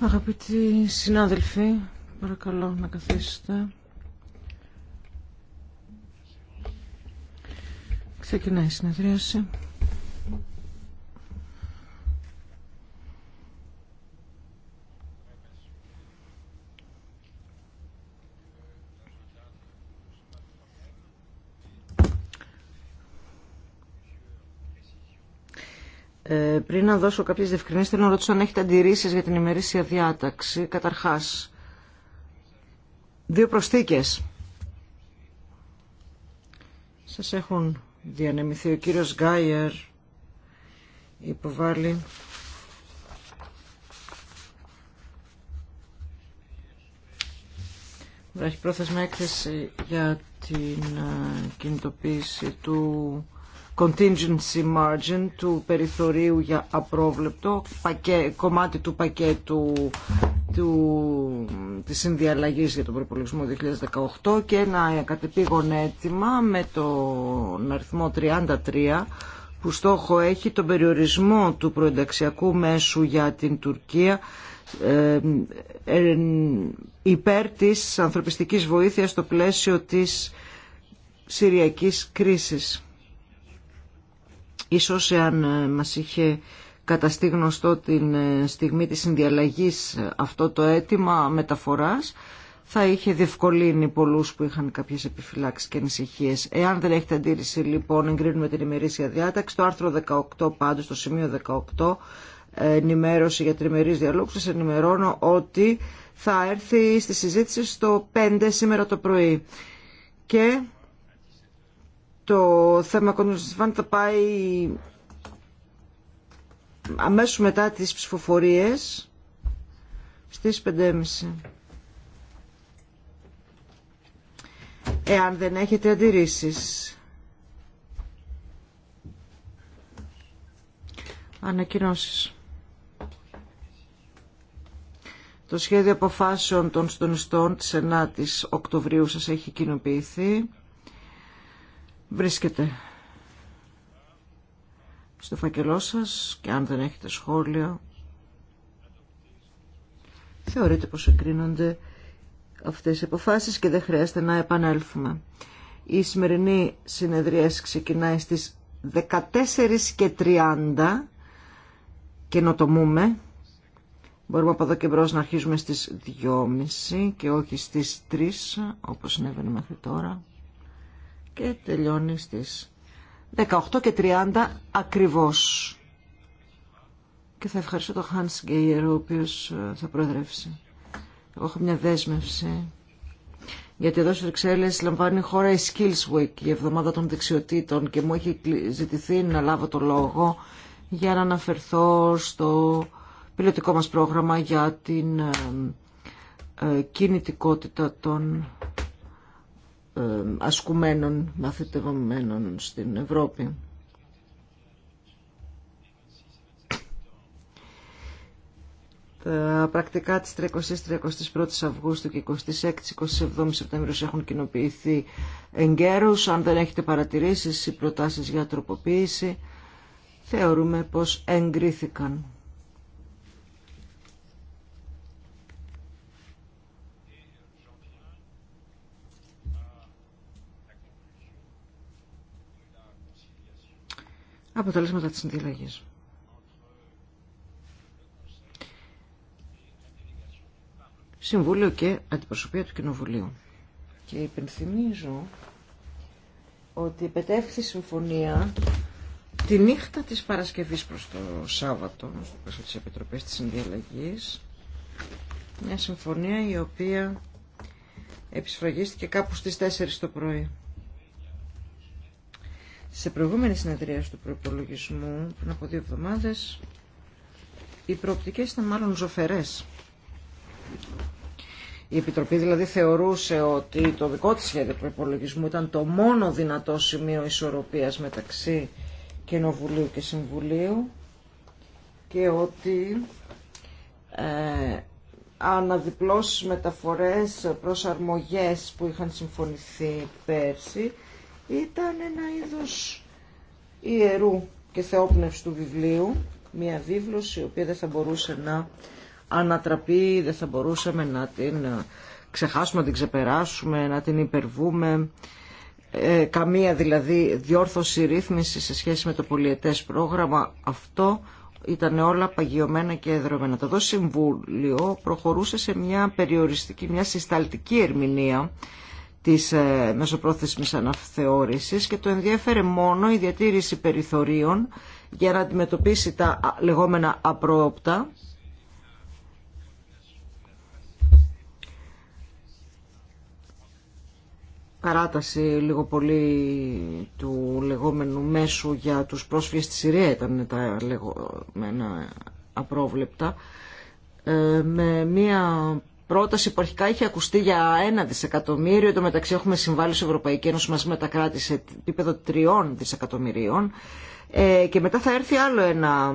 Αγαπητοί συνάδελφοι, παρακαλώ να καθίσετε. Ξεκινάει η συνεδρίαση. πριν να δώσω κάποιες διευκρινήσεις, θέλω να ρωτήσω αν έχετε αντιρρήσεις για την ημερήσια διάταξη. Καταρχάς, δύο προσθήκες. Σας έχουν διανεμηθεί ο κύριος Γκάιερ, υποβάλλει Βράχει πρόθεσμα έκθεση για την ε, κινητοποίηση του contingency margin του περιθωρίου για απρόβλεπτο κομμάτι του πακέτου του, της συνδιαλλαγής για τον προπολογισμό 2018 και ένα κατεπήγον αίτημα με τον αριθμό 33 που στόχο έχει τον περιορισμό του προενταξιακού μέσου για την Τουρκία ε, ε, υπέρ της ανθρωπιστικής βοήθειας στο πλαίσιο της Συριακής κρίσης. Ίσως εάν ε, μας είχε καταστεί γνωστό την ε, στιγμή της συνδιαλλαγής ε, αυτό το αίτημα μεταφοράς, θα είχε διευκολύνει πολλούς που είχαν κάποιες επιφυλάξεις και ανησυχίες. Εάν δεν έχετε αντίρρηση λοιπόν εγκρίνουμε την ημερήσια διάταξη, το άρθρο 18 πάντως, το σημείο 18, ενημέρωση για τριμερείς διαλόγους, σας ενημερώνω ότι θα έρθει στη συζήτηση στο 5 σήμερα το πρωί. Και το θέμα Κονουσβάν θα πάει αμέσως μετά τις ψηφοφορίες στις 5.30. Εάν δεν έχετε αντιρρήσεις. Ανακοινώσεις. Το σχέδιο αποφάσεων των συντονιστών της 9ης Οκτωβρίου σας έχει κοινοποιηθεί βρίσκεται στο φακελό σας και αν δεν έχετε σχόλιο θεωρείτε πως εγκρίνονται αυτές οι αποφάσεις και δεν χρειάζεται να επανέλθουμε. Η σημερινή συνεδρία ξεκινάει στις 14.30 και καινοτομούμε. Μπορούμε από εδώ και μπρος να αρχίζουμε στις 2.30 και όχι στις 3 όπως συνέβαινε μέχρι τώρα και τελειώνει στις 18 και 30 ακριβώς. Και θα ευχαριστώ τον Hans Γκέιερ, ο οποίος ε, θα προεδρεύσει. Εγώ έχω μια δέσμευση. Γιατί εδώ στι Βρυξέλλες λαμβάνει η χώρα η Skills Week, η εβδομάδα των δεξιοτήτων και μου έχει ζητηθεί να λάβω το λόγο για να αναφερθώ στο πιλωτικό μας πρόγραμμα για την ε, ε, κινητικότητα των ε, ασκουμένων, μαθητευμένων στην Ευρώπη. Τα πρακτικά της 30ης-31ης Αυγούστου και 26ης-27ης Σεπτεμβρίου έχουν κοινοποιηθεί εγκαίρους. Αν δεν έχετε παρατηρήσεις ή προτάσεις για τροποποίηση, θεωρούμε πως εγκρίθηκαν. αποτελέσματα της συνδιαλλαγής. Συμβούλιο και Αντιπροσωπεία του Κοινοβουλίου. Και υπενθυμίζω ότι επετεύχθη συμφωνία τη νύχτα της Παρασκευής προς το Σάββατο, στο πλαίσιο της Επιτροπής της Συνδιαλλαγής, μια συμφωνία η οποία επισφραγίστηκε κάπου στις 4 το πρωί σε προηγούμενη συνεδρία του προπολογισμού πριν από δύο εβδομάδε, οι προοπτικέ ήταν μάλλον ζωφερές. Η Επιτροπή δηλαδή θεωρούσε ότι το δικό της σχέδιο προπολογισμού ήταν το μόνο δυνατό σημείο ισορροπίας μεταξύ Κοινοβουλίου και Συμβουλίου και ότι ε, αναδιπλώσεις μεταφορές, προσαρμογές που είχαν συμφωνηθεί πέρσι ήταν ένα είδος ιερού και θεόπνευση του βιβλίου, μια βίβλωση η οποία δεν θα μπορούσε να ανατραπεί, δεν θα μπορούσαμε να την ε, ξεχάσουμε, να την ξεπεράσουμε, να την υπερβούμε. Ε, καμία δηλαδή διόρθωση ρύθμιση σε σχέση με το πολιετές πρόγραμμα αυτό ήταν όλα παγιωμένα και εδρωμένα Το Συμβούλιο προχωρούσε σε μια περιοριστική, μια συσταλτική ερμηνεία της ε, μεσοπρόθεσμης αναθεώρησης και το ενδιέφερε μόνο η διατήρηση περιθωρίων για να αντιμετωπίσει τα λεγόμενα απρόοπτα παράταση λίγο πολύ του λεγόμενου μέσου για τους πρόσφυγες στη Συρία ήταν τα λεγόμενα απρόβλεπτα ε, με μία πρόταση που αρχικά είχε ακουστεί για ένα δισεκατομμύριο, το μεταξύ έχουμε συμβάλει στην Ευρωπαϊκή Ένωση μαζί με τα κράτη σε επίπεδο τριών δισεκατομμυρίων ε, και μετά θα έρθει άλλο ένα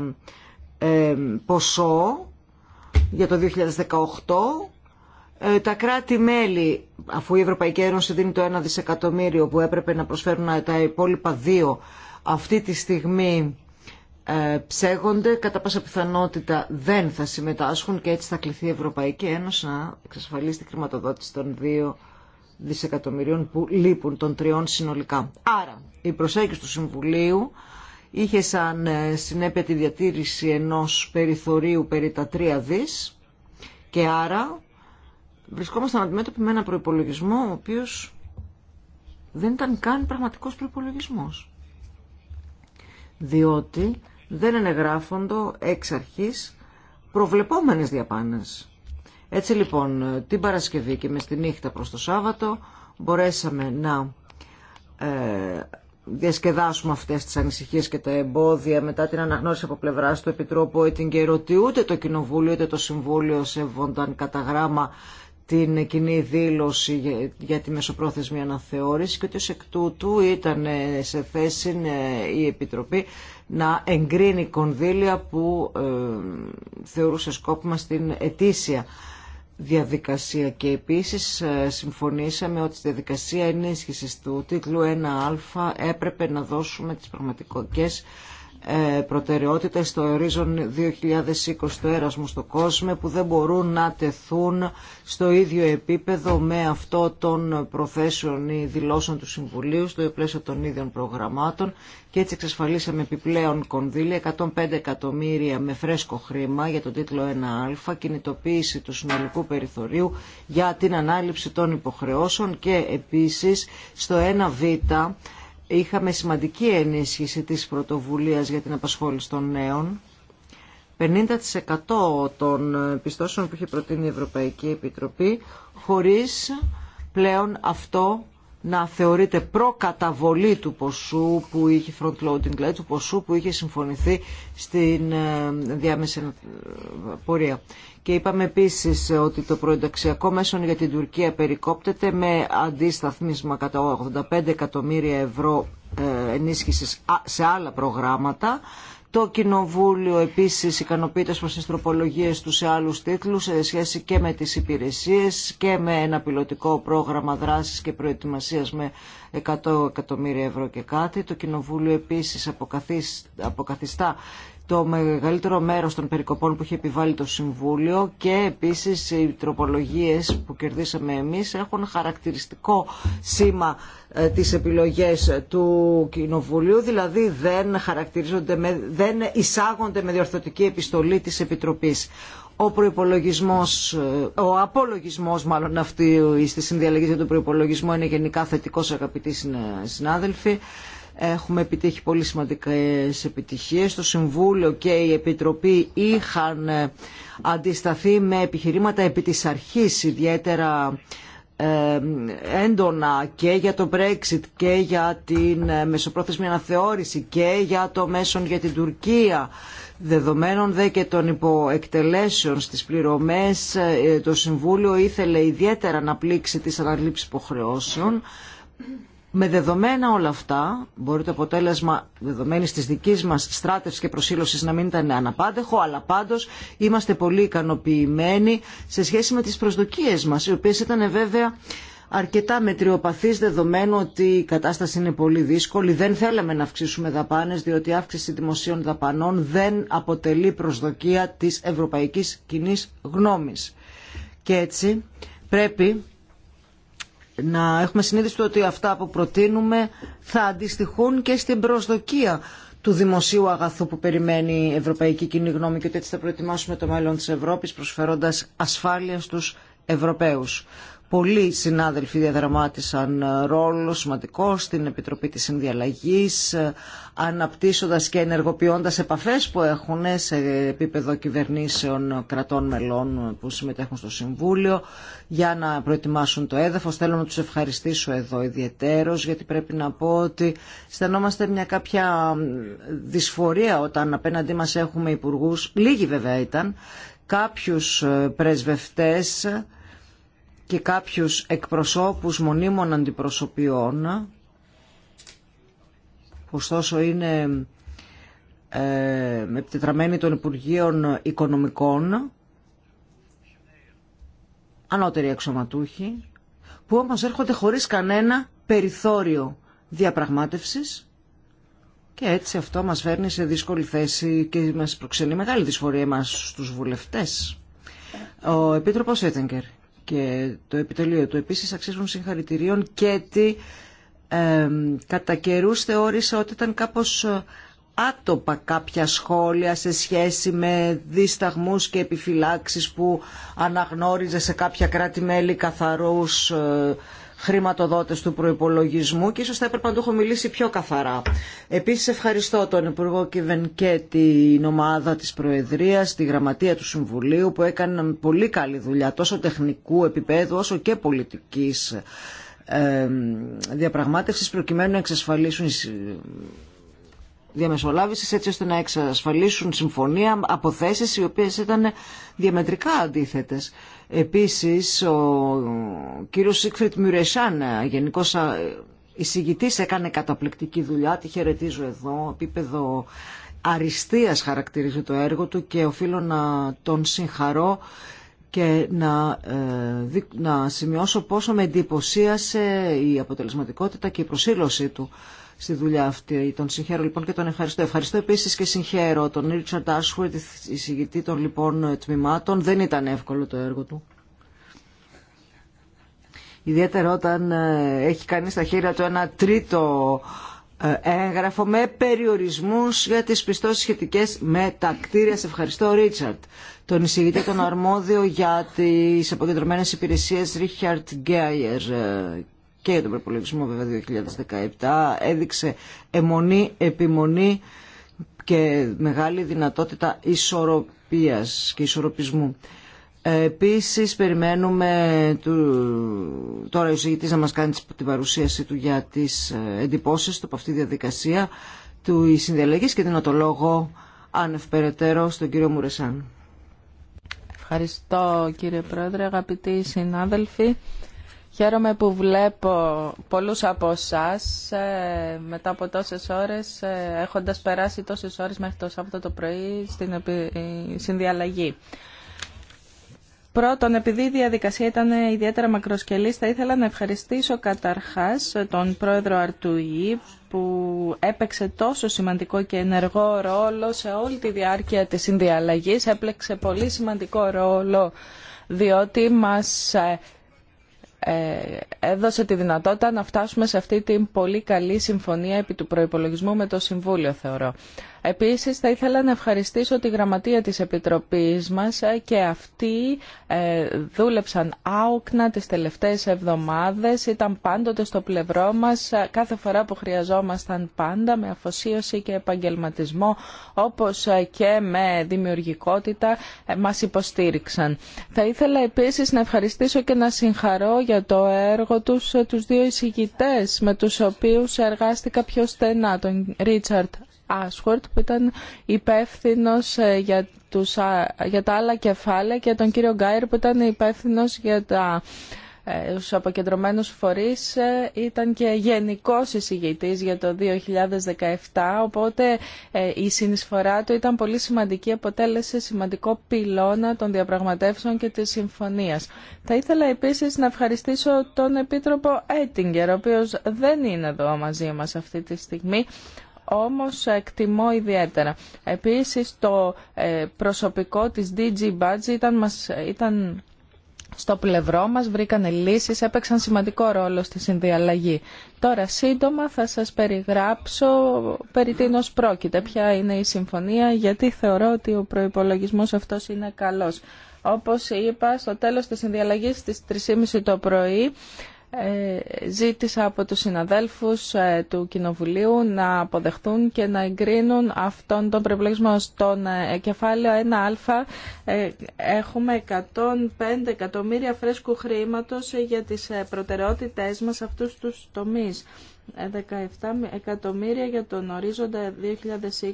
ε, ποσό για το 2018 ε, τα κράτη-μέλη, αφού η Ευρωπαϊκή Ένωση δίνει το ένα δισεκατομμύριο που έπρεπε να προσφέρουν τα υπόλοιπα δύο αυτή τη στιγμή ε, ψέγονται, κατά πάσα πιθανότητα δεν θα συμμετάσχουν και έτσι θα κληθεί η Ευρωπαϊκή Ένωση να εξασφαλίσει τη χρηματοδότηση των δύο δισεκατομμυρίων που λείπουν των τριών συνολικά. Άρα, η προσέγγιση του Συμβουλίου είχε σαν ε, συνέπεια τη διατήρηση ενός περιθωρίου περί τα 3 δις και άρα βρισκόμασταν αντιμέτωποι με ένα προϋπολογισμό ο οποίος δεν ήταν καν πραγματικός προϋπολογισμός. Διότι δεν ενεγράφοντο εξ αρχής προβλεπόμενες διαπάνες. Έτσι λοιπόν την Παρασκευή και με τη νύχτα προς το Σάββατο μπορέσαμε να ε, διασκεδάσουμε αυτές τις ανησυχίες και τα εμπόδια μετά την αναγνώριση από πλευρά του Επιτρόπου την ότι ούτε το Κοινοβούλιο ούτε το Συμβούλιο σεβόνταν κατά γράμμα την κοινή δήλωση για τη μεσοπρόθεσμη αναθεώρηση και ότι ως εκ τούτου ήταν σε θέση ε, η Επιτροπή να εγκρίνει κονδύλια που ε, θεωρούσε σκόπιμα στην ετήσια διαδικασία και επίσης ε, συμφωνήσαμε ότι στη διαδικασία ενίσχυσης του τίτλου 1α έπρεπε να δώσουμε τις πραγματικές ε, προτεραιότητες στο ορίζον 2020 στο έρασμο στο κόσμο που δεν μπορούν να τεθούν στο ίδιο επίπεδο με αυτό των προθέσεων ή δηλώσεων του Συμβουλίου στο πλαίσιο των ίδιων προγραμμάτων και έτσι εξασφαλίσαμε επιπλέον κονδύλια 105 εκατομμύρια με φρέσκο χρήμα για τον τίτλο 1α κινητοποίηση του συνολικού περιθωρίου για την ανάληψη των υποχρεώσεων και επίσης στο 1β είχαμε σημαντική ενίσχυση της πρωτοβουλίας για την απασχόληση των νέων. 50% των πιστώσεων που είχε προτείνει η Ευρωπαϊκή Επιτροπή χωρίς πλέον αυτό να θεωρείται προκαταβολή του ποσού που είχε loading, δηλαδή του ποσού που είχε συμφωνηθεί στην ε, διάμεση ε, πορεία. Και είπαμε επίσης ότι το προενταξιακό μέσο για την Τουρκία περικόπτεται με αντισταθμίσμα κατά 85 εκατομμύρια ευρώ ε, ενίσχυση σε άλλα προγράμματα. Το Κοινοβούλιο επίσης ικανοποιείται προς τις τροπολογίες του σε άλλους τίτλους σε σχέση και με τις υπηρεσίες και με ένα πιλωτικό πρόγραμμα δράσης και προετοιμασίας με 100 εκατομμύρια ευρώ και κάτι. Το Κοινοβούλιο επίσης αποκαθιστά το μεγαλύτερο μέρος των περικοπών που είχε επιβάλει το Συμβούλιο και επίσης οι τροπολογίες που κερδίσαμε εμείς έχουν χαρακτηριστικό σήμα ε, τις επιλογές του Κοινοβουλίου, δηλαδή δεν, χαρακτηρίζονται δεν εισάγονται με διορθωτική επιστολή της Επιτροπής. Ο προϋπολογισμός, ε, ο απολογισμός μάλλον αυτή ε, στη συνδιαλλαγή για τον είναι γενικά θετικός αγαπητοί συνάδελφοι. Έχουμε επιτύχει πολύ σημαντικές επιτυχίες. Το Συμβούλιο και η Επιτροπή είχαν ε, αντισταθεί με επιχειρήματα επί της αρχής ιδιαίτερα ε, έντονα και για το Brexit και για την ε, μεσοπρόθεσμη αναθεώρηση και για το μέσον για την Τουρκία δεδομένων δε και των υποεκτελέσεων στις πληρωμές το Συμβούλιο ήθελε ιδιαίτερα να πλήξει τις αναλήψεις υποχρεώσεων με δεδομένα όλα αυτά, μπορεί το αποτέλεσμα δεδομένη τη δική μα στράτευση και προσήλωση να μην ήταν αναπάντεχο, αλλά πάντω είμαστε πολύ ικανοποιημένοι σε σχέση με τι προσδοκίε μα, οι οποίε ήταν βέβαια αρκετά μετριοπαθείς δεδομένου ότι η κατάσταση είναι πολύ δύσκολη. Δεν θέλαμε να αυξήσουμε δαπάνες διότι η αύξηση δημοσίων δαπανών δεν αποτελεί προσδοκία της ευρωπαϊκής κοινή γνώμη Και έτσι πρέπει να έχουμε συνείδηση ότι αυτά που προτείνουμε θα αντιστοιχούν και στην προσδοκία του δημοσίου αγαθού που περιμένει η Ευρωπαϊκή Κοινή Γνώμη και ότι έτσι θα προετοιμάσουμε το μέλλον της Ευρώπης προσφέροντας ασφάλεια στους Ευρωπαίους. Πολλοί συνάδελφοι διαδραμάτισαν ε, ρόλο σημαντικό στην Επιτροπή της Συνδιαλλαγής, ε, αναπτύσσοντας και ενεργοποιώντας επαφές που έχουν σε επίπεδο κυβερνήσεων κρατών μελών που συμμετέχουν στο Συμβούλιο για να προετοιμάσουν το έδαφος. Θέλω να τους ευχαριστήσω εδώ ιδιαιτέρως γιατί πρέπει να πω ότι στενόμαστε μια κάποια δυσφορία όταν απέναντί μας έχουμε υπουργούς, λίγοι βέβαια ήταν, κάποιους ε, πρεσβευτές και κάποιους εκπροσώπους μονίμων αντιπροσωπιών που ωστόσο είναι ε, επιτετραμένοι των Υπουργείων Οικονομικών ανώτεροι αξιωματούχοι που όμως έρχονται χωρίς κανένα περιθώριο διαπραγμάτευσης και έτσι αυτό μας φέρνει σε δύσκολη θέση και μας προξενεί μεγάλη δυσφορία μας στους βουλευτές. Ο Επίτροπος Έτεγκερ και το επιτελείο του επίσης αξίζουν συγχαρητηρίων και τι ε, κατά καιρού θεώρησα ότι ήταν κάπως ε, άτοπα κάποια σχόλια σε σχέση με δισταγμούς και επιφυλάξεις που αναγνώριζε σε κάποια κράτη-μέλη καθαρούς ε, Χρηματοδότε του προπολογισμού και ίσω θα έπρεπε να το έχω μιλήσει πιο καθαρά. Επίσης ευχαριστώ τον Υπουργό Κιβεν και την ομάδα της Προεδρίας, τη Γραμματεία του Συμβουλίου που έκαναν πολύ καλή δουλειά τόσο τεχνικού επίπεδου όσο και πολιτικής διαπραγμάτευσης προκειμένου να εξασφαλίσουν διαμεσολάβηση έτσι ώστε να εξασφαλίσουν συμφωνία από θέσεις οι οποίες ήταν διαμετρικά αντίθετες. Επίσης, ο κύριος Σίκφριτ Μουρεσάν, γενικός εισηγητής, έκανε καταπληκτική δουλειά, τη χαιρετίζω εδώ, επίπεδο αριστείας χαρακτηρίζει το έργο του και οφείλω να τον συγχαρώ και να, ε, να σημειώσω πόσο με εντυπωσίασε η αποτελεσματικότητα και η προσήλωσή του στη δουλειά αυτή. Τον συγχαίρω λοιπόν και τον ευχαριστώ. Ευχαριστώ επίση και συγχαίρω τον Ρίτσαρντ Άσχουετ, εισηγητή των λοιπόν τμήματων. Δεν ήταν εύκολο το έργο του. Ιδιαίτερα όταν ε, έχει κάνει στα χέρια του ένα τρίτο ε, έγγραφο με περιορισμούς για τις πιστώσεις σχετικές με τα κτίρια. Σε ευχαριστώ, Ρίτσαρτ. Τον εισηγητή τον αρμόδιο για τις αποκεντρωμένες υπηρεσίες Ρίχαρτ Γκέιερ και για τον προπολογισμό βέβαια 2017 έδειξε αιμονή, επιμονή και μεγάλη δυνατότητα ισορροπίας και ισορροπισμού. Ε, επίσης περιμένουμε του, τώρα ο εισηγητής να μας κάνει την παρουσίαση του για τις ε, εντυπώσεις του από αυτή τη διαδικασία του συνδιαλλαγής και δίνω το λόγο ανευπεραιτέρω στον κύριο Μουρεσάν. Ευχαριστώ κύριε Πρόεδρε, αγαπητοί συνάδελφοι. Χαίρομαι που βλέπω πολλούς από εσά ε, μετά από τόσες ώρες, ε, έχοντας περάσει τόσες ώρες μέχρι το Σάββατο το πρωί στην συνδιαλλαγή. Πρώτον, επειδή η διαδικασία ήταν ιδιαίτερα μακροσκελής, θα ήθελα να ευχαριστήσω καταρχάς τον πρόεδρο Αρτουή που έπαιξε τόσο σημαντικό και ενεργό ρόλο σε όλη τη διάρκεια της συνδιαλλαγής. Έπαιξε πολύ σημαντικό ρόλο διότι μας ε, ε, έδωσε τη δυνατότητα να φτάσουμε σε αυτή την πολύ καλή συμφωνία επί του προϋπολογισμού με το Συμβούλιο, θεωρώ. Επίσης θα ήθελα να ευχαριστήσω τη γραμματεία της Επιτροπής μας ε, και αυτοί ε, δούλεψαν άοκνα τις τελευταίες εβδομάδες, ήταν πάντοτε στο πλευρό μας ε, κάθε φορά που χρειαζόμασταν πάντα με αφοσίωση και επαγγελματισμό όπως και με δημιουργικότητα μας υποστήριξαν. Θα ήθελα επίσης να ευχαριστήσω και να συγχαρώ για το έργο τους τους δύο εισηγητές με τους οποίους εργάστηκα πιο στενά, τον Ρίτσαρτ που ήταν υπεύθυνο ε, για, για τα άλλα κεφάλαια και τον κύριο Γκάιρ που ήταν υπεύθυνο για τα Στου ε, αποκεντρωμένους φορείς ε, ήταν και γενικός εισηγητής για το 2017 οπότε η συνεισφορά του ήταν πολύ σημαντική αποτέλεσε σημαντικό πυλώνα των διαπραγματεύσεων και της συμφωνία. Θα ήθελα επίση να ευχαριστήσω τον Επίτροπο Έτιγκερ ο οποίο δεν είναι εδώ μαζί μας αυτή τη στιγμή όμως εκτιμώ ιδιαίτερα. Επίσης το ε, προσωπικό της DG Budget ήταν, ήταν στο πλευρό μας, βρήκανε λύσεις, έπαιξαν σημαντικό ρόλο στη συνδιαλλαγή. Τώρα σύντομα θα σας περιγράψω περί τίνος πρόκειται, ποια είναι η συμφωνία, γιατί θεωρώ ότι ο προϋπολογισμός αυτός είναι καλός. Όπως είπα, στο τέλος της συνδιαλλαγής στις 3.30 το πρωί ε, ζήτησα από τους συναδέλφους ε, του Κοινοβουλίου να αποδεχθούν και να εγκρίνουν αυτόν τον προβλέψιμο στον ε, κεφάλαιο 1α. Έχουμε 105 εκατομμύρια φρέσκου χρήματος για τις προτεραιότητές μας αυτούς τους τομείς. 17 εκατομμύρια για τον ορίζοντα 2020, 20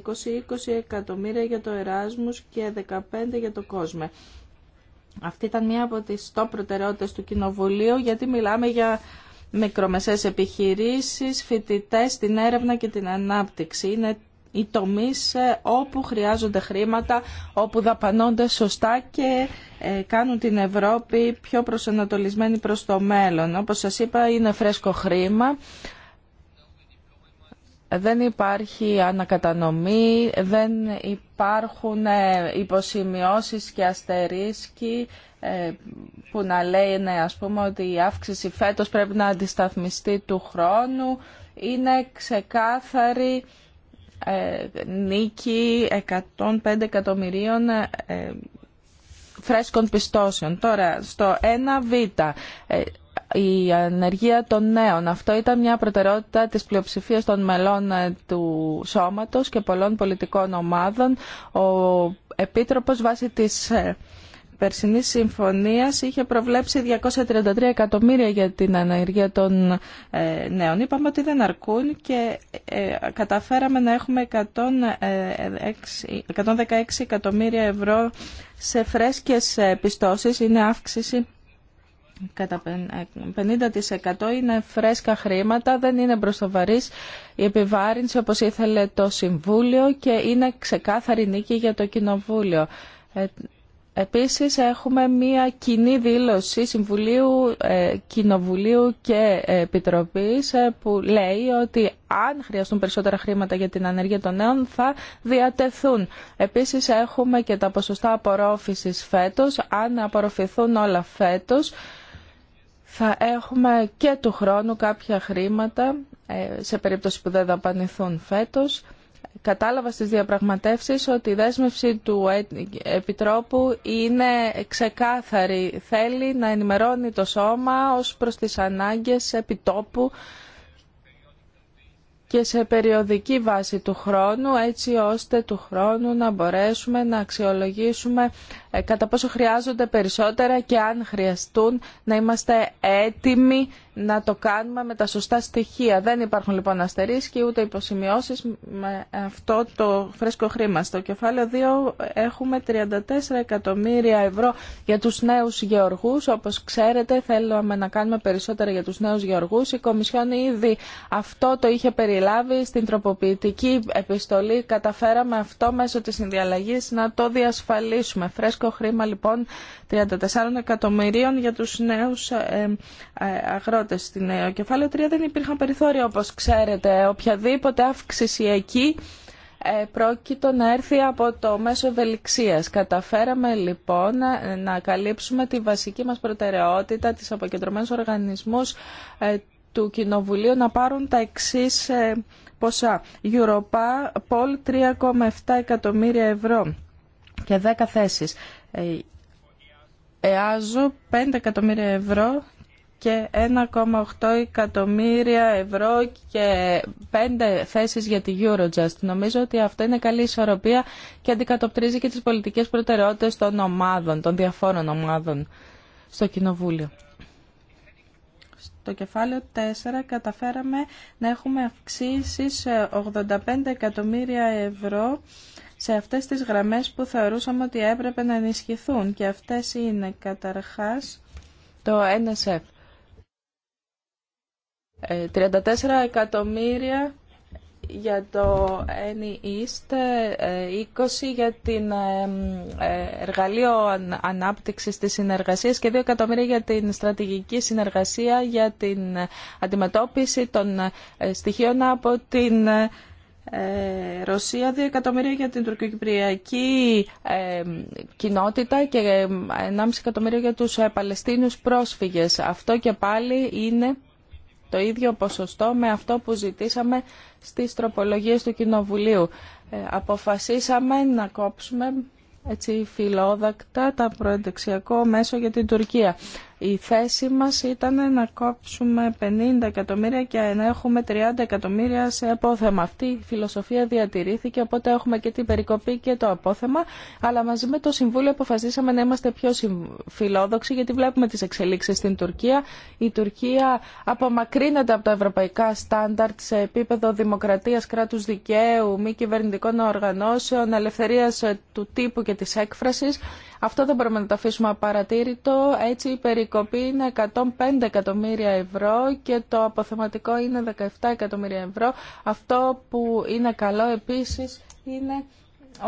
εκατομμύρια για το Εράσμους και 15 για το Κόσμε αυτή ήταν μία από τις top προτεραιότητες του Κοινοβουλίου γιατί μιλάμε για μικρομεσαίες επιχειρήσεις, φοιτητέ, την έρευνα και την ανάπτυξη. Είναι οι τομείς ε, όπου χρειάζονται χρήματα, όπου δαπανώνται σωστά και ε, κάνουν την Ευρώπη πιο προσανατολισμένη προς το μέλλον. Όπως σας είπα είναι φρέσκο χρήμα, δεν υπάρχει ανακατανομή, δεν υπάρχουν ε, υποσημειώσεις και αστερίσκοι ε, που να λένε ας πούμε ότι η αύξηση φέτος πρέπει να αντισταθμιστεί του χρόνου. Είναι ξεκάθαρη ε, νίκη 105 εκατομμυρίων φρέσκων πιστώσεων. Τώρα, στο 1β η ανεργία των νέων. Αυτό ήταν μια προτεραιότητα της πλειοψηφίας των μελών ε, του σώματος και πολλών πολιτικών ομάδων. Ο Επίτροπος βάσει της ε, περσινής συμφωνίας είχε προβλέψει 233 εκατομμύρια για την ανεργία των ε, νέων. Είπαμε ότι δεν αρκούν και καταφέραμε να έχουμε 116 εκατομμύρια ευρώ σε φρέσκες πιστώσεις. Είναι αύξηση κατά 50% ε, είναι φρέσκα χρήματα, δεν είναι μπροστοβαρής η επιβάρυνση όπως ήθελε το Συμβούλιο και είναι ξεκάθαρη νίκη για το Κοινοβούλιο. Ε, επίσης έχουμε μία κοινή δήλωση Συμβουλίου, ε, Κοινοβουλίου και Επιτροπής που λέει ότι αν χρειαστούν περισσότερα χρήματα για την ανεργία των νέων θα διατεθούν. Επίσης έχουμε και τα ποσοστά απορρόφησης φέτος. Αν απορροφηθούν όλα φέτος θα έχουμε και του χρόνου κάποια χρήματα ε, σε περίπτωση που δεν δαπανηθούν φέτος. Κατάλαβα στις διαπραγματεύσεις ότι η δέσμευση του Επιτρόπου είναι ξεκάθαρη. Θέλει να ενημερώνει το σώμα ως προς τις ανάγκες επιτόπου και σε περιοδική βάση του χρόνου, έτσι ώστε του χρόνου να μπορέσουμε να αξιολογήσουμε ε, κατά πόσο χρειάζονται περισσότερα και αν χρειαστούν να είμαστε έτοιμοι να το κάνουμε με τα σωστά στοιχεία. Δεν υπάρχουν λοιπόν αστερίσκοι ούτε υποσημειώσει με αυτό το φρέσκο χρήμα. Στο κεφάλαιο 2 έχουμε 34 εκατομμύρια ευρώ για του νέου γεωργού. Όπως ξέρετε θέλουμε να κάνουμε περισσότερα για του νέου γεωργού. Η Κομισιόν ήδη αυτό το είχε περιλάβει στην τροποποιητική επιστολή. Καταφέραμε αυτό μέσω τη συνδιαλλαγή να το διασφαλίσουμε χρήμα λοιπόν 34 εκατομμυρίων για τους νέους ε, ε, αγρότες στην ε, κεφάλαιο 3 δεν υπήρχαν περιθώρια όπως ξέρετε οποιαδήποτε αύξηση εκεί πρόκειτο να έρθει από το μέσο ευελιξίας. Καταφέραμε λοιπόν να καλύψουμε τη βασική μας προτεραιότητα της αποκεντρωμένους οργανισμούς του Κοινοβουλίου να πάρουν τα εξής ποσά. πολ 3,7 εκατομμύρια ευρώ και 10 θέσεις. Εάζω 5 εκατομμύρια ευρώ και 1,8 εκατομμύρια ευρώ και 5 θέσεις για τη Eurojust. Νομίζω ότι αυτό είναι καλή ισορροπία και αντικατοπτρίζει και τις πολιτικές προτεραιότητες των ομάδων, των διαφόρων ομάδων στο Κοινοβούλιο. Στο κεφάλαιο 4 καταφέραμε να έχουμε αυξήσει 85 εκατομμύρια ευρώ σε αυτές τις γραμμές που θεωρούσαμε ότι έπρεπε να ενισχυθούν και αυτές είναι καταρχάς το NSF. 34 ε, εκατομμύρια για το NEAST, e 20 ε, για την ε, εργαλείο ανάπτυξης της συνεργασίας και 2 εκατομμύρια για την στρατηγική συνεργασία για την αντιμετώπιση των στοιχείων από την ε, Ρωσία 2 εκατομμύρια για την τουρκοκυπριακή ε, κοινότητα και 1,5 ε, εκατομμύριο για τους Παλαιστίνιους πρόσφυγες. Αυτό και πάλι είναι το ίδιο ποσοστό με αυτό που ζητήσαμε στις τροπολογίες του Κοινοβουλίου. αποφασίσαμε να κόψουμε έτσι φιλόδακτα τα προεντεξιακό μέσο για την Τουρκία. Η θέση μας ήταν να κόψουμε 50 εκατομμύρια και να έχουμε 30 εκατομμύρια σε απόθεμα. Αυτή η φιλοσοφία διατηρήθηκε, οπότε έχουμε και την περικοπή και το απόθεμα, αλλά μαζί με το Συμβούλιο αποφασίσαμε να είμαστε πιο φιλόδοξοι, γιατί βλέπουμε τις εξελίξεις στην Τουρκία. Η Τουρκία απομακρύνεται από τα ευρωπαϊκά στάνταρτ σε επίπεδο δημοκρατίας, κράτους δικαίου, μη κυβερνητικών οργανώσεων, ελευθερίας ε, του τύπου και της έκφρασης. Αυτό δεν μπορούμε να το αφήσουμε απαρατήρητο. Έτσι η περικοπή είναι 105 εκατομμύρια ευρώ και το αποθεματικό είναι 17 εκατομμύρια ευρώ. Αυτό που είναι καλό επίσης είναι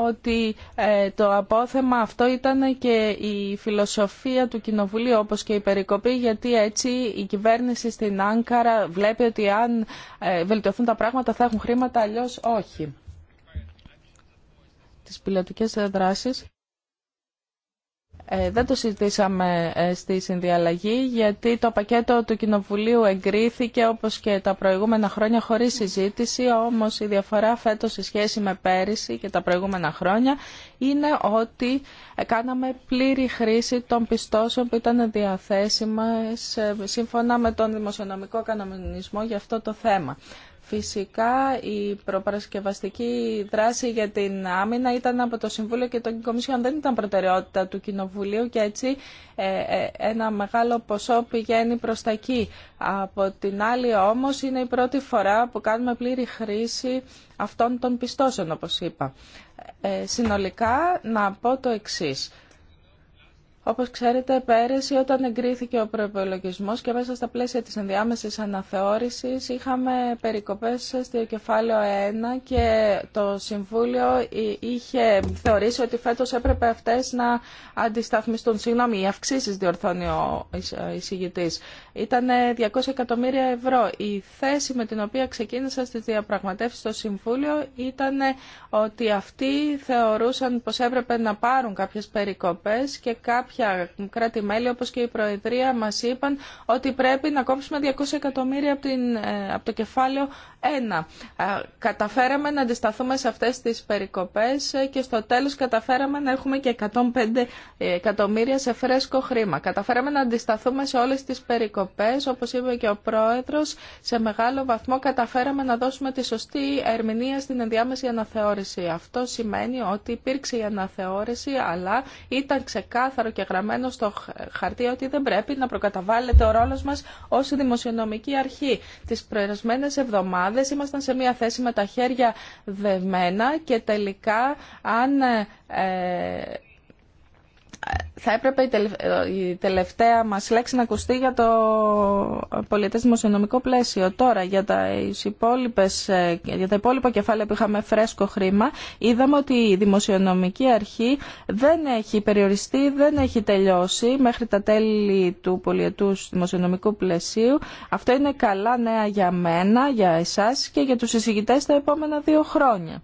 ότι ε, το απόθεμα αυτό ήταν και η φιλοσοφία του Κοινοβουλίου όπως και η περικοπή γιατί έτσι η κυβέρνηση στην Άνκαρα βλέπει ότι αν ε, βελτιωθούν τα πράγματα θα έχουν χρήματα αλλιώς όχι. Τις πιλωτικές δράσεις ε, δεν το συζητήσαμε ε, στη συνδιαλλαγή γιατί το πακέτο του Κοινοβουλίου εγκρίθηκε όπως και τα προηγούμενα χρόνια χωρίς συζήτηση όμως η διαφορά φέτος σε σχέση με πέρυσι και τα προηγούμενα χρόνια είναι ότι κάναμε πλήρη χρήση των πιστώσεων που ήταν διαθέσιμα ε, σύμφωνα με τον δημοσιονομικό κανονισμό για αυτό το θέμα. Φυσικά η προπαρασκευαστική δράση για την άμυνα ήταν από το Συμβούλιο και το Κομισιόν δεν ήταν προτεραιότητα του Κοινοβουλίου και έτσι ε, ε, ένα μεγάλο ποσό πηγαίνει προς τα εκεί. Από την άλλη όμως είναι η πρώτη φορά που κάνουμε πλήρη χρήση αυτών των πιστώσεων όπως είπα. Ε, συνολικά να πω το εξής. Όπως ξέρετε, πέρυσι όταν εγκρίθηκε ο προπολογισμό και μέσα στα πλαίσια της ενδιάμεσης αναθεώρησης είχαμε περικοπές στο κεφάλαιο 1 και το Συμβούλιο είχε θεωρήσει ότι φέτος έπρεπε αυτές να αντισταθμιστούν. Συγγνώμη, οι αυξήσεις διορθώνει ο εισηγητής. Ήταν 200 εκατομμύρια ευρώ. Η θέση με την οποία ξεκίνησα στις διαπραγματεύσεις στο Συμβούλιο ήταν ότι αυτοί θεωρούσαν πως έπρεπε να πάρουν κάποιες περικοπές και κάποιες κάποια κράτη-μέλη, όπως και η Προεδρία, μας είπαν ότι πρέπει να κόψουμε 200 εκατομμύρια από, την, ε, από το κεφάλαιο 1. Ε, καταφέραμε να αντισταθούμε σε αυτές τις περικοπές ε, και στο τέλος καταφέραμε να έχουμε και 105 εκατομμύρια σε φρέσκο χρήμα. Καταφέραμε να αντισταθούμε σε όλες τις περικοπές, όπως είπε και ο Πρόεδρος, σε μεγάλο βαθμό καταφέραμε να δώσουμε τη σωστή ερμηνεία στην ενδιάμεση αναθεώρηση. Αυτό σημαίνει ότι υπήρξε η αναθεώρηση, αλλά ήταν ξεκάθαρο και και γραμμένο στο χαρτί ότι δεν πρέπει να προκαταβάλλεται ο ρόλος μας ως δημοσιονομική αρχή. Τις προερασμένες εβδομάδες ήμασταν σε μια θέση με τα χέρια δεμένα και τελικά αν... Ε, θα έπρεπε ε, η τελευταία μας λέξη να ακουστεί για το πολιτές δημοσιονομικό πλαίσιο. Τώρα για τα, ε, για τα υπόλοιπα κεφάλαια που είχαμε φρέσκο χρήμα είδαμε ότι η δημοσιονομική αρχή δεν έχει περιοριστεί, δεν έχει τελειώσει μέχρι τα τέλη του πολιετού δημοσιονομικού πλαισίου. Αυτό είναι καλά νέα για μένα, για εσάς και για τους συζητητέ τα επόμενα δύο χρόνια.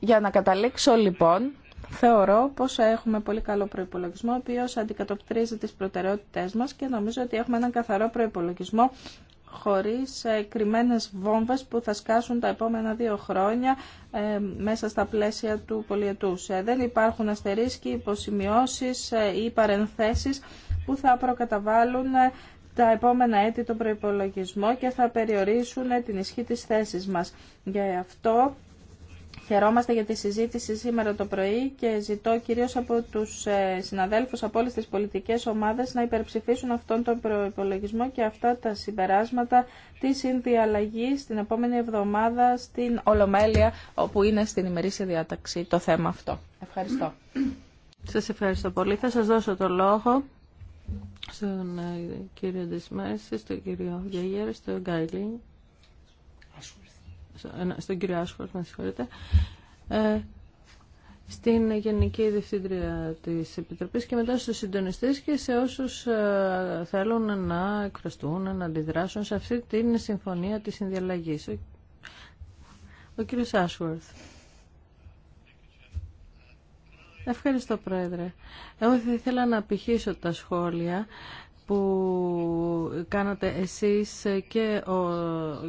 Για να καταλήξω λοιπόν, Θεωρώ πως έχουμε πολύ καλό προϋπολογισμό, ο οποίος αντικατοπτρίζει τις προτεραιότητές μας και νομίζω ότι έχουμε έναν καθαρό προϋπολογισμό χωρίς κρυμμένες βόμβες που θα σκάσουν τα επόμενα δύο χρόνια ε, μέσα στα πλαίσια του πολιετούς. Ε, δεν υπάρχουν αστερίσκοι, υποσημειώσεις ε, ή παρενθέσεις που θα προκαταβάλουν τα επόμενα έτη τον προϋπολογισμό και θα περιορίσουν την ισχύ της θέσης μας. Γι' αυτό Χαιρόμαστε για τη συζήτηση σήμερα το πρωί και ζητώ κυρίως από τους ε, συναδέλφους από όλες τις πολιτικές ομάδες να υπερψηφίσουν αυτόν τον προϋπολογισμό και αυτά τα συμπεράσματα της συνδιαλλαγής την επόμενη εβδομάδα στην Ολομέλεια όπου είναι στην ημερήσια διάταξη το θέμα αυτό. Ευχαριστώ. Σας ευχαριστώ πολύ. Θα σας δώσω το λόγο στον ε, κύριο Ντεσμέρση, στον κύριο Γεγέρ, στον Γκάιλινγκ στον κύριο Άσφορτ, να συγχωρείτε, ε, στην Γενική Διευθύντρια της Επιτροπής και μετά στους συντονιστές και σε όσους ε, θέλουν να εκφραστούν, να αντιδράσουν σε αυτή την συμφωνία της συνδιαλλαγής. Ο, ο κύριος Ευχαριστώ, Πρόεδρε. Εγώ θα ήθελα να απηχήσω τα σχόλια που κάνατε εσείς και ο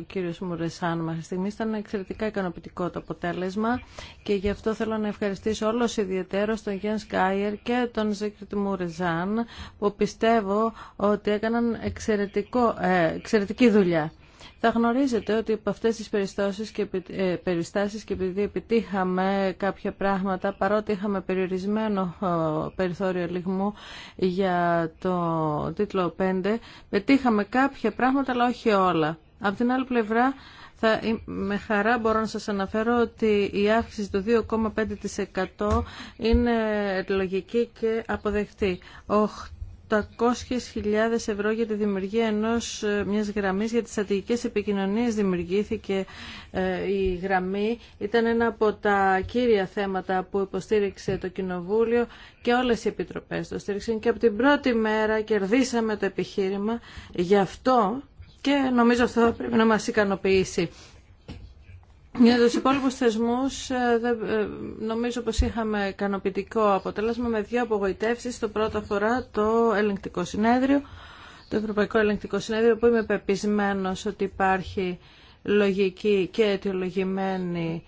κύριος Μουρεσάν μας στιγμή ήταν εξαιρετικά ικανοποιητικό το αποτέλεσμα και γι' αυτό θέλω να ευχαριστήσω όλος ιδιαίτερο τον Γιάν Σκάιερ και τον Ζήκριτ Μουρεζάν που πιστεύω ότι έκαναν ε, εξαιρετική δουλειά. Θα γνωρίζετε ότι από αυτές τις περιστάσεις και, ε, περιστάσεις και επειδή επιτύχαμε κάποια πράγματα, παρότι είχαμε περιορισμένο ε, περιθώριο λιγμού για το τίτλο 5, πετύχαμε κάποια πράγματα αλλά όχι όλα. Από την άλλη πλευρά, θα, με χαρά μπορώ να σας αναφέρω ότι η αύξηση του 2,5% είναι λογική και αποδεκτή. 800.000 ευρώ για τη δημιουργία ενός, ε, μιας γραμμής για τις στρατηγικές επικοινωνίες δημιουργήθηκε ε, η γραμμή. Ήταν ένα από τα κύρια θέματα που υποστήριξε το Κοινοβούλιο και όλες οι επιτροπές το στήριξαν και από την πρώτη μέρα κερδίσαμε το επιχείρημα. Γι' αυτό και νομίζω αυτό πρέπει να μας ικανοποιήσει. Για τους υπόλοιπους θεσμούς ε, ε, νομίζω πως είχαμε ικανοποιητικό αποτέλεσμα με δύο απογοητεύσεις. Το πρώτο αφορά το ελεγκτικό συνέδριο, το Ευρωπαϊκό Ελεγκτικό Συνέδριο που είμαι πεπισμένος ότι υπάρχει λογική και αιτιολογημένη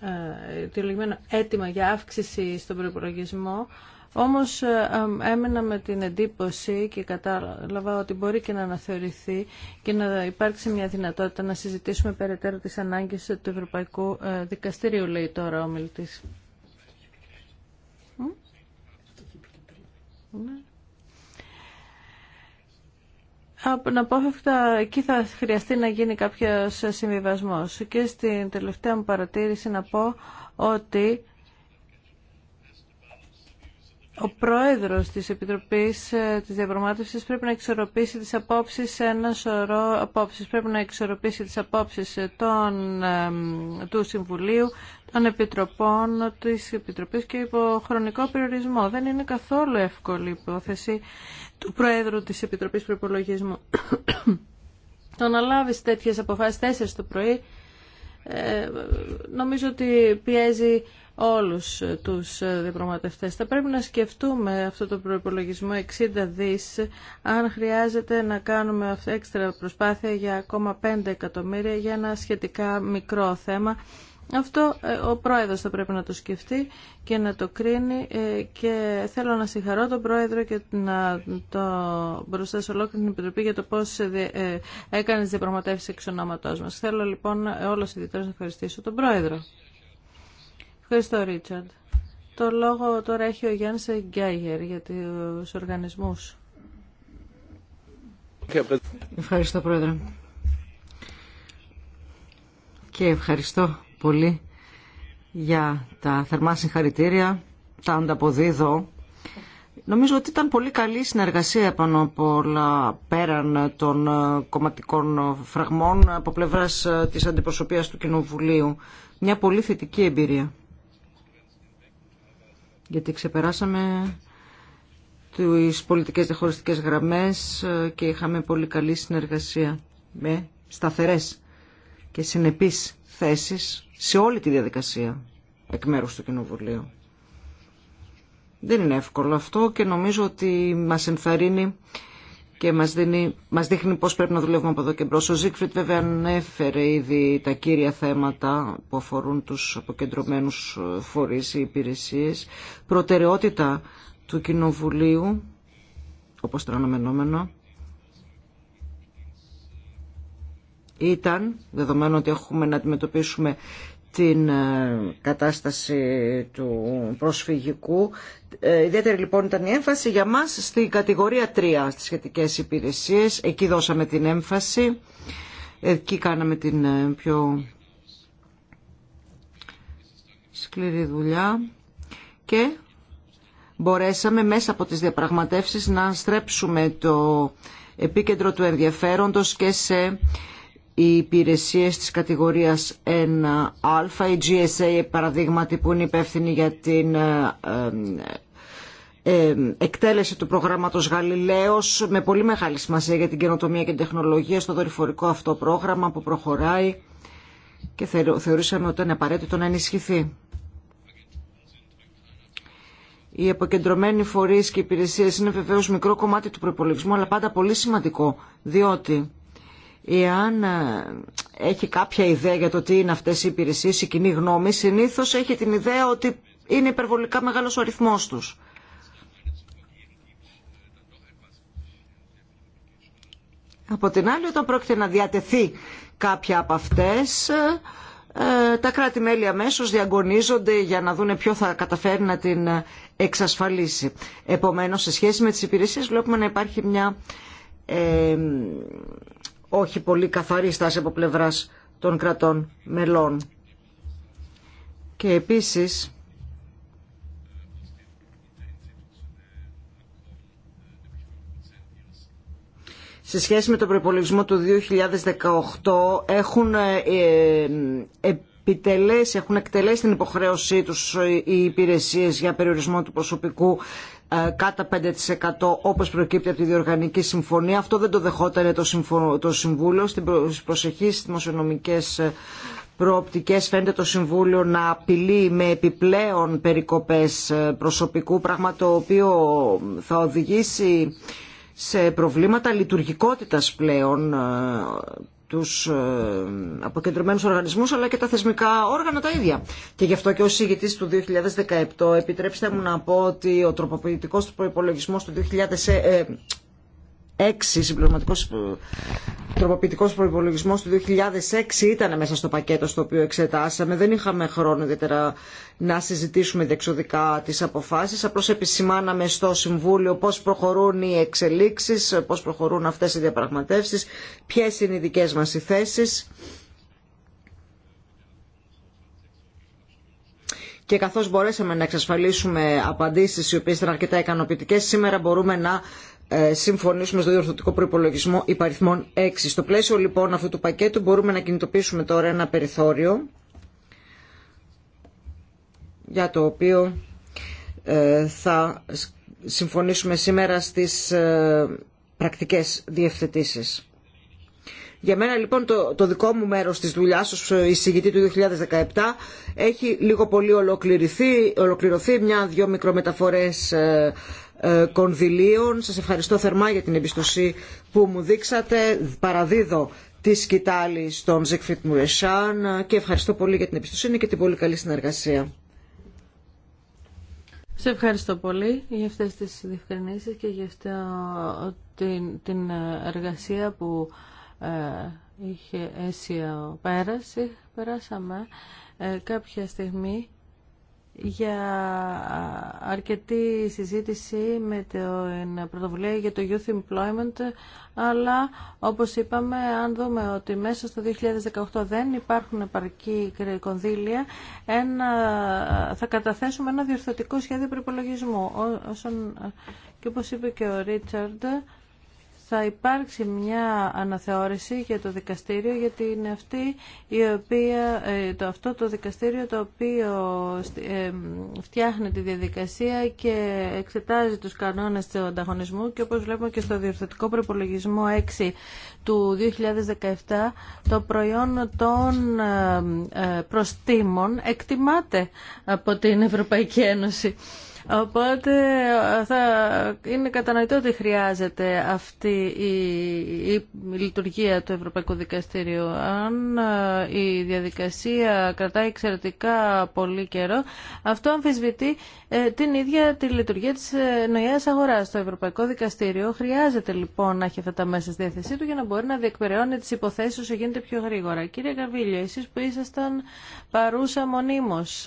ε, αιτιολογημένο αίτημα για αύξηση στον προπολογισμό όμως ε, έμενα με την εντύπωση και κατάλαβα ότι μπορεί και να αναθεωρηθεί και να υπάρξει μια δυνατότητα να συζητήσουμε περαιτέρω τις ανάγκες του Ευρωπαϊκού ε, Δικαστηρίου, λέει τώρα ο ναι. πω αυτά, εκεί θα χρειαστεί να γίνει κάποιος συμβιβασμός. Και στην τελευταία μου παρατήρηση να πω ότι ο πρόεδρος της Επιτροπής ε, της Διαπραγμάτευσης πρέπει να εξορροπήσει τις απόψεις σε ένα σωρό απόψεις. Πρέπει να εξορροπήσει τις απόψεις ε, των, του Συμβουλίου, των Επιτροπών της Επιτροπής και υπό χρονικό περιορισμό. Δεν είναι καθόλου εύκολη η υπόθεση του Προέδρου της Επιτροπής Προπολογισμού. το να λάβεις τέτοιες αποφάσεις 4 το πρωί, ε, νομίζω ότι πιέζει όλους τους διπλωματευτές. Θα πρέπει να σκεφτούμε αυτό το προπολογισμό 60 δις αν χρειάζεται να κάνουμε έξτρα προσπάθεια για ακόμα 5 εκατομμύρια για ένα σχετικά μικρό θέμα. Αυτό ε, ο πρόεδρος θα πρέπει να το σκεφτεί και να το κρίνει ε, και θέλω να συγχαρώ τον πρόεδρο και να το μπροστά σε ολόκληρη την Επιτροπή για το πώς ε, έκανε τις διαπραγματεύσεις εξ ονόματός μας. Θέλω λοιπόν οι ιδιαίτερως να ευχαριστήσω τον πρόεδρο. Ευχαριστώ, Ρίτσαρντ. Το λόγο τώρα έχει ο Γιάννης Γκιάγερ για τους οργανισμούς. Ευχαριστώ, Πρόεδρε. Και ευχαριστώ πολύ για τα θερμά συγχαρητήρια, τα ανταποδίδω. Νομίζω ότι ήταν πολύ καλή συνεργασία πάνω από όλα πέραν των κομματικών φραγμών από πλευράς της αντιπροσωπείας του Κοινοβουλίου. Μια πολύ θετική εμπειρία γιατί ξεπεράσαμε τις πολιτικές διαχωριστικές γραμμές ε, και είχαμε πολύ καλή συνεργασία με σταθερές και συνεπείς θέσεις σε όλη τη διαδικασία εκ μέρους του Κοινοβουλίου. Δεν είναι εύκολο αυτό και νομίζω ότι μας ενθαρρύνει και μας, δίνει, μας δείχνει πώς πρέπει να δουλεύουμε από εδώ και μπρος. Ο Ζίκφριτ βέβαια ανέφερε ήδη τα κύρια θέματα που αφορούν τους αποκεντρωμένους φορείς ή υπηρεσίες. Προτεραιότητα του Κοινοβουλίου, όπως το αναμενόμενο, ήταν, δεδομένου ότι έχουμε να αντιμετωπίσουμε την ε, κατάσταση του προσφυγικού. Ε, ιδιαίτερη λοιπόν ήταν η έμφαση για μας στη κατηγορία 3 στις σχετικές υπηρεσίες. Εκεί δώσαμε την έμφαση, εκεί κάναμε την ε, πιο σκληρή δουλειά και μπορέσαμε μέσα από τις διαπραγματεύσεις να στρέψουμε το επίκεντρο του ενδιαφέροντος και σε οι υπηρεσίες της κατηγορίας 1α, η GSA παραδείγματι που είναι υπεύθυνη για την ε, ε, ε, εκτέλεση του προγράμματος Γαλιλαίος με πολύ μεγάλη σημασία για την καινοτομία και την τεχνολογία στο δορυφορικό αυτό πρόγραμμα που προχωράει και θεωρήσαμε ότι είναι απαραίτητο να ενισχυθεί. Οι αποκεντρωμένοι φορείς και υπηρεσίες είναι βεβαίως μικρό κομμάτι του προπολογισμού αλλά πάντα πολύ σημαντικό διότι Εάν ε, έχει κάποια ιδέα για το τι είναι αυτές οι υπηρεσίες, η κοινή γνώμη συνήθως έχει την ιδέα ότι είναι υπερβολικά μεγάλος ο αριθμός τους. Από την άλλη, όταν πρόκειται να διατεθεί κάποια από αυτές, ε, τα κράτη-μέλη αμέσως διαγωνίζονται για να δούνε ποιο θα καταφέρει να την ε, εξασφαλίσει. Επομένως, σε σχέση με τις υπηρεσίες βλέπουμε να υπάρχει μια όχι πολύ καθαρή στάση από πλευράς των κρατών μελών. Και επίσης σε σχέση με τον προπολογισμό του 2018 έχουν ε, ε, επιτελέσει, έχουν εκτελέσει την υποχρέωσή τους οι υπηρεσίες για περιορισμό του προσωπικού ε, κατά 5% όπως προκύπτει από τη Διοργανική Συμφωνία. Αυτό δεν το δεχόταν το, το Συμβούλιο. Στην προσεχή στις δημοσιονομικές ε, προοπτικές φαίνεται το Συμβούλιο να απειλεί με επιπλέον περικοπές ε, προσωπικού, πράγμα το οποίο θα οδηγήσει σε προβλήματα λειτουργικότητας πλέον τους ε, αποκεντρωμένους οργανισμούς αλλά και τα θεσμικά όργανα τα ίδια. Και γι' αυτό και ως ηγετής του 2017 επιτρέψτε μου να πω ότι ο τροποποιητικός του προϋπολογισμός του 2000, Έξι, συμπληρωματικός ε, τροποποιητικός προϋπολογισμός του 2006 ήταν μέσα στο πακέτο στο οποίο εξετάσαμε. Δεν είχαμε χρόνο ιδιαίτερα να συζητήσουμε διεξοδικά τις αποφάσεις. Απλώς επισημάναμε στο Συμβούλιο πώς προχωρούν οι εξελίξεις, πώς προχωρούν αυτές οι διαπραγματεύσεις, ποιες είναι οι δικές μας οι θέσεις. και καθώς μπορέσαμε να εξασφαλίσουμε απαντήσεις οι οποίες ήταν αρκετά ικανοποιητικές σήμερα μπορούμε να ε, συμφωνήσουμε στο διορθωτικό προπολογισμό υπαριθμών 6. Στο πλαίσιο λοιπόν αυτού του πακέτου μπορούμε να κινητοποιήσουμε τώρα ένα περιθώριο για το οποίο ε, θα συμφωνήσουμε σήμερα στις ε, πρακτικές διευθετήσεις. Για μένα λοιπόν το, το δικό μου μέρος της δουλειάς ως εισηγητή του 2017 έχει λίγο πολύ ολοκληρωθεί, ολοκληρωθεί μια-δυο μικρομεταφορές ε, κονδυλίων. Σας ευχαριστώ θερμά για την εμπιστοσύνη που μου δείξατε. Παραδίδω τη σκητάλη στον Ζεκφίτ Μουρεσάν και ευχαριστώ πολύ για την εμπιστοσύνη και την πολύ καλή συνεργασία. Σε ευχαριστώ πολύ για αυτές τις διευκρινήσεις και για αυτή την, εργασία που ε, είχε αίσια πέραση. Περάσαμε ε, κάποια στιγμή για αρκετή συζήτηση με την πρωτοβουλία για το Youth Employment αλλά όπως είπαμε αν δούμε ότι μέσα στο 2018 δεν υπάρχουν επαρκή κονδύλια ένα, θα καταθέσουμε ένα διορθωτικό σχέδιο προπολογισμού και όπως είπε και ο Ρίτσαρντ θα υπάρξει μια αναθεώρηση για το δικαστήριο γιατί είναι αυτή η οποία, ε, το, αυτό το δικαστήριο το οποίο ε, φτιάχνει τη διαδικασία και εξετάζει τους κανόνες του ανταγωνισμού και όπως βλέπουμε και στο διορθωτικό προπολογισμό 6 του 2017 το προϊόν των ε, προστήμων εκτιμάται από την Ευρωπαϊκή Ένωση. Οπότε ε, είναι κατανοητό ότι χρειάζεται αυτή η, η, λειτουργία του Ευρωπαϊκού Δικαστήριου. Αν ε, η διαδικασία κρατάει εξαιρετικά πολύ καιρό, αυτό αμφισβητεί ε, την ίδια τη λειτουργία της νοιάς αγοράς. Το Ευρωπαϊκό Δικαστήριο χρειάζεται λοιπόν να έχει αυτά τα μέσα στη διάθεσή του για να μπορεί να διεκπαιρεώνει τις υποθέσεις όσο γίνεται πιο γρήγορα. Κύριε Καβίλιο, εσείς που ήσασταν παρούσα μονίμως,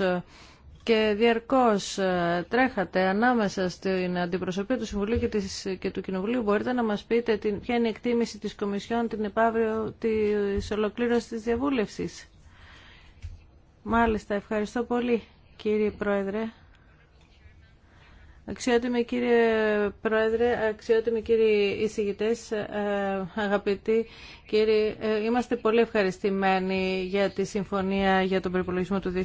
και διαρκώς ε, τρέχατε ανάμεσα στην αντιπροσωπεία του Συμβουλίου και, της, του Κοινοβουλίου. Μπορείτε να μας πείτε την, ποια είναι η εκτίμηση της Κομισιόν την επαύριο της ολοκλήρωσης της διαβούλευσης. Μάλιστα, ευχαριστώ πολύ κύριε Πρόεδρε. Αξιότιμη κύριε Πρόεδρε, αξιότιμοι κύριοι εισηγητές, ε, αγαπητοί κύριοι, ε, είμαστε πολύ ευχαριστημένοι για τη συμφωνία για τον προπολογισμό του 2018,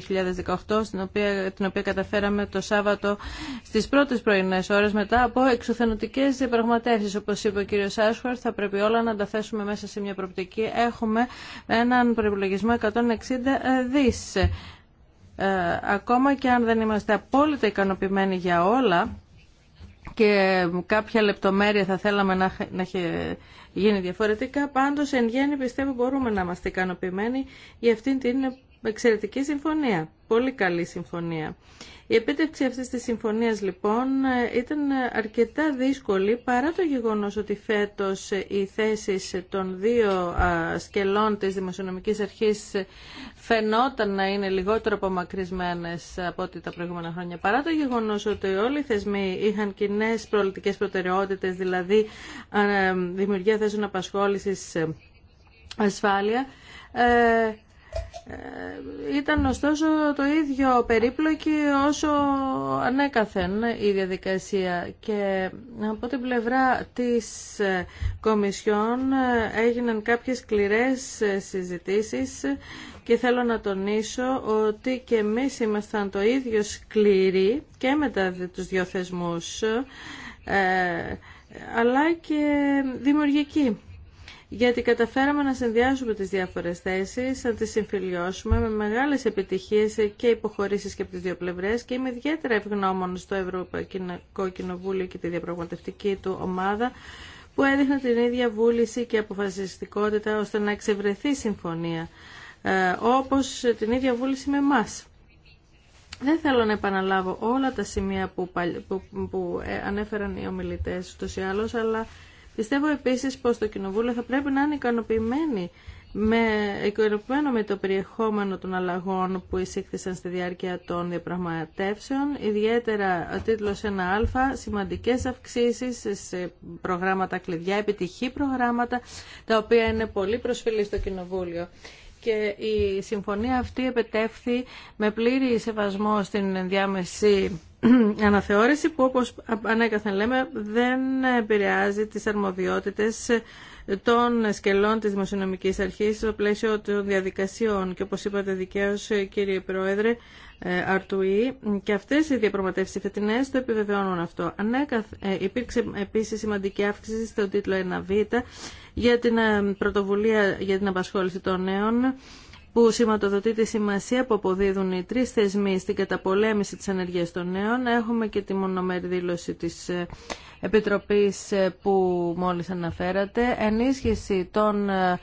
στην οποία, την οποία καταφέραμε το Σάββατο στις πρώτες πρωινές ώρες μετά από εξουθενωτικές διαπραγματεύσεις. Όπως είπε ο κύριος Άσχορ, θα πρέπει όλα να τα θέσουμε μέσα σε μια προπτική. Έχουμε έναν προπολογισμό 160 δις ε, ακόμα και αν δεν είμαστε απόλυτα ικανοποιημένοι για όλα και κάποια λεπτομέρεια θα θέλαμε να, να έχει γίνει διαφορετικά, πάντως εν γέννη πιστεύω μπορούμε να είμαστε ικανοποιημένοι για αυτήν την εξαιρετική συμφωνία. Πολύ καλή συμφωνία. Η επίτευξη αυτής της συμφωνίας λοιπόν ήταν αρκετά δύσκολη παρά το γεγονός ότι φέτος οι θέσεις των δύο σκελών της Δημοσιονομικής Αρχής φαινόταν να είναι λιγότερο απομακρυσμένες από ό,τι τα προηγούμενα χρόνια. Παρά το γεγονός ότι όλοι οι θεσμοί είχαν κοινέ προλητικές προτεραιότητες, δηλαδή δημιουργία θέσεων απασχόλησης ασφάλεια, ε, ε, ήταν ωστόσο το ίδιο περίπλοκη όσο ανέκαθεν η διαδικασία και από την πλευρά της ε, Κομισιόν ε, έγιναν κάποιες σκληρές συζητήσεις και θέλω να τονίσω ότι και εμείς ήμασταν το ίδιο σκληροί και μετά τους δύο θεσμούς αλλά και δημιουργικοί γιατί καταφέραμε να συνδυάσουμε τις διάφορες θέσεις, να τις συμφιλιώσουμε με μεγάλες επιτυχίες και υποχωρήσεις και από τις δύο πλευρές και είμαι ιδιαίτερα ευγνώμων στο Ευρωπαϊκό Κοινοβούλιο και τη διαπραγματευτική του ομάδα που έδειχνε την ίδια βούληση και αποφασιστικότητα ώστε να εξευρεθεί συμφωνία, ε, όπως την ίδια βούληση με εμά. Δεν θέλω να επαναλάβω όλα τα σημεία που, που, που ε, ανέφεραν οι ομιλητές τους ή άλλως, αλλά Πιστεύω επίσης πως το Κοινοβούλιο θα πρέπει να είναι ικανοποιημένο με, ικανοποιημένο με το περιεχόμενο των αλλαγών που εισήχθησαν στη διάρκεια των διαπραγματεύσεων, ιδιαίτερα ο τίτλος 1α, σημαντικές αυξήσεις σε προγράμματα κλειδιά, επιτυχή προγράμματα, τα οποία είναι πολύ προσφυλή στο Κοινοβούλιο και η συμφωνία αυτή επετεύχθη με πλήρη σεβασμό στην ενδιάμεση αναθεώρηση που όπως ανέκαθεν λέμε δεν επηρεάζει τις αρμοδιότητες των σκελών της Δημοσιονομικής Αρχής στο πλαίσιο των διαδικασιών. Και όπως είπατε δικαίως κύριε Πρόεδρε ε, Αρτουή, και αυτές οι διαπραγματεύσεις φετινές το επιβεβαιώνουν αυτό. Ανέκαθ, ε, υπήρξε επίσης σημαντική αύξηση στον τίτλο 1β για την ε, πρωτοβουλία για την απασχόληση των νέων που σηματοδοτεί τη σημασία που αποδίδουν οι τρεις θεσμοί στην καταπολέμηση της ανεργίας των νέων. Έχουμε και τη μονομερή δήλωση της ε, Επιτροπής ε, που μόλις αναφέρατε, ενίσχυση των ε,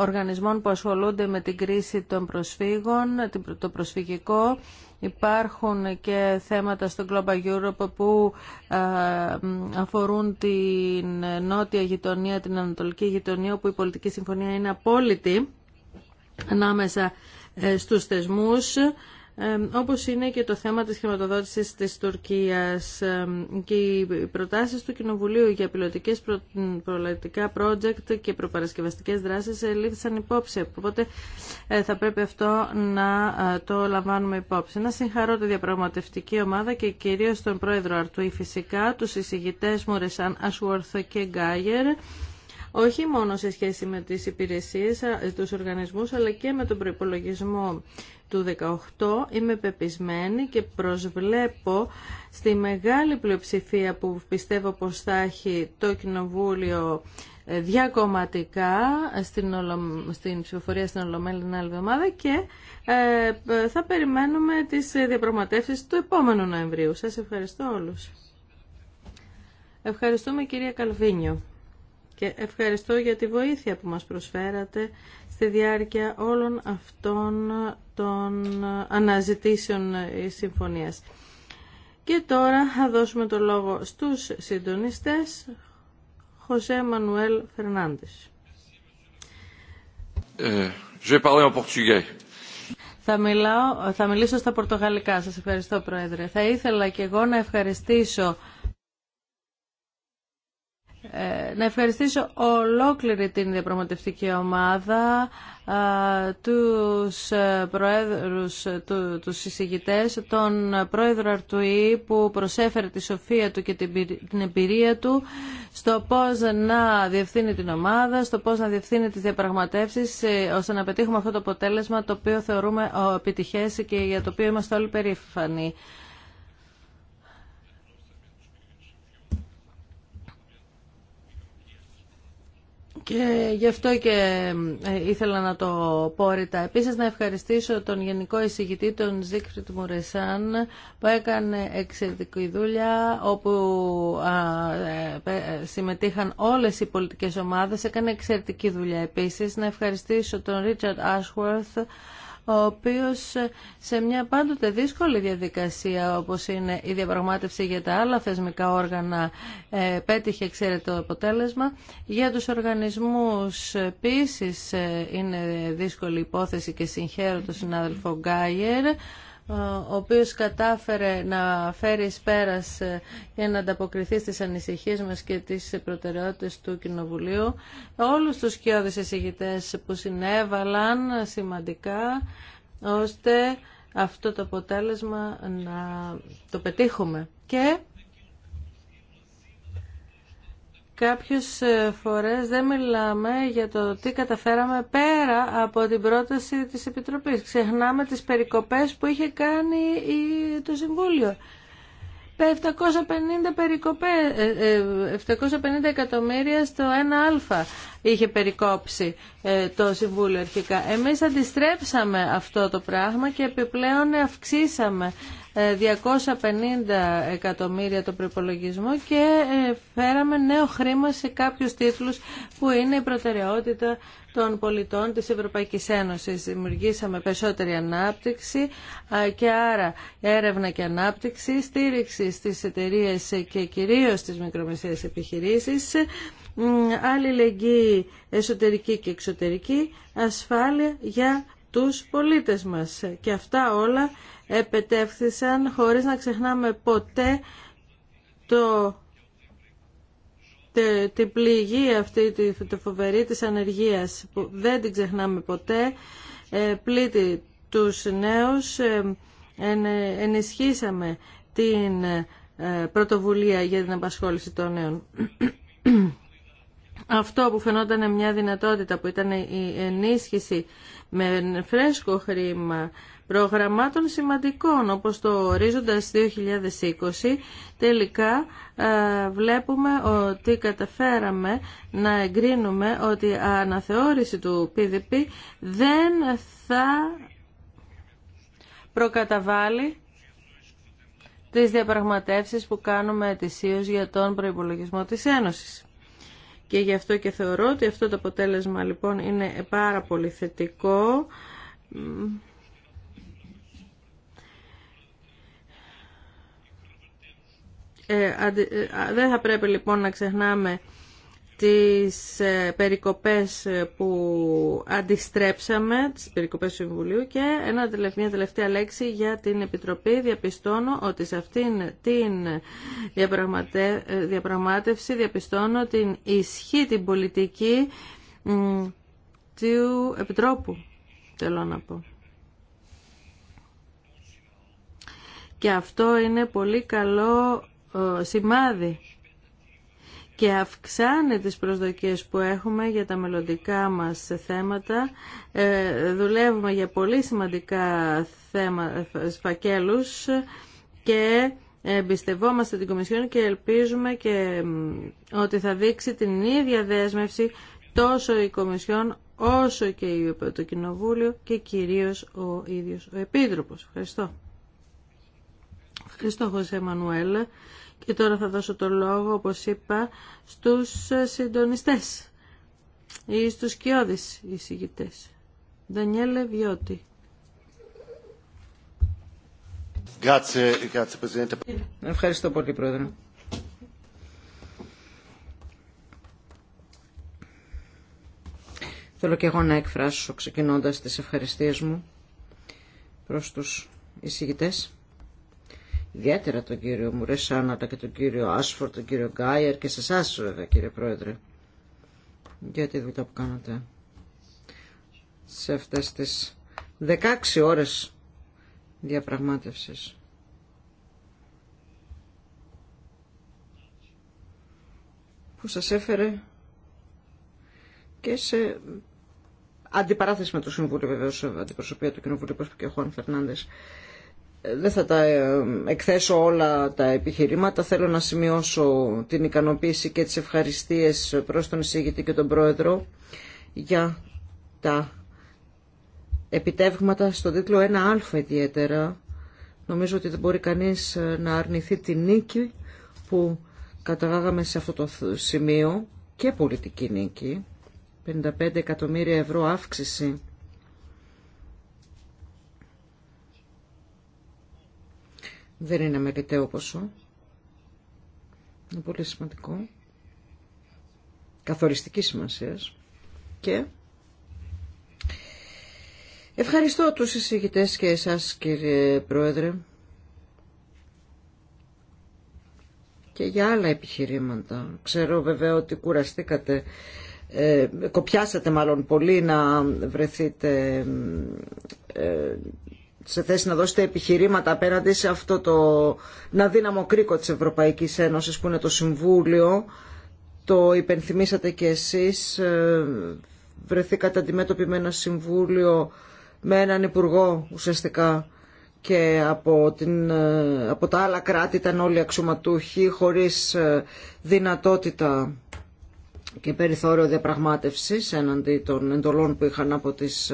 οργανισμών που ασχολούνται με την κρίση των προσφύγων, το προσφυγικό, Υπάρχουν και θέματα στο Global Europe που αφορούν την νότια γειτονία, την ανατολική γειτονία, όπου η πολιτική συμφωνία είναι απόλυτη ανάμεσα ε, στους θεσμούς ε, όπως είναι και το θέμα της χρηματοδότησης της Τουρκίας ε, και οι προτάσεις του Κοινοβουλίου για πιλωτικές προ... project και προπαρασκευαστικές δράσεις λήφθησαν υπόψη. Οπότε θα πρέπει αυτό να το λαμβάνουμε υπόψη. Να συγχαρώ τη διαπραγματευτική ομάδα και κυρίως τον πρόεδρο Αρτουή φυσικά, τους εισηγητές μου Ρεσάν Ασουόρθο και Γκάγερ όχι μόνο σε σχέση με τις υπηρεσίες, τους οργανισμούς, αλλά και με τον προϋπολογισμό του 18 είμαι πεπισμένη και προσβλέπω στη μεγάλη πλειοψηφία που πιστεύω πως θα έχει το Κοινοβούλιο ε, διακομματικά στην, ολο... στην ψηφοφορία στην Ολομέλη την άλλη εβδομάδα και ε, θα περιμένουμε τις διαπραγματεύσεις του επόμενου Νοεμβρίου. Σας ευχαριστώ όλους. Ευχαριστούμε κυρία Καλβίνιο και ευχαριστώ για τη βοήθεια που μας προσφέρατε στη διάρκεια όλων αυτών των αναζητήσεων συμφωνίας. Και τώρα θα δώσουμε το λόγο στους συντονιστές José Μανουέλ Fernández. Ε, θα, μιλάω, θα μιλήσω στα πορτογαλικά. Σας ευχαριστώ, Πρόεδρε. Θα ήθελα και εγώ να ευχαριστήσω ε, να ευχαριστήσω ολόκληρη την διαπραγματευτική ομάδα, ε, τους ε, προέδρους, του, τους συζητητές, τον πρόεδρο Αρτουή που προσέφερε τη σοφία του και την εμπειρία του στο πώς να διευθύνει την ομάδα, στο πώς να διευθύνει τις διαπραγματεύσεις ώστε να πετύχουμε αυτό το αποτέλεσμα το οποίο θεωρούμε επιτυχές και για το οποίο είμαστε όλοι περήφανοι. Και γι' αυτό και ε, ήθελα να το πω ρητά. Επίσης να ευχαριστήσω τον Γενικό Εισηγητή, τον Ζίκριτ Μουρεσάν, που έκανε εξαιρετική δουλειά, όπου ε, ε, συμμετείχαν όλες οι πολιτικές ομάδες. Έκανε εξαιρετική δουλειά επίσης. Να ευχαριστήσω τον Ρίτσαρτ Άσχουαρθ ο οποίος σε μια πάντοτε δύσκολη διαδικασία όπως είναι η διαπραγμάτευση για τα άλλα θεσμικά όργανα ε, πέτυχε το αποτέλεσμα. Για τους οργανισμούς επίσης ε, είναι δύσκολη υπόθεση και συγχαίρω τον συνάδελφο Γκάιερ ο οποίος κατάφερε να φέρει εις πέρας ε, για να ανταποκριθεί στις ανησυχίες μας και τις προτεραιότητες του Κοινοβουλίου. Όλους τους σκιώδες εισηγητές που συνέβαλαν σημαντικά ώστε αυτό το αποτέλεσμα να το πετύχουμε. Και Κάποιες ε, φορές δεν μιλάμε για το τι καταφέραμε πέρα από την πρόταση της Επιτροπής. Ξεχνάμε τις περικοπές που είχε κάνει το Συμβούλιο. 750, περικοπέ, 750 ε, ε, εκατομμύρια στο 1α είχε περικόψει το Συμβούλιο αρχικά. Εμείς αντιστρέψαμε αυτό το πράγμα και επιπλέον αυξήσαμε 250 ε, εκατομμύρια το προπολογισμό και ε, φέραμε νέο χρήμα σε κάποιους τίτλους που είναι η προτεραιότητα των πολιτών της Ευρωπαϊκής Ένωσης. Δημιουργήσαμε περισσότερη ανάπτυξη ε, και άρα έρευνα και ανάπτυξη, στήριξη στις εταιρείες και κυρίως στις μικρομεσαίες επιχειρήσεις, αλληλεγγύη εσωτερική και εξωτερική, ασφάλεια για τους πολίτες μας. Και αυτά όλα επετεύχθησαν χωρίς να ξεχνάμε ποτέ το, την πληγή αυτή τη, τη φοβερή της ανεργίας που δεν την ξεχνάμε ποτέ ε, πλήττει τους νέους ε, ενισχύσαμε την ε, πρωτοβουλία για την απασχόληση των νέων αυτό που φαινόταν μια δυνατότητα που ήταν η ενίσχυση με φρέσκο χρήμα προγραμμάτων σημαντικών όπως το ορίζοντας 2020 τελικά ε, βλέπουμε ότι καταφέραμε να εγκρίνουμε ότι η αναθεώρηση του PDP δεν θα προκαταβάλει τις διαπραγματεύσεις που κάνουμε ετησίως για τον προϋπολογισμό της Ένωσης. Και γι' αυτό και θεωρώ ότι αυτό το αποτέλεσμα λοιπόν είναι πάρα πολύ θετικό Ε, ε, δεν θα πρέπει λοιπόν να ξεχνάμε τις ε, περικοπές που αντιστρέψαμε, τις περικοπές του Συμβουλίου και ένα, μια τελευταία λέξη για την Επιτροπή. Διαπιστώνω ότι σε αυτήν την διαπραγμάτευση διαπιστώνω την ισχύ, την πολιτική του Επιτρόπου, θέλω να πω. Και αυτό είναι πολύ καλό σημάδι και αυξάνει τις προσδοκίες που έχουμε για τα μελλοντικά μας θέματα. Ε, δουλεύουμε για πολύ σημαντικά θέμα, ε, και εμπιστευόμαστε την Κομισιόν και ελπίζουμε και ότι θα δείξει την ίδια δέσμευση τόσο η Κομισιόν όσο και το Κοινοβούλιο και κυρίως ο ίδιος ο Επίτροπος. Ευχαριστώ. Ευχαριστώ, Χωσέ Μανουέλα. Και τώρα θα δώσω το λόγο, όπως είπα, στους συντονιστές ή στους κοιόδης εισηγητές. Δανιέλε Βιώτη. Ευχαριστώ πολύ, Πρόεδρε. Θέλω και εγώ να εκφράσω, ξεκινώντας τις ευχαριστίες μου προς τους εισηγητές ιδιαίτερα τον κύριο Μουρεσάν αλλά και τον κύριο Άσφορ, τον κύριο Γκάιερ και σε εσά βέβαια κύριε Πρόεδρε για τη δουλειά που κάνατε σε αυτές τις 16 ώρες διαπραγμάτευσης. που σας έφερε και σε αντιπαράθεση με το Συμβούλιο βεβαίως, αντιπροσωπεία του Κοινοβουλίου και ο Χουάν Φερνάνδες δεν θα τα ε, εκθέσω όλα τα επιχειρήματα. Θέλω να σημειώσω την ικανοποίηση και τις ευχαριστίες προς τον εισηγητή και τον πρόεδρο για τα επιτεύγματα στον τίτλο 1α ιδιαίτερα. Νομίζω ότι δεν μπορεί κανείς ε, να αρνηθεί την νίκη που καταγάγαμε σε αυτό το σημείο και πολιτική νίκη. 55 εκατομμύρια ευρώ αύξηση Δεν είναι μελιτέο ποσό. Είναι πολύ σημαντικό. Καθοριστική σημασία. Και ευχαριστώ τους εισηγητές και εσάς κύριε Πρόεδρε και για άλλα επιχειρήματα. Ξέρω βέβαια ότι κουραστήκατε ε, κοπιάσατε μάλλον πολύ να βρεθείτε ε, σε θέση να δώσετε επιχειρήματα απέναντι σε αυτό το να δύναμο κρίκο της Ευρωπαϊκής Ένωσης που είναι το Συμβούλιο. Το υπενθυμίσατε και εσείς. Ε, βρεθήκατε αντιμέτωποι με ένα Συμβούλιο, με έναν Υπουργό ουσιαστικά και από, την, ε, από τα άλλα κράτη ήταν όλοι αξιωματούχοι χωρίς ε, δυνατότητα και περιθώριο διαπραγμάτευσης έναντι των εντολών που είχαν από τις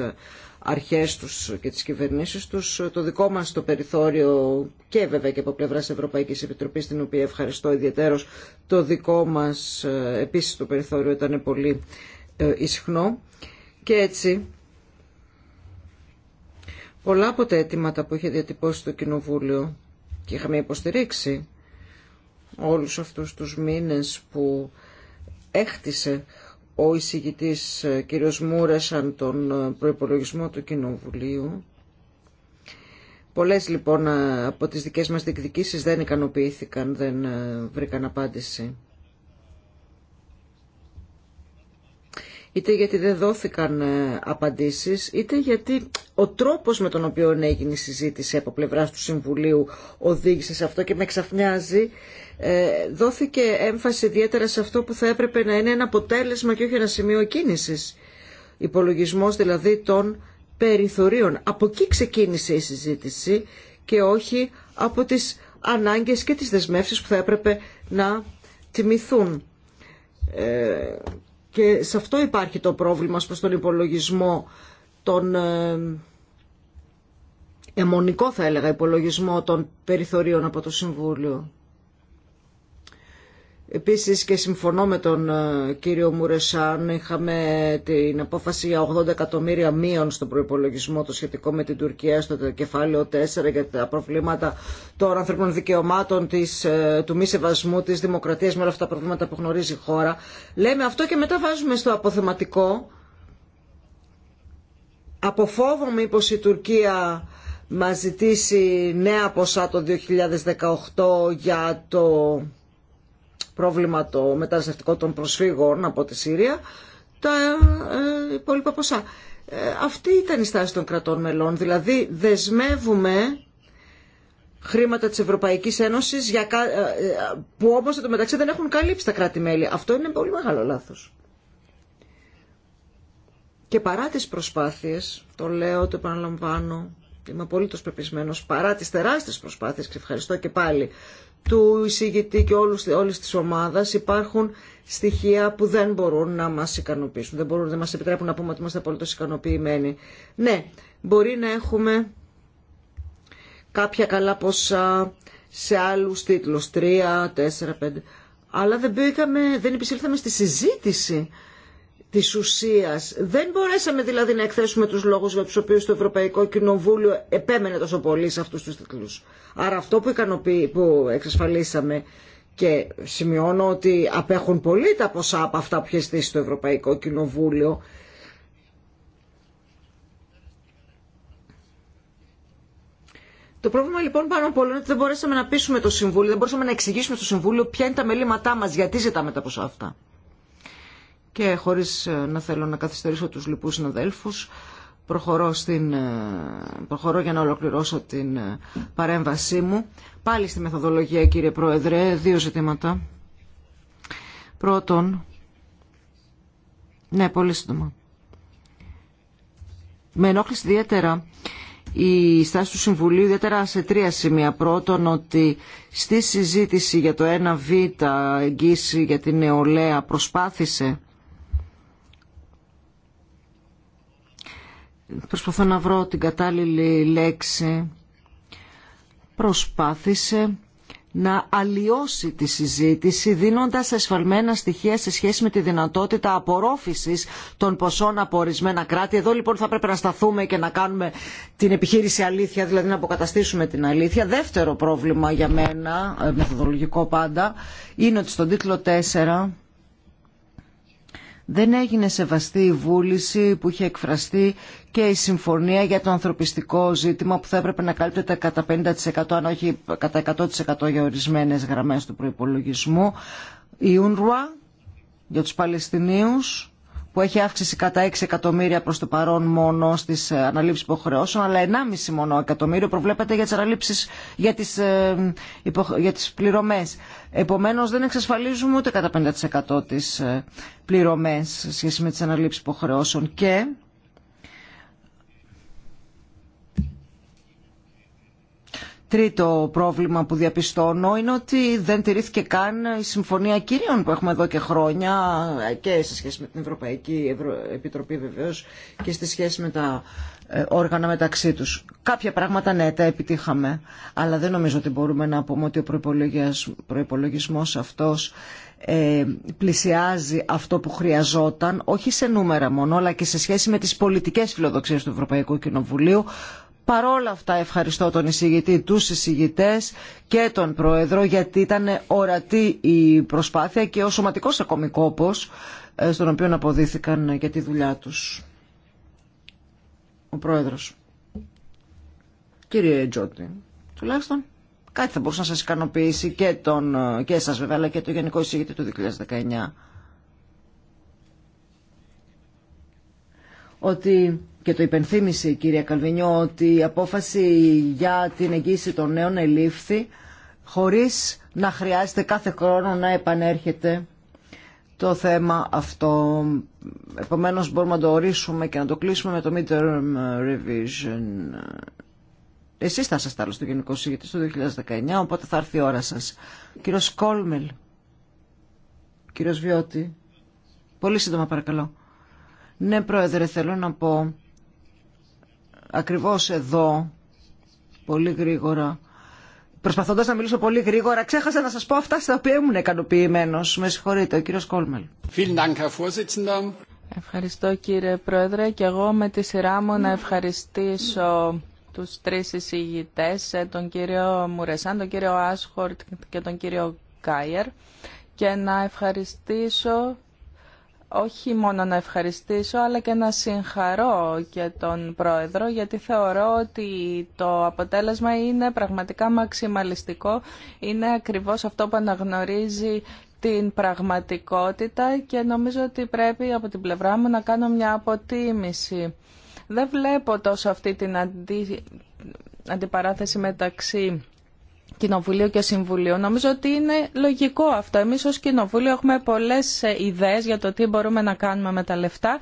αρχές τους και τις κυβερνήσεις τους. Το δικό μας το περιθώριο και βέβαια και από πλευράς Ευρωπαϊκής Επιτροπής, την οποία ευχαριστώ ιδιαίτερος, το δικό μας ε, επίσης το περιθώριο ήταν πολύ ε, ισχνό. Και έτσι πολλά από τα αιτήματα που είχε διατυπώσει το Κοινοβούλιο και είχαμε υποστηρίξει όλους αυτούς τους μήνες που έχτισε ο εισηγητής ε, κ. Μούρεσαν τον ε, προϋπολογισμό του Κοινοβουλίου. Πολλές λοιπόν ε, από τις δικές μας διεκδικήσεις δεν ικανοποιήθηκαν, δεν βρήκαν απάντηση. είτε γιατί δεν δόθηκαν ε, απαντήσεις, είτε γιατί ο τρόπος με τον οποίο έγινε η συζήτηση από πλευράς του Συμβουλίου οδήγησε σε αυτό και με ξαφνιάζει, ε, δόθηκε έμφαση ιδιαίτερα σε αυτό που θα έπρεπε να είναι ένα αποτέλεσμα και όχι ένα σημείο κίνησης. Υπολογισμός δηλαδή των περιθωρίων. Από εκεί ξεκίνησε η συζήτηση και όχι από τις ανάγκες και τις δεσμεύσεις που θα έπρεπε να τιμηθούν. Ε, και σε αυτό υπάρχει το πρόβλημα προς τον υπολογισμό των εμονικό θα έλεγα υπολογισμό των περιθωρίων από το Συμβούλιο. Επίσης και συμφωνώ με τον ε, κύριο Μουρεσάν, είχαμε την απόφαση για 80 εκατομμύρια μείων στον προϋπολογισμό το σχετικό με την Τουρκία στο κεφάλαιο 4 για τα προβλήματα των ανθρώπινων δικαιωμάτων, της, ε, του μη σεβασμού, της δημοκρατίας με όλα αυτά τα προβλήματα που γνωρίζει η χώρα. Λέμε αυτό και μετά βάζουμε στο αποθεματικό. Από φόβο η Τουρκία μας ζητήσει νέα ποσά το 2018 για το πρόβλημα το μεταναστευτικό των προσφύγων από τη Σύρια, τα ε, υπόλοιπα ποσά. Ε, αυτή ήταν η στάση των κρατών μελών, δηλαδή δεσμεύουμε χρήματα της Ευρωπαϊκής Ένωσης για, ε, που όμως το μεταξύ δεν έχουν καλύψει τα κράτη-μέλη. Αυτό είναι πολύ μεγάλο λάθος. Και παρά τις προσπάθειες, το λέω, το επαναλαμβάνω, είμαι απολύτως πεπισμένος, παρά τις τεράστιες προσπάθειες και ευχαριστώ και πάλι του εισηγητή και όλους, όλης της ομάδας υπάρχουν στοιχεία που δεν μπορούν να μας ικανοποιήσουν. Δεν μπορούν να μας επιτρέπουν να πούμε ότι είμαστε απολύτως ικανοποιημένοι. Ναι, μπορεί να έχουμε κάποια καλά ποσά σε άλλους τίτλους, τρία, τέσσερα, 5. Αλλά δεν, πήγαμε, δεν επισήλθαμε στη συζήτηση Τη ουσία. Δεν μπορέσαμε δηλαδή να εκθέσουμε του λόγου για του οποίου το Ευρωπαϊκό Κοινοβούλιο επέμενε τόσο πολύ σε αυτού του τίτλου. Άρα αυτό που, εξασφαλίσαμε και σημειώνω ότι απέχουν πολύ τα ποσά από αυτά που έχει στήσει το Ευρωπαϊκό Κοινοβούλιο Το πρόβλημα λοιπόν πάνω από όλα είναι ότι δεν μπορέσαμε να πείσουμε το Συμβούλιο, δεν μπορούσαμε να εξηγήσουμε στο Συμβούλιο ποια είναι τα μελήματά μας, γιατί ζητάμε τα ποσά αυτά και χωρίς ε, να θέλω να καθυστερήσω τους λοιπούς συναδέλφους προχωρώ, στην, ε, προχωρώ για να ολοκληρώσω την ε, παρέμβασή μου. Πάλι στη μεθοδολογία κύριε Πρόεδρε, δύο ζητήματα. Πρώτον, ναι πολύ σύντομα. Με ενόχληση ιδιαίτερα η στάση του Συμβουλίου, ιδιαίτερα σε τρία σημεία. Πρώτον, ότι στη συζήτηση για το 1Β εγγύηση για την νεολαία προσπάθησε προσπαθώ να βρω την κατάλληλη λέξη, προσπάθησε να αλλοιώσει τη συζήτηση δίνοντας ασφαλμένα στοιχεία σε σχέση με τη δυνατότητα απορρόφησης των ποσών από ορισμένα κράτη. Εδώ λοιπόν θα πρέπει να σταθούμε και να κάνουμε την επιχείρηση αλήθεια, δηλαδή να αποκαταστήσουμε την αλήθεια. Δεύτερο πρόβλημα για μένα, ε, μεθοδολογικό πάντα, είναι ότι στον τίτλο 4... Δεν έγινε σεβαστή η βούληση που είχε εκφραστεί και η συμφωνία για το ανθρωπιστικό ζήτημα που θα έπρεπε να καλύπτεται κατά 50% αν όχι κατά 100% για ορισμένες γραμμές του προϋπολογισμού. Η UNRWA για τους Παλαιστινίους που έχει αύξηση κατά 6 εκατομμύρια προς το παρόν μόνο στις ε, αναλήψεις υποχρεώσεων, αλλά 1,5 μόνο εκατομμύριο προβλέπεται για τις, αναλήψεις, για τις, ε, για τις πληρωμές. Επομένως δεν εξασφαλίζουμε ούτε κατά 50% τις ε, πληρωμές σχέση με τις αναλήψεις υποχρεώσεων και Τρίτο πρόβλημα που διαπιστώνω είναι ότι δεν τηρήθηκε καν η Συμφωνία Κυρίων που έχουμε εδώ και χρόνια και σε σχέση με την Ευρωπαϊκή Επιτροπή βεβαίως και στη σχέση με τα ε, όργανα μεταξύ τους. Κάποια πράγματα ναι, τα επιτύχαμε, αλλά δεν νομίζω ότι μπορούμε να πούμε ότι ο προϋπολογισμός αυτός ε, πλησιάζει αυτό που χρειαζόταν, όχι σε νούμερα μόνο, αλλά και σε σχέση με τις πολιτικές φιλοδοξίες του Ευρωπαϊκού Κοινοβουλίου, Παρόλα αυτά ευχαριστώ τον εισηγητή, τους εισηγητές και τον Πρόεδρο γιατί ήταν ορατή η προσπάθεια και ο σωματικός ακόμη κόπος ε, στον οποίο αποδίθηκαν για τη δουλειά τους. Ο Πρόεδρος. Κύριε Τζότη, τουλάχιστον κάτι θα μπορούσε να σας ικανοποιήσει και, τον, ε, και εσάς βέβαια αλλά και το Γενικό Εισηγητή του 2019. ότι και το υπενθύμησε η κυρία Καλβινιό ότι η απόφαση για την εγγύηση των νέων ελήφθη χωρίς να χρειάζεται κάθε χρόνο να επανέρχεται το θέμα αυτό. Επομένως μπορούμε να το ορίσουμε και να το κλείσουμε με το midterm revision. Εσείς θα σας τάλλω στο Γενικό Σύγητης το 2019, οπότε θα έρθει η ώρα σας. Κύριος Κόλμελ, κύριος Βιώτη, πολύ σύντομα παρακαλώ. Ναι, Πρόεδρε, θέλω να πω ακριβώς εδώ, πολύ γρήγορα, προσπαθώντας να μιλήσω πολύ γρήγορα, ξέχασα να σας πω αυτά στα οποία ήμουν ικανοποιημένο. Με συγχωρείτε, ο κύριος Κόλμελ. Ευχαριστώ κύριε Πρόεδρε και εγώ με τη σειρά μου να ευχαριστήσω τους τρεις εισηγητές, ε, τον κύριο Μουρεσάν, τον κύριο Άσχορτ και τον κύριο Κάιερ και να ευχαριστήσω όχι μόνο να ευχαριστήσω αλλά και να συγχαρώ και τον Πρόεδρο γιατί θεωρώ ότι το αποτέλεσμα είναι πραγματικά μαξιμαλιστικό. Είναι ακριβώς αυτό που αναγνωρίζει την πραγματικότητα και νομίζω ότι πρέπει από την πλευρά μου να κάνω μια αποτίμηση. Δεν βλέπω τόσο αυτή την αντι... αντιπαράθεση μεταξύ Κοινοβουλίου και Συμβουλίου. Νομίζω ότι είναι λογικό αυτό. Εμείς ως Κοινοβούλιο έχουμε πολλές ε, ιδέες για το τι μπορούμε να κάνουμε με τα λεφτά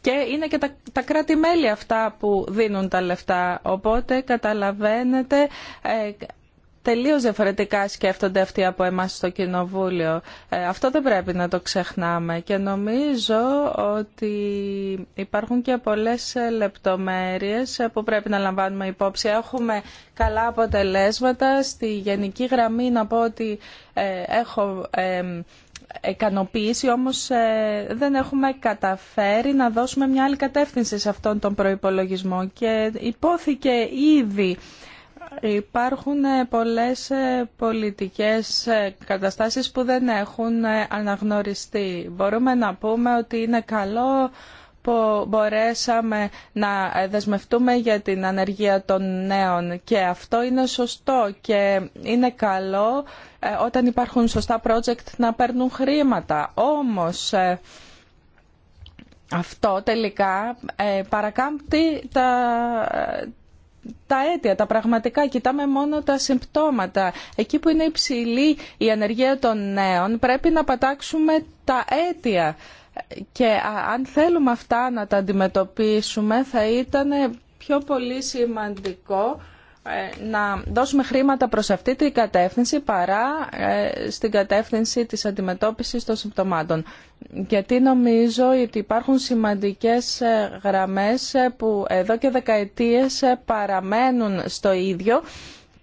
και είναι και τα, τα κράτη-μέλη αυτά που δίνουν τα λεφτά. Οπότε καταλαβαίνετε ε, τελείως διαφορετικά σκέφτονται αυτοί από εμάς στο Κοινοβούλιο. Ε, αυτό δεν πρέπει να το ξεχνάμε και νομίζω ότι υπάρχουν και πολλές λεπτομέρειες που πρέπει να λαμβάνουμε υπόψη. Έχουμε καλά αποτελέσματα. Στη γενική γραμμή να πω ότι ε, έχω ικανοποίηση, όμως ε, δεν έχουμε καταφέρει να δώσουμε μια άλλη κατεύθυνση σε αυτόν τον προϋπολογισμό και υπόθηκε ήδη Υπάρχουν ε, πολλές ε, πολιτικές ε, καταστάσεις που δεν έχουν αναγνωριστεί. Μπορούμε να πούμε ότι είναι καλό που μπορέσαμε να δεσμευτούμε για την ανεργία των νέων και αυτό είναι σωστό και είναι καλό όταν υπάρχουν σωστά project να παίρνουν χρήματα. Όμως αυτό τελικά παρακάμπτει τα τα αίτια, τα πραγματικά. Κοιτάμε μόνο τα συμπτώματα. Εκεί που είναι υψηλή η ανεργία των νέων πρέπει να πατάξουμε τα αίτια. Και αν θέλουμε αυτά να τα αντιμετωπίσουμε θα ήταν πιο πολύ σημαντικό ε, να δώσουμε χρήματα προς αυτή την κατεύθυνση παρά ε, στην κατεύθυνση της αντιμετώπισης των συμπτωμάτων. Γιατί νομίζω ότι υπάρχουν σημαντικές ε, γραμμές που εδώ και δεκαετίες παραμένουν στο ίδιο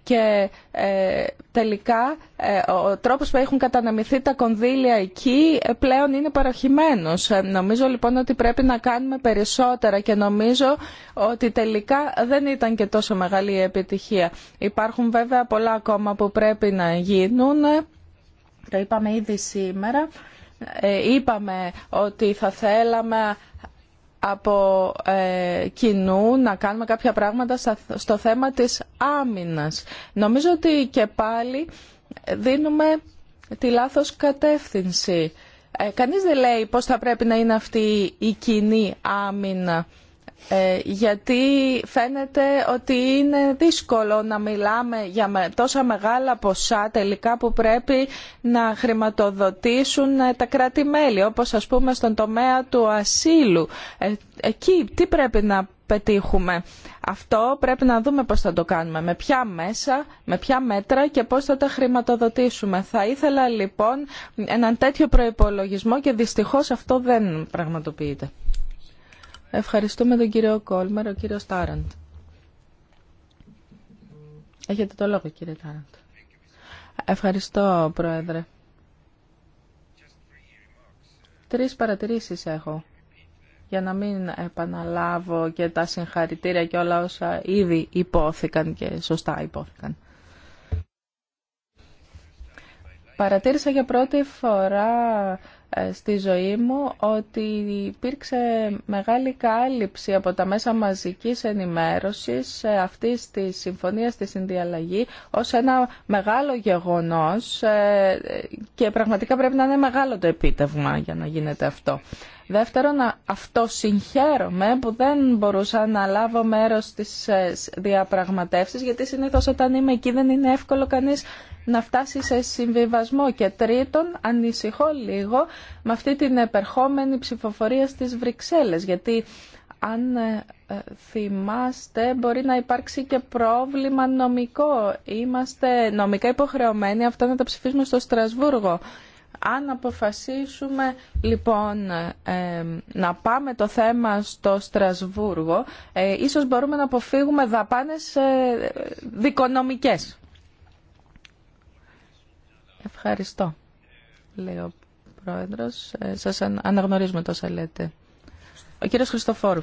και ε, τελικά ε, ο τρόπος που έχουν καταναμηθεί τα κονδύλια εκεί ε, πλέον είναι παροχημένος. Νομίζω λοιπόν ότι πρέπει να κάνουμε περισσότερα και νομίζω ότι τελικά δεν ήταν και τόσο μεγάλη η επιτυχία. Υπάρχουν βέβαια πολλά ακόμα που πρέπει να γίνουν. Το είπαμε ήδη σήμερα. Είπαμε ότι θα θέλαμε από ε, κοινού να κάνουμε κάποια πράγματα στο θέμα της άμυνας. Νομίζω ότι και πάλι δίνουμε τη λάθος κατεύθυνση. Ε, κανείς δεν λέει πώς θα πρέπει να είναι αυτή η κοινή άμυνα ε, γιατί φαίνεται ότι είναι δύσκολο να μιλάμε για τόσα μεγάλα ποσά τελικά που πρέπει να χρηματοδοτήσουν ε, τα κράτη-μέλη, όπως ας πούμε στον τομέα του ασύλου. Ε, εκεί τι πρέπει να πετύχουμε. Αυτό πρέπει να δούμε πώς θα το κάνουμε, με ποια μέσα, με ποια μέτρα και πώς θα τα χρηματοδοτήσουμε. Θα ήθελα λοιπόν έναν τέτοιο προϋπολογισμό και δυστυχώς αυτό δεν πραγματοποιείται. Ευχαριστούμε τον κύριο Κόλμερ, ο κύριο Τάραντ. Έχετε το λόγο, κύριε Τάραντ. Ευχαριστώ, Πρόεδρε. Τρεις παρατηρήσεις έχω, για να μην επαναλάβω και τα συγχαρητήρια και όλα όσα ήδη υπόθηκαν και σωστά υπόθηκαν. Παρατήρησα για πρώτη φορά ε, στη ζωή μου ότι υπήρξε μεγάλη κάλυψη από τα μέσα μαζικής ενημέρωσης ε, αυτή τη συμφωνίας της συνδιαλλαγή ως ένα μεγάλο γεγονός ε, και πραγματικά πρέπει να είναι μεγάλο το επίτευγμα για να γίνεται αυτό. Δεύτερον, αυτό συγχαίρομαι που δεν μπορούσα να λάβω μέρος στις διαπραγματεύσεις γιατί συνήθως όταν είμαι εκεί δεν είναι εύκολο κανείς να φτάσει σε συμβιβασμό και τρίτον ανησυχώ λίγο με αυτή την επερχόμενη ψηφοφορία στις Βρυξέλλες γιατί αν ε, ε, θυμάστε μπορεί να υπάρξει και πρόβλημα νομικό. Είμαστε νομικά υποχρεωμένοι αυτά να τα ψηφίσουμε στο Στρασβούργο. Αν αποφασίσουμε λοιπόν ε, να πάμε το θέμα στο Στρασβούργο, ίσως μπορούμε να αποφύγουμε δαπάνες δικονομικές. Ευχαριστώ, λέει ο Πρόεδρος. Ε, σας αναγνωρίζουμε τόσα λέτε. Ο κύριος Χριστοφόρου.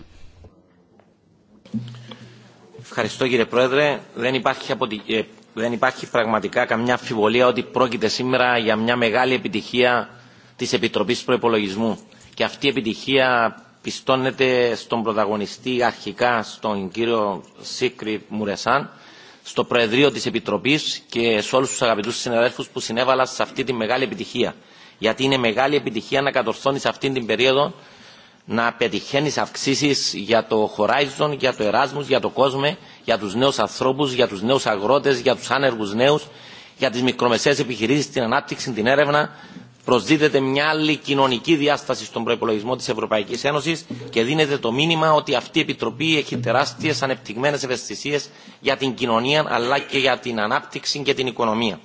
Ευχαριστώ κύριε Πρόεδρε. Δεν υπάρχει, ε, δεν υπάρχει πραγματικά καμιά αμφιβολία ότι πρόκειται σήμερα για μια μεγάλη επιτυχία της Επιτροπής Προϋπολογισμού. Και αυτή η επιτυχία πιστώνεται στον πρωταγωνιστή αρχικά, στον κύριο Σίκρι Μουρεσάν, στο Προεδρείο της Επιτροπής και σε όλους τους αγαπητούς συναδέλφους που συνέβαλαν σε αυτή τη μεγάλη επιτυχία. Γιατί είναι μεγάλη επιτυχία να κατορθώνει σε αυτή την περίοδο να πετυχαίνει αυξήσει για το Horizon, για το Erasmus, για το κόσμο, για του νέου ανθρώπου, για του νέου αγρότε, για του άνεργου νέου, για τι μικρομεσαίες επιχειρήσει, την ανάπτυξη, την έρευνα, προσδίδεται μια άλλη κοινωνική διάσταση στον προπολογισμό τη Ευρωπαϊκή Ένωση και δίνεται το μήνυμα ότι αυτή η Επιτροπή έχει τεράστιε ανεπτυγμένε ευαισθησίε για την κοινωνία αλλά και για την ανάπτυξη και την οικονομία.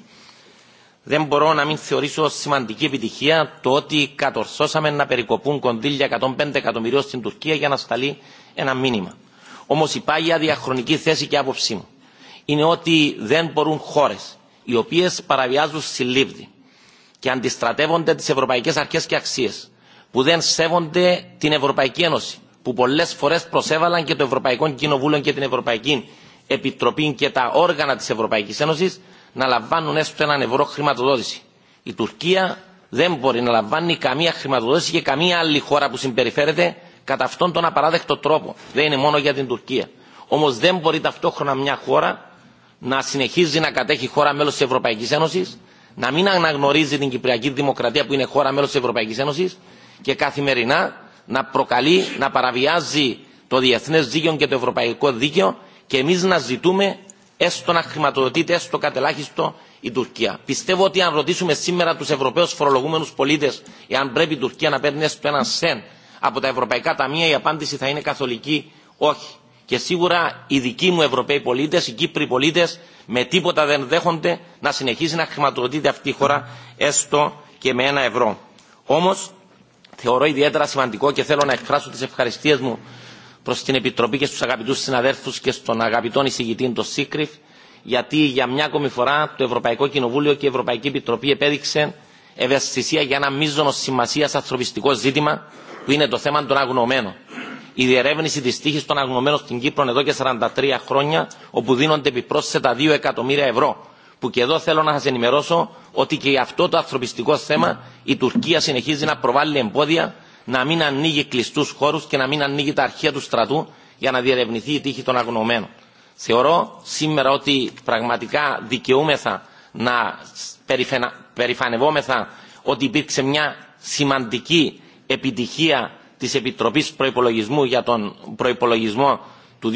Δεν μπορώ να μην θεωρήσω σημαντική επιτυχία το ότι κατορθώσαμε να περικοπούν κονδύλια 105 εκατομμυρίων στην Τουρκία για να σταλεί ένα μήνυμα. Όμω η πάγια διαχρονική θέση και άποψή μου είναι ότι δεν μπορούν χώρε οι οποίε παραβιάζουν συλλήβδη και αντιστρατεύονται τις ευρωπαϊκές αρχές και αξίες, που δεν σέβονται την Ευρωπαϊκή Ένωση, που πολλές φορές προσέβαλαν και το Ευρωπαϊκό Κοινοβούλιο και την Ευρωπαϊκή Επιτροπή και τα όργανα της Ευρωπαϊκής Ένωσης να λαμβάνουν έστω έναν ευρώ χρηματοδότηση. Η Τουρκία δεν μπορεί να λαμβάνει καμία χρηματοδότηση και καμία άλλη χώρα που συμπεριφέρεται κατά αυτόν τον απαράδεκτο τρόπο. Δεν είναι μόνο για την Τουρκία. Όμω δεν μπορεί ταυτόχρονα μια χώρα να συνεχίζει να κατέχει χώρα μέλο τη Ευρωπαϊκή Ένωση, να μην αναγνωρίζει την Κυπριακή Δημοκρατία που είναι χώρα μέλος της Ευρωπαϊκής Ένωσης και καθημερινά να προκαλεί, να παραβιάζει το διεθνές δίκαιο και το ευρωπαϊκό δίκαιο και εμείς να ζητούμε έστω να χρηματοδοτείται, έστω κατελάχιστο η Τουρκία. Πιστεύω ότι αν ρωτήσουμε σήμερα τους Ευρωπαίους φορολογούμενους πολίτες εάν πρέπει η Τουρκία να παίρνει έστω έναν σεν από τα ευρωπαϊκά ταμεία η απάντηση θα είναι καθολική όχι. Και σίγουρα οι δικοί μου Ευρωπαίοι πολίτε, οι Κύπροι πολίτε, με τίποτα δεν δέχονται να συνεχίσει να χρηματοδοτείται αυτή η χώρα έστω και με ένα ευρώ. Όμω, θεωρώ ιδιαίτερα σημαντικό και θέλω να εκφράσω τι ευχαριστίε μου προ την Επιτροπή και στου αγαπητού συναδέλφου και στον αγαπητό εισηγητή, τον Σίκριφ, γιατί για μια ακόμη φορά το Ευρωπαϊκό Κοινοβούλιο και η Ευρωπαϊκή Επιτροπή επέδειξε ευαισθησία για ένα μείζονο σημασία ανθρωπιστικό ζήτημα που είναι το θέμα των αγνωμένων η διερεύνηση τη τύχη των αγνωμένων στην Κύπρο εδώ και 43 χρόνια, όπου δίνονται επιπρόσθετα 2 εκατομμύρια ευρώ. Που και εδώ θέλω να σα ενημερώσω ότι και για αυτό το ανθρωπιστικό θέμα η Τουρκία συνεχίζει να προβάλλει εμπόδια να μην ανοίγει κλειστού χώρου και να μην ανοίγει τα αρχεία του στρατού για να διερευνηθεί η τύχη των αγνωμένων. Θεωρώ σήμερα ότι πραγματικά δικαιούμεθα να περηφανευόμεθα ότι υπήρξε μια σημαντική επιτυχία της Επιτροπής Προϋπολογισμού για τον προϋπολογισμό του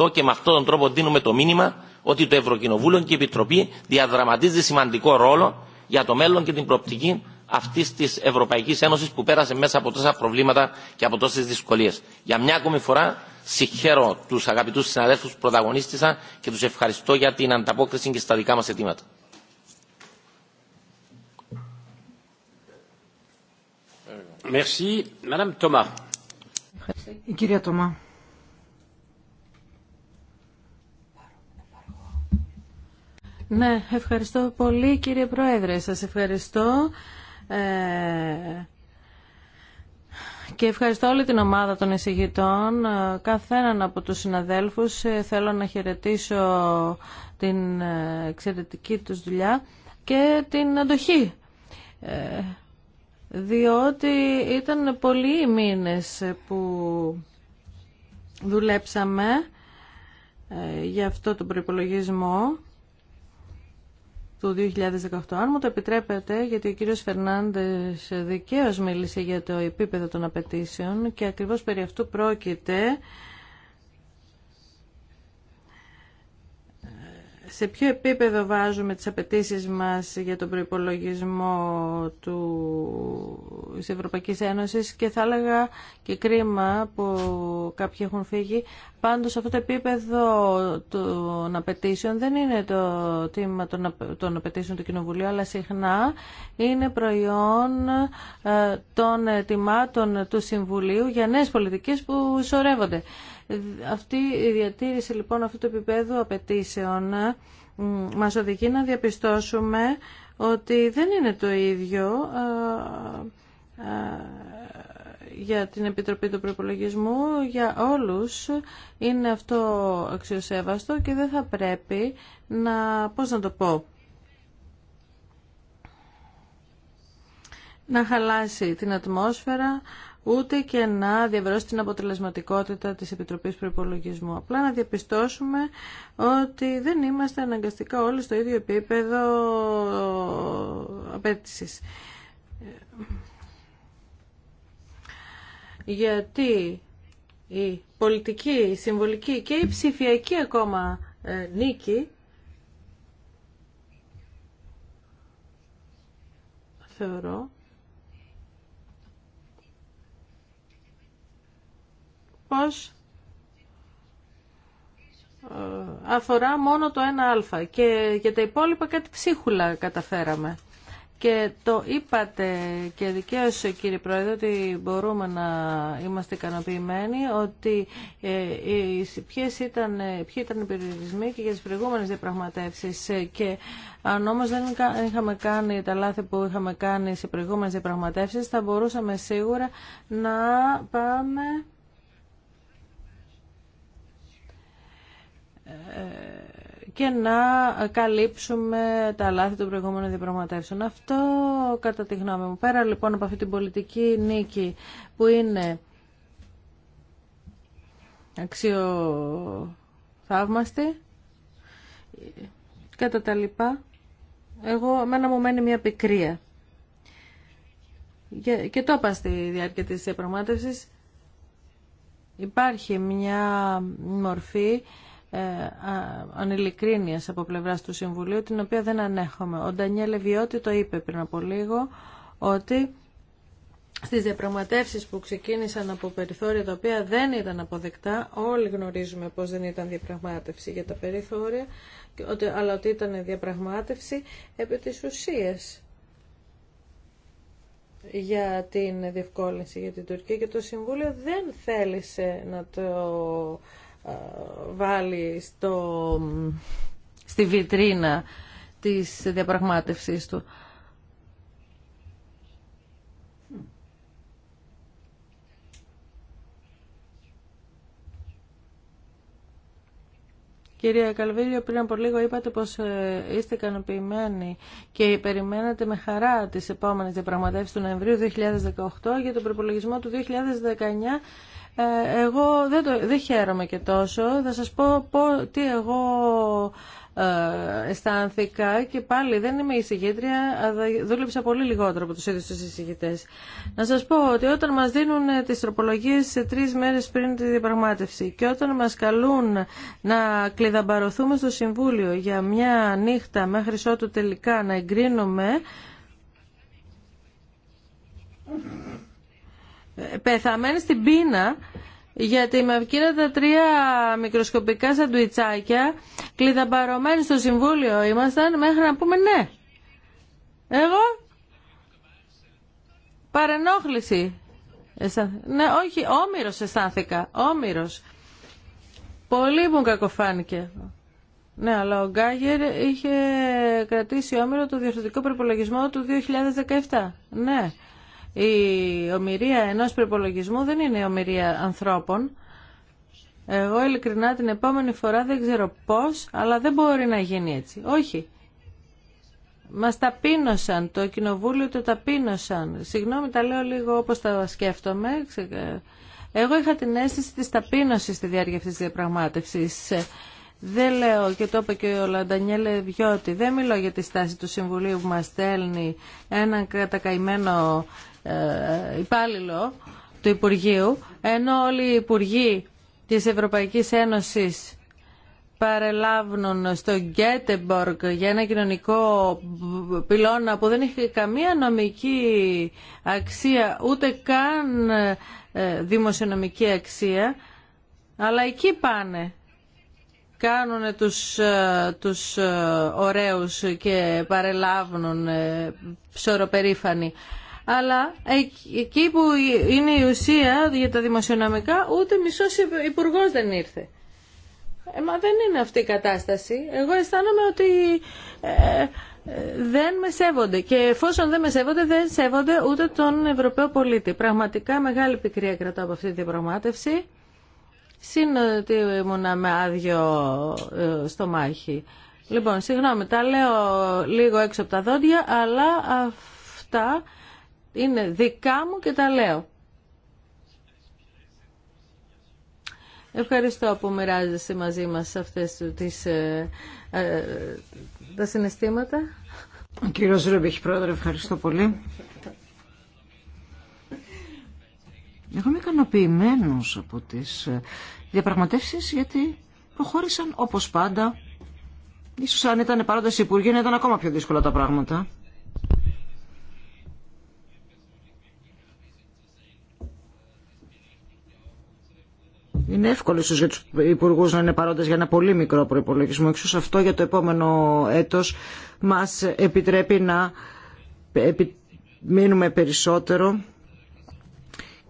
2018 και με αυτόν τον τρόπο δίνουμε το μήνυμα ότι το Ευρωκοινοβούλιο και η Επιτροπή διαδραματίζει σημαντικό ρόλο για το μέλλον και την προοπτική αυτή τη Ευρωπαϊκή Ένωση που πέρασε μέσα από τόσα προβλήματα και από τόσε δυσκολίε. Για μια ακόμη φορά συγχαίρω του αγαπητού συναδέλφου που πρωταγωνίστησαν και του ευχαριστώ για την ανταπόκριση και στα δικά μα αιτήματα. Ναι, ευχαριστώ πολύ κύριε Πρόεδρε. Σας ευχαριστώ. Ε, και ευχαριστώ όλη την ομάδα των εισηγητών, ε, καθέναν από τους συναδέλφους. Ε, θέλω να χαιρετήσω την εξαιρετική τους δουλειά και την αντοχή διότι ήταν πολλοί οι μήνες που δουλέψαμε ε, για αυτό τον προϋπολογισμό του 2018. Αν μου το επιτρέπετε, γιατί ο κύριος Φερνάντες δικαίως μίλησε για το επίπεδο των απαιτήσεων και ακριβώς περί αυτού πρόκειται σε ποιο επίπεδο βάζουμε τις απαιτήσει μας για τον προϋπολογισμό του, της Ευρωπαϊκής Ένωσης και θα έλεγα και κρίμα που κάποιοι έχουν φύγει. Πάντως αυτό το επίπεδο των απαιτήσεων δεν είναι το τίμημα των απαιτήσεων του Κοινοβουλίου αλλά συχνά είναι προϊόν ε, των ετοιμάτων του Συμβουλίου για νέες πολιτικές που σωρεύονται. Αυτή η διατήρηση λοιπόν αυτού του επίπεδου απαιτήσεων ε, μας οδηγεί να διαπιστώσουμε ότι δεν είναι το ίδιο ε, ε, για την Επιτροπή του Προπολογισμού για όλους είναι αυτό αξιοσέβαστο και δεν θα πρέπει να, πώς να το πω, να χαλάσει την ατμόσφαιρα ούτε και να διαβρώσει την αποτελεσματικότητα της Επιτροπής Προϋπολογισμού. Απλά να διαπιστώσουμε ότι δεν είμαστε αναγκαστικά όλοι στο ίδιο επίπεδο απέτησης. Γιατί η πολιτική, η συμβολική και η ψηφιακή ακόμα ε, νίκη θεωρώ Ε, αφορά μόνο το ένα α και για τα υπόλοιπα κάτι ψίχουλα καταφέραμε. Και το είπατε και δικαίως κύριε Πρόεδρε ότι μπορούμε να είμαστε ικανοποιημένοι ότι ε, ποιες ήταν, οι περιορισμοί και για τις προηγούμενες διαπραγματεύσεις και αν όμως δεν είχαμε κάνει τα λάθη που είχαμε κάνει σε προηγούμενες διαπραγματεύσεις θα μπορούσαμε σίγουρα να πάμε και να καλύψουμε τα λάθη των προηγούμενων διαπραγματεύσεων. Αυτό κατά τη γνώμη μου. Πέρα λοιπόν από αυτή την πολιτική νίκη που είναι αξιοθαύμαστη, κατά τα λοιπά, εγώ, εμένα μου μένει μια πικρία. Και, και το είπα στη διάρκεια της διαπραγμάτευσης. Υπάρχει μια μορφή ε, ανηλικρίνειας από πλευράς του Συμβουλίου, την οποία δεν ανέχομαι. Ο Ντανιέλ Εβιώτη το είπε πριν από λίγο, ότι στις διαπραγματεύσεις που ξεκίνησαν από περιθώρια τα οποία δεν ήταν αποδεκτά, όλοι γνωρίζουμε πως δεν ήταν διαπραγμάτευση για τα περιθώρια, αλλά ότι ήταν διαπραγμάτευση επί τη ουσία για την διευκόλυνση για την Τουρκία και το Συμβούλιο δεν θέλησε να το βάλει στο, στη βιτρίνα της διαπραγμάτευσής του. Κυρία Καλβίλιο, πριν από λίγο είπατε πως ε, είστε ικανοποιημένοι και περιμένατε με χαρά τις επόμενες διαπραγματεύσεις του Νοεμβρίου 2018 για τον προπολογισμό του 2019 ε, εγώ δεν, το, δεν χαίρομαι και τόσο. Θα σας πω, πω τι εγώ ε, αισθάνθηκα και πάλι δεν είμαι εισηγήτρια, δούλεψα πολύ λιγότερο από τους ίδιους τους εισηγητές. Να σας πω ότι όταν μας δίνουν ε, τις τροπολογίες σε τρεις μέρες πριν τη διαπραγμάτευση και όταν μας καλούν να κλειδαμπαρωθούμε στο Συμβούλιο για μια νύχτα μέχρι ότου τελικά να εγκρίνουμε πεθαμένη στην πείνα γιατί με εκείνα τα τρία μικροσκοπικά σαντουιτσάκια κλειδαμπαρωμένοι στο συμβούλιο ήμασταν μέχρι να πούμε ναι. Εγώ παρενόχληση. Ναι, όχι, όμοιρος αισθάνθηκα, όμοιρος. Πολύ μου κακοφάνηκε. Ναι, αλλά ο Γκάγερ είχε κρατήσει όμοιρο το διορθωτικό προπολογισμό του 2017. Ναι η ομοιρία ενός προπολογισμού δεν είναι η ομοιρία ανθρώπων. Εγώ ειλικρινά την επόμενη φορά δεν ξέρω πώς, αλλά δεν μπορεί να γίνει έτσι. Όχι. Μας ταπείνωσαν, το κοινοβούλιο το ταπείνωσαν. Συγγνώμη, τα λέω λίγο όπως τα σκέφτομαι. Εγώ είχα την αίσθηση της ταπείνωσης στη διάρκεια αυτής της διαπραγμάτευσης. Δεν λέω, και το είπε και ο Λαντανιέλε Βιώτη, δεν μιλώ για τη στάση του Συμβουλίου που μας στέλνει έναν κατακαημένο ε, υπάλληλο του Υπουργείου, ενώ όλοι οι Υπουργοί της Ευρωπαϊκής Ένωσης παρελάβουν στο Γκέτεμποργκ για ένα κοινωνικό πυλώνα που δεν έχει καμία νομική αξία, ούτε καν ε, δημοσιονομική αξία, αλλά εκεί πάνε κάνουν τους, ε, τους ωραίους και παρελάβουν ψωροπερήφανοι αλλά εκεί που είναι η ουσία για τα δημοσιονομικά ούτε μισός υπουργό δεν ήρθε. Ε, μα δεν είναι αυτή η κατάσταση. Εγώ αισθάνομαι ότι ε, δεν με σέβονται και εφόσον δεν με σέβονται δεν σέβονται ούτε τον Ευρωπαίο πολίτη. Πραγματικά μεγάλη πικρία κρατώ από αυτή τη διαπραγμάτευση. Συν ότι ήμουνα με άδειο ε, στο μάχη. Λοιπόν, συγγνώμη, τα λέω λίγο έξω από τα δόντια, αλλά αυτά είναι δικά μου και τα λέω. Ευχαριστώ που μοιράζεσαι μαζί μας αυτές τις, ε, ε, τα συναισθήματα. Κύριο κύριος Ρούμπιχ, πρόεδρε, ευχαριστώ πολύ. Εγώ είμαι ικανοποιημένο από τις ε, διαπραγματεύσεις γιατί προχώρησαν όπως πάντα. Ίσως αν ήταν παρόντες υπουργοί να ήταν ακόμα πιο δύσκολα τα πράγματα. Είναι εύκολο ίσω για του υπουργού να είναι παρόντε για ένα πολύ μικρό προπολογισμό. Εξού αυτό για το επόμενο έτο μα επιτρέπει να μείνουμε περισσότερο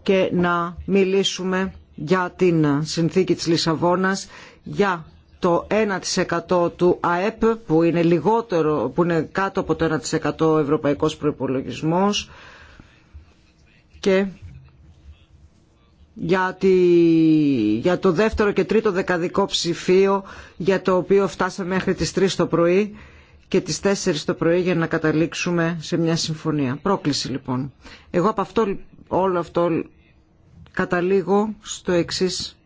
και να μιλήσουμε για την συνθήκη της Λισαβόνας, για το 1% του ΑΕΠ που είναι, λιγότερο, που είναι κάτω από το 1% ευρωπαϊκός προϋπολογισμός και για, για το δεύτερο και τρίτο δεκαδικό ψηφίο για το οποίο φτάσαμε μέχρι τις 3 το πρωί και τις 4 το πρωί για να καταλήξουμε σε μια συμφωνία. Πρόκληση λοιπόν. Εγώ από αυτό, όλο αυτό καταλήγω στο εξής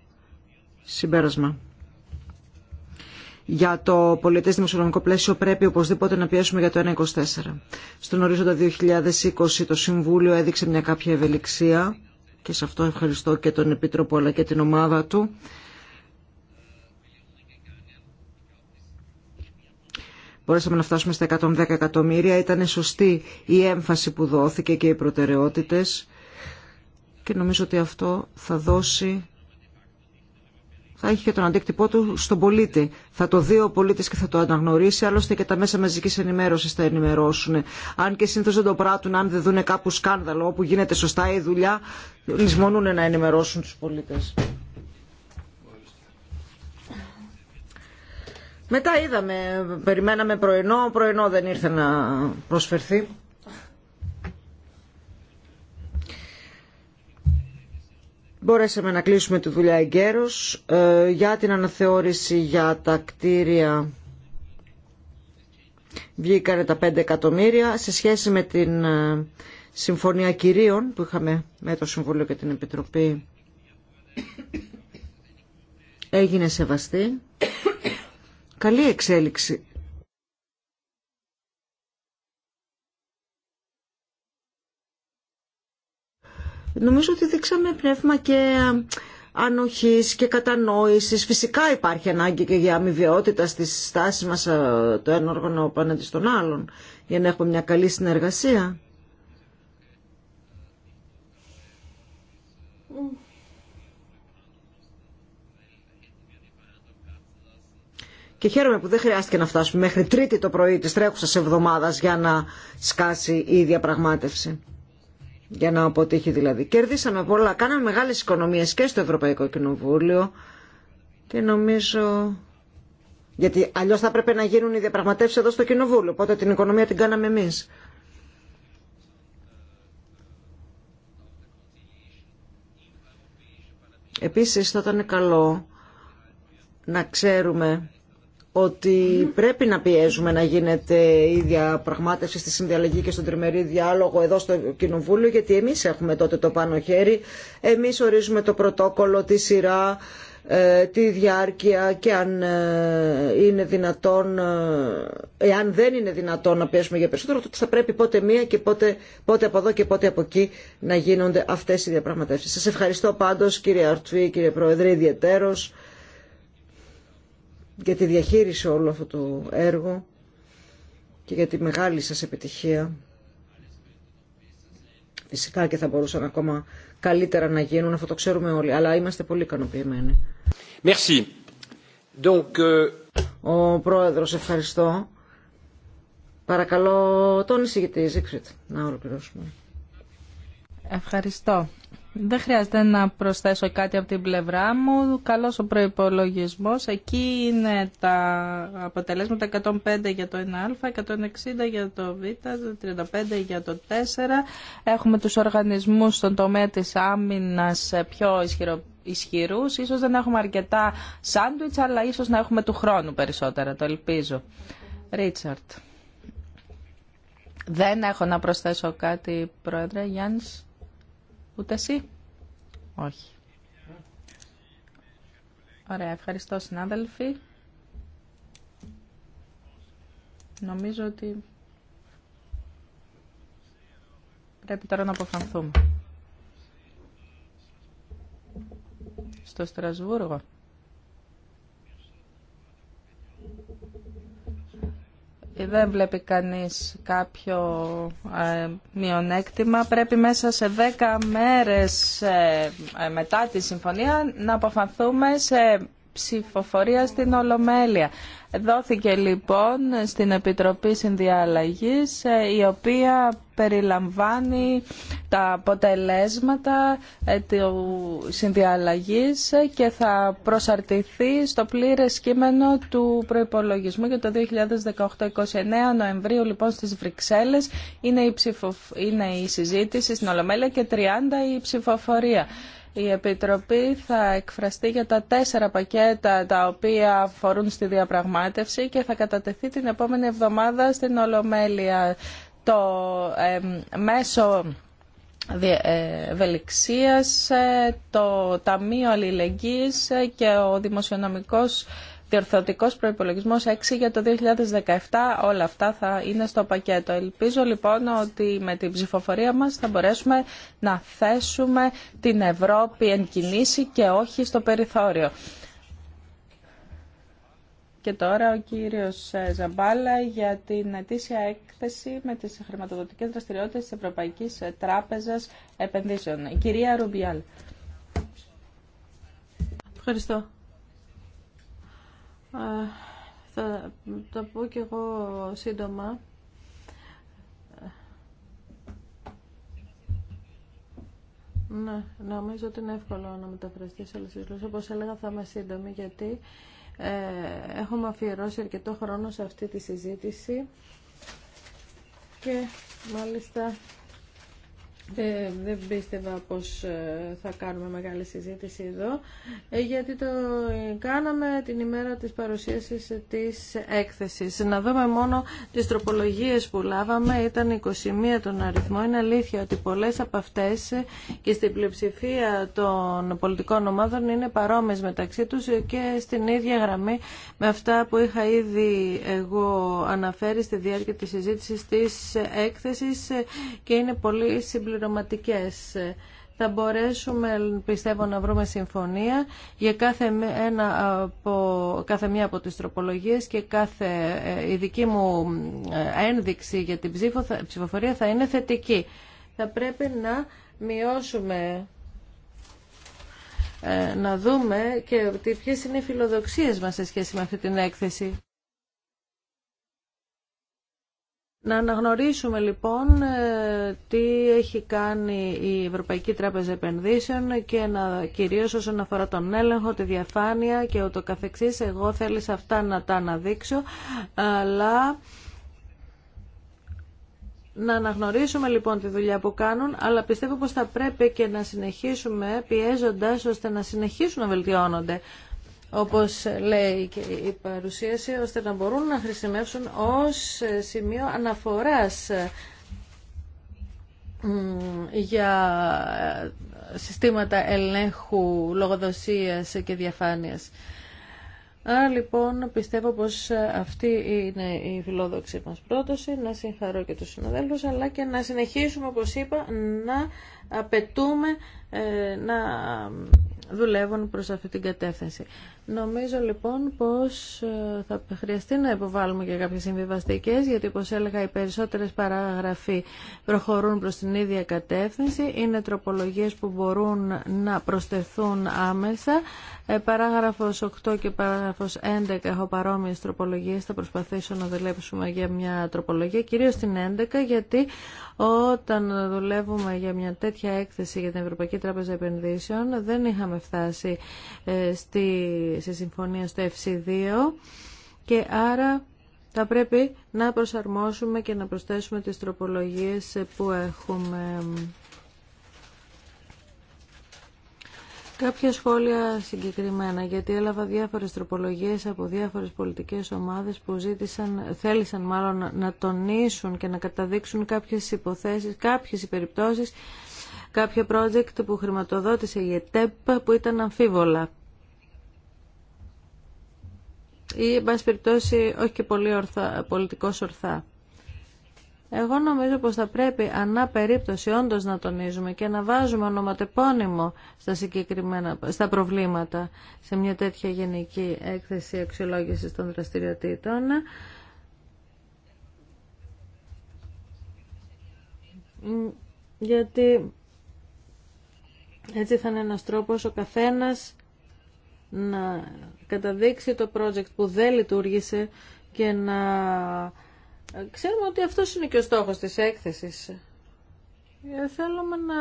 συμπέρασμα. Για το πολιτές δημοσιονομικό πλαίσιο πρέπει οπωσδήποτε να πιέσουμε για το 1.24. Στον ορίζοντα 2020 το Συμβούλιο έδειξε μια κάποια ευελιξία και σε αυτό ευχαριστώ και τον Επίτροπο αλλά και την ομάδα του. Μπορέσαμε να φτάσουμε στα 110 εκατομμύρια. Ήταν σωστή η έμφαση που δόθηκε και οι προτεραιότητες και νομίζω ότι αυτό θα δώσει θα έχει και τον αντίκτυπό του στον πολίτη. Θα το δει ο πολίτη και θα το αναγνωρίσει, άλλωστε και τα μέσα μαζική ενημέρωση θα ενημερώσουν. Αν και συνήθω δεν το πράττουν, αν δεν δουν κάπου σκάνδαλο όπου γίνεται σωστά η δουλειά, λησμονούν να ενημερώσουν του πολίτε. Μετά είδαμε, περιμέναμε πρωινό, πρωινό δεν ήρθε να προσφερθεί. Μπορέσαμε να κλείσουμε τη δουλειά εγκαίρως ε, για την αναθεώρηση για τα κτίρια βγήκανε τα 5 εκατομμύρια σε σχέση με την ε, συμφωνία κυρίων που είχαμε με το Συμβούλιο και την Επιτροπή έγινε σεβαστή καλή εξέλιξη Νομίζω ότι δείξαμε πνεύμα και ανοχή και κατανόηση. Φυσικά υπάρχει ανάγκη και για αμοιβαιότητα στις στάσεις μας το ένα όργανο απέναντι στον άλλον για να έχουμε μια καλή συνεργασία. Και χαίρομαι που δεν χρειάστηκε να φτάσουμε μέχρι τρίτη το πρωί της τρέχουσας εβδομάδας για να σκάσει η διαπραγμάτευση για να αποτύχει δηλαδή. Κερδίσαμε πολλά, κάναμε μεγάλες οικονομίες και στο Ευρωπαϊκό Κοινοβούλιο και νομίζω... Γιατί αλλιώς θα έπρεπε να γίνουν οι διαπραγματεύσεις εδώ στο Κοινοβούλιο, οπότε την οικονομία την κάναμε εμείς. Επίσης θα ήταν καλό να ξέρουμε ότι πρέπει να πιέζουμε να γίνεται η διαπραγμάτευση στη συνδιαλλαγή και στον τριμερή διάλογο εδώ στο Κοινοβούλιο, γιατί εμείς έχουμε τότε το πάνω χέρι, εμείς ορίζουμε το πρωτόκολλο, τη σειρά, ε, τη διάρκεια και αν ε, είναι δυνατόν, ε, εάν δεν είναι δυνατόν να πιέσουμε για περισσότερο, τότε θα πρέπει πότε μία και πότε, πότε από εδώ και πότε από εκεί να γίνονται αυτές οι διαπραγματεύσεις. Σας ευχαριστώ πάντως κύριε Αρτουή, κύριε Πρόεδρε, ιδιαιτέρως για τη διαχείριση όλου αυτού του έργου και για τη μεγάλη σας επιτυχία. Φυσικά και θα μπορούσαν ακόμα καλύτερα να γίνουν, αυτό το ξέρουμε όλοι, αλλά είμαστε πολύ ικανοποιημένοι. Merci. Donc, euh, Ο Πρόεδρος, ευχαριστώ. Παρακαλώ τον εισηγητή Ζήξιτ να ολοκληρώσουμε. Ευχαριστώ. Δεν χρειάζεται να προσθέσω κάτι από την πλευρά μου. Καλός ο προϋπολογισμός. Εκεί είναι τα αποτελέσματα 105 για το 1α, 160 για το β, 35 για το 4. Έχουμε τους οργανισμούς στον τομέα της άμυνας πιο ισχυρο, ισχυρούς. Ίσως δεν έχουμε αρκετά σάντουιτς, αλλά ίσως να έχουμε του χρόνου περισσότερα. Το ελπίζω. Ρίτσαρτ. Δεν έχω να προσθέσω κάτι, Πρόεδρε Γιάννης. Ούτε εσύ. Όχι. Ωραία, ευχαριστώ συνάδελφοι. Νομίζω ότι πρέπει τώρα να αποφανθούμε. Στο Στρασβούργο. δεν βλέπει κανείς κάποιο ε, μειονέκτημα. Πρέπει μέσα σε δέκα μέρες ε, ε, μετά τη συμφωνία να αποφανθούμε σε ψηφοφορία στην Ολομέλεια. Δόθηκε λοιπόν στην Επιτροπή Συνδιαλλαγής ε, η οποία περιλαμβάνει τα αποτελέσματα ε, του συνδιαλλαγής ε, και θα προσαρτηθεί στο πλήρες κείμενο του προϋπολογισμού για το 2018-29 Νοεμβρίου λοιπόν στις Βρυξέλλες είναι η, είναι η συζήτηση στην Ολομέλεια και 30 η ψηφοφορία. Η Επιτροπή θα εκφραστεί για τα τέσσερα πακέτα τα οποία αφορούν στη διαπραγμάτευση και θα κατατεθεί την επόμενη εβδομάδα στην Ολομέλεια. Το μέσο ε, ευελιξίας, ε, το Ταμείο Αλληλεγγύης ε, και ο Δημοσιονομικός διορθωτικός προϋπολογισμός 6 για το 2017. Όλα αυτά θα είναι στο πακέτο. Ελπίζω λοιπόν ότι με την ψηφοφορία μας θα μπορέσουμε να θέσουμε την Ευρώπη εν κινήσει και όχι στο περιθώριο. Και τώρα ο κύριος ε, Ζαμπάλα για την ετήσια έκθεση με τις χρηματοδοτικές δραστηριότητες της Ευρωπαϊκής Τράπεζας Επενδύσεων. Η κυρία Ρουμπιάλ. Ευχαριστώ θα τα πω κι εγώ σύντομα. Ναι, νομίζω ότι είναι εύκολο να μεταφραστεί σε όλες τις γλώσσες. Όπως έλεγα θα είμαι σύντομη γιατί ε, έχουμε αφιερώσει αρκετό χρόνο σε αυτή τη συζήτηση και μάλιστα ε, δεν πίστευα πως ε, θα κάνουμε μεγάλη συζήτηση εδώ, ε, γιατί το ε, κάναμε την ημέρα της παρουσίασης της έκθεσης. Να δούμε μόνο τις τροπολογίες που λάβαμε, ήταν 21 τον αριθμό. Είναι αλήθεια ότι πολλές από αυτές και στην πλειοψηφία των πολιτικών ομάδων είναι παρόμοιες μεταξύ τους και στην ίδια γραμμή με αυτά που είχα ήδη εγώ αναφέρει στη διάρκεια της συζήτησης της έκθεσης και είναι πολύ συμπληρωματικά θα μπορέσουμε, πιστεύω, να βρούμε συμφωνία για κάθε, ένα από, κάθε μία από τις τροπολογίες και κάθε ε, η δική μου ε, ένδειξη για την ψηφοφορία θα είναι θετική. Θα πρέπει να μειώσουμε ε, να δούμε και ποιες είναι οι φιλοδοξίες μας σε σχέση με αυτή την έκθεση. Να αναγνωρίσουμε λοιπόν ε, τι έχει κάνει η Ευρωπαϊκή Τράπεζα Επενδύσεων και να, κυρίως όσον αφορά τον έλεγχο, τη διαφάνεια και ούτω καθεξής. Εγώ θέλεις αυτά να τα αναδείξω, αλλά... Να αναγνωρίσουμε λοιπόν τη δουλειά που κάνουν, αλλά πιστεύω πως θα πρέπει και να συνεχίσουμε πιέζοντας ώστε να συνεχίσουν να βελτιώνονται όπως λέει και η παρουσίαση, ώστε να μπορούν να χρησιμεύσουν ως σημείο αναφοράς για συστήματα ελέγχου, λογοδοσίας και διαφάνειας. Άρα λοιπόν πιστεύω πως αυτή είναι η φιλόδοξη μας πρόταση, να συγχαρώ και τους συναδέλφους, αλλά και να συνεχίσουμε όπως είπα να απαιτούμε ε, να δουλεύουν προς αυτή την κατεύθυνση. Νομίζω λοιπόν πως ε, θα χρειαστεί να υποβάλουμε και κάποιες συμβιβαστικές γιατί όπως έλεγα οι περισσότερες παράγραφοι προχωρούν προς την ίδια κατεύθυνση. Είναι τροπολογίες που μπορούν να προσθεθούν άμεσα. Ε, παράγραφος 8 και παράγραφος 11 έχω παρόμοιες τροπολογίες. Θα προσπαθήσω να δουλέψουμε για μια τροπολογία, κυρίως την 11 γιατί όταν δουλεύουμε για μια τέτοια έκθεση για την Ευρωπαϊκή Τράπεζα Επενδύσεων δεν είχαμε φτάσει ε, στη σε συμφωνία στο FC2 και άρα θα πρέπει να προσαρμόσουμε και να προσθέσουμε τις τροπολογίες που έχουμε. Κάποια σχόλια συγκεκριμένα, γιατί έλαβα διάφορες τροπολογίες από διάφορες πολιτικές ομάδες που ζήτησαν, θέλησαν μάλλον να τονίσουν και να καταδείξουν κάποιες υποθέσεις, κάποιες περιπτώσεις, κάποια project που χρηματοδότησε η ΕΤΕΠ που ήταν αμφίβολα ή, εν πάση περιπτώσει, όχι και πολύ ορθά, ορθά. Εγώ νομίζω πως θα πρέπει ανά περίπτωση όντως να τονίζουμε και να βάζουμε ονοματεπώνυμο στα συγκεκριμένα, στα προβλήματα σε μια τέτοια γενική έκθεση αξιολόγησης των δραστηριοτήτων. Γιατί έτσι θα είναι ένας τρόπος ο καθένας να καταδείξει το project που δεν λειτουργήσε και να ξέρουμε ότι αυτό είναι και ο στόχος της έκθεσης. Ε, θέλουμε να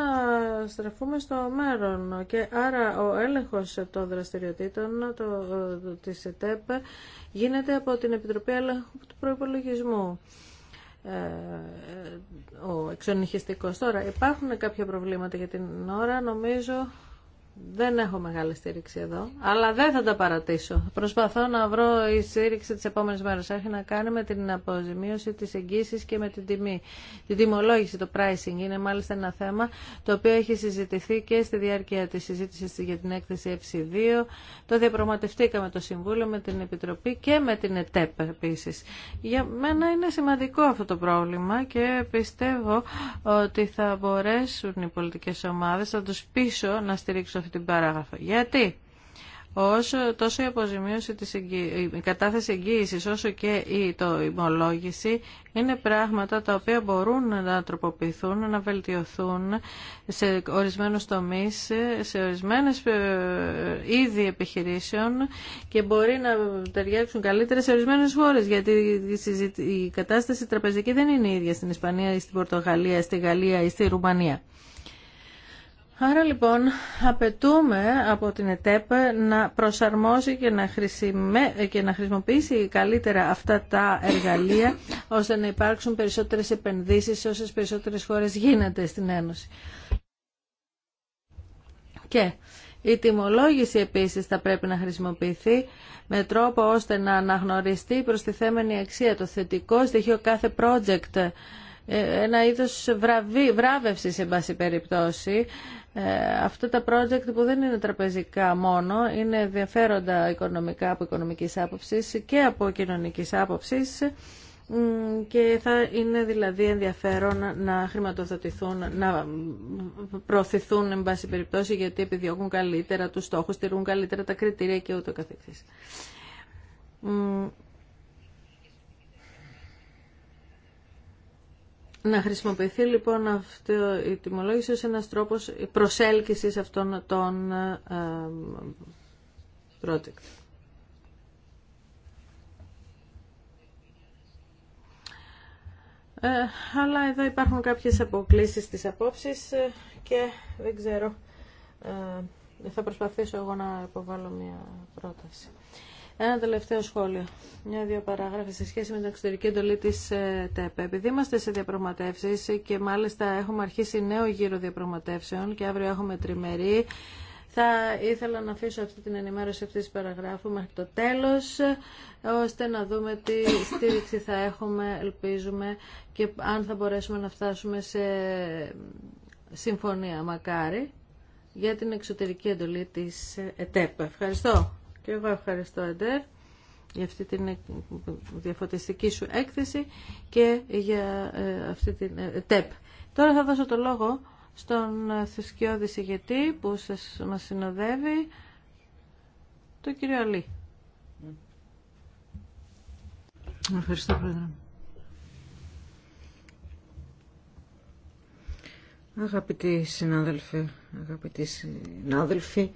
στραφούμε στο μέρον και άρα ο έλεγχος των δραστηριοτήτων το, το, της ΕΤΕΠ γίνεται από την Επιτροπή Έλεγχου του Προϋπολογισμού. Ε, ε, ο εξονυχιστικός τώρα. Υπάρχουν κάποια προβλήματα για την ώρα. Νομίζω δεν έχω μεγάλη στήριξη εδώ, αλλά δεν θα τα παρατήσω. Προσπαθώ να βρω η στήριξη τις επόμενες μέρες. Έχει να κάνει με την αποζημίωση της εγγύησης και με την τιμή. Την τιμολόγηση, το pricing, είναι μάλιστα ένα θέμα το οποίο έχει συζητηθεί και στη διάρκεια της συζήτησης για την έκθεση FC2. Το διαπραγματευτήκαμε το Συμβούλιο με την Επιτροπή και με την ΕΤΕΠ επίση. Για μένα είναι σημαντικό αυτό το πρόβλημα και πιστεύω ότι θα μπορέσουν οι πολιτικές ομάδες, θα τους να στηρίξω αυτή την παράγραφο. Γιατί όσο, τόσο η αποζημίωση της εγγύ... η κατάθεση εγγύησης όσο και η το είναι πράγματα τα οποία μπορούν να τροποποιηθούν, να βελτιωθούν σε ορισμένους τομείς, σε ορισμένες ε, είδη επιχειρήσεων και μπορεί να ταιριάξουν καλύτερα σε ορισμένες χώρες γιατί η κατάσταση τραπεζική δεν είναι η ίδια στην Ισπανία ή στην Πορτογαλία, στη Γαλλία ή στη Ρουμανία. Άρα λοιπόν απαιτούμε από την ΕΤΕΠ να προσαρμόσει και να, και να χρησιμοποιήσει καλύτερα αυτά τα εργαλεία ώστε να υπάρξουν περισσότερες επενδύσεις σε όσες περισσότερες χώρες γίνεται στην Ένωση. Και η τιμολόγηση επίσης θα πρέπει να χρησιμοποιηθεί με τρόπο ώστε να αναγνωριστεί τη θέμενη αξία, το θετικό στοιχείο κάθε project ε, ένα είδος βραβή, βράβευσης σε πάση περιπτώσει ε, αυτά τα project που δεν είναι τραπεζικά μόνο, είναι ενδιαφέροντα οικονομικά από οικονομικής άποψης και από κοινωνικής άποψης και θα είναι δηλαδή ενδιαφέρον να χρηματοδοτηθούν, να προωθηθούν εν περιπτώσει γιατί επιδιώκουν καλύτερα τους στόχους, στηρούν καλύτερα τα κριτήρια και ούτω καθεξής. Να χρησιμοποιηθεί λοιπόν αυτή η τιμολόγηση ως ένας τρόπος προσέλκυσης αυτών των ε, project. Ε, αλλά εδώ υπάρχουν κάποιες αποκλήσεις στις απόψεις ε, και δεν ξέρω. Ε, θα προσπαθήσω εγώ να υποβάλω μια πρόταση. Ένα τελευταίο σχόλιο. Μια-δύο παράγραφοι σε σχέση με την εξωτερική εντολή τη ε, ΤΕΠ. Επειδή είμαστε σε διαπραγματεύσει και μάλιστα έχουμε αρχίσει νέο γύρο διαπραγματεύσεων και αύριο έχουμε τριμερή, θα ήθελα να αφήσω αυτή την ενημέρωση αυτή τη παραγράφου μέχρι το τέλο, ώστε να δούμε τι στήριξη θα έχουμε, ελπίζουμε, και αν θα μπορέσουμε να φτάσουμε σε συμφωνία, μακάρι, για την εξωτερική εντολή της ΕΤΕΠ. Ευχαριστώ. Και εγώ ευχαριστώ, Εντέρ, για αυτή την διαφωτιστική σου έκθεση και για ε, αυτή την ε, ΤΕΠ. Τώρα θα δώσω το λόγο στον ε, θρησκειώδη ηγετή που σας, μας συνοδεύει, τον κύριο Αλή. Ευχαριστώ, Πρόεδρε. Αγαπητοί συνάδελφοι, αγαπητοί συνάδελφοι,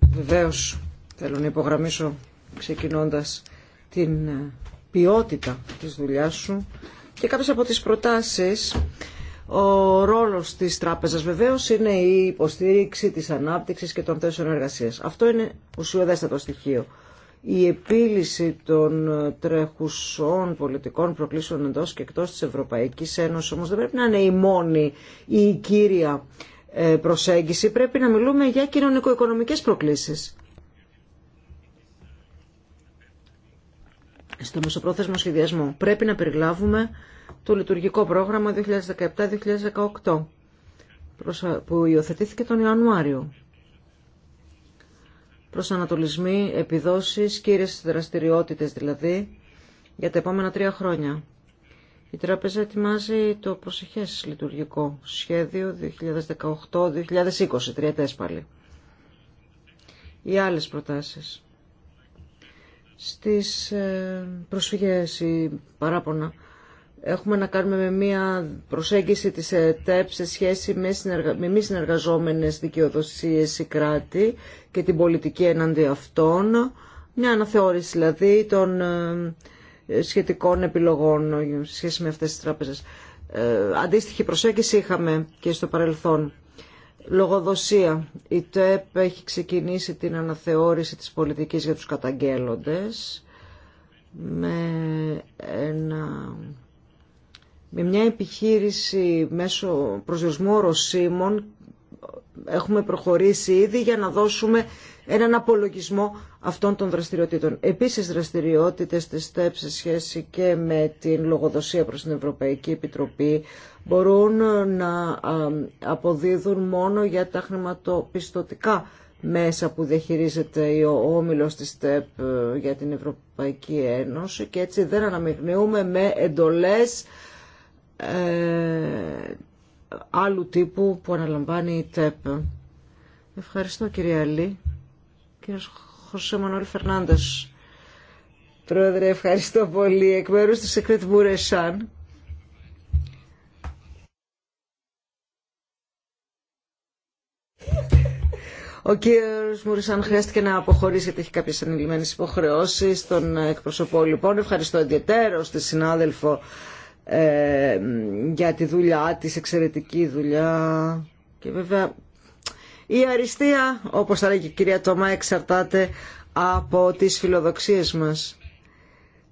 βεβαίως Θέλω να υπογραμμίσω ξεκινώντας την ε, ποιότητα της δουλειάς σου και κάποιες από τις προτάσεις. Ο ρόλος της τράπεζας βεβαίως είναι η υποστήριξη της ανάπτυξης και των θέσεων εργασίας. Αυτό είναι ουσιοδέστατο στοιχείο. Η επίλυση των ε, τρέχουσών πολιτικών προκλήσεων εντός και εκτός της Ευρωπαϊκής Ένωσης όμως δεν πρέπει να είναι η μόνη ή η κύρια ε, προσέγγιση. Πρέπει να μιλούμε για κοινωνικο-οικονομικές προκλήσεις στο μεσοπρόθεσμο σχεδιασμό. Πρέπει να περιλάβουμε το λειτουργικό πρόγραμμα 2017-2018 που υιοθετήθηκε τον Ιανουάριο. Προσανατολισμοί, επιδόσεις, κύριες δραστηριότητες δηλαδή για τα επόμενα τρία χρόνια. Η τράπεζα ετοιμάζει το προσεχές λειτουργικό σχέδιο 2018-2020, τριετές πάλι. Οι άλλες προτάσεις στις ε, προσφυγές ή παράπονα. Έχουμε να κάνουμε με μια προσέγγιση της ΕΤΕΠ σε σχέση με, συνεργα... με μη συνεργαζόμενες δικαιοδοσίες ή κράτη και την πολιτική εναντί αυτών. Μια αναθεώρηση δηλαδή των ε, σχετικών επιλογών σε σχέση με αυτές τις τράπεζες. Ε, αντίστοιχη προσέγγιση είχαμε και στο παρελθόν. Λογοδοσία. Η ΤΕΠ έχει ξεκινήσει την αναθεώρηση της πολιτικής για τους καταγγέλλοντες με, ένα, με μια επιχείρηση μέσω προσδιορισμού οροσίμων έχουμε προχωρήσει ήδη για να δώσουμε έναν απολογισμό αυτών των δραστηριοτήτων. Επίσης δραστηριότητες της ΣΤΕΠ σε σχέση και με την λογοδοσία προς την Ευρωπαϊκή Επιτροπή μπορούν να αποδίδουν μόνο για τα χρηματοπιστωτικά μέσα που διαχειρίζεται ο όμιλος της ΣΤΕΠ ε, για την Ευρωπαϊκή Ένωση και έτσι δεν αναμειγνύουμε με εντολές ε, άλλου τύπου που αναλαμβάνει η ΤΕΠ. Ευχαριστώ κυρία Λύη. Κύριος Χωσέ Μανώλη Φερνάντες. Πρόεδρε, ευχαριστώ πολύ. Εκ μέρους του Secret Μουρεσάν. Ο κύριος Μουρισάν χρειάστηκε να αποχωρήσει γιατί έχει κάποιες ανηλυμένες υποχρεώσεις. Τον εκπροσωπώ λοιπόν. Ευχαριστώ ιδιαίτερο τη συνάδελφο ε, για τη δουλειά της, εξαιρετική δουλειά. Και βέβαια η αριστεία, όπως θα λέγει η κυρία Τωμά, εξαρτάται από τις φιλοδοξίες μας.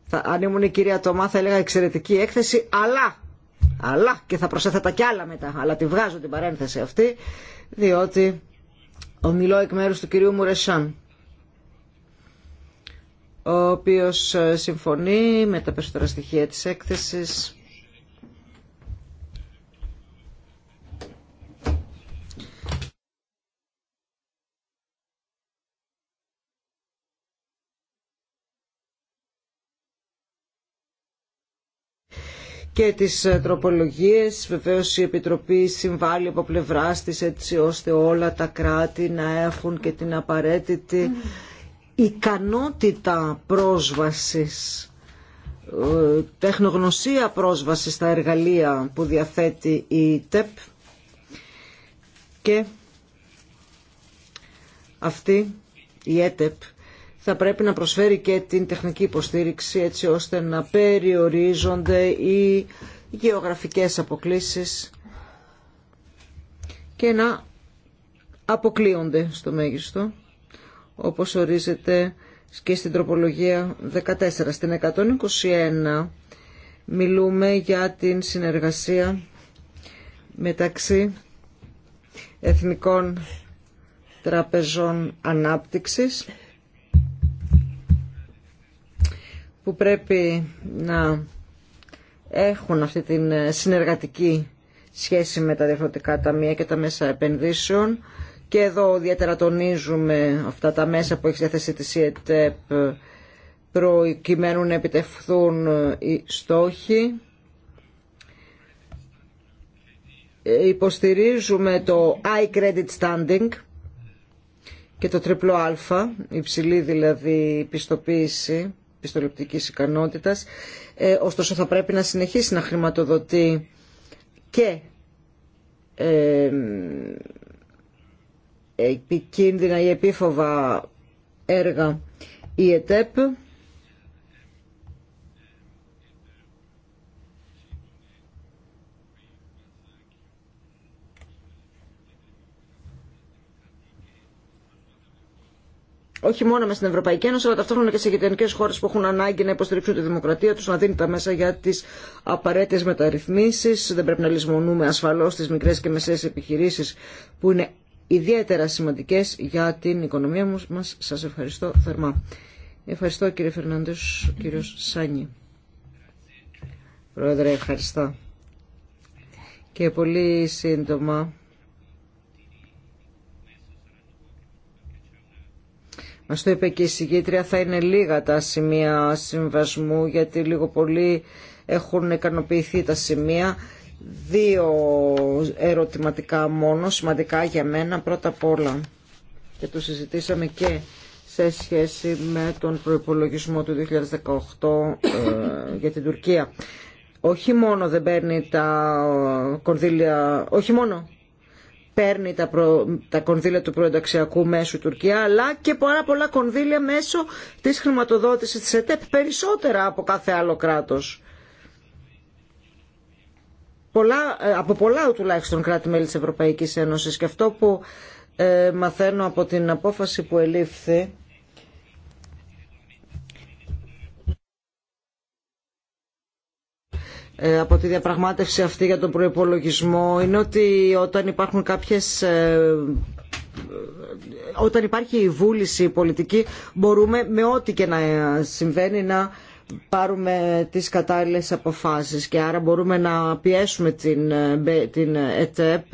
Θα, αν ήμουν η κυρία Τωμά θα έλεγα εξαιρετική έκθεση, αλλά, αλλά και θα προσέθετα κι άλλα μετά, αλλά τη βγάζω την παρένθεση αυτή, διότι ομιλώ εκ μέρους του κυρίου Μουρεσάν ο οποίος ε, συμφωνεί με τα περισσότερα στοιχεία της έκθεσης και τις ε, τροπολογίες. Βεβαίως η Επιτροπή συμβάλλει από πλευρά της έτσι ώστε όλα τα κράτη να έχουν και την απαραίτητη mm. ικανότητα πρόσβασης ε, τεχνογνωσία πρόσβαση στα εργαλεία που διαθέτει η ΤΕΠ και αυτή η ΕΤΕΠ θα πρέπει να προσφέρει και την τεχνική υποστήριξη έτσι ώστε να περιορίζονται οι γεωγραφικές αποκλήσεις και να αποκλείονται στο μέγιστο όπως ορίζεται και στην τροπολογία 14. Στην 121 μιλούμε για την συνεργασία μεταξύ εθνικών τραπεζών ανάπτυξης που πρέπει να έχουν αυτή την ε, συνεργατική σχέση με τα διαφορετικά ταμεία και τα μέσα επενδύσεων. Και εδώ ιδιαίτερα τονίζουμε αυτά τα μέσα που έχει διαθέσει τη ΣΥΕΤΕΠ ε, προκειμένου να επιτευχθούν ε, οι στόχοι. Υποστηρίζουμε το iCredit Standing και το τριπλό α, υψηλή δηλαδή πιστοποίηση πιστοληπτικής ικανότητας, ε, ωστόσο θα πρέπει να συνεχίσει να χρηματοδοτεί και ε, επικίνδυνα ή επίφοβα έργα η ΕΤΕΠ όχι μόνο με στην Ευρωπαϊκή Ένωση, αλλά ταυτόχρονα και σε γειτονικέ χώρε που έχουν ανάγκη να υποστηρίξουν τη δημοκρατία του, να δίνει τα μέσα για τι απαραίτητε μεταρρυθμίσει. Δεν πρέπει να λησμονούμε ασφαλώ τι μικρέ και μεσαίε επιχειρήσει που είναι ιδιαίτερα σημαντικέ για την οικονομία μα. Σα ευχαριστώ θερμά. Ευχαριστώ κύριε Φερνάντε, κύριο Σάνι. Πρόεδρε, ευχαριστώ. Και πολύ σύντομα Στο το είπε και η συγκήτρια, θα είναι λίγα τα σημεία συμβασμού γιατί λίγο πολύ έχουν ικανοποιηθεί τα σημεία. Δύο ερωτηματικά μόνο, σημαντικά για μένα. Πρώτα απ' όλα, και το συζητήσαμε και σε σχέση με τον προϋπολογισμό του 2018 ε, για την Τουρκία. Όχι μόνο δεν παίρνει τα κονδύλια, όχι μόνο παίρνει τα, κονδύλια του προενταξιακού μέσου Τουρκία, αλλά και πάρα πολλά κονδύλια μέσω της χρηματοδότησης της ΕΤΕΠ, περισσότερα από κάθε άλλο κράτος. Πολλά, ε, από πολλά τουλάχιστον κράτη-μέλη της Ευρωπαϊκής Ένωσης και αυτό που ε, μαθαίνω από την απόφαση που ελήφθη Ε, από τη διαπραγμάτευση αυτή για τον προϋπολογισμό είναι ότι όταν υπάρχουν κάποιες ε, ε, όταν υπάρχει η βούληση πολιτική μπορούμε με ό,τι και να συμβαίνει να πάρουμε τις κατάλληλες αποφάσεις και άρα μπορούμε να πιέσουμε την, την ΕΤΕΠ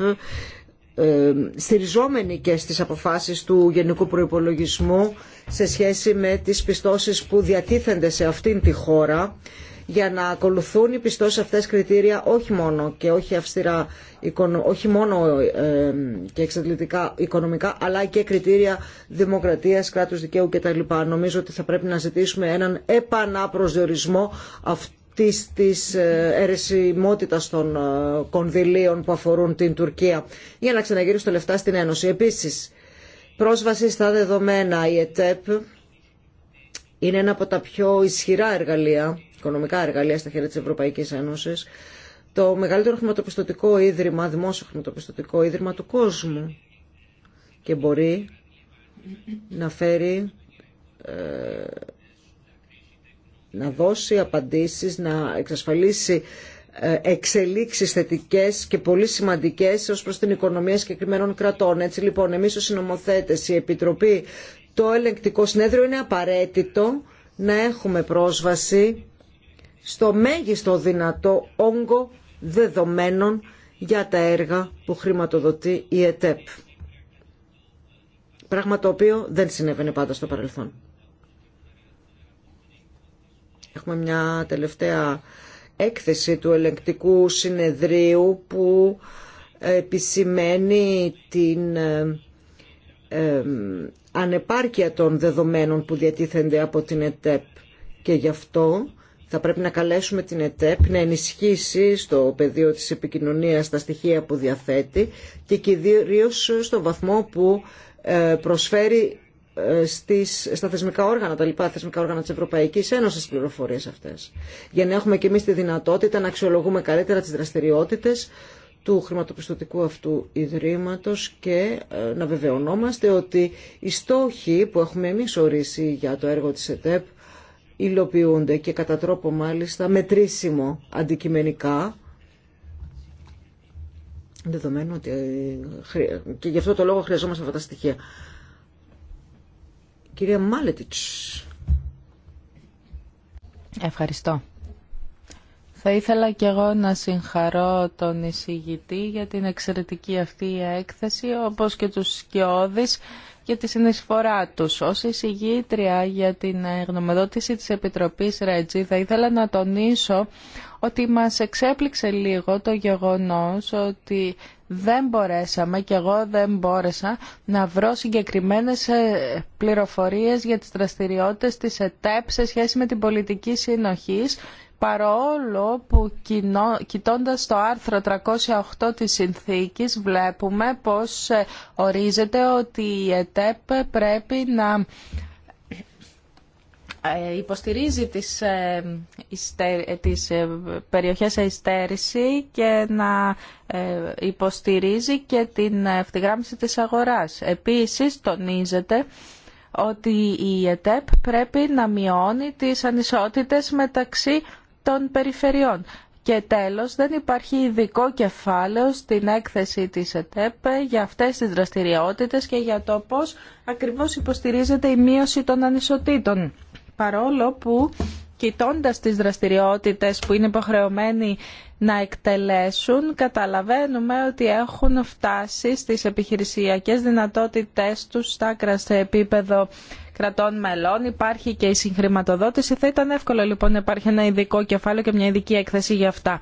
στηριζόμενοι και στις αποφάσεις του Γενικού Προϋπολογισμού σε σχέση με τις πιστώσεις που διατίθενται σε αυτήν τη χώρα για να ακολουθούν οι πιστώσεις αυτές κριτήρια όχι μόνο και όχι αυστηρά, όχι μόνο και εξαντλητικά οικονομικά, αλλά και κριτήρια δημοκρατίας, κράτους δικαίου κτλ. Νομίζω ότι θα πρέπει να ζητήσουμε έναν επαναπροσδιορισμό αυτής της, της ε, αιρεσιμότητας των ε, κονδυλίων που αφορούν την Τουρκία για να ξαναγυρίσουν τα λεφτά στην Ένωση. Επίσης, πρόσβαση στα δεδομένα η ΕΤΕΠ είναι ένα από τα πιο ισχυρά εργαλεία οικονομικά εργαλεία στα χέρια της Ευρωπαϊκής Ένωση, το μεγαλύτερο χρηματοπιστωτικό ίδρυμα, δημόσιο χρηματοπιστωτικό ίδρυμα του κόσμου και μπορεί να φέρει, ε, να δώσει απαντήσεις, να εξασφαλίσει ε, εξελίξεις θετικές και πολύ σημαντικές ως προς την οικονομία συγκεκριμένων κρατών. Έτσι λοιπόν εμείς ως συνομοθέτες, η Επιτροπή, το ελεγκτικό συνέδριο είναι απαραίτητο να έχουμε πρόσβαση στο μέγιστο δυνατό όγκο δεδομένων για τα έργα που χρηματοδοτεί η ΕΤΕΠ. Πράγμα το οποίο δεν συνέβαινε πάντα στο παρελθόν. Έχουμε μια τελευταία έκθεση του ελεγκτικού συνεδρίου που επισημαίνει την ε, ε, ανεπάρκεια των δεδομένων που διατίθενται από την ΕΤΕΠ και γι' αυτό θα πρέπει να καλέσουμε την ΕΤΕΠ να ενισχύσει στο πεδίο της επικοινωνίας τα στοιχεία που διαθέτει και κυρίω στο βαθμό που ε, προσφέρει ε, στις, στα θεσμικά όργανα, τα λοιπά θεσμικά όργανα της Ευρωπαϊκής Ένωσης πληροφορίες αυτές. Για να έχουμε και εμείς τη δυνατότητα να αξιολογούμε καλύτερα τις δραστηριότητες του χρηματοπιστωτικού αυτού ιδρύματος και ε, να βεβαιωνόμαστε ότι οι στόχοι που έχουμε εμείς ορίσει για το έργο της ΕΤΕΠ υλοποιούνται και κατά τρόπο μάλιστα μετρήσιμο αντικειμενικά δεδομένου ότι ε, και γι' αυτό το λόγο χρειαζόμαστε αυτά τα στοιχεία. Κυρία Μάλετιτς. Ευχαριστώ. Θα ήθελα και εγώ να συγχαρώ τον εισηγητή για την εξαιρετική αυτή έκθεση, όπως και τους σκιώδεις για τη συνεισφορά τους. Ως εισηγήτρια για την γνωμεδότηση της Επιτροπής Ρέτζη θα ήθελα να τονίσω ότι μας εξέπληξε λίγο το γεγονός ότι δεν μπορέσαμε και εγώ δεν μπόρεσα να βρω συγκεκριμένες ε, πληροφορίες για τις δραστηριότητες της ΕΤΕΠ σε σχέση με την πολιτική συνοχής παρόλο που κοιτώντας το άρθρο 308 της συνθήκης βλέπουμε πως ε, ορίζεται ότι η ΕΤΕΠ πρέπει να ε, υποστηρίζει τις, ε, τις περιοχές αιστέρηση και να υποστηρίζει και την ευθυγράμμιση της αγοράς. Επίσης τονίζεται ότι η ΕΤΕΠ πρέπει να μειώνει τις ανισότητες μεταξύ των περιφερειών. Και τέλος, δεν υπάρχει ειδικό κεφάλαιο στην έκθεση της ΕΤΕΠ για αυτές τις δραστηριότητες και για το πώς ακριβώς υποστηρίζεται η μείωση των ανισοτήτων. Παρόλο που, κοιτώντας τις δραστηριότητες που είναι υποχρεωμένοι να εκτελέσουν, καταλαβαίνουμε ότι έχουν φτάσει στις επιχειρησιακές δυνατότητές τους στα σε επίπεδο κρατών μελών, υπάρχει και η συγχρηματοδότηση. Θα ήταν εύκολο λοιπόν να υπάρχει ένα ειδικό κεφάλαιο και μια ειδική έκθεση για αυτά.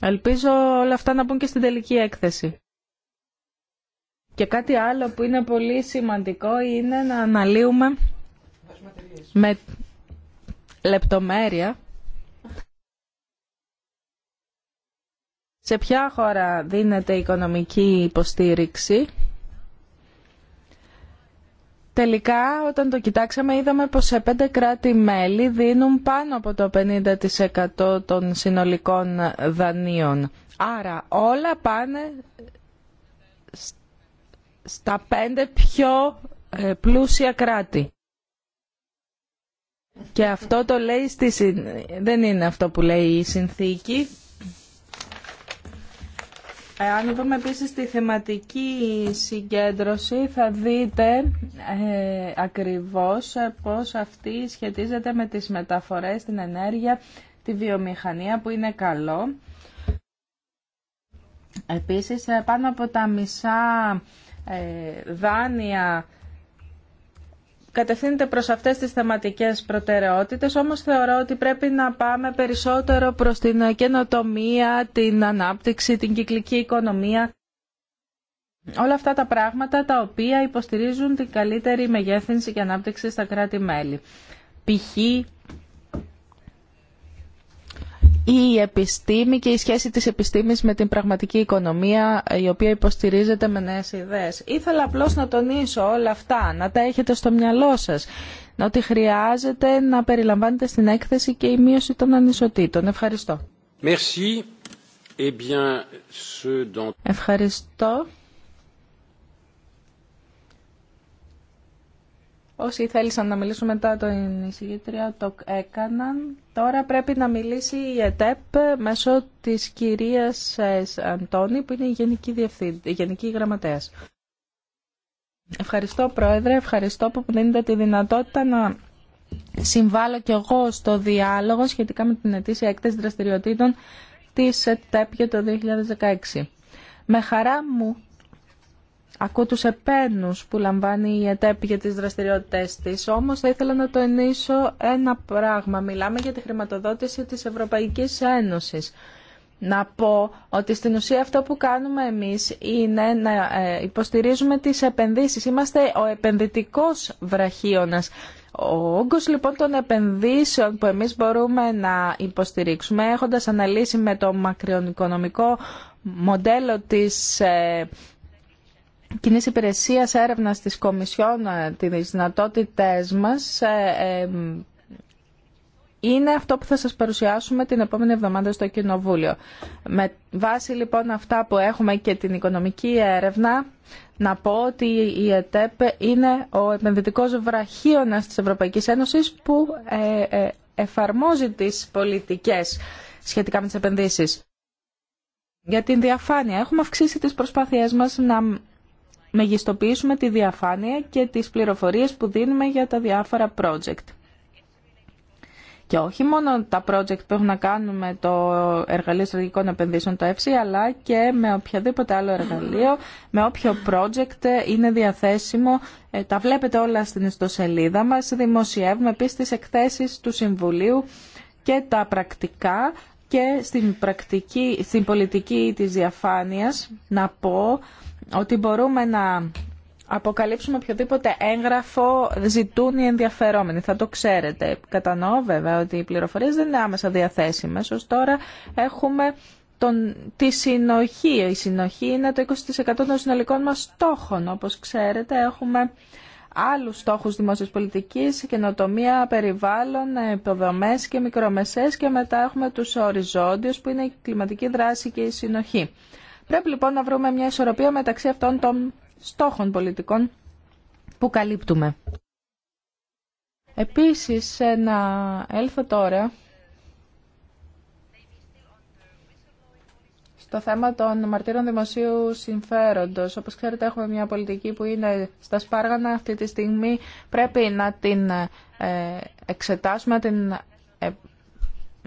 Ελπίζω όλα αυτά να μπουν και στην τελική έκθεση. Και κάτι άλλο που είναι πολύ σημαντικό είναι να αναλύουμε με λεπτομέρεια σε ποια χώρα δίνεται οικονομική υποστήριξη Τελικά, όταν το κοιτάξαμε, είδαμε πως σε πέντε κράτη-μέλη δίνουν πάνω από το 50% των συνολικών δανείων. Άρα, όλα πάνε στα πέντε πιο ε, πλούσια κράτη. Και αυτό το λέει στη... δεν είναι αυτό που λέει η συνθήκη. Αν δούμε επίσης τη θεματική συγκέντρωση θα δείτε ε, ακριβώς πώς αυτή σχετίζεται με τις μεταφορές, την ενέργεια, τη βιομηχανία που είναι καλό. Επίσης ε, πάνω από τα μισά ε, δάνεια κατευθύνεται προς αυτές τις θεματικές προτεραιότητες, όμως θεωρώ ότι πρέπει να πάμε περισσότερο προς την καινοτομία, την ανάπτυξη, την κυκλική οικονομία. Όλα αυτά τα πράγματα τα οποία υποστηρίζουν την καλύτερη μεγέθυνση και ανάπτυξη στα κράτη-μέλη. Π.χ η επιστήμη και η σχέση της επιστήμης με την πραγματική οικονομία η οποία υποστηρίζεται με νέες ιδέες. Ήθελα απλώς να τονίσω όλα αυτά, να τα έχετε στο μυαλό σας, ότι χρειάζεται να περιλαμβάνετε στην έκθεση και η μείωση των ανισοτήτων. Ευχαριστώ. Eh Ευχαριστώ. Όσοι θέλησαν να μιλήσουν μετά την εισηγήτρια το έκαναν. Τώρα πρέπει να μιλήσει η ΕΤΕΠ μέσω της κυρίας ε, Αντώνη που είναι η Γενική, Διευθύν, Γενική Γραμματέας. Ευχαριστώ Πρόεδρε, ευχαριστώ που δίνετε τη δυνατότητα να συμβάλλω κι εγώ στο διάλογο σχετικά με την ετήσια έκθεση δραστηριοτήτων της ΕΤΕΠ για το 2016. Με χαρά μου Ακούω τους επένους που λαμβάνει η ΕΤΕΠ για τις δραστηριότητες της, όμως θα ήθελα να τονίσω ένα πράγμα. Μιλάμε για τη χρηματοδότηση της Ευρωπαϊκής Ένωσης. Να πω ότι στην ουσία αυτό που κάνουμε εμείς είναι να ε, υποστηρίζουμε τις επενδύσεις. Είμαστε ο επενδυτικός βραχίωνας. Ο όγκος λοιπόν των επενδύσεων που εμείς μπορούμε να υποστηρίξουμε έχοντας αναλύσει με το μακροοικονομικό μοντέλο της ε, κοινή υπηρεσία έρευνα τη Κομισιόν, ε, τι δυνατότητέ μα, ε, ε, είναι αυτό που θα σας παρουσιάσουμε την επόμενη εβδομάδα στο Κοινοβούλιο. Με βάση λοιπόν αυτά που έχουμε και την οικονομική έρευνα, να πω ότι η ΕΤΕΠ είναι ο επενδυτικός βραχίωνας της Ευρωπαϊκής Ένωσης που εφαρμόζει τις πολιτικές σχετικά με τις επενδύσεις. Για την διαφάνεια έχουμε αυξήσει τις προσπάθειές μας να μεγιστοποιήσουμε τη διαφάνεια και τις πληροφορίες που δίνουμε για τα διάφορα project. Και όχι μόνο τα project που έχουν να κάνουν το εργαλείο στρατηγικών επενδύσεων, το ΕΦΣΥ, αλλά και με οποιαδήποτε άλλο εργαλείο, με όποιο project είναι διαθέσιμο. Ε, τα βλέπετε όλα στην ιστοσελίδα μας. Δημοσιεύουμε επίσης τις εκθέσεις του Συμβουλίου και τα πρακτικά και στην, πρακτική, πολιτική της διαφάνειας να πω ότι μπορούμε να αποκαλύψουμε οποιοδήποτε έγγραφο ζητούν οι ενδιαφερόμενοι. Θα το ξέρετε. Κατανοώ βέβαια ότι οι πληροφορίες δεν είναι άμεσα διαθέσιμε. Ως τώρα έχουμε τον, τη συνοχή. Η συνοχή είναι το 20% των συνολικών μας στόχων. Όπως ξέρετε έχουμε άλλους στόχους δημόσιας πολιτικής, καινοτομία, περιβάλλον, υποδομές και μικρομεσές και μετά έχουμε τους οριζόντιους που είναι η κλιματική δράση και η συνοχή. Πρέπει λοιπόν να βρούμε μια ισορροπία μεταξύ αυτών των στόχων πολιτικών που καλύπτουμε. Επίσης, ε, να έλθω τώρα στο θέμα των μαρτύρων δημοσίου συμφέροντος. Όπως ξέρετε, έχουμε μια πολιτική που είναι στα σπάργανα αυτή τη στιγμή. Πρέπει να την ε, εξετάσουμε, την ε,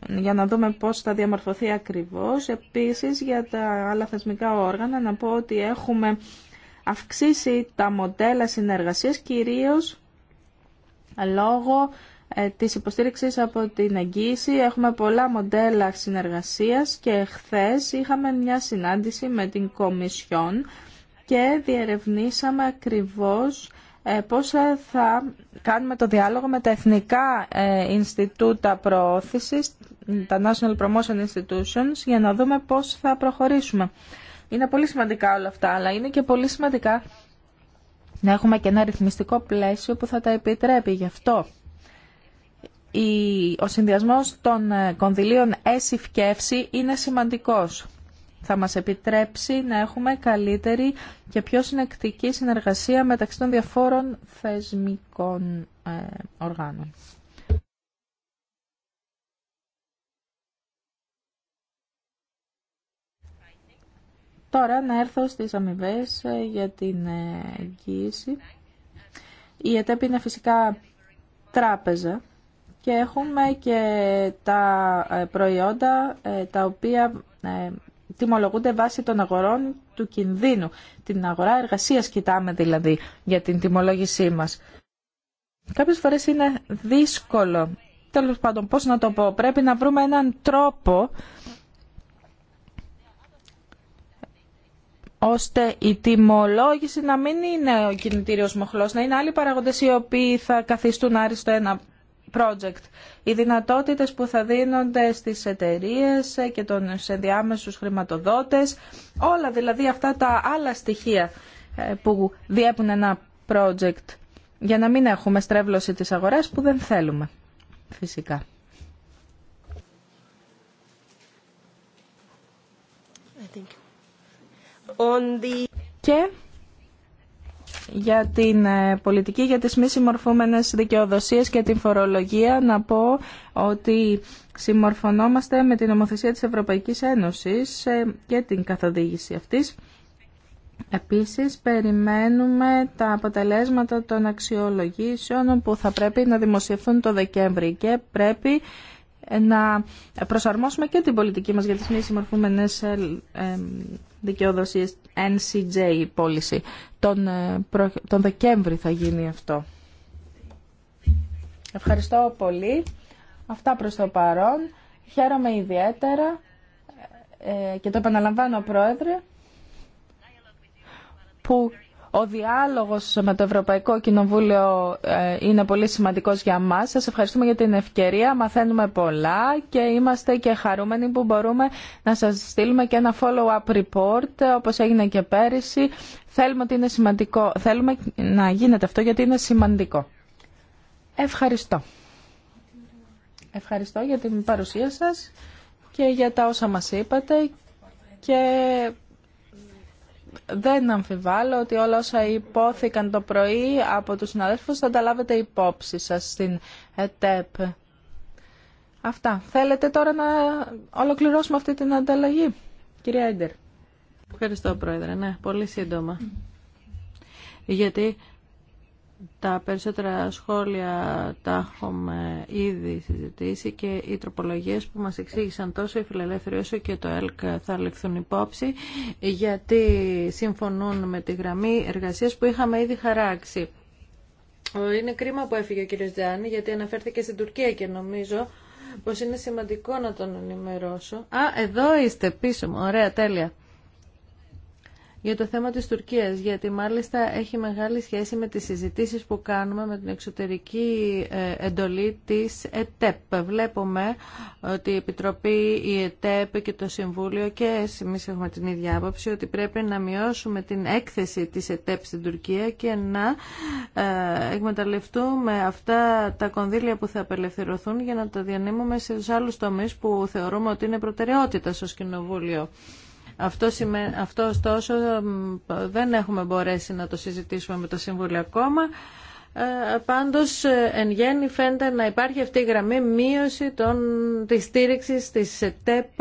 για να δούμε πώς θα διαμορφωθεί ακριβώς. Επίσης για τα άλλα θεσμικά όργανα να πω ότι έχουμε αυξήσει τα μοντέλα συνεργασίας κυρίως λόγω ε, της υποστήριξης από την εγγύηση. Έχουμε πολλά μοντέλα συνεργασίας και χθες είχαμε μια συνάντηση με την Κομισιόν και διερευνήσαμε ακριβώς ε, πώς ε, θα κάνουμε το διάλογο με τα εθνικά ε, Ινστιτούτα Προώθησης, τα National Promotion Institutions, για να δούμε πώς θα προχωρήσουμε. Είναι πολύ σημαντικά όλα αυτά, αλλά είναι και πολύ σημαντικά να έχουμε και ένα ρυθμιστικό πλαίσιο που θα τα επιτρέπει. Γι' αυτό ο συνδυασμός των κονδυλίων ΕΣΥΦ και είναι σημαντικός θα μας επιτρέψει να έχουμε καλύτερη και πιο συνεκτική συνεργασία μεταξύ των διαφόρων θεσμικών ε, οργάνων. Τώρα να έρθω στις αμοιβέ ε, για την ε, εγγύηση. Η ΕΤΕΠ είναι φυσικά τράπεζα και έχουμε και τα προϊόντα τα οποία τιμολογούνται βάσει των αγορών του κινδύνου. Την αγορά εργασία κοιτάμε δηλαδή για την τιμολόγησή μας. Κάποιε φορέ είναι δύσκολο. Τέλο πάντων, πώ να το πω, πρέπει να βρούμε έναν τρόπο ώστε η τιμολόγηση να μην είναι ο κινητήριος μοχλός, να είναι άλλοι παραγοντές οι οποίοι θα καθιστούν άριστο ένα project. Οι δυνατότητες που θα δίνονται στις εταιρείες και τους ενδιάμεσους χρηματοδότες, όλα δηλαδή αυτά τα άλλα στοιχεία ε, που διέπουν ένα project για να μην έχουμε στρέβλωση της αγοράς που δεν θέλουμε φυσικά. Και για την ε, πολιτική για τις μη συμμορφούμενες δικαιοδοσίες και την φορολογία να πω ότι συμμορφωνόμαστε με την νομοθεσία της Ευρωπαϊκής Ένωσης ε, και την καθοδήγηση αυτής. Επίσης, περιμένουμε τα αποτελέσματα των αξιολογήσεων που θα πρέπει να δημοσιευθούν το Δεκέμβρη και πρέπει ε, να προσαρμόσουμε και την πολιτική μας για τις μη συμμορφούμενες δικαιοδοσίες NCJ πώληση. Τον, ε, τον Δεκέμβρη θα γίνει αυτό. Ευχαριστώ πολύ. Αυτά προς το παρόν. Χαίρομαι ιδιαίτερα ε, και το επαναλαμβάνω πρόεδρε που ο διάλογος με το Ευρωπαϊκό Κοινοβούλιο ε, είναι πολύ σημαντικός για μας. Σας ευχαριστούμε για την ευκαιρία. Μαθαίνουμε πολλά και είμαστε και χαρούμενοι που μπορούμε να σας στείλουμε και ένα follow-up report όπως έγινε και πέρυσι. Θέλουμε, ότι είναι σημαντικό. Θέλουμε να γίνεται αυτό γιατί είναι σημαντικό. Ευχαριστώ. Ευχαριστώ για την παρουσία σας και για τα όσα μας είπατε και δεν αμφιβάλλω ότι όλα όσα υπόθηκαν το πρωί από τους συναδέλφους θα τα λάβετε υπόψη σας στην ΕΤΕΠ. Αυτά. Θέλετε τώρα να ολοκληρώσουμε αυτή την ανταλλαγή. Κυρία Έντερ. Ευχαριστώ, Πρόεδρε. Ναι, πολύ σύντομα. Γιατί τα περισσότερα σχόλια τα έχουμε ήδη συζητήσει και οι τροπολογίες που μας εξήγησαν τόσο οι φιλελεύθεροι όσο και το ΕΛΚ θα ληφθούν υπόψη γιατί συμφωνούν με τη γραμμή εργασίας που είχαμε ήδη χαράξει. Είναι κρίμα που έφυγε ο κύριος Τζάνι γιατί αναφέρθηκε στην Τουρκία και νομίζω πως είναι σημαντικό να τον ενημερώσω. Α, εδώ είστε πίσω μου. Ωραία, τέλεια για το θέμα της Τουρκίας, γιατί μάλιστα έχει μεγάλη σχέση με τις συζητήσεις που κάνουμε με την εξωτερική ε, εντολή της ΕΤΕΠ. Βλέπουμε ε, ότι η Επιτροπή, η ΕΤΕΠ και το Συμβούλιο και εμείς έχουμε την ίδια άποψη ότι πρέπει να μειώσουμε την έκθεση της ΕΤΕΠ στην Τουρκία και να ε, εκμεταλλευτούμε αυτά τα κονδύλια που θα απελευθερωθούν για να τα διανύμουμε σε άλλους τομείς που θεωρούμε ότι είναι προτεραιότητα στο Κοινοβούλιο. Αυτό, αυτό ωστόσο δεν έχουμε μπορέσει να το συζητήσουμε με το Συμβούλιο ακόμα. Ε, πάντως, ε, εν γέννη φαίνεται να υπάρχει αυτή η γραμμή μείωση των, της στήριξης της ΕΤΕΠ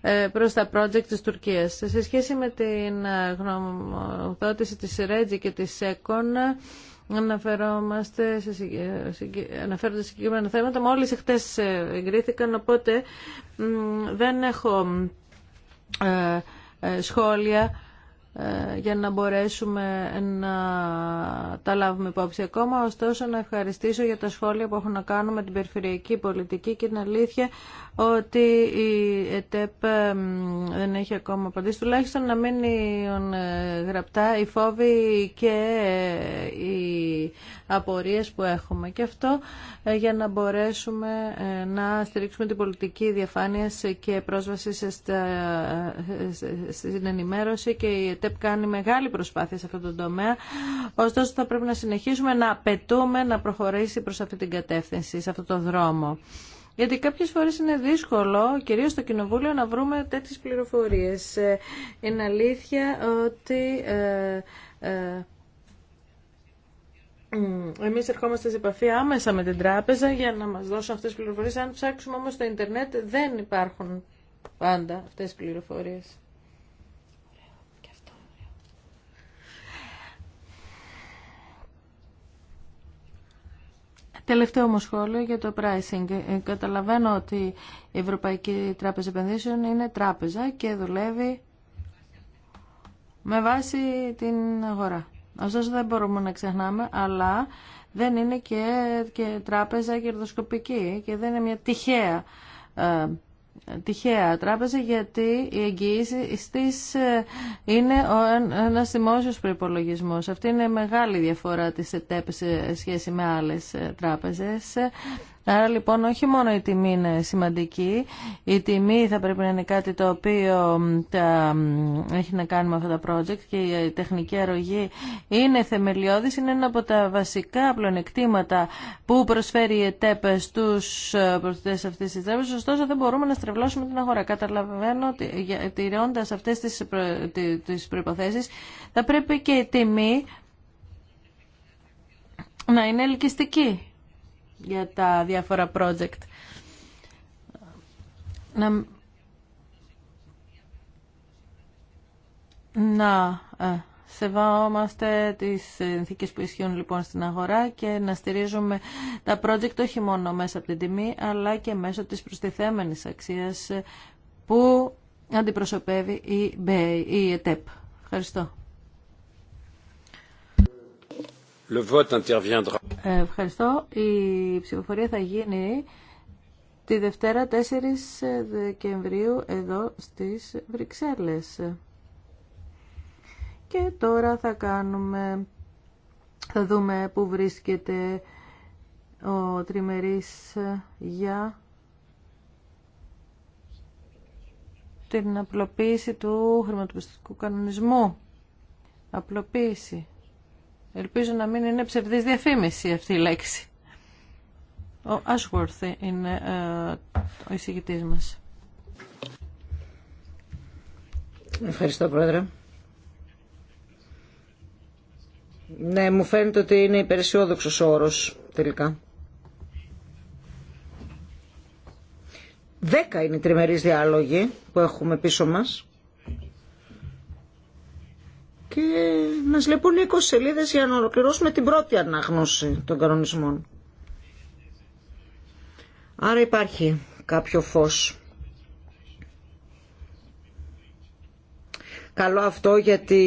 ε, προς τα project της Τουρκίας. Σε σχέση με την γνωμοδότηση της ΡΕΤΖΙ και της ΕΚΟΝ, αναφερόμαστε σε, αναφέρονται συγκεκριμένα θέματα. Μόλις χτες εγκρίθηκαν, οπότε δεν έχω ε, ε, σχόλια ε, για να μπορέσουμε να τα λάβουμε υπόψη ακόμα. Ωστόσο, να ευχαριστήσω για τα σχόλια που έχουν να κάνουν με την περιφερειακή πολιτική και την αλήθεια ότι η ΕΤΕΠ ε, δεν έχει ακόμα απαντήσει. Τουλάχιστον να μείνει ε, γραπτά οι φόβοι και οι απορίες που έχουμε. Και αυτό για να μπορέσουμε να στηρίξουμε την πολιτική διαφάνειας και πρόσβαση στην ενημέρωση και η ΤΕΠ κάνει μεγάλη προσπάθεια σε αυτό το τομέα. Ωστόσο θα πρέπει να συνεχίσουμε να πετούμε να προχωρήσει προς αυτή την κατεύθυνση, σε αυτό το δρόμο. Γιατί κάποιες φορές είναι δύσκολο, κυρίως στο Κοινοβούλιο, να βρούμε τέτοιες πληροφορίες. Ε, είναι αλήθεια ότι... Ε, ε, εμείς ερχόμαστε σε επαφή άμεσα με την τράπεζα για να μας δώσουν αυτές τις πληροφορίες. Αν ψάξουμε όμως στο ίντερνετ δεν υπάρχουν πάντα αυτές τις πληροφορίες. Τελευταίο μου σχόλιο για το pricing. Ε, καταλαβαίνω ότι η Ευρωπαϊκή Τράπεζα Επενδύσεων είναι τράπεζα και δουλεύει με βάση την αγορά. Ωστόσο δεν μπορούμε να ξεχνάμε, αλλά δεν είναι και, και τράπεζα κερδοσκοπική και δεν είναι μια τυχαία ε, τυχαία τράπεζα γιατί η εγγύηση στις ε, είναι ένας δημόσιος προϋπολογισμός. Αυτή είναι μεγάλη διαφορά της ΕΤΕΠ σε σχέση με άλλες ε, τράπεζες. Άρα λοιπόν όχι μόνο η τιμή είναι σημαντική, η τιμή θα πρέπει να είναι κάτι το οποίο τα, έχει να κάνει με αυτά τα project και η τεχνική αρρωγή είναι θεμελιώδης, είναι ένα από τα βασικά πλονεκτήματα που προσφέρει η ΕΤΕΠ στους ε, προσθέτες αυτής της τράπεζας, ωστόσο δεν μπορούμε να στρεβλώσουμε την αγορά. Καταλαβαίνω ότι τηρώντας αυτές τις, τις προϋποθέσεις θα πρέπει και η τιμή να είναι ελκυστική για τα διάφορα project. Να, να ε, σεβόμαστε τις συνθήκες που ισχύουν λοιπόν στην αγορά και να στηρίζουμε τα project όχι μόνο μέσα από την τιμή αλλά και μέσω της προστιθέμενης αξίας που αντιπροσωπεύει η, η ΕΤΕΠ. Ευχαριστώ. Ε, ευχαριστώ. Η ψηφοφορία θα γίνει τη Δευτέρα 4 Δεκεμβρίου εδώ στις Βρυξέλλες. Και τώρα θα κάνουμε, θα δούμε πού βρίσκεται ο τριμερής για την απλοποίηση του χρηματοπιστικού κανονισμού. Απλοποίηση. Ελπίζω να μην είναι ψευδής διαφήμιση αυτή η λέξη. Ο Ashworth είναι ε, ο εισηγητής μας. Ευχαριστώ, Πρόεδρε. Ναι, μου φαίνεται ότι είναι υπεραισιόδοξος όρο, όρος, τελικά. Δέκα είναι οι τριμερείς διάλογοι που έχουμε πίσω μας και μας λείπουν 20 σελίδες για να ολοκληρώσουμε την πρώτη αναγνώση των κανονισμών. Άρα υπάρχει κάποιο φως. Καλό αυτό γιατί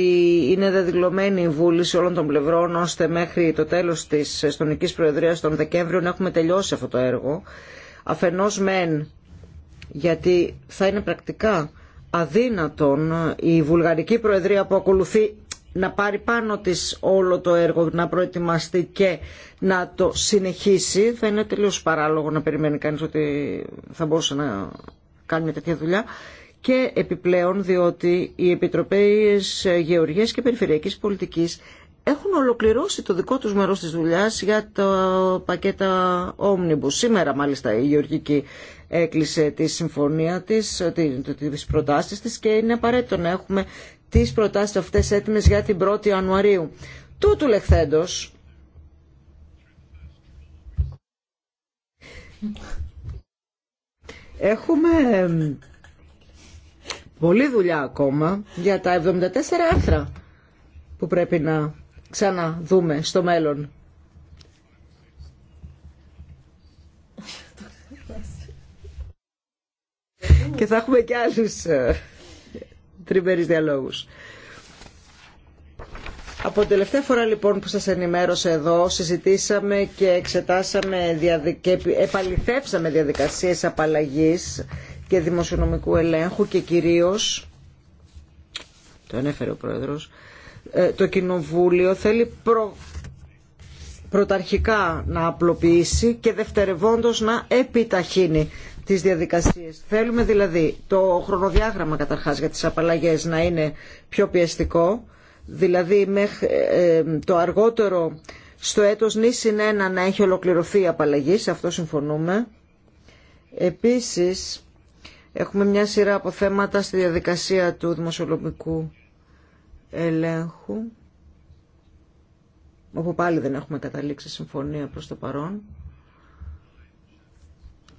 είναι δεδηλωμένη η βούληση όλων των πλευρών ώστε μέχρι το τέλος της Εστονικής Προεδρίας τον Δεκέμβριο να έχουμε τελειώσει αυτό το έργο. Αφενός μεν γιατί θα είναι πρακτικά αδύνατον η Βουλγαρική Προεδρία που ακολουθεί να πάρει πάνω της όλο το έργο, να προετοιμαστεί και να το συνεχίσει. Θα είναι τελείως παράλογο να περιμένει κανείς ότι θα μπορούσε να κάνει μια τέτοια δουλειά. Και επιπλέον διότι οι Επιτροπές Γεωργίας και Περιφερειακής Πολιτικής έχουν ολοκληρώσει το δικό τους μέρος της δουλειάς για το πακέτα Omnibus. Σήμερα μάλιστα η Γεωργική έκλεισε τη συμφωνία της, τις προτάσεις της και είναι απαραίτητο να έχουμε τις προτάσεις αυτές έτοιμες για την 1η Ιανουαρίου. Τούτου λεχθέντος. Έχουμε πολλή δουλειά ακόμα για τα 74 άρθρα που πρέπει να ξαναδούμε στο μέλλον. και θα έχουμε και άλλους ε, τριμπέρις διαλόγους. Από την τελευταία φορά λοιπόν που σας ενημέρωσα εδώ συζητήσαμε και εξετάσαμε και επαληθεύσαμε διαδικασίες απαλλαγής και δημοσιονομικού ελέγχου και κυρίως το ανέφερε ο Πρόεδρος ε, το Κοινοβούλιο θέλει προ... πρωταρχικά να απλοποιήσει και δευτερευόντως να επιταχύνει τις διαδικασίες. Θέλουμε δηλαδή το χρονοδιάγραμμα καταρχάς για τις απαλλαγές να είναι πιο πιεστικό, δηλαδή ε, ε, το αργότερο στο έτος νήσιν ένα να έχει ολοκληρωθεί η απαλλαγή, σε αυτό συμφωνούμε. Επίσης, έχουμε μια σειρά από θέματα στη διαδικασία του δημοσιολογικού ελέγχου, όπου πάλι δεν έχουμε καταλήξει συμφωνία προς το παρόν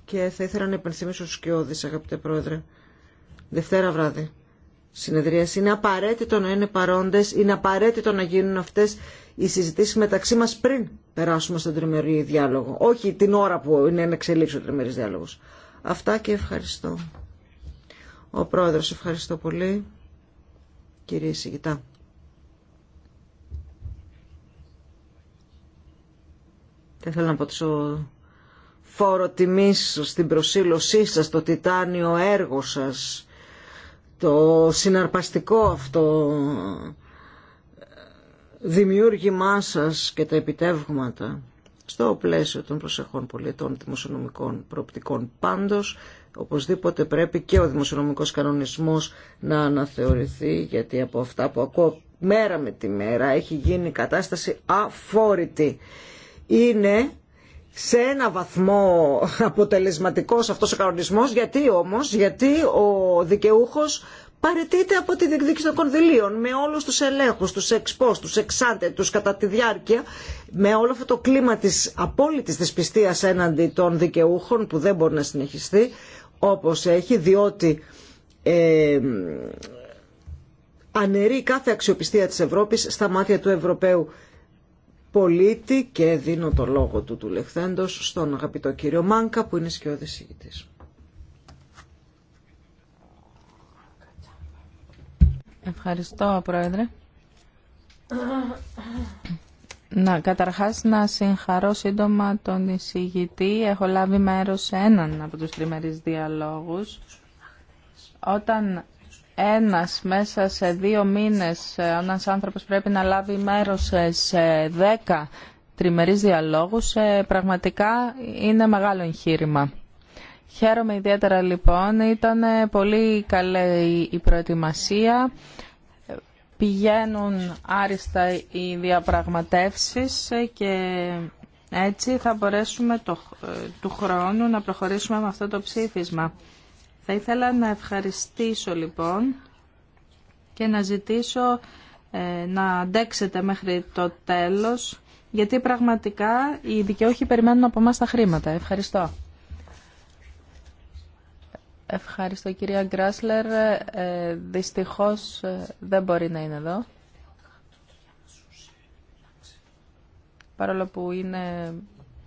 και θα ήθελα να υπενθυμίσω στους κοιόδης, αγαπητέ Πρόεδρε. Δευτέρα βράδυ συνεδρίαση. Είναι απαραίτητο να είναι παρόντες, είναι απαραίτητο να γίνουν αυτές οι συζητήσεις μεταξύ μας πριν περάσουμε στον τριμερή διάλογο. Όχι την ώρα που είναι να εξελίξει ο τριμερής διάλογος. Αυτά και ευχαριστώ. Ο Πρόεδρος, ευχαριστώ πολύ. Κύριε Σιγητά. Θα θέλω να τόσο φόρο τιμής στην προσήλωσή σας, το τιτάνιο έργο σας, το συναρπαστικό αυτό δημιούργημά σας και τα επιτεύγματα στο πλαίσιο των προσεχών πολιτών δημοσιονομικών προοπτικών πάντως οπωσδήποτε πρέπει και ο δημοσιονομικός κανονισμός να αναθεωρηθεί γιατί από αυτά που ακούω μέρα με τη μέρα έχει γίνει κατάσταση αφόρητη. Είναι σε ένα βαθμό αποτελεσματικός αυτός ο κανονισμός. Γιατί όμως, γιατί ο δικαιούχος παρετείται από τη διεκδίκηση των κονδυλίων με όλους τους ελέγχους, τους εξπός, τους εξάντε, τους κατά τη διάρκεια, με όλο αυτό το κλίμα της απόλυτης δυσπιστίας έναντι των δικαιούχων που δεν μπορεί να συνεχιστεί όπως έχει, διότι ε, αναιρεί κάθε αξιοπιστία της Ευρώπης στα μάτια του Ευρωπαίου πολίτη και δίνω το λόγο του του λεχθέντος στον αγαπητό κύριο Μάνκα που είναι σκιώδης συγητής. Ευχαριστώ Πρόεδρε. Να, καταρχάς να συγχαρώ σύντομα τον εισηγητή. Έχω λάβει μέρος σε έναν από τους τριμερείς διαλόγους. Όταν ένας μέσα σε δύο μήνες, ε, ένας άνθρωπος πρέπει να λάβει μέρος σε δέκα τριμερείς διαλόγους, ε, πραγματικά είναι μεγάλο εγχείρημα. Χαίρομαι ιδιαίτερα λοιπόν, ήταν ε, πολύ καλή η προετοιμασία, πηγαίνουν άριστα οι διαπραγματεύσεις και έτσι θα μπορέσουμε το, του χρόνου να προχωρήσουμε με αυτό το ψήφισμα. Θα ήθελα να ευχαριστήσω λοιπόν και να ζητήσω ε, να αντέξετε μέχρι το τέλος γιατί πραγματικά οι δικαιούχοι περιμένουν από μας τα χρήματα. Ευχαριστώ. Ευχαριστώ κυρία Γκράσλερ. Ε, δυστυχώς ε, δεν μπορεί να είναι εδώ. Παρόλο που είναι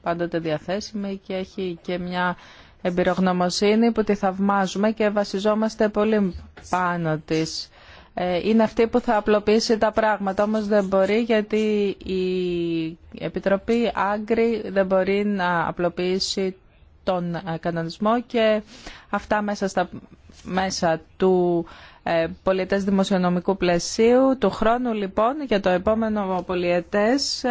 πάντοτε διαθέσιμη και έχει και μια εμπειρογνωμοσύνη που τη θαυμάζουμε και βασιζόμαστε πολύ πάνω της. Ε, είναι αυτή που θα απλοποιήσει τα πράγματα, όμως δεν μπορεί γιατί η Επιτροπή Άγκρη δεν μπορεί να απλοποιήσει τον ε, κανονισμό και αυτά μέσα στα μέσα του ε, πολιτές δημοσιονομικού πλαισίου του χρόνου λοιπόν για το επόμενο πολιετές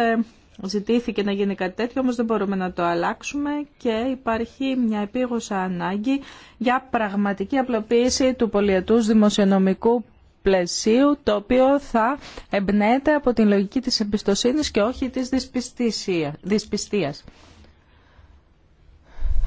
Ζητήθηκε να γίνει κάτι τέτοιο, όμως δεν μπορούμε να το αλλάξουμε και υπάρχει μια επίγουσα ανάγκη για πραγματική απλοποίηση του πολιετούς δημοσιονομικού πλαισίου, το οποίο θα εμπνέεται από την λογική της εμπιστοσύνης και όχι της δυσπιστίας.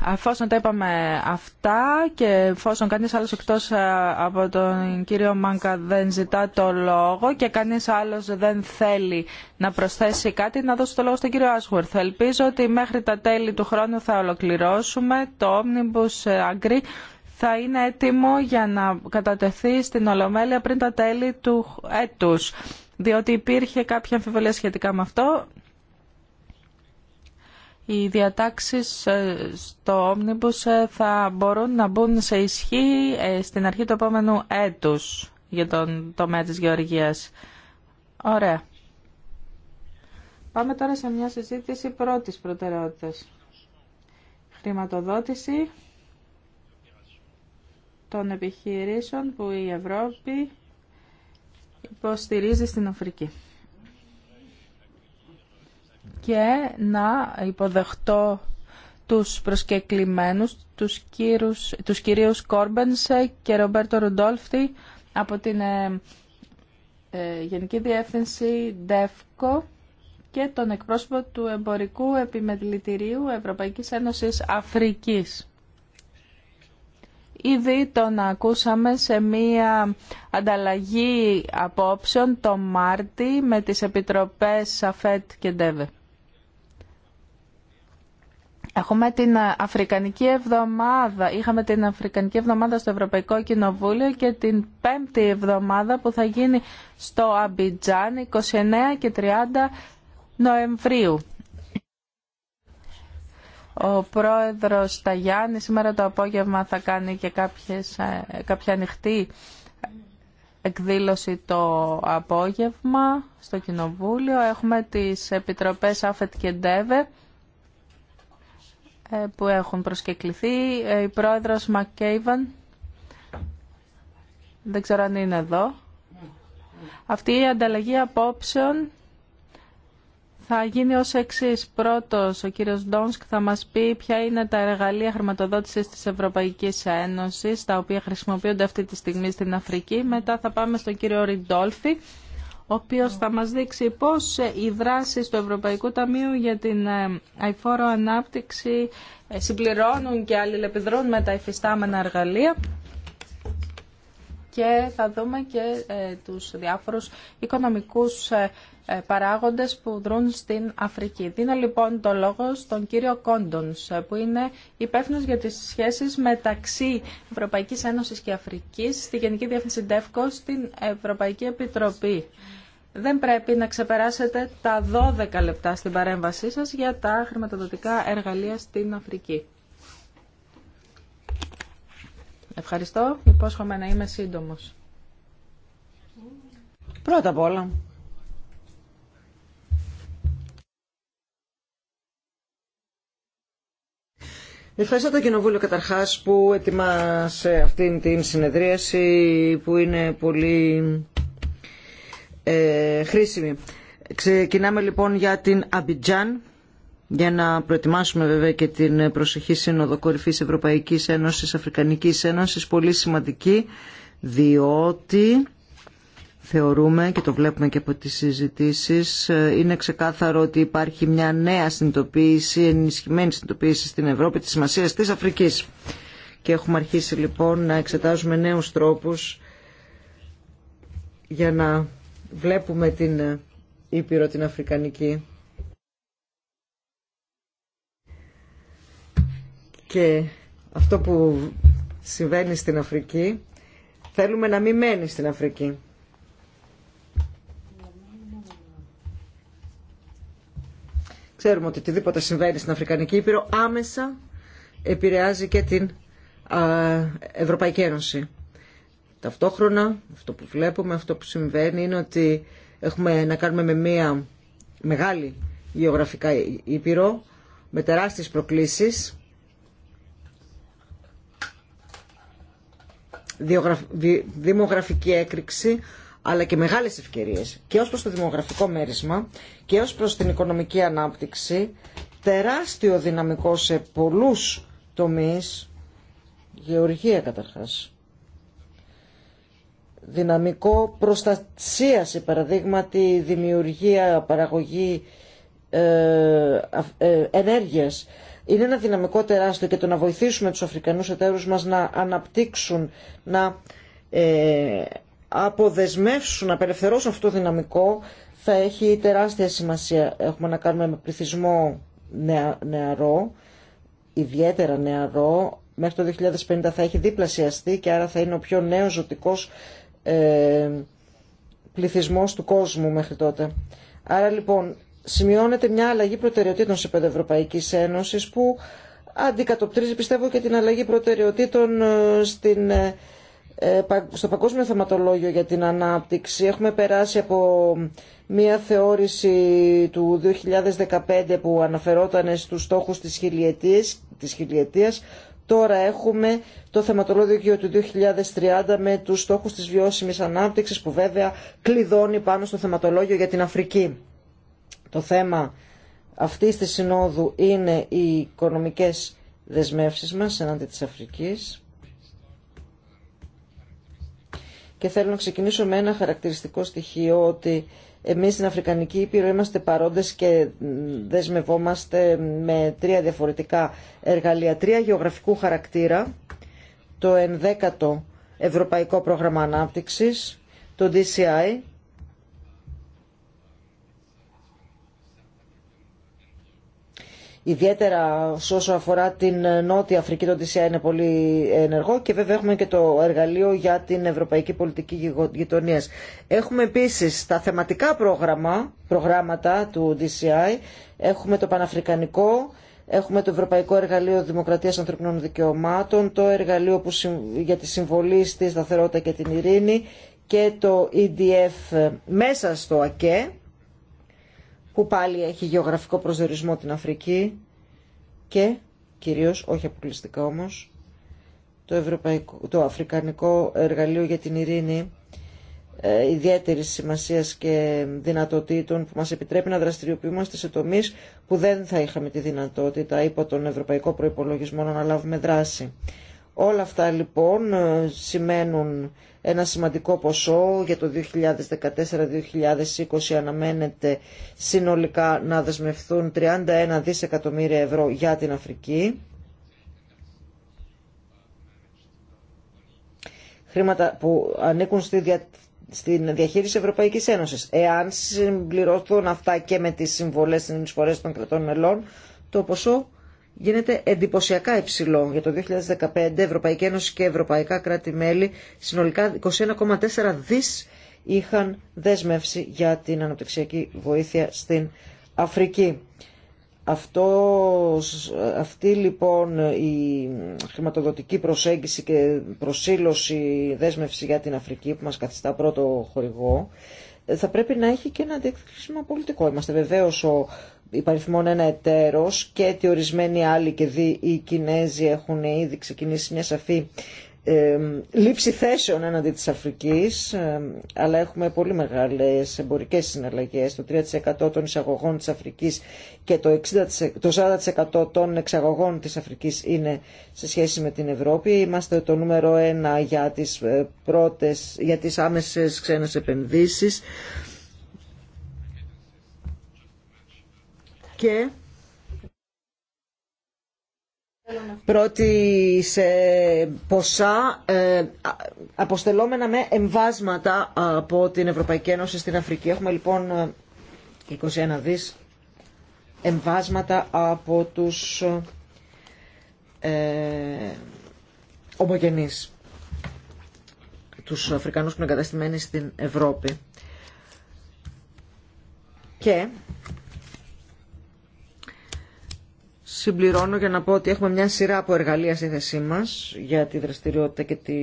Αφόσον τα είπαμε αυτά και εφόσον κανείς άλλο εκτό ε, από τον κύριο Μάνκα δεν ζητά το λόγο και κανείς άλλος δεν θέλει να προσθέσει κάτι, να δώσω το λόγο στον κύριο Άσχουερθ. Ελπίζω ότι μέχρι τα τέλη του χρόνου θα ολοκληρώσουμε το Omnibus Agri θα είναι έτοιμο για να κατατεθεί στην Ολομέλεια πριν τα τέλη του έτους. Διότι υπήρχε κάποια αμφιβολία σχετικά με αυτό οι διατάξεις ε, στο Omnibus ε, θα μπορούν να μπουν σε ισχύ ε, στην αρχή του επόμενου έτους για τον τομέα της γεωργίας. Ωραία. Πάμε τώρα σε μια συζήτηση πρώτης προτεραιότητας. Χρηματοδότηση των επιχειρήσεων που η Ευρώπη υποστηρίζει στην Αφρική και να υποδεχτώ τους προσκεκλημένους, τους, κύρους, τους κυρίους Κόρμπενσε και Ρομπέρτο Ρουντόλφτη από την ε, ε, Γενική Διεύθυνση ΔΕΦΚΟ και τον εκπρόσωπο του Εμπορικού Επιμελητηρίου Ευρωπαϊκής Ένωσης Αφρικής. Ήδη τον ακούσαμε σε μία ανταλλαγή απόψεων το Μάρτι με τις Επιτροπές ΑΦΕΤ και ΝΤΕΒΕ. Έχουμε την ε, Αφρικανική Εβδομάδα. Είχαμε την Αφρικανική Εβδομάδα στο Ευρωπαϊκό Κοινοβούλιο και την πέμπτη εβδομάδα που θα γίνει στο Αμπιτζάν 29 και 30 Νοεμβρίου. Ο πρόεδρος Ταγιάννη σήμερα το απόγευμα θα κάνει και ε, κάποια ανοιχτή εκδήλωση το απόγευμα στο Κοινοβούλιο. Έχουμε τις επιτροπές ΑΦΕΤ και ΝΤΕΒΕ. Ε, που έχουν προσκεκληθεί. Ε, η πρόεδρος Μακέιβαν. δεν ξέρω αν είναι εδώ. Αυτή η ανταλλαγή απόψεων θα γίνει ως εξής. Πρώτος, ο κύριος Ντόνσκ θα μας πει ποια είναι τα εργαλεία χρηματοδότησης της Ευρωπαϊκής Ένωσης, τα οποία χρησιμοποιούνται αυτή τη στιγμή στην Αφρική. Μετά θα πάμε στον κύριο Ριντόλφη, ο οποίος θα μας δείξει πώς ε, οι δράσεις του Ευρωπαϊκού Ταμείου για την ε, αϊφόρο ανάπτυξη ε, συμπληρώνουν και αλληλεπιδρούν με τα υφιστάμενα εργαλεία και θα δούμε και τους διάφορους οικονομικούς ε, παράγοντες που δρούν στην Αφρική. Δίνω λοιπόν το λόγο στον κύριο Κόντονς, ε, που είναι υπεύθυνο για τις σχέσεις μεταξύ Ευρωπαϊκής Ένωσης και Αφρικής στη Γενική Διεύθυνση ΔΕΦΚΟ στην Ευρωπαϊκή Επιτροπή. Δεν πρέπει να ξεπεράσετε τα 12 λεπτά στην παρέμβασή σας για τα χρηματοδοτικά εργαλεία στην Αφρική. Ευχαριστώ. Υπόσχομαι να είμαι σύντομος. Πρώτα απ' όλα, Ευχαριστώ το Κοινοβούλιο καταρχάς που ετοιμάσε αυτήν την συνεδρίαση που είναι πολύ ε, χρήσιμη. Ξεκινάμε λοιπόν για την Αμπιτζάν για να προετοιμάσουμε βέβαια και την προσεχή Σύνοδο Κορυφής Ευρωπαϊκής Ένωσης Αφρικανικής Ένωσης πολύ σημαντική διότι θεωρούμε και το βλέπουμε και από τις συζητήσεις ε, είναι ξεκάθαρο ότι υπάρχει μια νέα συνειδητοποίηση, ενισχυμένη συνειδητοποίηση στην Ευρώπη της σημασίας της Αφρικής. Και έχουμε αρχίσει λοιπόν να εξετάζουμε νέους τρόπους για να βλέπουμε την ε, Ήπειρο την Αφρικανική. Και αυτό που συμβαίνει στην Αφρική θέλουμε να μην μένει στην Αφρική. Ξέρουμε ότι οτιδήποτε συμβαίνει στην Αφρικανική Ήπειρο άμεσα επηρεάζει και την Ευρωπαϊκή Ένωση. Ταυτόχρονα αυτό που βλέπουμε, αυτό που συμβαίνει είναι ότι έχουμε να κάνουμε με μια μεγάλη γεωγραφικά ήπειρο με τεράστιες προκλήσεις δημογραφική έκρηξη αλλά και μεγάλες ευκαιρίες και ως προς το δημογραφικό μέρισμα και ως προς την οικονομική ανάπτυξη, τεράστιο δυναμικό σε πολλούς τομείς, γεωργία καταρχάς, δυναμικό προστασία σε παραδείγματι δημιουργία, παραγωγή ε, ε, ενέργειας. Είναι ένα δυναμικό τεράστιο και το να βοηθήσουμε τους Αφρικανούς εταίρους μας να αναπτύξουν, να ε, αποδεσμεύσουν, να απελευθερώσουν αυτό το δυναμικό θα έχει τεράστια σημασία. Έχουμε να κάνουμε με πληθυσμό νεαρό, ιδιαίτερα νεαρό. Μέχρι το 2050 θα έχει διπλασιαστεί και άρα θα είναι ο πιο νέος ζωτικός ε, του κόσμου μέχρι τότε. Άρα λοιπόν σημειώνεται μια αλλαγή προτεραιοτήτων σε Πεντευρωπαϊκή Ένωση, που αντικατοπτρίζει πιστεύω και την αλλαγή προτεραιοτήτων ε, στην ε, ε, στο παγκόσμιο θεματολόγιο για την ανάπτυξη έχουμε περάσει από μία θεώρηση του 2015 που αναφερόταν στους στόχους της χιλιετίας, της χιλιετίας. Τώρα έχουμε το θεματολόγιο του 2030 με τους στόχους της βιώσιμης ανάπτυξης που βέβαια κλειδώνει πάνω στο θεματολόγιο για την Αφρική. Το θέμα αυτή της συνόδου είναι οι οικονομικές δεσμεύσεις μας εναντί της Αφρικής Και θέλω να ξεκινήσω με ένα χαρακτηριστικό στοιχείο ότι εμείς στην Αφρικανική Ήπειρο είμαστε παρόντες και δεσμευόμαστε με τρία διαφορετικά εργαλεία. Τρία γεωγραφικού χαρακτήρα, το ενδέκατο ο Ευρωπαϊκό Πρόγραμμα Ανάπτυξης, το DCI ιδιαίτερα όσο αφορά την Νότια Αφρική, το DCI είναι πολύ ενεργό και βέβαια έχουμε και το εργαλείο για την Ευρωπαϊκή Πολιτική Γειτονία. Έχουμε επίσης τα θεματικά πρόγραμμα, προγράμματα του DCI, έχουμε το Παναφρικανικό, Έχουμε το Ευρωπαϊκό Εργαλείο Δημοκρατίας Ανθρωπινών Δικαιωμάτων, το Εργαλείο για τη Συμβολή στη Σταθερότητα και την Ειρήνη και το EDF μέσα στο ΑΚΕ που πάλι έχει γεωγραφικό προσδιορισμό την Αφρική και κυρίως, όχι αποκλειστικά όμως, το, ευρωπαϊκό, το Αφρικανικό Εργαλείο για την Ειρήνη ε, ιδιαίτερης σημασίας και δυνατοτήτων που μας επιτρέπει να δραστηριοποιούμαστε σε τομείς που δεν θα είχαμε τη δυνατότητα υπό τον Ευρωπαϊκό Προϋπολογισμό να αναλάβουμε δράση. Όλα αυτά λοιπόν ε, σημαίνουν ένα σημαντικό ποσό για το 2014-2020 αναμένεται συνολικά να δεσμευθούν 31 δισεκατομμύρια ευρώ για την Αφρική. Χρήματα που ανήκουν στη στην διαχείριση Ευρωπαϊκής Ένωσης. Εάν συμπληρωθούν αυτά και με τις συμβολές φορές των κρατών μελών, το ποσό γίνεται εντυπωσιακά υψηλό. Για το 2015 Ευρωπαϊκή Ένωση και Ευρωπαϊκά κράτη-μέλη συνολικά 21,4 δις είχαν δέσμευση για την αναπτυξιακή βοήθεια στην Αφρική. Αυτό, αυτή λοιπόν η χρηματοδοτική προσέγγιση και προσήλωση δέσμευση για την Αφρική που μας καθιστά πρώτο χορηγό ε, θα πρέπει να έχει και ένα αντίκρισιμο πολιτικό. Είμαστε βεβαίως ο μόνο ένα εταίρο και τη ορισμένοι άλλοι και δι, οι Κινέζοι έχουν ήδη ξεκινήσει μια σαφή ε, λήψη θέσεων έναντι της Αφρικής αλλά έχουμε πολύ μεγάλες εμπορικές συναλλαγές το 3% των εισαγωγών της Αφρικής και το, 60%, το 40% των εξαγωγών της Αφρικής είναι σε σχέση με την Ευρώπη είμαστε το νούμερο ένα για τις, ε, πρώτες, για τις άμεσες ξένες επενδύσεις και πρώτη σε ποσά ε, αποστελόμενα με εμβάσματα από την Ευρωπαϊκή Ένωση στην Αφρική. Έχουμε λοιπόν 21 ε, δις εμβάσματα από τους ε, ομογενείς, τους Αφρικανούς που είναι στην Ευρώπη. Και Συμπληρώνω για να πω ότι έχουμε μια σειρά από εργαλεία στη θέση μα για τη δραστηριότητα και τι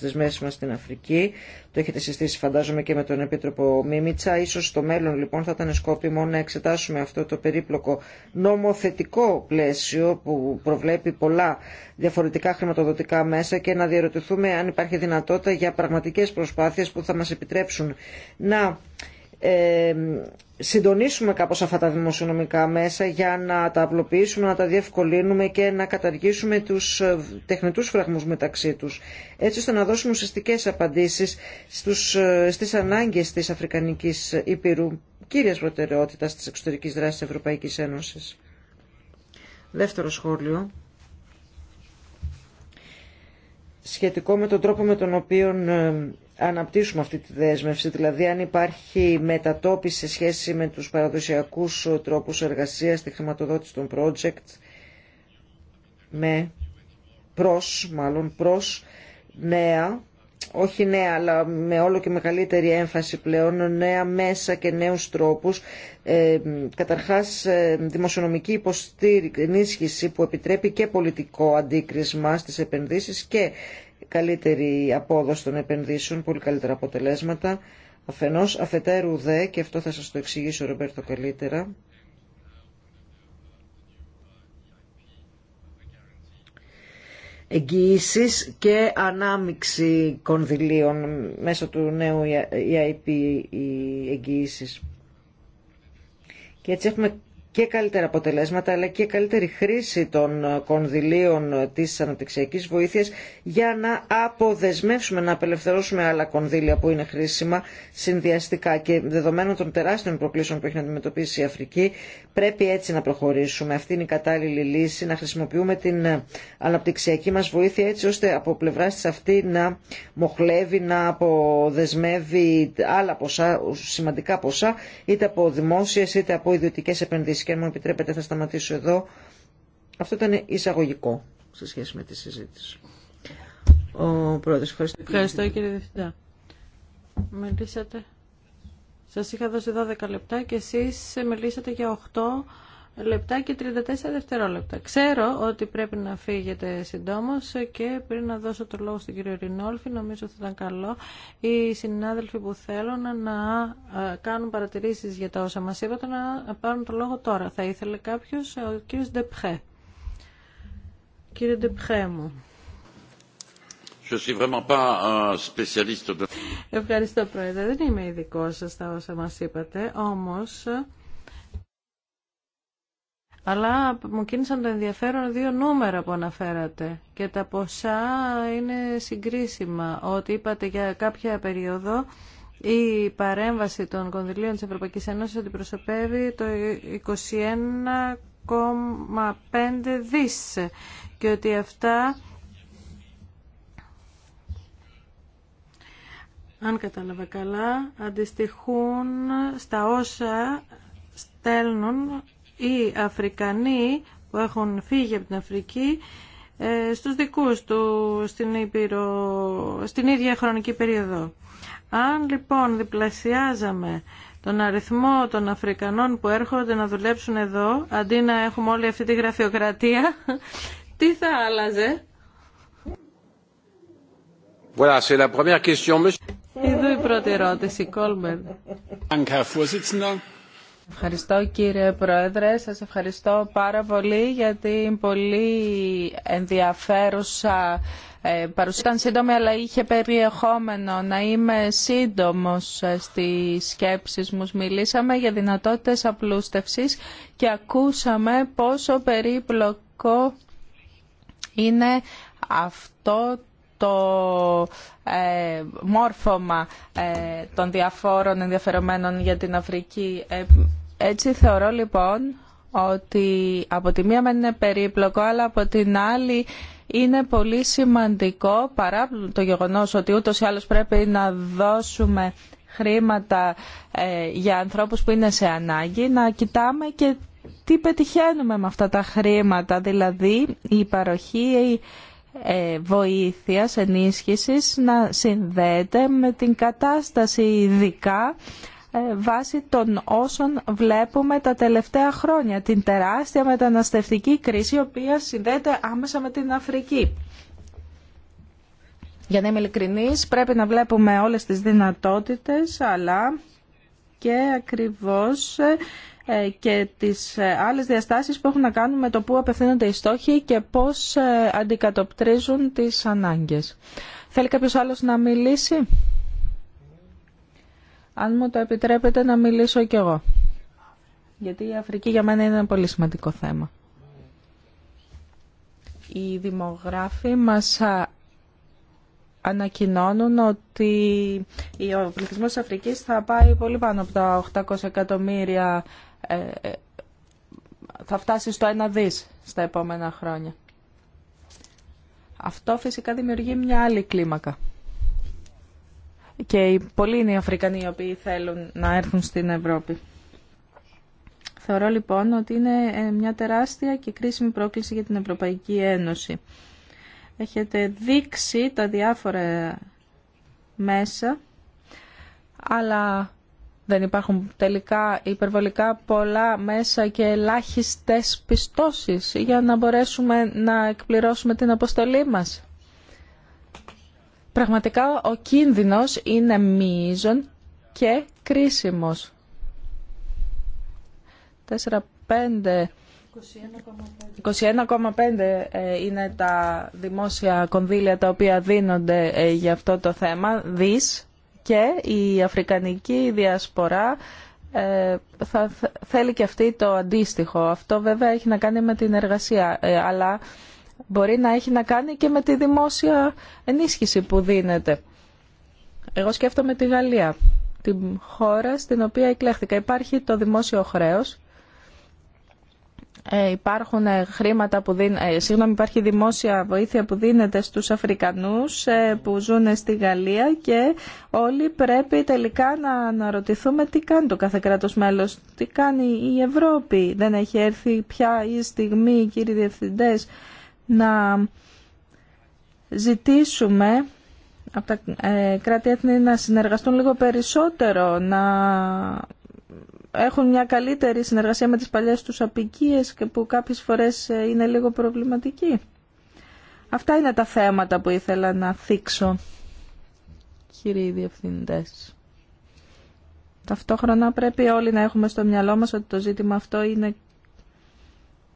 δεσμεύσει μα στην Αφρική. Το έχετε συστήσει, φαντάζομαι, και με τον Επίτροπο Μίμητσα. σω στο μέλλον, λοιπόν, θα ήταν σκόπιμο να εξετάσουμε αυτό το περίπλοκο νομοθετικό πλαίσιο που προβλέπει πολλά διαφορετικά χρηματοδοτικά μέσα και να διαρωτηθούμε αν υπάρχει δυνατότητα για πραγματικέ προσπάθειε που θα μα επιτρέψουν να ε, συντονίσουμε κάπως αυτά τα δημοσιονομικά μέσα για να τα απλοποιήσουμε, να τα διευκολύνουμε και να καταργήσουμε τους ε, τεχνητούς φραγμούς μεταξύ τους, έτσι ώστε να δώσουμε ουσιαστικές απαντήσεις στους, ε, στις ανάγκες της Αφρικανικής Ήπειρου, κύριας προτεραιότητας της εξωτερικής δράσης της Ευρωπαϊκής Ένωσης. Δεύτερο σχόλιο σχετικό με τον τρόπο με τον οποίο αναπτύσσουμε αυτή τη δέσμευση, δηλαδή αν υπάρχει μετατόπιση σε σχέση με τους παραδοσιακούς τρόπους εργασίας, τη χρηματοδότηση των project, με προς, μάλλον προς νέα, όχι νέα, αλλά με όλο και μεγαλύτερη έμφαση πλέον, νέα μέσα και νέους τρόπους. Ε, καταρχάς, ε, δημοσιονομική υποστήριξη, ενίσχυση που επιτρέπει και πολιτικό αντίκρισμα στις επενδύσεις και καλύτερη απόδοση των επενδύσεων, πολύ καλύτερα αποτελέσματα. Αφενός, αφετέρου δε, και αυτό θα σας το εξηγήσω Ρομπέρτο καλύτερα, εγγυήσεις και ανάμιξη κονδυλίων μέσω του νέου EIP οι εγγυήσεις. Και έτσι έχουμε και καλύτερα αποτελέσματα αλλά και καλύτερη χρήση των κονδυλίων της αναπτυξιακής βοήθειας για να αποδεσμεύσουμε, να απελευθερώσουμε άλλα κονδύλια που είναι χρήσιμα συνδυαστικά και δεδομένων των τεράστιων προκλήσεων που έχει να αντιμετωπίσει η Αφρική πρέπει έτσι να προχωρήσουμε. Αυτή είναι η κατάλληλη λύση, να χρησιμοποιούμε την αναπτυξιακή μας βοήθεια έτσι ώστε από πλευρά της αυτή να μοχλεύει, να αποδεσμεύει άλλα ποσά, σημαντικά ποσά είτε από δημόσιε, είτε από ιδιωτικέ επενδύσεις και αν μου επιτρέπετε θα σταματήσω εδώ. Αυτό ήταν εισαγωγικό σε σχέση με τη συζήτηση. Ο πρόεδρος, ευχαριστώ. Ευχαριστώ κύριε Διευθυντά. Μιλήσατε. Σας είχα δώσει 12 λεπτά και εσείς μιλήσατε για 8 λεπτά και 34 δευτερόλεπτα. Ξέρω ότι πρέπει να φύγετε συντόμως και πριν να δώσω το λόγο στην κύριο Ρινόλφη, νομίζω θα ήταν καλό οι συνάδελφοι που θέλουν να ε, κάνουν παρατηρήσεις για τα όσα μας είπατε να πάρουν το λόγο τώρα. Θα ήθελε κάποιο, ο κύριο Ντεπχέ. Κύριε Ντεπχέ μου. Ευχαριστώ, Πρόεδρε. Δεν είμαι ειδικό στα όσα μα είπατε, Όμω. Αλλά μου κίνησαν το ενδιαφέρον δύο νούμερα που αναφέρατε και τα ποσά είναι συγκρίσιμα. Ότι είπατε για κάποια περίοδο η παρέμβαση των κονδυλίων της Ευρωπαϊκής Ένωσης αντιπροσωπεύει το 21,5 δις και ότι αυτά αν κατάλαβα καλά αντιστοιχούν στα όσα στέλνουν οι Αφρικανοί που έχουν φύγει από την Αφρική ε, στους δικούς του στην, Ήπειρο, στην ίδια χρονική περίοδο. Αν λοιπόν διπλασιάζαμε τον αριθμό των Αφρικανών που έρχονται να δουλέψουν εδώ, αντί να έχουμε όλη αυτή τη γραφειοκρατία, τι θα άλλαζε. Voilà, c'est la première question, monsieur. Εδώ η πρώτη ερώτηση, Κόλμπερν. Ευχαριστώ κύριε Πρόεδρε. Σας ευχαριστώ πάρα πολύ για την πολύ ενδιαφέρουσα ε, παρουσία. Ήταν σύντομη αλλά είχε περιεχόμενο να είμαι σύντομος ε, στις σκέψεις μου. Μιλήσαμε για δυνατότητες απλούστευσης και ακούσαμε πόσο περίπλοκο είναι αυτό το ε, μόρφωμα ε, των διαφόρων ενδιαφερομένων για την Αφρική. Ε, έτσι θεωρώ λοιπόν ότι από τη μία μεν είναι περίπλοκο αλλά από την άλλη είναι πολύ σημαντικό παρά το γεγονός ότι ούτως ή άλλως πρέπει να δώσουμε χρήματα ε, για ανθρώπους που είναι σε ανάγκη να κοιτάμε και τι πετυχαίνουμε με αυτά τα χρήματα δηλαδή η παροχή ε, βοήθειας, ενίσχυσης να συνδέεται με την κατάσταση ειδικά ε, βάσει των όσων βλέπουμε τα τελευταία χρόνια. Την τεράστια μεταναστευτική κρίση η οποία συνδέεται άμεσα με την Αφρική. Για να είμαι ειλικρινής πρέπει να βλέπουμε όλες τις δυνατότητες αλλά και ακριβώς ε, και τις ε, άλλες διαστάσεις που έχουν να κάνουν με το πού απευθύνονται οι στόχοι και πώς ε, αντικατοπτρίζουν τις ανάγκες. Θέλει κάποιος άλλος να μιλήσει? Αν μου το επιτρέπετε να μιλήσω κι εγώ. Γιατί η Αφρική για μένα είναι ένα πολύ σημαντικό θέμα. Οι δημογράφοι μας ανακοινώνουν ότι ο πληθυσμός της Αφρικής θα πάει πολύ πάνω από τα 800 εκατομμύρια, ε, ε, θα φτάσει στο 1 δις στα επόμενα χρόνια. Αυτό φυσικά δημιουργεί μια άλλη κλίμακα. Και οι πολλοί είναι οι Αφρικανοί οι οποίοι θέλουν να έρθουν στην Ευρώπη. Θεωρώ λοιπόν ότι είναι ε, μια τεράστια και κρίσιμη πρόκληση για την Ευρωπαϊκή Ένωση έχετε δείξει τα διάφορα μέσα, αλλά δεν υπάρχουν τελικά υπερβολικά πολλά μέσα και ελάχιστες πιστώσεις για να μπορέσουμε να εκπληρώσουμε την αποστολή μας. Πραγματικά ο κίνδυνος είναι μίζων και κρίσιμος. 4-5 21,5 ε, είναι τα δημόσια κονδύλια τα οποία δίνονται ε, για αυτό το θέμα, δις, και η Αφρικανική Διασπορά ε, θα θέλει και αυτή το αντίστοιχο. Αυτό βέβαια έχει να κάνει με την εργασία, αλλά μπορεί να έχει να κάνει και με τη δημόσια ενίσχυση που δίνεται. Εγώ σκέφτομαι τη Γαλλία, την χώρα στην οποία εκλέχθηκα. Υπάρχει το δημόσιο χρέος ε, υπάρχουν ε, χρήματα που ε, υπάρχει δημόσια βοήθεια που δίνεται στους Αφρικανούς που ζουν στη Γαλλία και όλοι πρέπει τελικά να αναρωτηθούμε τι κάνει το κάθε κράτος μέλος, τι κάνει η Ευρώπη. Δεν έχει έρθει πια η στιγμή, κύριοι διευθυντές, να ζητήσουμε από τα κράτη-έθνη να συνεργαστούν λίγο περισσότερο, να έχουν μια καλύτερη συνεργασία με τις παλιές τους απικίες και που κάποιες φορές ε, είναι λίγο προβληματική. Αυτά είναι τα θέματα που ήθελα να θίξω, κύριοι διευθυντέ. Ταυτόχρονα πρέπει όλοι να έχουμε στο μυαλό μας ότι το ζήτημα αυτό είναι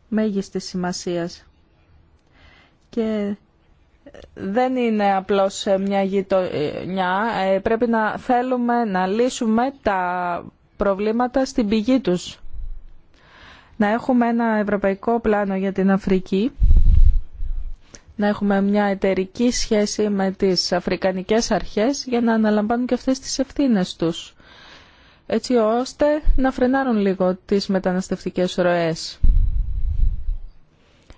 μέγιστης σημασίας. Και δεν είναι απλώς μια γειτονιά. Ε, πρέπει να θέλουμε να λύσουμε τα προβλήματα στην πηγή τους. Να έχουμε ένα ευρωπαϊκό πλάνο για την Αφρική, να έχουμε μια εταιρική σχέση με τις αφρικανικές αρχές για να αναλαμβάνουν και αυτές τις ευθύνες τους, έτσι ώστε να φρενάρουν λίγο τις μεταναστευτικές ροές.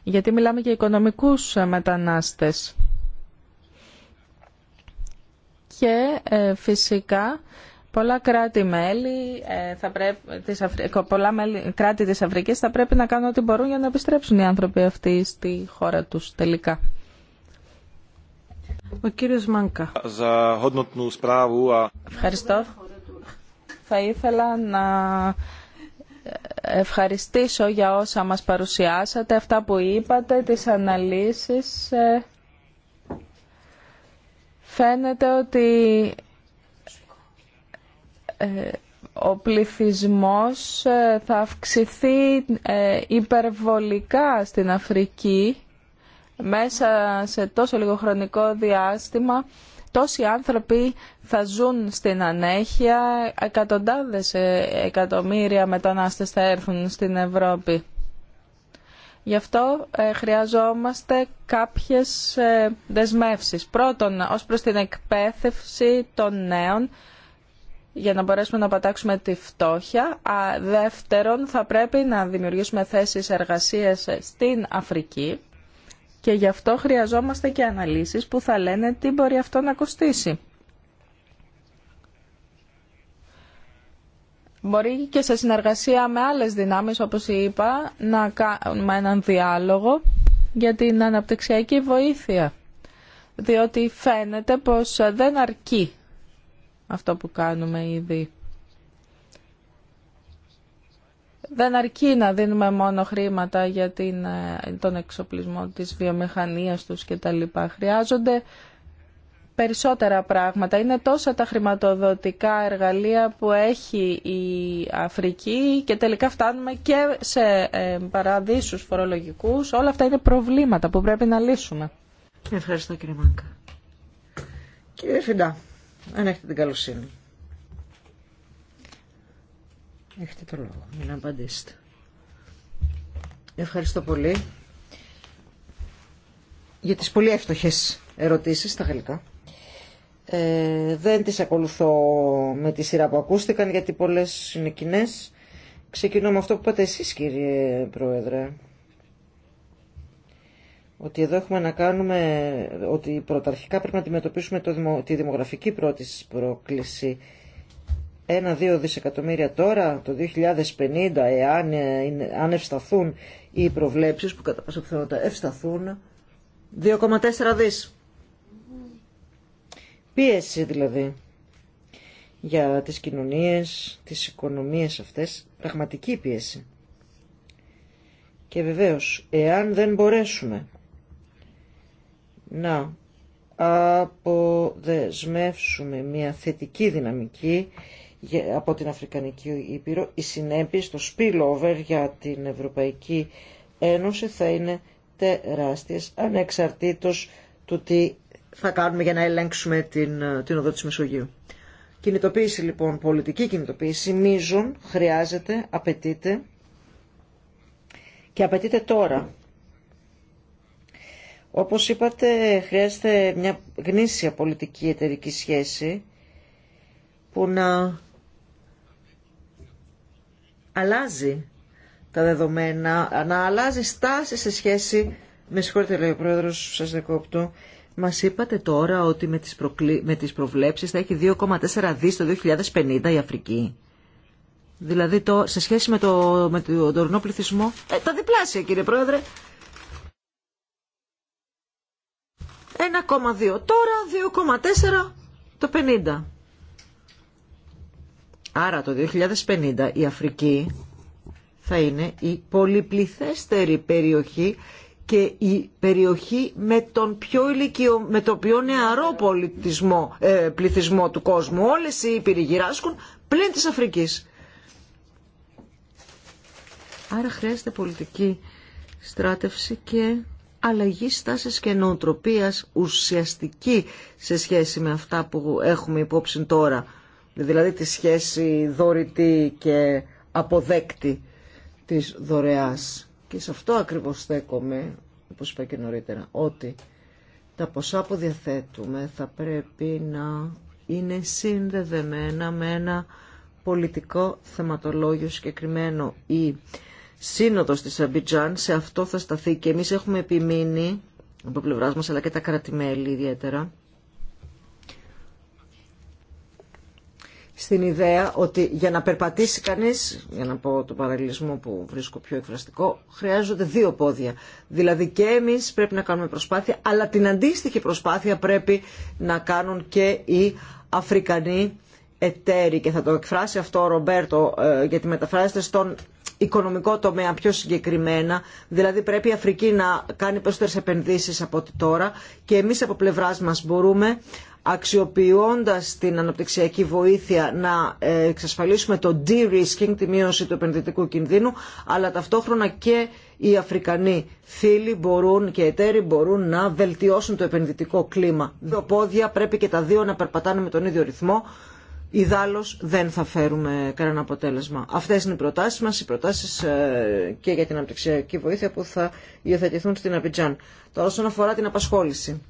Γιατί μιλάμε για οικονομικούς μετανάστες. Και ε, φυσικά Πολλά κράτη-μέλη ε, θα πρέπει, της πολλά μέλη, κράτη της Αφρικής θα πρέπει να κάνουν ό,τι μπορούν για να επιστρέψουν οι άνθρωποι αυτοί στη χώρα τους τελικά. Ο κύριος Μάνκα. Ευχαριστώ. Θα ήθελα να ε, ευχαριστήσω για όσα μας παρουσιάσατε, αυτά που είπατε, τις αναλύσεις. Ε. Φαίνεται ότι ε, ο πληθυσμός ε, θα αυξηθεί ε, υπερβολικά στην Αφρική μέσα σε τόσο λίγο χρονικό διάστημα. Τόσοι άνθρωποι θα ζουν στην ανέχεια, εκατοντάδες εκατομμύρια μετανάστες θα έρθουν στην Ευρώπη. Γι' αυτό χρειαζόμαστε κάποιες δεσμεύσεις. Πρώτον, ως προς την εκπαίδευση των νέων, για να μπορέσουμε να πατάξουμε τη φτώχεια. Α, δεύτερον, θα πρέπει να δημιουργήσουμε θέσεις εργασίας στην Αφρική και γι' αυτό χρειαζόμαστε και αναλύσεις που θα λένε τι μπορεί αυτό να κοστίσει. Μπορεί και σε συνεργασία με άλλες δυνάμεις, όπως είπα, να κάνουμε έναν διάλογο για την αναπτυξιακή βοήθεια. Διότι φαίνεται πως δεν αρκεί αυτό που κάνουμε ήδη. Δεν αρκεί να δίνουμε μόνο χρήματα για την, ε, τον εξοπλισμό της βιομηχανίας τους και τα λοιπά. Χρειάζονται περισσότερα πράγματα. Είναι τόσα τα χρηματοδοτικά εργαλεία που έχει η Αφρική και τελικά φτάνουμε και σε ε, παραδείσους φορολογικούς. Όλα αυτά είναι προβλήματα που πρέπει να λύσουμε. Ευχαριστώ κύριε Μάνκα. Κύριε Φιντά αν έχετε την καλοσύνη. Έχετε το λόγο Μην απαντήσετε. Ευχαριστώ πολύ για τις πολύ εύτοχες ερωτήσεις στα γαλλικά. Ε, δεν τις ακολουθώ με τη σειρά που ακούστηκαν γιατί πολλές είναι κοινέ. Ξεκινώ με αυτό που είπατε εσείς κύριε Πρόεδρε ότι εδώ έχουμε να κάνουμε, ότι πρωταρχικά πρέπει να αντιμετωπίσουμε το, τη δημογραφική πρώτη πρόκληση. Ένα-δύο δισεκατομμύρια τώρα, το 2050, εάν ε, αν ευσταθούν οι προβλέψεις που κατά πάσα πιθανότητα ευσταθούν, 2,4 δις. Πίεση δηλαδή για τις κοινωνίες, τις οικονομίες αυτές, πραγματική πίεση. Και βεβαίως, εάν δεν μπορέσουμε να αποδεσμεύσουμε μια θετική δυναμική από την Αφρικανική Ήπειρο. Οι συνέπειες, το spillover για την Ευρωπαϊκή Ένωση θα είναι τεράστιες ανεξαρτήτως του τι θα κάνουμε για να ελέγξουμε την, την οδό της Μεσογείου. Κινητοποίηση λοιπόν, πολιτική κινητοποίηση, μίζων, χρειάζεται, απαιτείται και απαιτείται τώρα. Όπως είπατε, χρειάζεται μια γνήσια πολιτική εταιρική σχέση που να αλλάζει τα δεδομένα, να αλλάζει στάση σε σχέση με συγχωρείτε λέει ο πρόεδρος, σας δεκόπτω. Μας είπατε τώρα ότι με τις, προκλη... με τις προβλέψεις θα έχει 2,4 δις το 2050 η Αφρική. Δηλαδή το... σε σχέση με, με τον τωρινό πληθυσμό. Ε, τα διπλάσια κύριε πρόεδρε. 1,2. Τώρα 2,4 το 50. Άρα το 2050 η Αφρική θα είναι η πολυπληθέστερη περιοχή και η περιοχή με τον πιο ηλικιο, με το πιο νεαρό πολιτισμό, ε, πληθυσμό του κόσμου. Όλες οι ήπειροι πλην της Αφρικής. Άρα χρειάζεται πολιτική στράτευση και αλλαγή στάση και νοοτροπίας ουσιαστική σε σχέση με αυτά που έχουμε υπόψη τώρα. Δηλαδή τη σχέση δωρητή και αποδέκτη της δωρεάς. Και σε αυτό ακριβώς στέκομαι, όπως είπα και νωρίτερα, ότι τα ποσά που διαθέτουμε θα πρέπει να είναι συνδεδεμένα με ένα πολιτικό θεματολόγιο συγκεκριμένο ή σύνοδος της Αμπιτζάν. Σε αυτό θα σταθεί και εμείς έχουμε επιμείνει από πλευρά μας αλλά και τα κρατημέλη ιδιαίτερα στην ιδέα ότι για να περπατήσει κανείς, για να πω το παραλληλισμό που βρίσκω πιο εκφραστικό, χρειάζονται δύο πόδια. Δηλαδή και εμείς πρέπει να κάνουμε προσπάθεια, αλλά την αντίστοιχη προσπάθεια πρέπει να κάνουν και οι Αφρικανοί εταίροι. Και θα το εκφράσει αυτό ο Ρομπέρτο, ε, γιατί μεταφράζεται στον οικονομικό τομέα πιο συγκεκριμένα. Δηλαδή πρέπει η Αφρική να κάνει περισσότερες επενδύσεις από ό,τι τώρα και εμείς από πλευράς μας μπορούμε αξιοποιώντας την αναπτυξιακή βοήθεια να ε, εξασφαλίσουμε το de-risking, τη μείωση του επενδυτικού κινδύνου, αλλά ταυτόχρονα και οι Αφρικανοί φίλοι μπορούν και εταίροι μπορούν να βελτιώσουν το επενδυτικό κλίμα. Δύο πόδια πρέπει και τα δύο να περπατάνε με τον ίδιο ρυθμό Ιδάλω δεν θα φέρουμε κανένα αποτέλεσμα. Αυτές είναι οι προτάσεις μας, οι προτάσεις ε, και για την αναπτυξιακή βοήθεια που θα υιοθετηθούν στην Αμπιτζάν. Τώρα όσον αφορά την απασχόληση.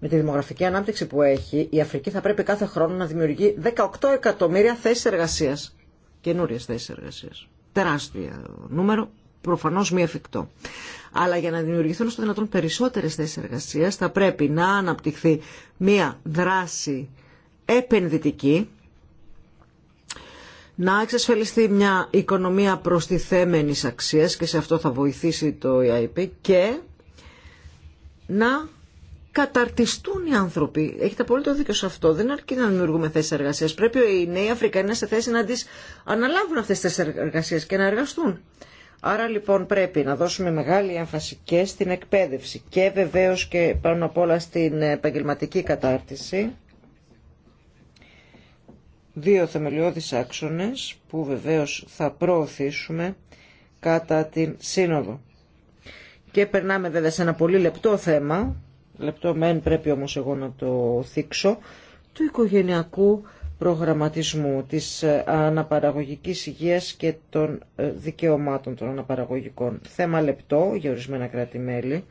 Με τη δημογραφική ανάπτυξη που έχει, η Αφρική θα πρέπει κάθε χρόνο να δημιουργεί 18 εκατομμύρια θέσεις εργασία. Καινούριε θέσει εργασία. Τεράστιο νούμερο, προφανώ μη εφικτό. Αλλά για να δημιουργηθούν στο δυνατόν περισσότερες θέσεις εργασίας θα πρέπει να αναπτυχθεί μία δράση επενδυτική, να εξασφαλιστεί μια οικονομία προστιθέμενης αξίας και σε αυτό θα βοηθήσει το EIP και να καταρτιστούν οι άνθρωποι. Έχετε το δίκιο σε αυτό. Δεν αρκεί να δημιουργούμε θέσει εργασία. Πρέπει οι νέοι Αφρικανοί να σε θέση να τι αναλάβουν αυτέ τι θέσει εργασία και να εργαστούν. Άρα λοιπόν πρέπει να δώσουμε μεγάλη έμφαση και στην εκπαίδευση και βεβαίως και πάνω απ' όλα στην επαγγελματική κατάρτιση. Δύο θεμελιώδεις άξονες που βεβαίως θα προωθήσουμε κατά την Σύνοδο. Και περνάμε βέβαια σε ένα πολύ λεπτό θέμα, λεπτό μεν πρέπει όμως εγώ να το θίξω, του οικογενειακού προγραμματισμού της ε, αναπαραγωγικής υγείας και των ε, δικαιωμάτων των αναπαραγωγικών. Θέμα λεπτό για ορισμένα κράτη-μέλη.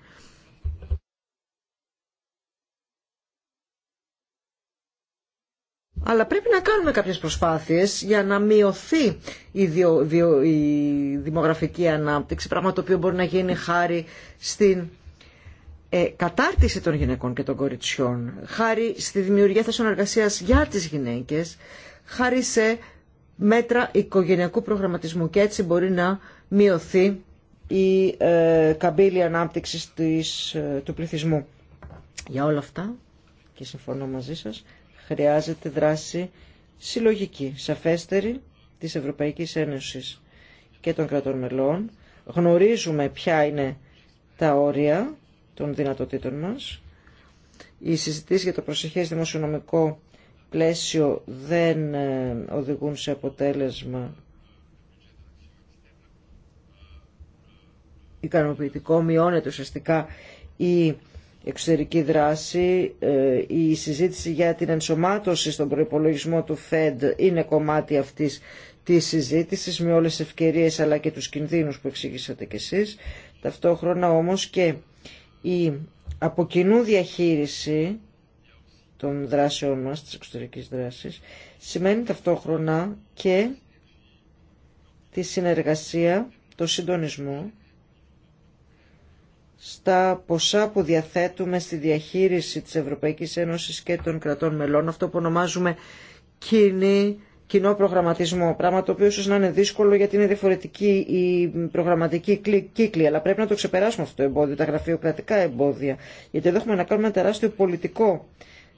Αλλά πρέπει να κάνουμε κάποιες προσπάθειες για να μειωθεί η, η δημογραφική ανάπτυξη, πράγμα το οποίο μπορεί να γίνει χάρη στην ε, κατάρτιση των γυναικών και των κοριτσιών, χάρη στη δημιουργία θέσεων εργασία για τις γυναίκες, χάρη σε μέτρα οικογενειακού προγραμματισμού και έτσι μπορεί να μειωθεί η ε, καμπύλη ανάπτυξη ε, του πληθυσμού. Για όλα αυτά, και συμφωνώ μαζί σας, χρειάζεται δράση συλλογική, σαφέστερη της Ευρωπαϊκής Ένωσης και των κρατών μελών. Γνωρίζουμε ποια είναι τα όρια των δυνατοτήτων μας. Οι συζητήσεις για το προσεχές δημοσιονομικό πλαίσιο δεν ε, οδηγούν σε αποτέλεσμα ικανοποιητικό, μειώνεται ουσιαστικά η εξωτερική δράση, ε, η συζήτηση για την ενσωμάτωση στον προϋπολογισμό του ΦΕΔ είναι κομμάτι αυτής της συζήτησης με όλες τις ευκαιρίες αλλά και τους κινδύνους που εξήγησατε κι εσείς. Ταυτόχρονα όμως και η από κοινού διαχείριση των δράσεων μας, της εξωτερικής δράσης, σημαίνει ταυτόχρονα και τη συνεργασία, το συντονισμό, στα ποσά που διαθέτουμε στη διαχείριση της Ευρωπαϊκής Ένωσης και των κρατών μελών, αυτό που ονομάζουμε κοινή κοινό προγραμματισμό. Πράγμα το οποίο ίσω να είναι δύσκολο γιατί είναι διαφορετική η προγραμματική κύκλη. Αλλά πρέπει να το ξεπεράσουμε αυτό το εμπόδιο, τα γραφειοκρατικά εμπόδια. Γιατί εδώ έχουμε να κάνουμε ένα τεράστιο πολιτικό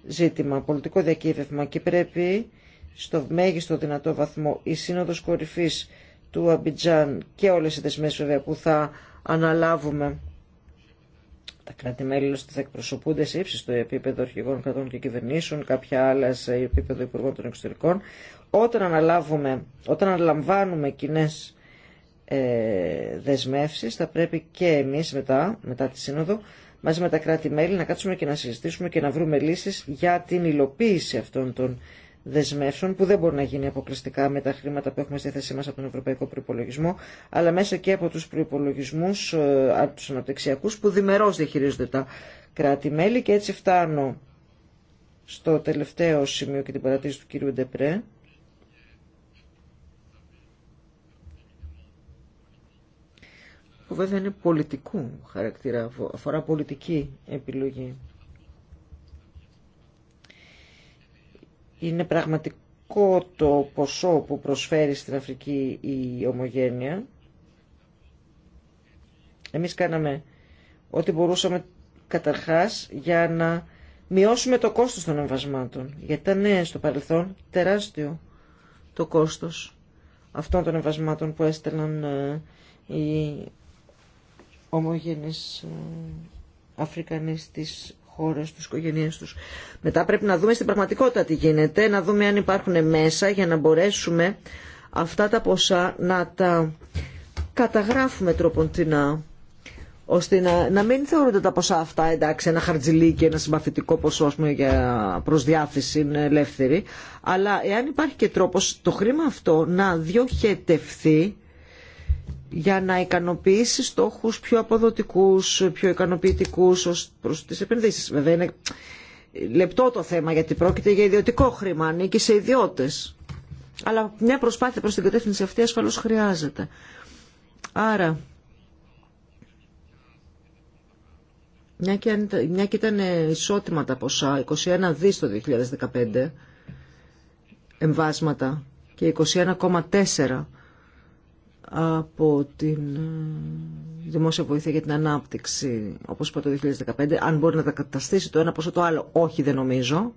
ζήτημα, πολιτικό διακύβευμα και πρέπει στο μέγιστο δυνατό βαθμό η Σύνοδος Κορυφής του Αμπιτζάν και όλες οι δεσμές που θα αναλάβουμε τα κράτη-μέλη θα εκπροσωπούνται σε ύψιστο επίπεδο αρχηγών κρατών και κυβερνήσεων, κάποια άλλα σε επίπεδο υπουργών των εξωτερικών όταν, αναλάβουμε, όταν αναλαμβάνουμε κοινέ ε, δεσμεύσεις θα πρέπει και εμείς μετά, μετά τη Σύνοδο μαζί με τα κράτη-μέλη να κάτσουμε και να συζητήσουμε και να βρούμε λύσεις για την υλοποίηση αυτών των δεσμεύσεων που δεν μπορεί να γίνει αποκλειστικά με τα χρήματα που έχουμε στη θέση μας από τον Ευρωπαϊκό Προϋπολογισμό αλλά μέσα και από τους προϋπολογισμούς ε, από τους αναπτυξιακούς που διμερώς διαχειρίζονται τα κράτη-μέλη και έτσι φτάνω στο τελευταίο σημείο και την παρατήρηση του κύριου Ντεπρέ που βέβαια είναι πολιτικού χαρακτήρα, αφορά πολιτική επιλογή. Είναι πραγματικό το ποσό που προσφέρει στην Αφρική η ομογένεια. Εμείς κάναμε ό,τι μπορούσαμε καταρχάς για να μειώσουμε το κόστος των εμβασμάτων. Γιατί ήταν ναι, στο παρελθόν τεράστιο το κόστος αυτών των εμβασμάτων που έστελναν ε, οι ομογενείς ε, Αφρικανοί της χώρες τους, οικογένειές τους. Μετά πρέπει να δούμε στην πραγματικότητα τι γίνεται, να δούμε αν υπάρχουν μέσα για να μπορέσουμε αυτά τα ποσά να τα καταγράφουμε τροποντινά ώστε να, να μην θεωρούνται τα ποσά αυτά εντάξει ένα χαρτζιλί και ένα συμπαθητικό ποσό πούμε, για προσδιάθεση είναι ελεύθερη αλλά εάν υπάρχει και τρόπος το χρήμα αυτό να διοχετευθεί για να ικανοποιήσει στόχου πιο αποδοτικούς, πιο ικανοποιητικού, ω προς τις επενδύσεις. Βέβαια είναι λεπτό το θέμα γιατί πρόκειται για ιδιωτικό χρήμα, ανήκει σε ιδιώτε. Αλλά μια προσπάθεια προς την κατεύθυνση αυτή ασφαλώ χρειάζεται. Άρα, μια και, μια ήταν ισότιμα τα ποσά, 21 δι το 2015, εμβάσματα και 21,4 από την ε, δημόσια βοήθεια για την ανάπτυξη, όπως είπα το 2015, αν μπορεί να τα καταστήσει το ένα πόσο το άλλο, όχι δεν νομίζω.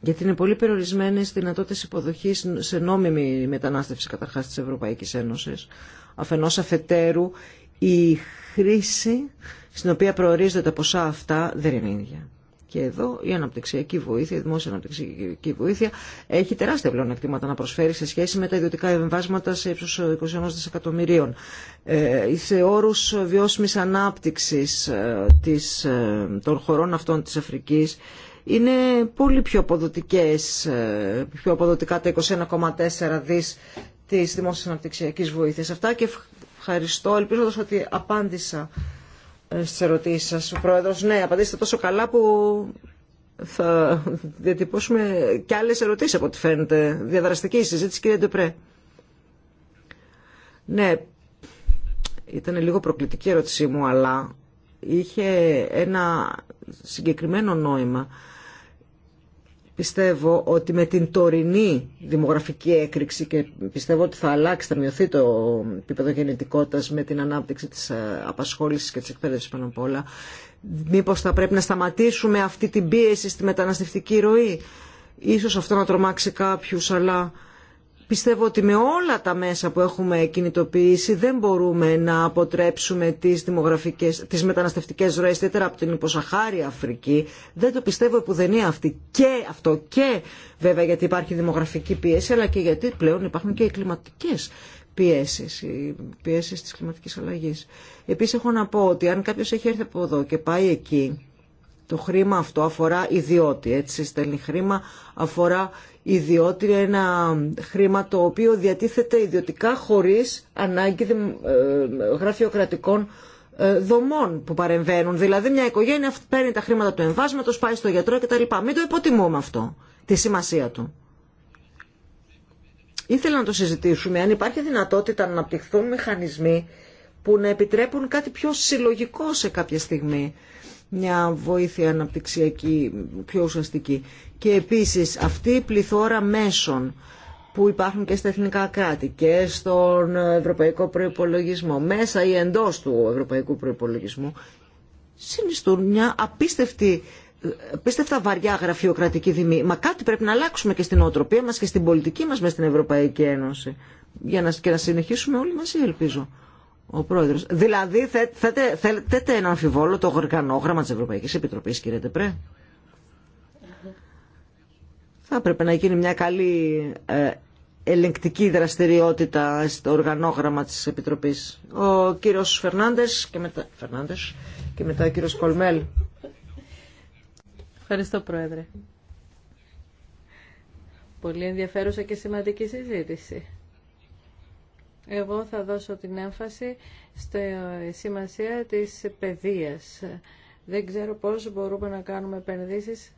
Γιατί είναι πολύ περιορισμένε οι δυνατότητε υποδοχή σε νόμιμη μετανάστευση καταρχά τη Ευρωπαϊκή Ένωση. Αφενό αφετέρου, η χρήση στην οποία προορίζονται τα ποσά αυτά δεν είναι ίδια. Και εδώ η αναπτυξιακή βοήθεια, η δημόσια αναπτυξιακή βοήθεια έχει τεράστια πλεονεκτήματα να προσφέρει σε σχέση με τα ιδιωτικά εμβάσματα σε ύψο 21 δισεκατομμυρίων. Ε, σε όρους βιώσιμης ανάπτυξης ε, ε, των χωρών αυτών της Αφρικής είναι πολύ πιο αποδοτικές, ε, πιο αποδοτικά τα 21,4 δι της δημόσιας αναπτυξιακή βοήθεια. Αυτά και ευχαριστώ, Ελπίζοντα ότι απάντησα στις ερωτήσεις σας. Ο Πρόεδρος, ναι, απαντήστε τόσο καλά που θα διατυπώσουμε και άλλες ερωτήσεις από ό,τι φαίνεται. Διαδραστική συζήτηση, κύριε Ντεπρέ. Ναι, ήταν λίγο προκλητική η ερώτησή μου, αλλά είχε ένα συγκεκριμένο νόημα πιστεύω ότι με την τωρινή δημογραφική έκρηξη και πιστεύω ότι θα αλλάξει, θα μειωθεί το επίπεδο γεννητικότητα με την ανάπτυξη της ε, απασχόλησης και της εκπαίδευση πάνω απ' όλα, μήπως θα πρέπει να σταματήσουμε αυτή την πίεση στη μεταναστευτική ροή. Ίσως αυτό να τρομάξει κάποιους, αλλά Πιστεύω ότι με όλα τα μέσα που έχουμε κινητοποιήσει δεν μπορούμε να αποτρέψουμε τις, δημογραφικές, τις μεταναστευτικές ροές, ιδιαίτερα από την υποσαχάρη Αφρική. Δεν το πιστεύω που δεν είναι αυτή. Και αυτό και βέβαια γιατί υπάρχει δημογραφική πίεση, αλλά και γιατί πλέον υπάρχουν και οι κλιματικές πιέσεις, οι πιέσεις της κλιματικής αλλαγής. Επίσης έχω να πω ότι αν κάποιος έχει έρθει από εδώ και πάει εκεί, το χρήμα αυτό αφορά ιδιώτη, έτσι στέλνει χρήμα, αφορά ιδιότητα, ένα χρήμα το οποίο διατίθεται ιδιωτικά χωρίς ανάγκη ε, γραφειοκρατικών ε, δομών που παρεμβαίνουν. Δηλαδή μια οικογένεια παίρνει τα χρήματα του εμβάσματος, πάει στο γιατρό κτλ. Μην το υποτιμούμε αυτό, τη σημασία του. Ήθελα να το συζητήσουμε αν υπάρχει δυνατότητα να αναπτυχθούν μηχανισμοί που να επιτρέπουν κάτι πιο συλλογικό σε κάποια στιγμή μια βοήθεια αναπτυξιακή πιο ουσιαστική και επίσης αυτή η πληθώρα μέσων που υπάρχουν και στα εθνικά κράτη και στον ευρωπαϊκό προϋπολογισμό, μέσα ή εντός του ευρωπαϊκού προϋπολογισμού, συνιστούν μια απίστευτη απίστευτα βαριά γραφειοκρατική δημή. Μα κάτι πρέπει να αλλάξουμε και στην οτροπία μας και στην πολιτική μας μέσα στην Ευρωπαϊκή Ένωση. Για να, και να συνεχίσουμε όλοι μαζί, ελπίζω. Ο πρόεδρος. Δηλαδή, θέλετε, ένα αμφιβόλο το οργανόγραμμα της Ευρωπαϊκής Επιτροπής, κύριε Τεπρέ. Θα έπρεπε να γίνει μια καλή ε, ελεγκτική δραστηριότητα στο οργανόγραμμα της Επιτροπής. Ο κύριος Φερνάντες και μετά, Φερνάντες, και μετά ο κύριος Κολμέλ. Ευχαριστώ Πρόεδρε. Πολύ ενδιαφέρουσα και σημαντική συζήτηση. Εγώ θα δώσω την έμφαση στη σημασία της παιδείας. Δεν ξέρω πώς μπορούμε να κάνουμε επενδύσεις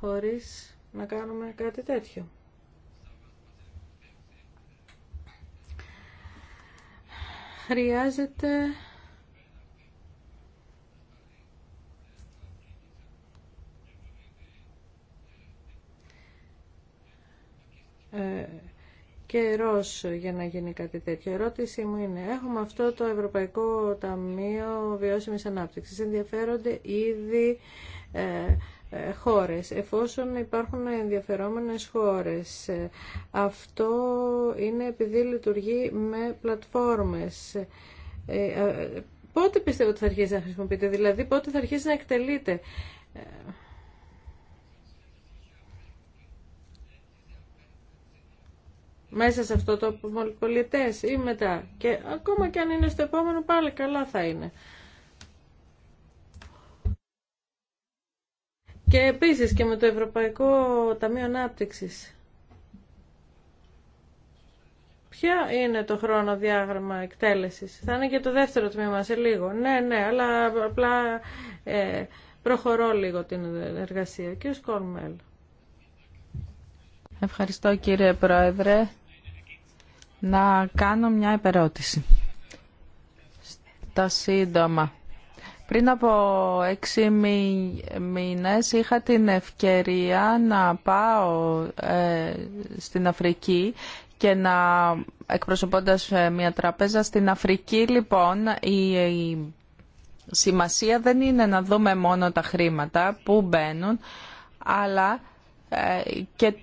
χωρίς να κάνουμε κάτι τέτοιο. Χρειάζεται ε, καιρός για να γίνει κάτι τέτοιο. Η ερώτησή μου είναι, έχουμε αυτό το Ευρωπαϊκό Ταμείο Βιώσιμης Ανάπτυξης. Ενδιαφέρονται ήδη ε, ε, χώρες, εφόσον υπάρχουν ενδιαφερόμενες χώρες. Ε, αυτό είναι επειδή λειτουργεί με πλατφόρμες. Ε, πότε πιστεύω ότι θα αρχίσει να χρησιμοποιείτε, δηλαδή πότε θα αρχίσει να εκτελείτε Μέσα σε αυτό το πολιτές ή μετά. Και ακόμα και αν είναι στο επόμενο πάλι καλά θα είναι. Και επίσης και με το Ευρωπαϊκό Ταμείο Ανάπτυξης. Ποια είναι το χρόνο διάγραμμα εκτέλεσης. Θα είναι και το δεύτερο τμήμα σε λίγο. Ναι, ναι, αλλά απλά ε, προχωρώ λίγο την εργασία. Κύριε Σκόλμελ. Ευχαριστώ κύριε Πρόεδρε. Να κάνω μια υπερώτηση. τα σύντομα πριν από έξι μήνες είχα την ευκαιρία να πάω ε, στην Αφρική και να εκπροσωπώντας ε, μια τραπέζα στην Αφρική λοιπόν η σημασία δεν είναι να δούμε μόνο τα χρήματα που μπαίνουν αλλά ε, και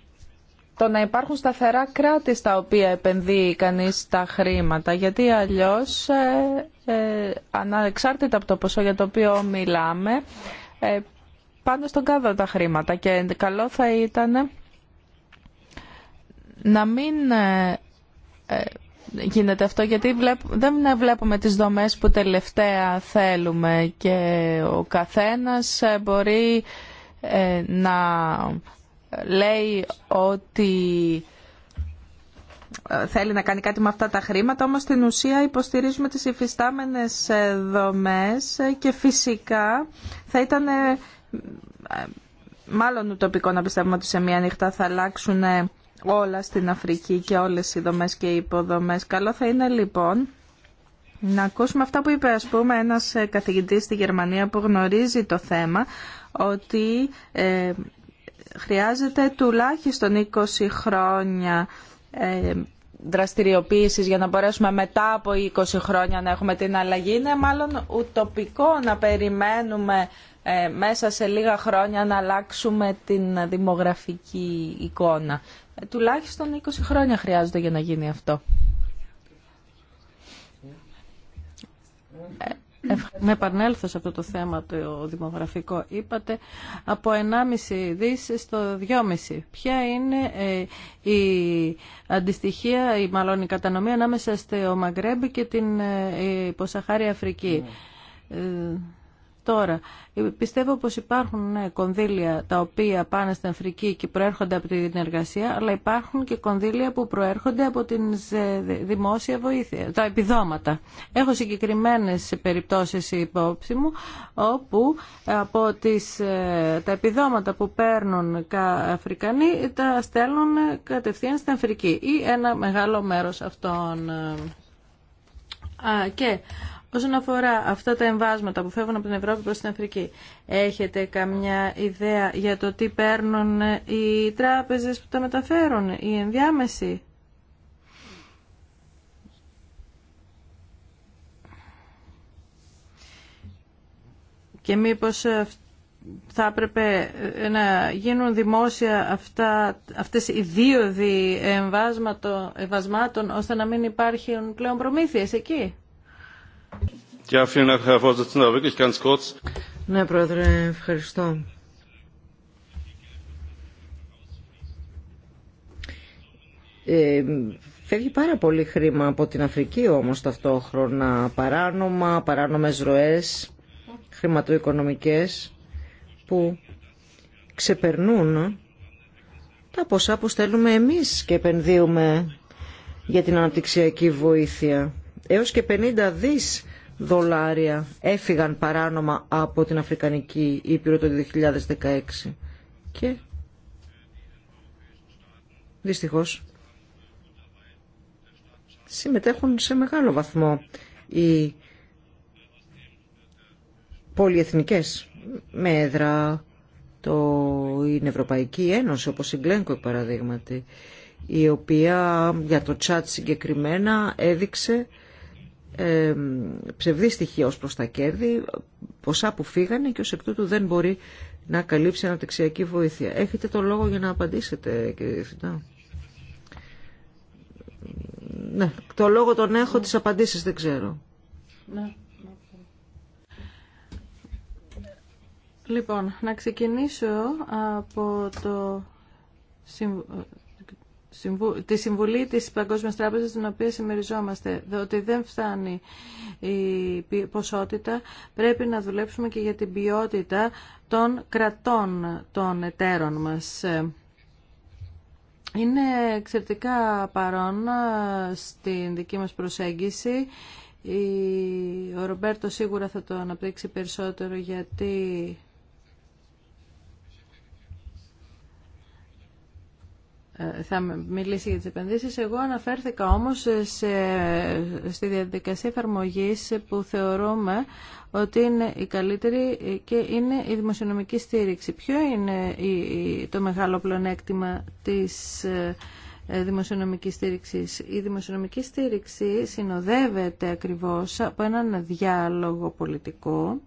το να υπάρχουν σταθερά κράτη στα οποία επενδύει κανείς τα χρήματα, γιατί αλλιώς ε, ε από το ποσό για το οποίο μιλάμε, ε, πάνω στον κάδο τα χρήματα και καλό θα ήταν να μην ε, ε, γίνεται αυτό γιατί δεν βλέπουμε τις δομές που τελευταία θέλουμε και ο καθένας μπορεί να λέει ότι ε, θέλει να κάνει κάτι με αυτά τα χρήματα, όμως στην ουσία υποστηρίζουμε τις υφιστάμενες ε, δομές ε, και φυσικά θα ήταν μάλλον ουτοπικό να πιστεύουμε ότι σε μία νύχτα θα αλλάξουν όλα στην Αφρική και όλες οι δομές και οι υποδομές. Καλό θα είναι λοιπόν να ακούσουμε αυτά που είπε ας πούμε ένας καθηγητής στη Γερμανία που γνωρίζει το θέμα ότι χρειάζεται τουλάχιστον 20 χρόνια ε, δραστηριοποίησης για να μπορέσουμε μετά από 20 χρόνια να έχουμε την αλλαγή. Είναι μάλλον ουτοπικό να περιμένουμε ε, μέσα σε λίγα χρόνια να αλλάξουμε την δημογραφική εικόνα. Ε, τουλάχιστον 20 χρόνια χρειάζεται για να γίνει αυτό. Να επανέλθω σε αυτό το θέμα το δημογραφικό. Είπατε από 1,5 δις στο 2,5. Ποια είναι ε, η αντιστοιχία η μάλλον η κατανομή ανάμεσα στο Μαγκρέμπ και την ε, Ποσαχάρη Αφρική. Ναι. Ε, Τώρα, ε, πιστεύω πως υπάρχουν ναι, κονδύλια τα οποία πάνε στην Αφρική και προέρχονται από την εργασία, αλλά υπάρχουν και κονδύλια που προέρχονται από την δημόσια βοήθεια, τα επιδόματα. Έχω συγκεκριμένες περιπτώσεις υπόψη μου, όπου από τις, ε, τα επιδόματα που παίρνουν Αφρικανοί τα στέλνουν κατευθείαν στην Αφρική ή ένα μεγάλο μέρος αυτών. Ε, και Όσον αφορά αυτά τα εμβάσματα που φεύγουν από την Ευρώπη προς την Αφρική, έχετε καμιά ιδέα για το τι παίρνουν οι τράπεζες που τα μεταφέρουν, οι ενδιάμεσοι. Και μήπως ε, θα έπρεπε ε, να γίνουν δημόσια αυτά, αυτές οι δίωδοι εμβάσματων, ώστε να μην υπάρχουν πλέον προμήθειες εκεί. Ναι, Πρόεδρε, ε, φεύγει πάρα πολύ χρήμα από την Αφρική όμως ταυτόχρονα παράνομα, παράνομες ροές, χρηματοοικονομικές που ξεπερνούν τα ποσά που στέλνουμε εμείς και επενδύουμε για την αναπτυξιακή βοήθεια έως και 50 δις δολάρια έφυγαν παράνομα από την Αφρικανική Ήπειρο το 2016. Και δυστυχώς συμμετέχουν σε μεγάλο βαθμό οι πολυεθνικές με έδρα το, την Ευρωπαϊκή Ένωση όπως η Γκλένκο παραδείγματι η οποία για το τσάτ συγκεκριμένα έδειξε ε, ψευδή στοιχεία ως προς τα κέρδη, ποσά που φύγανε και ως εκ τούτου δεν μπορεί να καλύψει αναπτυξιακή βοήθεια. Έχετε το λόγο για να απαντήσετε, κύριε Διευθυντά. Ναι, το λόγο τον έχω, τις απαντήσεις δεν ξέρω. Ναι. Λοιπόν, να ξεκινήσω από το τη συμβουλή της Παγκόσμιας Τράπεζας την οποία συμμεριζόμαστε ότι δεν φτάνει η ποσότητα πρέπει να δουλέψουμε και για την ποιότητα των κρατών των εταίρων μας. Είναι εξαιρετικά παρόν στην δική μας προσέγγιση. Ο Ρομπέρτο σίγουρα θα το αναπτύξει περισσότερο γιατί θα μιλήσει για τις επενδύσεις. Εγώ αναφέρθηκα όμως στη διαδικασία εφαρμογή που θεωρούμε ότι είναι η καλύτερη και είναι η δημοσιονομική στήριξη. Ποιο είναι το μεγάλο πλονέκτημα της ε, δημοσιονομικής στήριξης. Η δημοσιονομική στήριξη συνοδεύεται ακριβώς από έναν διάλογο πολιτικό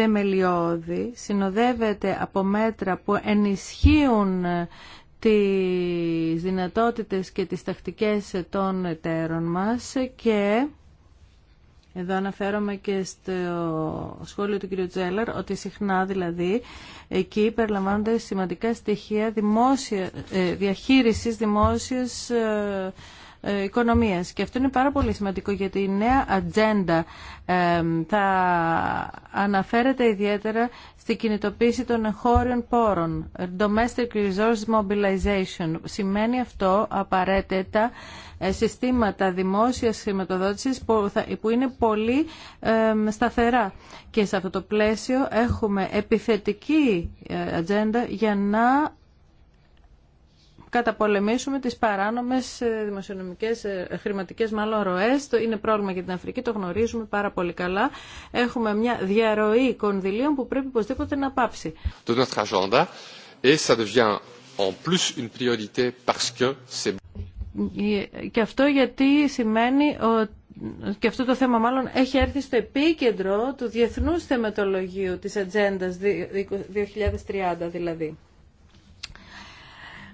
θεμελιώδη συνοδεύεται από μέτρα που ενισχύουν τις δυνατότητες και τις τακτικές των εταίρων μας και εδώ αναφέρομαι και στο σχόλιο του κ. Τζέλλαρ ότι συχνά δηλαδή εκεί περιλαμβάνονται σημαντικά στοιχεία δημόσια, ε, διαχείρισης δημόσιας ε, ε, οικονομίας. Και αυτό είναι πάρα πολύ σημαντικό γιατί η νέα ατζέντα θα αναφέρεται ιδιαίτερα στη κινητοποίηση των εγχώριων πόρων. Domestic Resource Mobilization. Σημαίνει αυτό απαραίτητα ε, συστήματα δημόσιας χρηματοδότησης που είναι πολύ σταθερά. Και σε αυτό το πλαίσιο έχουμε επιθετική ε, ατζέντα για να καταπολεμήσουμε τις παράνομες ε, δημοσιονομικές, ε, χρηματικές μάλλον ροές. Το είναι πρόβλημα για την Αφρική, το γνωρίζουμε πάρα πολύ καλά. Έχουμε μια διαρροή κονδυλίων που πρέπει οπωσδήποτε να πάψει. et ça devient en plus une priorité ε, και αυτό γιατί σημαίνει ότι και αυτό το θέμα μάλλον έχει έρθει στο επίκεντρο του διεθνούς θεματολογίου της Ατζέντα 2030 δηλαδή.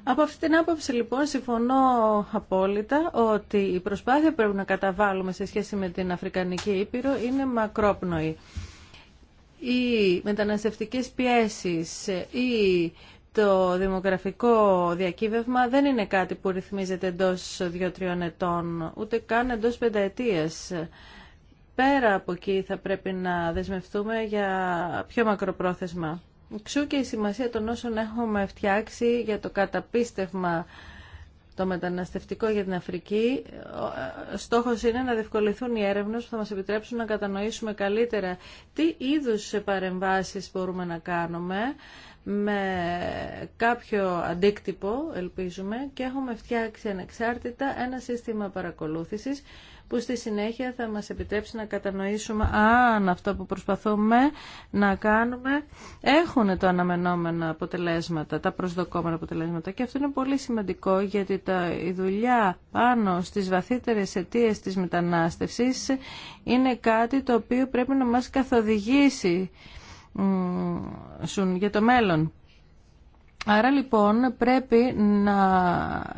Από αυτή την άποψη λοιπόν συμφωνώ απόλυτα ότι η προσπάθεια που πρέπει να καταβάλουμε σε σχέση με την Αφρικανική Ήπειρο είναι μακρόπνοη. Οι μεταναστευτικές πιέσεις ή το δημογραφικό διακύβευμα δεν είναι κάτι που ρυθμίζεται εντός 2-3 ετών, ούτε καν εντός πενταετίας. Πέρα από εκεί θα πρέπει να δεσμευτούμε για πιο μακροπρόθεσμα Ξού και η σημασία των όσων έχουμε φτιάξει για το καταπίστευμα το μεταναστευτικό για την Αφρική. Ε, στόχος είναι να διευκολυθούν οι έρευνες που θα μας επιτρέψουν να κατανοήσουμε καλύτερα τι είδους παρεμβάσεις μπορούμε να κάνουμε με κάποιο αντίκτυπο, ελπίζουμε, και έχουμε φτιάξει ανεξάρτητα ένα σύστημα παρακολούθησης που στη συνέχεια θα μας επιτρέψει να κατανοήσουμε αν αυτό που προσπαθούμε να κάνουμε έχουν το αναμενόμενα αποτελέσματα, τα προσδοκόμενα αποτελέσματα. Και αυτό είναι πολύ σημαντικό γιατί τα, η δουλειά πάνω στις βαθύτερες αιτίε της μετανάστευσης είναι κάτι το οποίο πρέπει να μας καθοδηγήσει για το μέλλον. Άρα λοιπόν πρέπει να,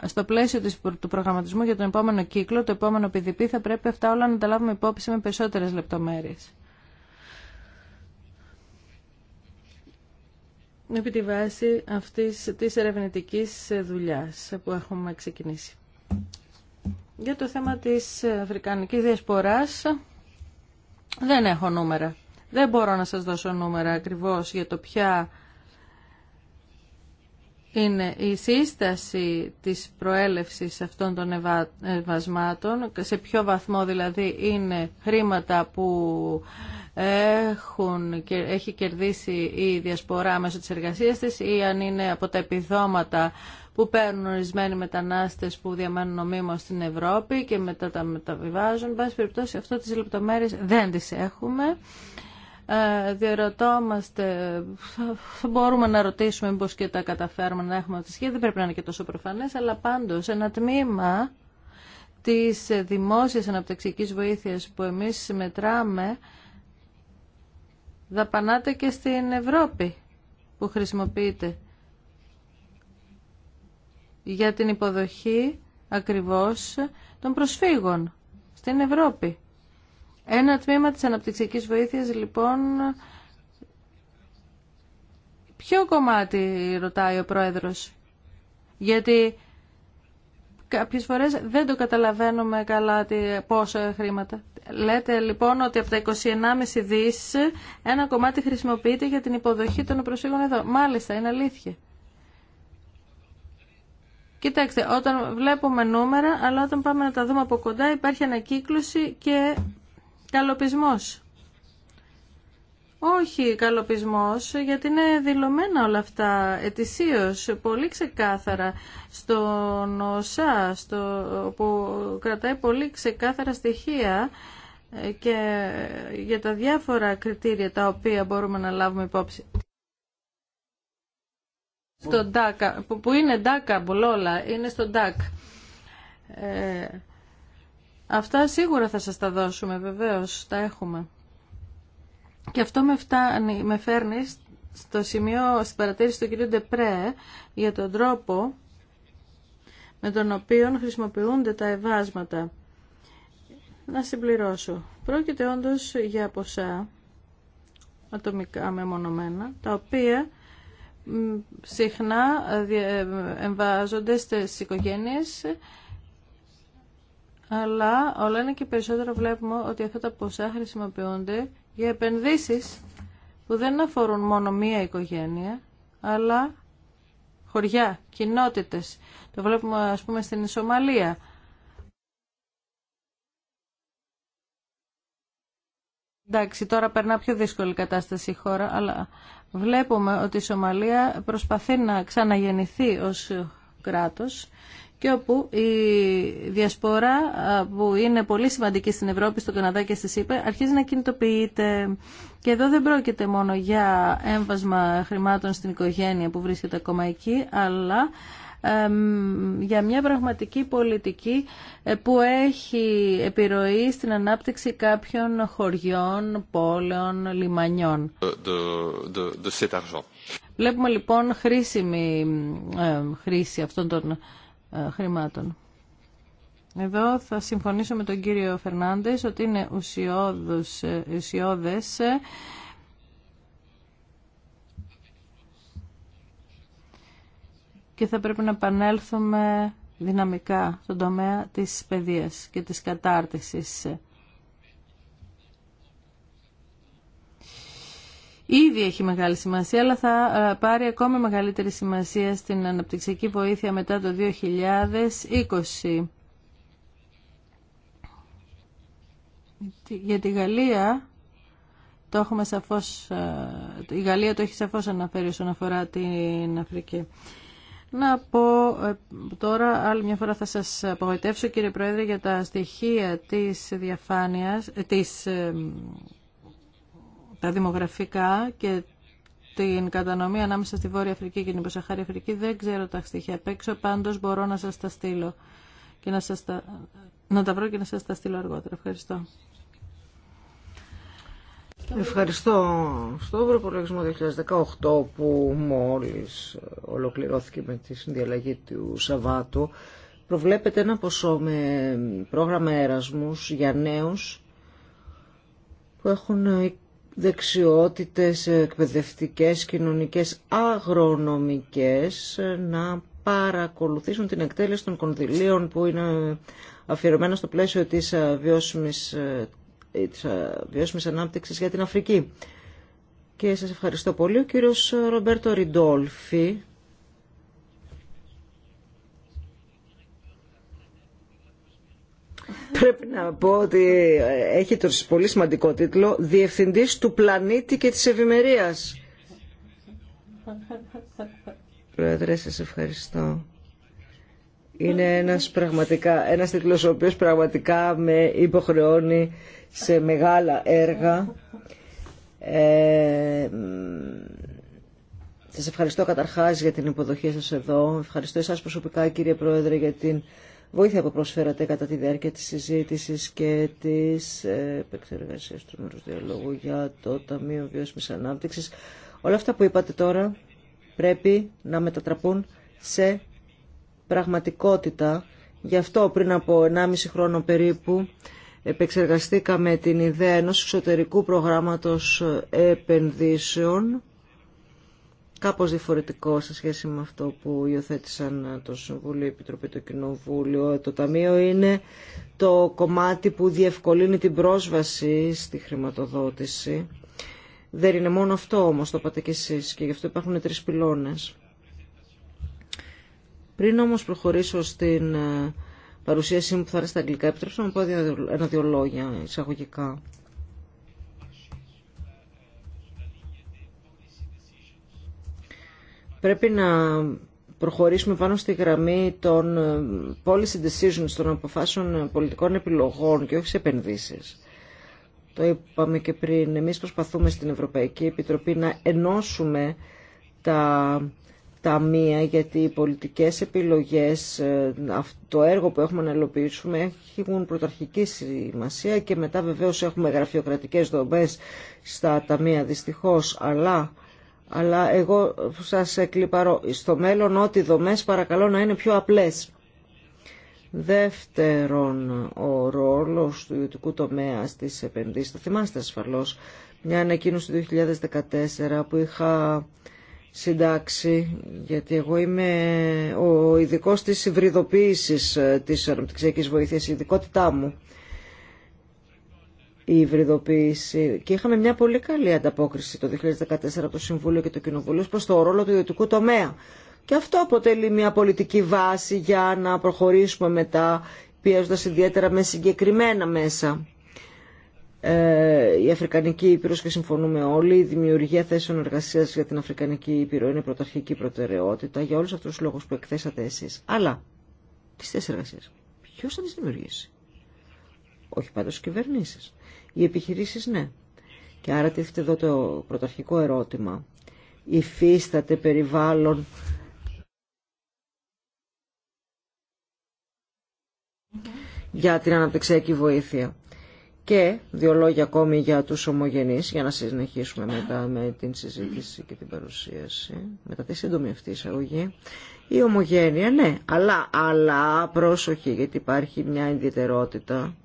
στο πλαίσιο του προγραμματισμού για τον επόμενο κύκλο, το επόμενο PDP, θα πρέπει αυτά όλα να τα λάβουμε υπόψη με περισσότερες λεπτομέρειες. Επί τη βάση αυτής της ερευνητικής δουλειάς που έχουμε ξεκινήσει. Για το θέμα της Αφρικανικής Διασποράς δεν έχω νούμερα. Δεν μπορώ να σας δώσω νούμερα ακριβώς για το ποια είναι η σύσταση της προέλευσης αυτών των ευασμάτων, σε ποιο βαθμό δηλαδή είναι χρήματα που έχουν, έχει κερδίσει η διασπορά μέσω της εργασίας της ή αν είναι από τα επιδόματα που παίρνουν ορισμένοι μετανάστες που διαμένουν νομίμω στην Ευρώπη και μετά τα μεταβιβάζουν. Εν περιπτώσει αυτό τις λεπτομέρειες δεν τις έχουμε. Ε, διερωτόμαστε, μπορούμε να ρωτήσουμε μήπως και τα καταφέρουμε να έχουμε αυτή τη δεν πρέπει να είναι και τόσο προφανές, αλλά πάντως ένα τμήμα της δημόσιας αναπτυξικής βοήθειας που εμείς συμμετράμε δαπανάται και στην Ευρώπη που χρησιμοποιείται για την υποδοχή ακριβώς των προσφύγων στην Ευρώπη. Ένα τμήμα της αναπτυξιακής βοήθειας λοιπόν Ποιο κομμάτι ρωτάει ο πρόεδρος. Γιατί κάποιες φορές δεν το καταλαβαίνουμε καλά πόσα χρήματα. Λέτε λοιπόν ότι από τα 21,5 δις ένα κομμάτι χρησιμοποιείται για την υποδοχή των προσφύγων εδώ. Μάλιστα, είναι αλήθεια. Κοιτάξτε, όταν βλέπουμε νούμερα, αλλά όταν πάμε να τα δούμε από κοντά υπάρχει ανακύκλωση και Καλοπισμός. Όχι καλοπισμός, γιατί είναι δηλωμένα όλα αυτά ετησίως, πολύ ξεκάθαρα στον ΩΣΑ, στο, που κρατάει πολύ ξεκάθαρα στοιχεία ε, και για τα διάφορα κριτήρια τα οποία μπορούμε να λάβουμε υπόψη. Στον που είναι DAC, Μπολόλα, είναι στο ντάκ. Ε, Αυτά σίγουρα θα σας τα δώσουμε, βεβαίως, τα έχουμε. Και αυτό με, φτάνει, με φέρνει στο σημείο, στην παρατήρηση του κ. Ντεπρέ, για τον τρόπο με τον οποίο χρησιμοποιούνται τα ευάσματα. Να συμπληρώσω. Πρόκειται όντως για ποσά ατομικά μεμονωμένα, τα οποία συχνά ε, ε, εμβάζονται στις οικογένειες αλλά όλα είναι και περισσότερο βλέπουμε ότι αυτά τα ποσά χρησιμοποιούνται για επενδύσεις που δεν αφορούν μόνο μία οικογένεια, αλλά χωριά, κοινότητες. Το βλέπουμε ας πούμε στην Σομαλία. Εντάξει, τώρα περνά πιο δύσκολη κατάσταση η χώρα, αλλά βλέπουμε ότι η Σομαλία προσπαθεί να ξαναγεννηθεί ως κράτος και όπου η διασπορά που είναι πολύ σημαντική στην Ευρώπη, στον Καναδά και στη ΗΠΑ, αρχίζει να κινητοποιείται. Και εδώ δεν πρόκειται μόνο για έμβασμα χρημάτων στην οικογένεια που βρίσκεται ακόμα εκεί, αλλά για μια πραγματική πολιτική ε, που έχει επιρροή στην ανάπτυξη κάποιων χωριών, πόλεων, λιμανιών. Βλέπουμε λοιπόν χρήσιμη χρήση αυτών των ε, χρημάτων. Εδώ θα συμφωνήσω με τον κύριο Φερνάντες ότι είναι ουσιώδους, ε, ουσιώδες ε, και θα πρέπει να επανέλθουμε δυναμικά στον τομέα της παιδείας και της κατάρτισης. ήδη έχει μεγάλη σημασία, αλλά θα ε, πάρει ακόμη μεγαλύτερη σημασία στην αναπτυξιακή βοήθεια μετά το 2020. Για τη Γαλλία, το έχουμε σαφώς, ε, η Γαλλία το έχει σαφώς αναφέρει όσον αφορά την Αφρική. Να πω ε, τώρα, άλλη μια φορά θα σας απογοητεύσω κύριε Πρόεδρε για τα στοιχεία της διαφάνειας, της τα δημογραφικά και την κατανομή ανάμεσα στη Βόρεια Αφρική και την Υποσαχάρη Αφρική δεν ξέρω τα στοιχεία απ' έξω, πάντως μπορώ να σας τα στείλω και να, σας τα... να τα βρω και να σας τα στείλω αργότερα. Ευχαριστώ. Ευχαριστώ. Στο προπολογισμό 2018 που μόλις ολοκληρώθηκε με τη συνδιαλλαγή του Σαββάτου προβλέπεται ένα ποσό με πρόγραμμα έρασμους για νέους που έχουν δεξιότητες εκπαιδευτικές, κοινωνικές, αγρονομικές να παρακολουθήσουν την εκτέλεση των κονδυλίων που είναι αφιερωμένα στο πλαίσιο της ε, βιώσιμης, ε, της ε, βιώσιμης ανάπτυξης για την Αφρική. Και σας ευχαριστώ πολύ. Ο κύριος Ρομπέρτο Ριντόλφη πρέπει να πω ότι έχει το πολύ σημαντικό τίτλο «Διευθυντής του πλανήτη και της ευημερία. Πρόεδρε, σας ευχαριστώ. Είναι ένας, πραγματικά, ένας τίτλος ο οποίος πραγματικά με υποχρεώνει σε μεγάλα έργα. Ε, σας ευχαριστώ καταρχάς για την υποδοχή σας εδώ. Ευχαριστώ εσάς προσωπικά κύριε Πρόεδρε για την βοήθεια που προσφέρατε κατά τη διάρκεια της συζήτησης και της ε, επεξεργασίας του μέρους διαλόγου για το Ταμείο Βιώσιμης Ανάπτυξης. Όλα αυτά που είπατε τώρα πρέπει να μετατραπούν σε πραγματικότητα. Γι' αυτό πριν από 1,5 χρόνο περίπου επεξεργαστήκαμε την ιδέα ενός εξωτερικού προγράμματος επενδύσεων κάπως διαφορετικό σε σχέση με αυτό που υιοθέτησαν το Συμβούλιο, η Επιτροπή, το Κοινοβούλιο. Το Ταμείο είναι το κομμάτι που διευκολύνει την πρόσβαση στη χρηματοδότηση. Δεν είναι μόνο αυτό όμως, το είπατε και εσείς, και γι' αυτό υπάρχουν τρεις πυλώνες. Πριν όμως προχωρήσω στην ε, παρουσίασή μου που θα έρθει στα αγγλικά, επιτρέψτε να πω ένα-δυο λόγια εισαγωγικά. Πρέπει να προχωρήσουμε πάνω στη γραμμή των ε, policy decisions, των αποφάσεων ε, πολιτικών επιλογών και όχι σε επενδύσεις. Το είπαμε και πριν, εμείς προσπαθούμε στην Ευρωπαϊκή Επιτροπή να ενώσουμε τα ταμεία γιατί οι πολιτικές επιλογές, ε, το έργο που έχουμε να έχει έχουν πρωταρχική σημασία και μετά βεβαίως έχουμε γραφειοκρατικές δομές στα ταμεία δυστυχώς, αλλά αλλά εγώ σας εκλυπαρώ. Στο μέλλον ό,τι δομές παρακαλώ να είναι πιο απλές. Δεύτερον, ο ρόλος του ιδιωτικού τομέα στις επενδύσεις. Θα θυμάστε ασφαλώς μια ανακοίνωση του 2014 που είχα συντάξει, γιατί εγώ είμαι ο ειδικό της υβριδοποίησης ε, της αναπτυξιακής βοήθειας, η ειδικότητά μου η υβριδοποίηση. Και είχαμε μια πολύ καλή ανταπόκριση το 2014 από το Συμβούλιο και το Κοινοβούλιο προς το ρόλο του ιδιωτικού τομέα. Και αυτό αποτελεί μια πολιτική βάση για να προχωρήσουμε μετά πιέζοντας ιδιαίτερα με συγκεκριμένα μέσα. Ε, η Αφρικανική Ήπειρος και συμφωνούμε όλοι, η δημιουργία θέσεων εργασίας για την Αφρικανική Ήπειρο είναι πρωταρχική προτεραιότητα για όλους αυτούς τους λόγους που εκθέσατε εσείς. Αλλά τις θέσεις εργασία. Ποιο θα τις δημιουργήσει. Όχι πάντως οι κυβερνήσεις. Οι επιχειρήσει, ναι. Και άρα τίθεται εδώ το πρωταρχικό ερώτημα. Υφίσταται περιβάλλον για την αναπτυξιακή βοήθεια. Και δύο λόγια ακόμη για τους ομογενείς, για να συνεχίσουμε μετά με την συζήτηση και την παρουσίαση, μετά τη σύντομη αυτή εισαγωγή. Η ομογένεια, ναι, αλλά, αλλά πρόσοχη, γιατί υπάρχει μια ιδιαιτερότητα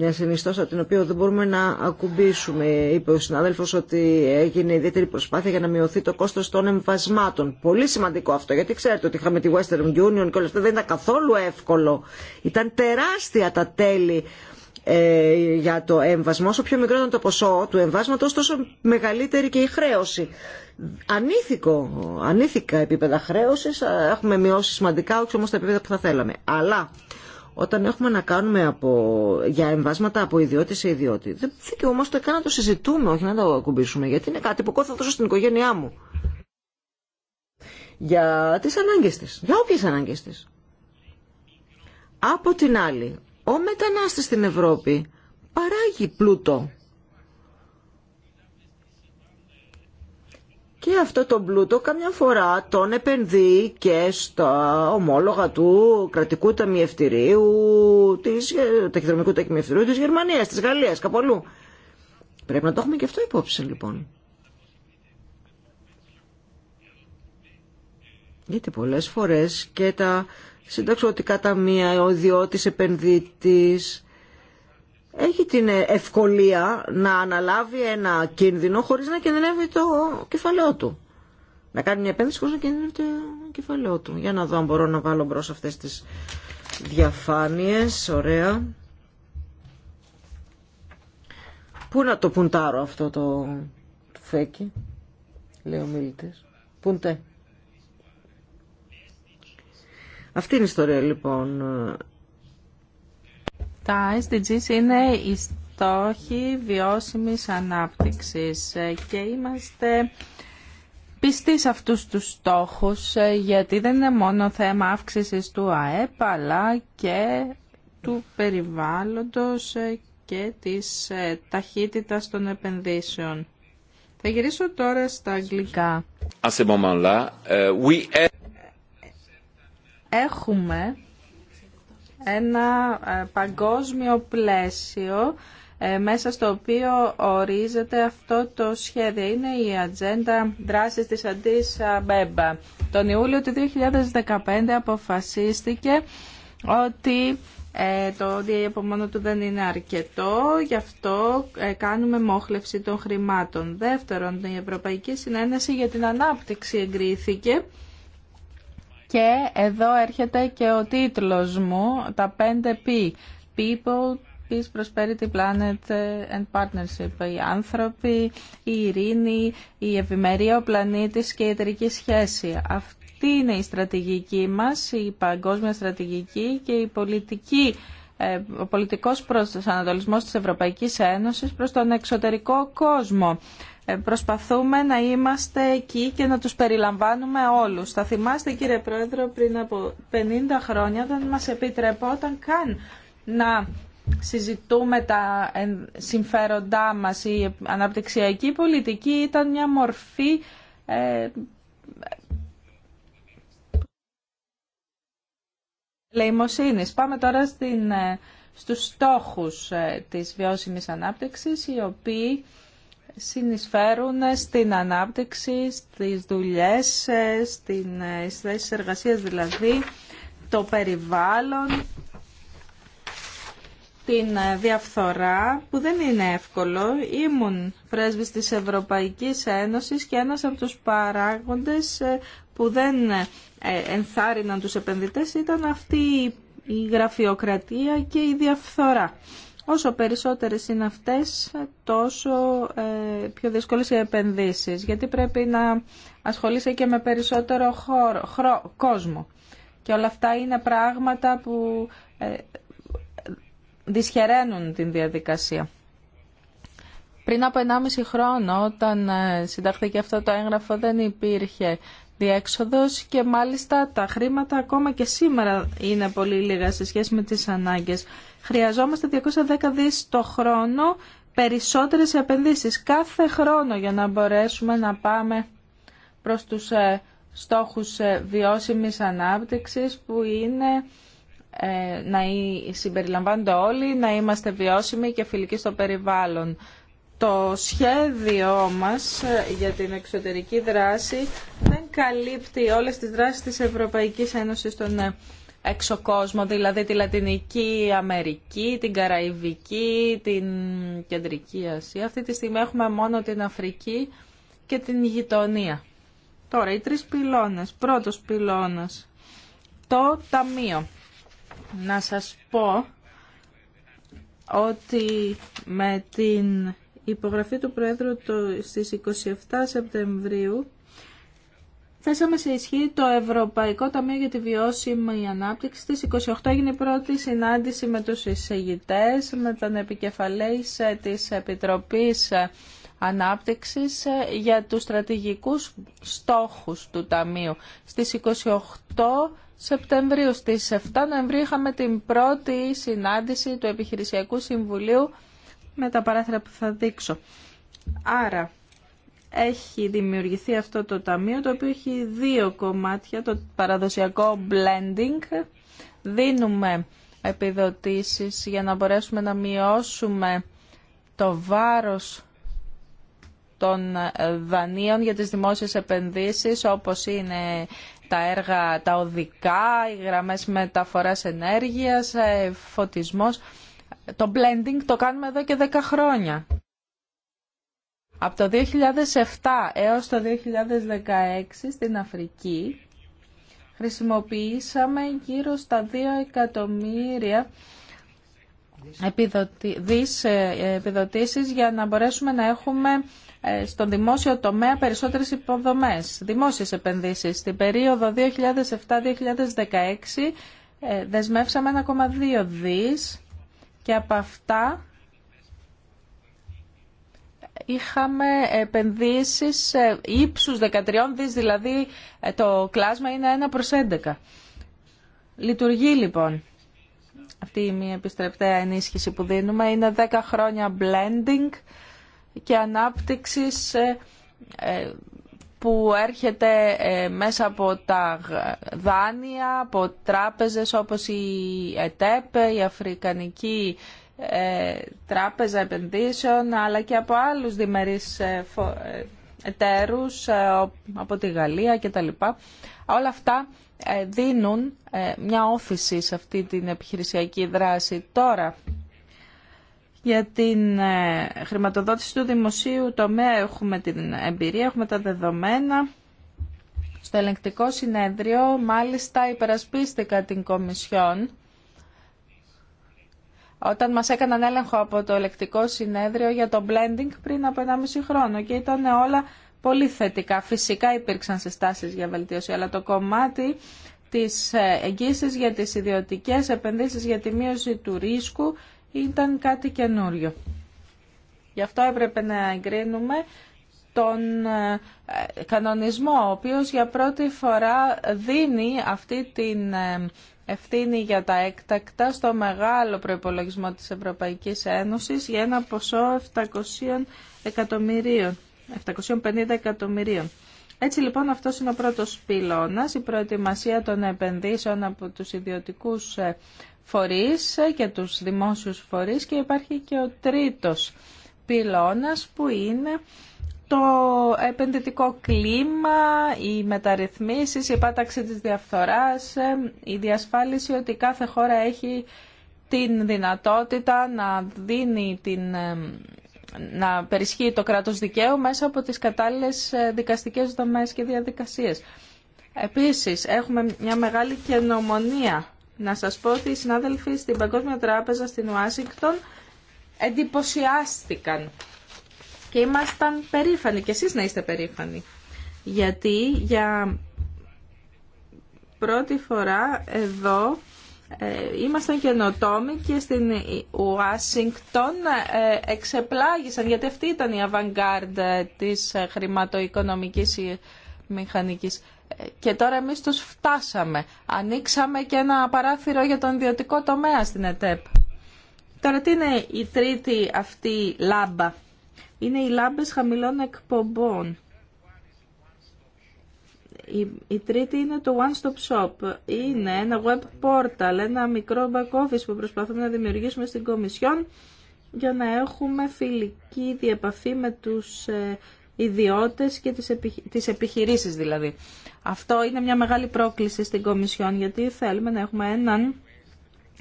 μια συνιστόσα την οποία δεν μπορούμε να ακουμπήσουμε. Είπε ο συνάδελφο ότι έγινε ιδιαίτερη προσπάθεια για να μειωθεί το κόστο των εμβασμάτων. Πολύ σημαντικό αυτό, γιατί ξέρετε ότι είχαμε τη Western Union και όλα αυτά δεν ήταν καθόλου εύκολο. Ήταν τεράστια τα τέλη ε, για το έμβασμα. Όσο πιο μικρό ήταν το ποσό του εμβάσματο, τόσο μεγαλύτερη και η χρέωση. Ανήθικο, ανήθικα επίπεδα χρέωση. Έχουμε μειώσει σημαντικά, όχι όμω τα επίπεδα που θα θέλαμε. Αλλά όταν έχουμε να κάνουμε από, για εμβάσματα από ιδιώτη σε ιδιώτη. Δεν το καν να το συζητούμε, όχι να το ακουμπήσουμε, γιατί είναι κάτι που εγώ θα δώσω στην οικογένειά μου. Για τις ανάγκες της, για όποιες ανάγκες της. Από την άλλη, ο μετανάστης στην Ευρώπη παράγει πλούτο και αυτό το πλούτο καμιά φορά τον επενδύει και στα ομόλογα του κρατικού ταμιευτηρίου, της, ε, ταχυδρομικού ταμιευτηρίου της Γερμανίας, της Γαλλίας, κάπου Πρέπει να το έχουμε και αυτό υπόψη λοιπόν. Γιατί πολλές φορές και τα συνταξιωτικά ταμεία, ο ιδιώτης επενδύτης, έχει την ευκολία να αναλάβει ένα κίνδυνο χωρίς να κινδυνεύει το κεφαλαίο του. Να κάνει μια επένδυση χωρίς να κινδυνεύει το κεφαλαίο του. Για να δω αν μπορώ να βάλω μπρος αυτές τις διαφάνειες. Ωραία. Πού να το πουντάρω αυτό το, φέκι, λέει ο Πούντε. Αυτή είναι η ιστορία λοιπόν τα SDGs είναι οι στόχοι βιώσιμης ανάπτυξης ε, και είμαστε πιστοί σε αυτούς τους στόχους ε, γιατί δεν είναι μόνο θέμα αύξησης του ΑΕΠ αλλά και του περιβάλλοντος ε, και της ταχύτητας των επενδύσεων. Θα γυρίσω τώρα στα αγγλικά. Euh, Έχουμε ένα ε, παγκόσμιο πλαίσιο ε, μέσα στο οποίο ορίζεται αυτό το σχέδιο. Είναι η ατζέντα δράσης της Αντίς Μπέμπα. Τον Ιούλιο του 2015 αποφασίστηκε ότι ε, το όντι από μόνο του δεν είναι αρκετό, γι' αυτό κάνουμε μόχλευση των χρημάτων. Δεύτερον, η Ευρωπαϊκή Συνένεση για την Ανάπτυξη εγκρίθηκε και εδώ έρχεται και ο τίτλος μου, τα 5 P. People, Peace, Prosperity, Planet and Partnership. Οι άνθρωποι, η ειρήνη, η ευημερία, ο πλανήτης και η εταιρική σχέση. Αυτή είναι η στρατηγική μας, η παγκόσμια στρατηγική και η πολιτική ε, ο πολιτικός προσανατολισμός της Ευρωπαϊκής Ένωσης προς τον εξωτερικό κόσμο. Ε, προσπαθούμε να είμαστε εκεί και να τους περιλαμβάνουμε όλους. Θα θυμάστε κύριε Πρόεδρο πριν από 50 χρόνια δεν μας επιτρεπόταν καν να συζητούμε τα συμφέροντά μας. Η αναπτυξιακή πολιτική ήταν μια μορφή ε, Πάμε τώρα στην, ε, στους στόχους ε, της βιώσιμης ανάπτυξης, οι οποίοι συνεισφέρουν στην ανάπτυξη, στις δουλειές, ε, στις θέση εργασίας δηλαδή, το περιβάλλον, την ε, διαφθορά που δεν είναι εύκολο. Ήμουν πρέσβης της Ευρωπαϊκής Ένωσης και ένας από τους παράγοντες ε, που δεν ενθάρρυναν τους επενδυτές ήταν αυτή η γραφειοκρατία και η διαφθορά. Όσο περισσότερες είναι αυτές, τόσο ε, πιο δύσκολες οι επενδύσεις, γιατί πρέπει να ασχολείσαι και με περισσότερο χώρο, κόσμο. Και όλα αυτά είναι πράγματα που ε, δυσχεραίνουν την διαδικασία. Πριν από 1,5 χρόνο, όταν ε, συντάχθηκε αυτό το έγγραφο, δεν υπήρχε διέξοδος και μάλιστα τα χρήματα ακόμα και σήμερα είναι πολύ λίγα σε σχέση με τις ανάγκες. Χρειαζόμαστε 210 δις το χρόνο περισσότερες επενδύσεις κάθε χρόνο για να μπορέσουμε να πάμε προς τους ε, στόχους ε, βιώσιμης ανάπτυξης που είναι ε, να συμπεριλαμβάνονται όλοι, να είμαστε βιώσιμοι και φιλικοί στο περιβάλλον το σχέδιό μας ε, για την εξωτερική δράση δεν καλύπτει όλες τις δράσεις της Ευρωπαϊκής Ένωσης στον εξωκόσμο, δηλαδή τη Λατινική Αμερική, την Καραϊβική, την Κεντρική Ασία. Αυτή τη στιγμή έχουμε μόνο την Αφρική και την γειτονία. Τώρα, οι τρεις πυλώνες. Πρώτος πυλώνας, το Ταμείο. Να σας πω ότι με την η υπογραφή του Προέδρου το, στις 27 Σεπτεμβρίου θέσαμε σε ισχύ το Ευρωπαϊκό Ταμείο για τη Βιώσιμη Ανάπτυξη. Στις 28 έγινε η πρώτη συνάντηση με τους εισηγητές, με τον επικεφαλής ε, της Επιτροπής ε, Ανάπτυξης ε, για τους στρατηγικούς στόχους του Ταμείου. Στις 28 Σεπτεμβρίου, στις 7 Νοεμβρίου είχαμε την πρώτη συνάντηση του Επιχειρησιακού Συμβουλίου με τα παράθυρα που θα δείξω. Άρα, έχει δημιουργηθεί αυτό το ταμείο, το οποίο έχει δύο κομμάτια, το παραδοσιακό blending. Δίνουμε επιδοτήσεις για να μπορέσουμε να μειώσουμε το βάρος των ε, δανείων για τις δημόσιες επενδύσεις όπως είναι τα έργα τα οδικά, οι γραμμές μεταφοράς ενέργειας, ε, φωτισμός το blending το κάνουμε εδώ και 10 χρόνια. Από το 2007 έως το 2016 στην Αφρική χρησιμοποιήσαμε γύρω στα 2 εκατομμύρια ε, επιδοτήσεις για να μπορέσουμε να έχουμε ε, στον δημόσιο τομέα περισσότερες υποδομές, δημόσιες επενδύσεις. Στην περίοδο 2007-2016 ε, δεσμεύσαμε 1,2 δις και από αυτά είχαμε επενδύσεις ύψους 13 δις, δηλαδή ε, το κλάσμα είναι 1 προς 11. Λειτουργεί λοιπόν αυτή η μη επιστρεπτέα ενίσχυση που δίνουμε. Είναι 10 χρόνια blending και ανάπτυξης που έρχεται ε, μέσα από τα δάνεια, από τράπεζες όπως η ΕΤΕΠ, η Αφρικανική ε, Τράπεζα Επενδύσεων, αλλά και από άλλους διμερείς ε, εταίρους, από τη Γαλλία κτλ. Όλα αυτά δίνουν μια όθηση σε αυτή την επιχειρησιακή δράση τώρα. Για την ε, χρηματοδότηση του δημοσίου τομέα έχουμε την εμπειρία, έχουμε τα δεδομένα. Στο ελεγκτικό συνέδριο μάλιστα υπερασπίστηκα την Κομισιόν όταν μας έκαναν έλεγχο από το ελεκτικό συνέδριο για το blending πριν από 1,5 χρόνο και ήταν όλα πολύ θετικά. Φυσικά υπήρξαν συστάσεις για βελτίωση, αλλά το κομμάτι της ε, εγγύησης για τις ιδιωτικές επενδύσεις για τη μείωση του ρίσκου ήταν κάτι καινούριο. Γι' αυτό έπρεπε να εγκρίνουμε τον ε, κανονισμό, ο οποίος για πρώτη φορά δίνει αυτή την ε, ευθύνη για τα έκτακτα στο μεγάλο προϋπολογισμό της Ευρωπαϊκής Ένωσης για ένα ποσό 700 εκατομμυρίων, 750 εκατομμυρίων. Έτσι λοιπόν αυτό είναι ο πρώτος πυλώνας, η προετοιμασία των επενδύσεων από τους ιδιωτικούς ε, φορείς και τους δημόσιους φορείς και υπάρχει και ο τρίτος πυλώνας που είναι το επενδυτικό κλίμα, οι μεταρρυθμίσεις, η πατάξη της διαφθοράς, η διασφάλιση ότι κάθε χώρα έχει την δυνατότητα να δίνει την να περισχύει το κράτος δικαίου μέσα από τις κατάλληλες δικαστικές δομές και διαδικασίες. Επίσης, έχουμε μια μεγάλη καινομονία να σας πω ότι οι συνάδελφοι στην Παγκόσμια Τράπεζα στην Ουάσιγκτον εντυπωσιάστηκαν και ήμασταν περήφανοι και εσείς να είστε περήφανοι γιατί για πρώτη φορά εδώ ε, ήμασταν καινοτόμοι και στην Ουάσιγκτον ε, εξεπλάγησαν γιατί αυτή ήταν η αβανγκάρντ ε, της χρηματοοικονομικής μηχανικής και τώρα εμείς τους φτάσαμε. Ανοίξαμε και ένα παράθυρο για τον ιδιωτικό τομέα στην ΕΤΕΠ. Τώρα τι είναι η τρίτη αυτή λάμπα. Είναι οι λάμπες χαμηλών εκπομπών. Η, η τρίτη είναι το One Stop Shop. Είναι ένα web portal, ένα μικρό back office που προσπαθούμε να δημιουργήσουμε στην Κομισιόν για να έχουμε φιλική διεπαφή με τους ε, ιδιώτες και τις, τις επιχειρήσεις δηλαδή. Αυτό είναι μια μεγάλη πρόκληση στην Κομισιόν γιατί θέλουμε να έχουμε έναν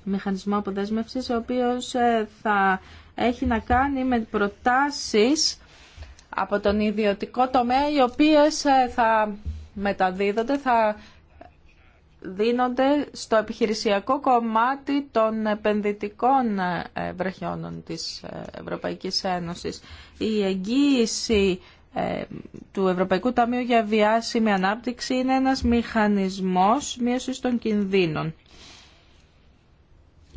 μηχανισμό αποδέσμευσης ο οποίος ε, θα έχει να κάνει με προτάσεις από τον ιδιωτικό τομέα οι οποίες ε, θα μεταδίδονται, θα δίνονται στο επιχειρησιακό κομμάτι των επενδυτικών ε, βραχιώνων της Ευρωπαϊκής Ένωσης. Η εγγύηση ε, του Ευρωπαϊκού Ταμείου για Διάσημη Ανάπτυξη είναι ένας μηχανισμός μείωσης των κινδύνων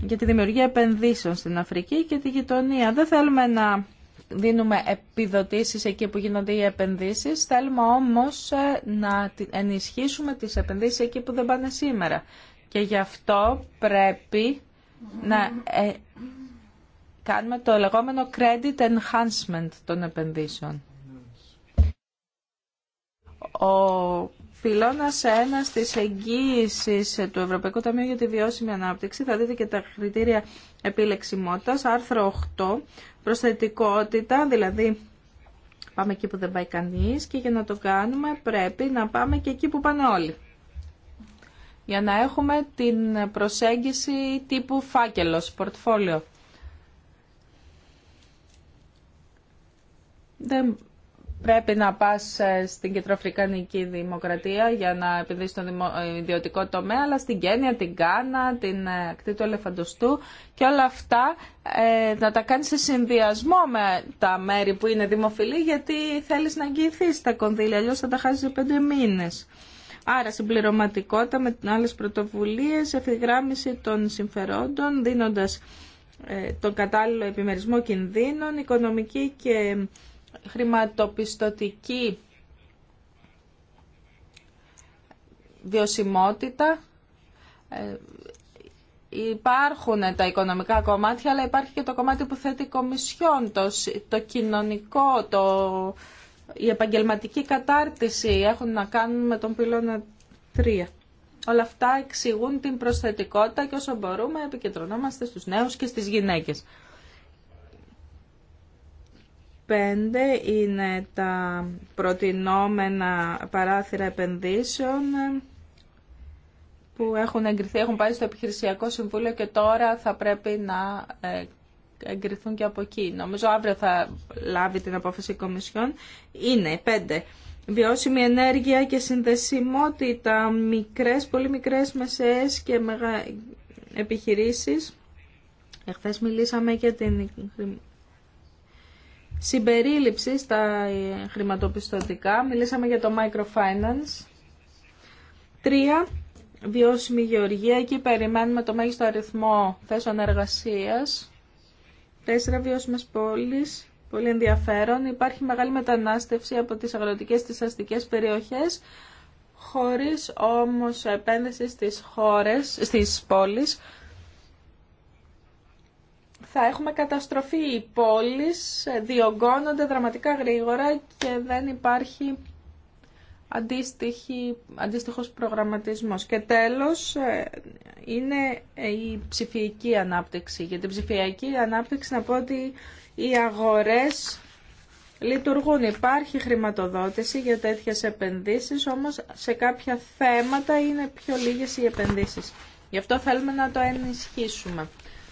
για τη δημιουργία επενδύσεων στην Αφρική και τη γειτονία. Δεν θέλουμε να δίνουμε επιδοτήσεις εκεί που γίνονται οι επενδύσεις, θέλουμε όμως ε, να ενισχύσουμε τις επενδύσεις εκεί που δεν πάνε σήμερα. Και γι' αυτό πρέπει να ε, κάνουμε το λεγόμενο credit enhancement των επενδύσεων. Ο πυλώνας 1 στις εγγύησης του Ευρωπαϊκού Ταμείου για τη Βιώσιμη Ανάπτυξη, θα δείτε και τα κριτήρια επιλεξιμότητας, άρθρο 8, προσθετικότητα, δηλαδή πάμε εκεί που δεν πάει κανείς και για να το κάνουμε πρέπει να πάμε και εκεί που πάνε όλοι. Για να έχουμε την προσέγγιση τύπου φάκελος, πορτφόλιο. Δεν πρέπει να πας ε, στην κεντροαφρικανική δημοκρατία για να επενδύσεις στον ε, ιδιωτικό τομέα, αλλά στην Κένια, την Κάνα, την ε, ακτή του Ελεφαντοστού και όλα αυτά να τα κάνεις σε συνδυασμό με τα μέρη που είναι δημοφιλή γιατί θέλεις να εγγυηθεί τα κονδύλια, αλλιώς θα τα χάσεις σε πέντε μήνες. Άρα συμπληρωματικότητα με άλλες πρωτοβουλίες, ευθυγράμμιση των συμφερόντων, δίνοντας τον κατάλληλο επιμερισμό κινδύνων, οικονομική και χρηματοπιστωτική βιωσιμότητα. Ε, υπάρχουν τα οικονομικά κομμάτια, αλλά υπάρχει και το κομμάτι που θέτει Κομισιόν, το, κοινωνικό, το, η επαγγελματική κατάρτιση έχουν να κάνουν με τον πυλώνα 3. Όλα αυτά εξηγούν την προσθετικότητα και όσο μπορούμε επικεντρωνόμαστε στους νέους και στις γυναίκες είναι τα προτινόμενα παράθυρα επενδύσεων που έχουν εγκριθεί, έχουν πάει στο Επιχειρησιακό Συμβούλιο και τώρα θα πρέπει να ε, εγκριθούν και από εκεί. Νομίζω αύριο θα λάβει την απόφαση η Κομισιόν. Είναι πέντε. Βιώσιμη ενέργεια και συνδεσιμότητα, μικρές, πολύ μικρές, μεσαίες και μεγα... επιχειρήσεις. Εχθές μιλήσαμε για την συμπερίληψη στα χρηματοπιστωτικά. Μιλήσαμε για το microfinance. Τρία, βιώσιμη γεωργία. Εκεί περιμένουμε το μέγιστο αριθμό θέσεων εργασίας. Τέσσερα, βιώσιμες πόλεις. Πολύ ενδιαφέρον. Υπάρχει μεγάλη μετανάστευση από τις αγροτικές στις αστικές περιοχές, χωρίς όμως επένδυση στις χώρες, στις πόλεις θα έχουμε καταστροφή. Οι πόλεις διωγγώνονται δραματικά γρήγορα και δεν υπάρχει αντίστοιχη, αντίστοιχος προγραμματισμός. Και τέλος ε, είναι η ψηφιακή ανάπτυξη. Για την ψηφιακή ανάπτυξη να πω ότι οι αγορές λειτουργούν. Υπάρχει χρηματοδότηση για τέτοιες επενδύσεις, όμως σε κάποια θέματα είναι πιο λίγες οι επενδύσεις. Γι' αυτό θέλουμε να το ενισχύσουμε.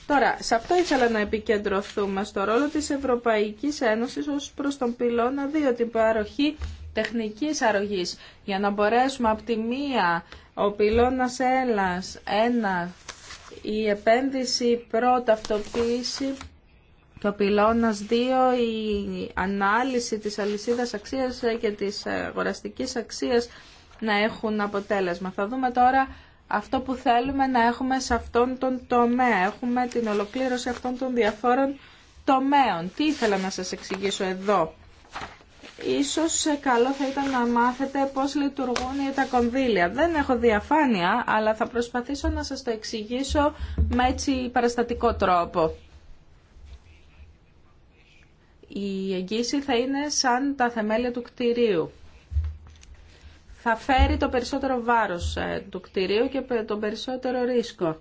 Τώρα, σε αυτό ήθελα να επικεντρωθούμε, στο ρόλο της Ευρωπαϊκής Ένωσης ως προς τον πυλώνα 2, την παροχή τεχνικής αρρωγής, για να μπορέσουμε από τη μία ο πυλώνας Έλλας ένα, η επένδυση πρώτα αυτοποίηση το ο πυλώνας 2, η ανάλυση της αλυσίδας αξίας και της αγοραστικής αξίας να έχουν αποτέλεσμα. Θα δούμε τώρα αυτό που θέλουμε να έχουμε σε αυτόν τον τομέα. Έχουμε την ολοκλήρωση αυτών των διαφόρων τομέων. Τι ήθελα να σας εξηγήσω εδώ. Ίσως ε, καλό θα ήταν να μάθετε πώς λειτουργούν τα κονδύλια. Δεν έχω διαφάνεια, αλλά θα προσπαθήσω να σας το εξηγήσω με έτσι παραστατικό τρόπο. Η εγγύηση θα είναι σαν τα θεμέλια του κτηρίου θα φέρει το περισσότερο βάρος ε, του κτηρίου και το περισσότερο ρίσκο.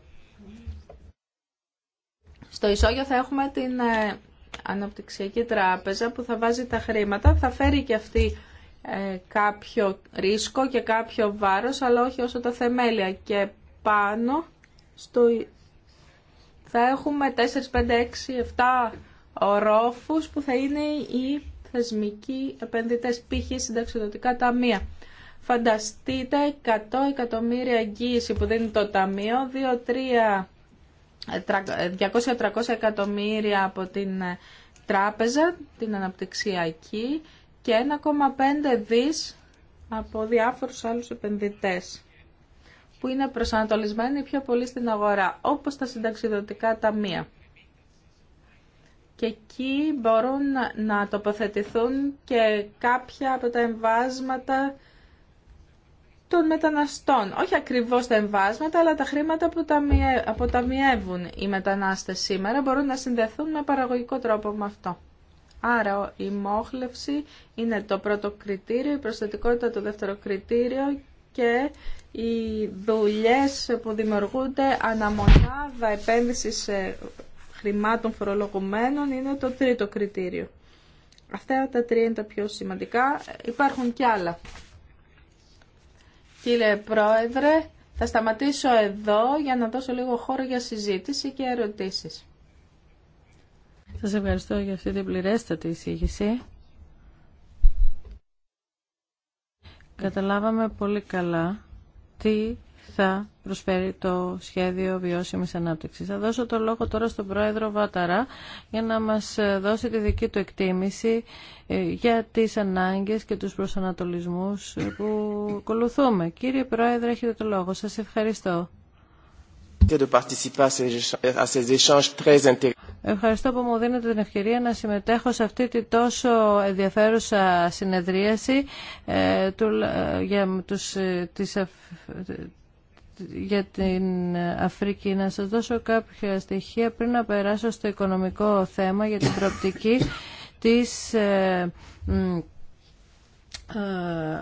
Στο ισόγειο θα έχουμε την ε, αναπτυξιακή τράπεζα που θα βάζει τα χρήματα. Θα φέρει και αυτή ε, κάποιο ρίσκο και κάποιο βάρος, αλλά όχι όσο τα θεμέλια. Και πάνω στο... θα έχουμε 4, 5, 6, 7 ορόφους που θα είναι οι θεσμικοί επενδυτές, π.χ. συνταξιδοτικά ταμεία. Φανταστείτε 100 εκατομμύρια εγγύηση που δίνει το Ταμείο, 200-300 ε, ε, εκατομμύρια από την ε, Τράπεζα, την Αναπτυξιακή και 1,5 δις από διάφορους άλλους επενδυτές που είναι προσανατολισμένοι πιο πολύ στην αγορά, όπως τα συνταξιδοτικά ταμεία. Και εκεί μπορούν να τοποθετηθούν και κάποια από τα εμβάσματα των μεταναστών. Όχι ακριβώς τα εμβάσματα, αλλά τα χρήματα που αποταμιεύουν οι μετανάστες σήμερα μπορούν να συνδεθούν με παραγωγικό τρόπο με αυτό. Άρα η μόχλευση είναι το πρώτο κριτήριο, η προσθετικότητα το δεύτερο κριτήριο και οι δουλειές που δημιουργούνται αναμονάδα επένδυσης χρημάτων φορολογουμένων είναι το τρίτο κριτήριο. Αυτά τα τρία είναι τα πιο σημαντικά. Υπάρχουν και άλλα. Κύριε Πρόεδρε, θα σταματήσω εδώ για να δώσω λίγο χώρο για συζήτηση και ερωτήσεις. Σας ευχαριστώ για αυτή την πληρέστατη εισήγηση. Καταλάβαμε πολύ καλά τι θα προσφέρει το σχέδιο βιώσιμης ανάπτυξης. Θα δώσω το λόγο τώρα στον Πρόεδρο Βάταρα για να μας δώσει τη δική του εκτίμηση ε, για τις ανάγκες και τους προσανατολισμούς που ακολουθούμε. Κύριε Πρόεδρε, έχετε το λόγο. Σας ευχαριστώ. Ευχαριστώ που μου δίνετε την ευκαιρία να συμμετέχω σε αυτή τη τόσο ενδιαφέρουσα συνεδρίαση ε, για τους, ε, τις, για την Αφρική. Να σας δώσω κάποια στοιχεία πριν να περάσω στο οικονομικό θέμα για την προοπτική της ε,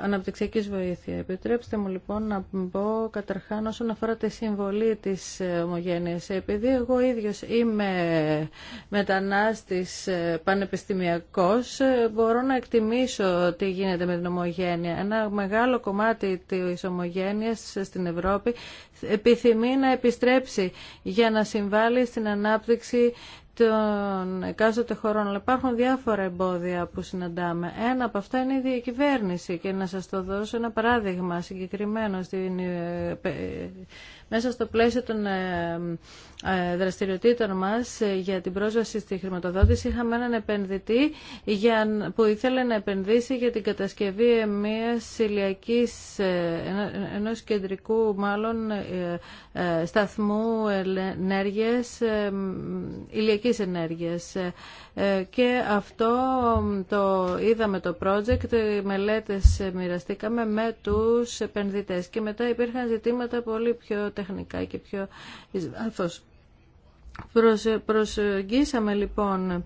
αναπτυξιακής βοήθεια. Επιτρέψτε μου λοιπόν να πω καταρχά όσον αφορά τη συμβολή της ε, ομογένειας. Επειδή εγώ ίδιος είμαι μετανάστης ε, πανεπιστημιακός, ε, μπορώ να εκτιμήσω τι γίνεται με την ομογένεια. Ένα μεγάλο κομμάτι της ομογένειας στην Ευρώπη επιθυμεί να επιστρέψει για να συμβάλλει στην ανάπτυξη των εκάστοτε χωρών. Αλλά υπάρχουν διάφορα εμπόδια που συναντάμε. Ένα από αυτά είναι η διακυβέρνηση. Και να σας το δώσω ένα παράδειγμα συγκεκριμένο. Στην, ε, ε, μέσα στο πλαίσιο των ε, ε, δραστηριοτήτων μας ε, για την πρόσβαση στη χρηματοδότηση είχαμε έναν επενδυτή για, που ήθελε να επενδύσει για την κατασκευή μιας ηλιακής, ε, ενός κεντρικού μάλλον σταθμού ενέργειας, ηλιακής ενέργειας. Και αυτό το είδαμε το project, οι μελέτες μοιραστήκαμε με τους επενδυτές και μετά υπήρχαν ζητήματα πολύ πιο τεχνικά και πιο εις προσεγγίσαμε λοιπόν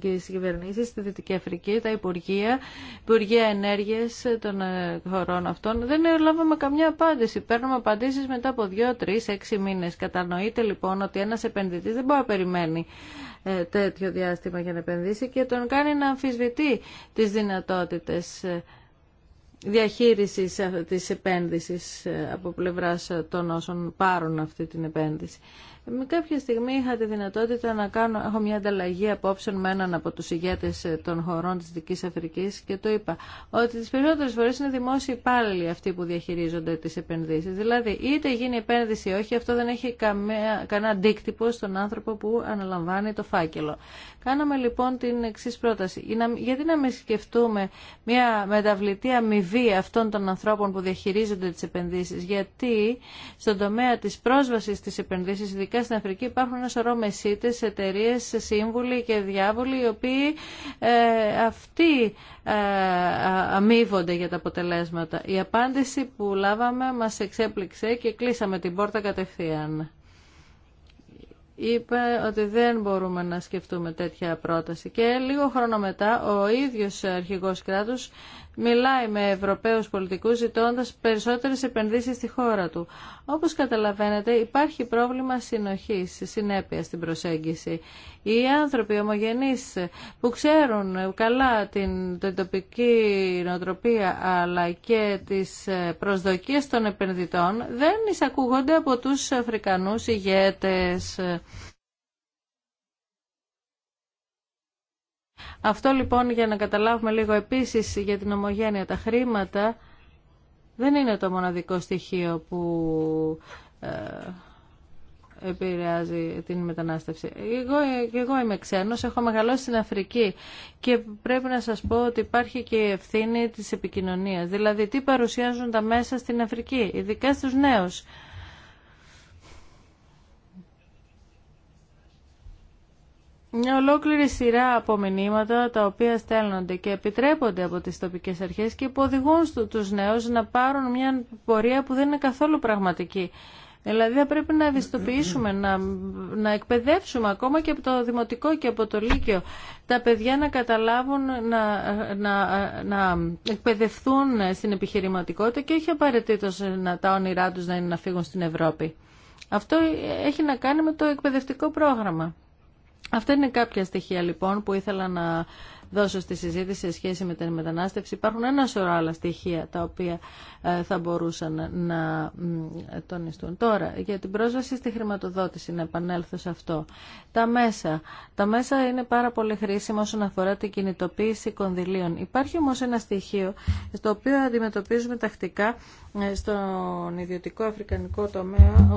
τις κυβερνήσεις στη Δυτική Αφρική, τα Υπουργεία, Υπουργεία Ενέργειας των ε, χωρών αυτών. Δεν λάβαμε καμιά απάντηση. Παίρνουμε απαντήσεις μετά από δύο, τρεις, έξι μήνες. Κατανοείται λοιπόν ότι ένας επενδυτής δεν μπορεί να περιμένει ε, τέτοιο διάστημα για να επενδύσει και τον κάνει να αμφισβητεί τις δυνατότητες ε, διαχείρισης της επένδυσης ε, από πλευράς ε, των όσων πάρουν αυτή την επένδυση. Με κάποια στιγμή είχα τη δυνατότητα να κάνω, έχω μια ανταλλαγή απόψεων με έναν από τους ηγέτες ε, των χωρών της Δικής Αφρικής και το είπα ότι τις περισσότερες φορές είναι δημόσιοι υπάλληλοι αυτοί που διαχειρίζονται τις επενδύσεις. Δηλαδή είτε γίνει επένδυση ή όχι, αυτό δεν έχει καμία, κανένα αντίκτυπο στον άνθρωπο που αναλαμβάνει το φάκελο. Κάναμε λοιπόν την εξή πρόταση. Γιατί να μην σκεφτούμε μια μεταβλητή αμοιβή αυτών των ανθρώπων που διαχειρίζονται τις επενδύσεις. Γιατί στον τομέα της πρόσβασης στις επενδύσει, Ειδικά στην Αφρική υπάρχουν ένα σωρό μεσίτε, εταιρείε, σύμβουλοι και διάβολοι οι οποίοι ε, αυτοί ε, αμείβονται για τα αποτελέσματα. Η απάντηση που λάβαμε μας εξέπληξε και κλείσαμε την πόρτα κατευθείαν είπε ότι δεν μπορούμε να σκεφτούμε τέτοια πρόταση. Και λίγο χρόνο μετά ο ίδιος αρχηγός κράτους μιλάει με Ευρωπαίους πολιτικούς ζητώντας περισσότερες επενδύσεις στη χώρα του. Όπως καταλαβαίνετε υπάρχει πρόβλημα συνοχής, συνέπεια στην προσέγγιση. Οι άνθρωποι ομογενείς που ξέρουν καλά την, την τοπική νοοτροπία αλλά και τις προσδοκίες των επενδυτών δεν εισακούγονται από τους Αφρικανούς ηγέτες. Αυτό λοιπόν για να καταλάβουμε λίγο επίσης για την ομογένεια τα χρήματα δεν είναι το μοναδικό στοιχείο που ε, επηρεάζει την μετανάστευση. Εγώ, εγώ είμαι ξένος, έχω μεγαλώσει στην Αφρική και πρέπει να σας πω ότι υπάρχει και η ευθύνη της επικοινωνίας. Δηλαδή τι παρουσιάζουν τα μέσα στην Αφρική, ειδικά στους νέους. μια ολόκληρη σειρά από μηνύματα τα οποία στέλνονται και επιτρέπονται από τις τοπικές αρχές και υποδηγούν τους νέους να πάρουν μια πορεία που δεν είναι καθόλου πραγματική. Δηλαδή θα πρέπει να ευαισθητοποιήσουμε, να, να εκπαιδεύσουμε ακόμα και από το Δημοτικό και από το Λύκειο τα παιδιά να καταλάβουν, να, να, να εκπαιδευτούν στην επιχειρηματικότητα και όχι απαραίτητο να, τα όνειρά τους να είναι να φύγουν στην Ευρώπη. Αυτό έχει να κάνει με το εκπαιδευτικό πρόγραμμα. Αυτά είναι κάποια στοιχεία λοιπόν που ήθελα να δώσω στη συζήτηση σε σχέση με την μετανάστευση. Υπάρχουν ένα σωρό άλλα στοιχεία τα οποία ε, θα μπορούσαν να τονιστούν. Τώρα, για την πρόσβαση στη χρηματοδότηση, να επανέλθω σε αυτό. Τα μέσα. Τα μέσα είναι πάρα πολύ χρήσιμα όσον αφορά την κινητοποίηση κονδυλίων. Υπάρχει όμως ένα στοιχείο στο οποίο αντιμετωπίζουμε τακτικά ε, στον ιδιωτικό αφρικανικό τομέα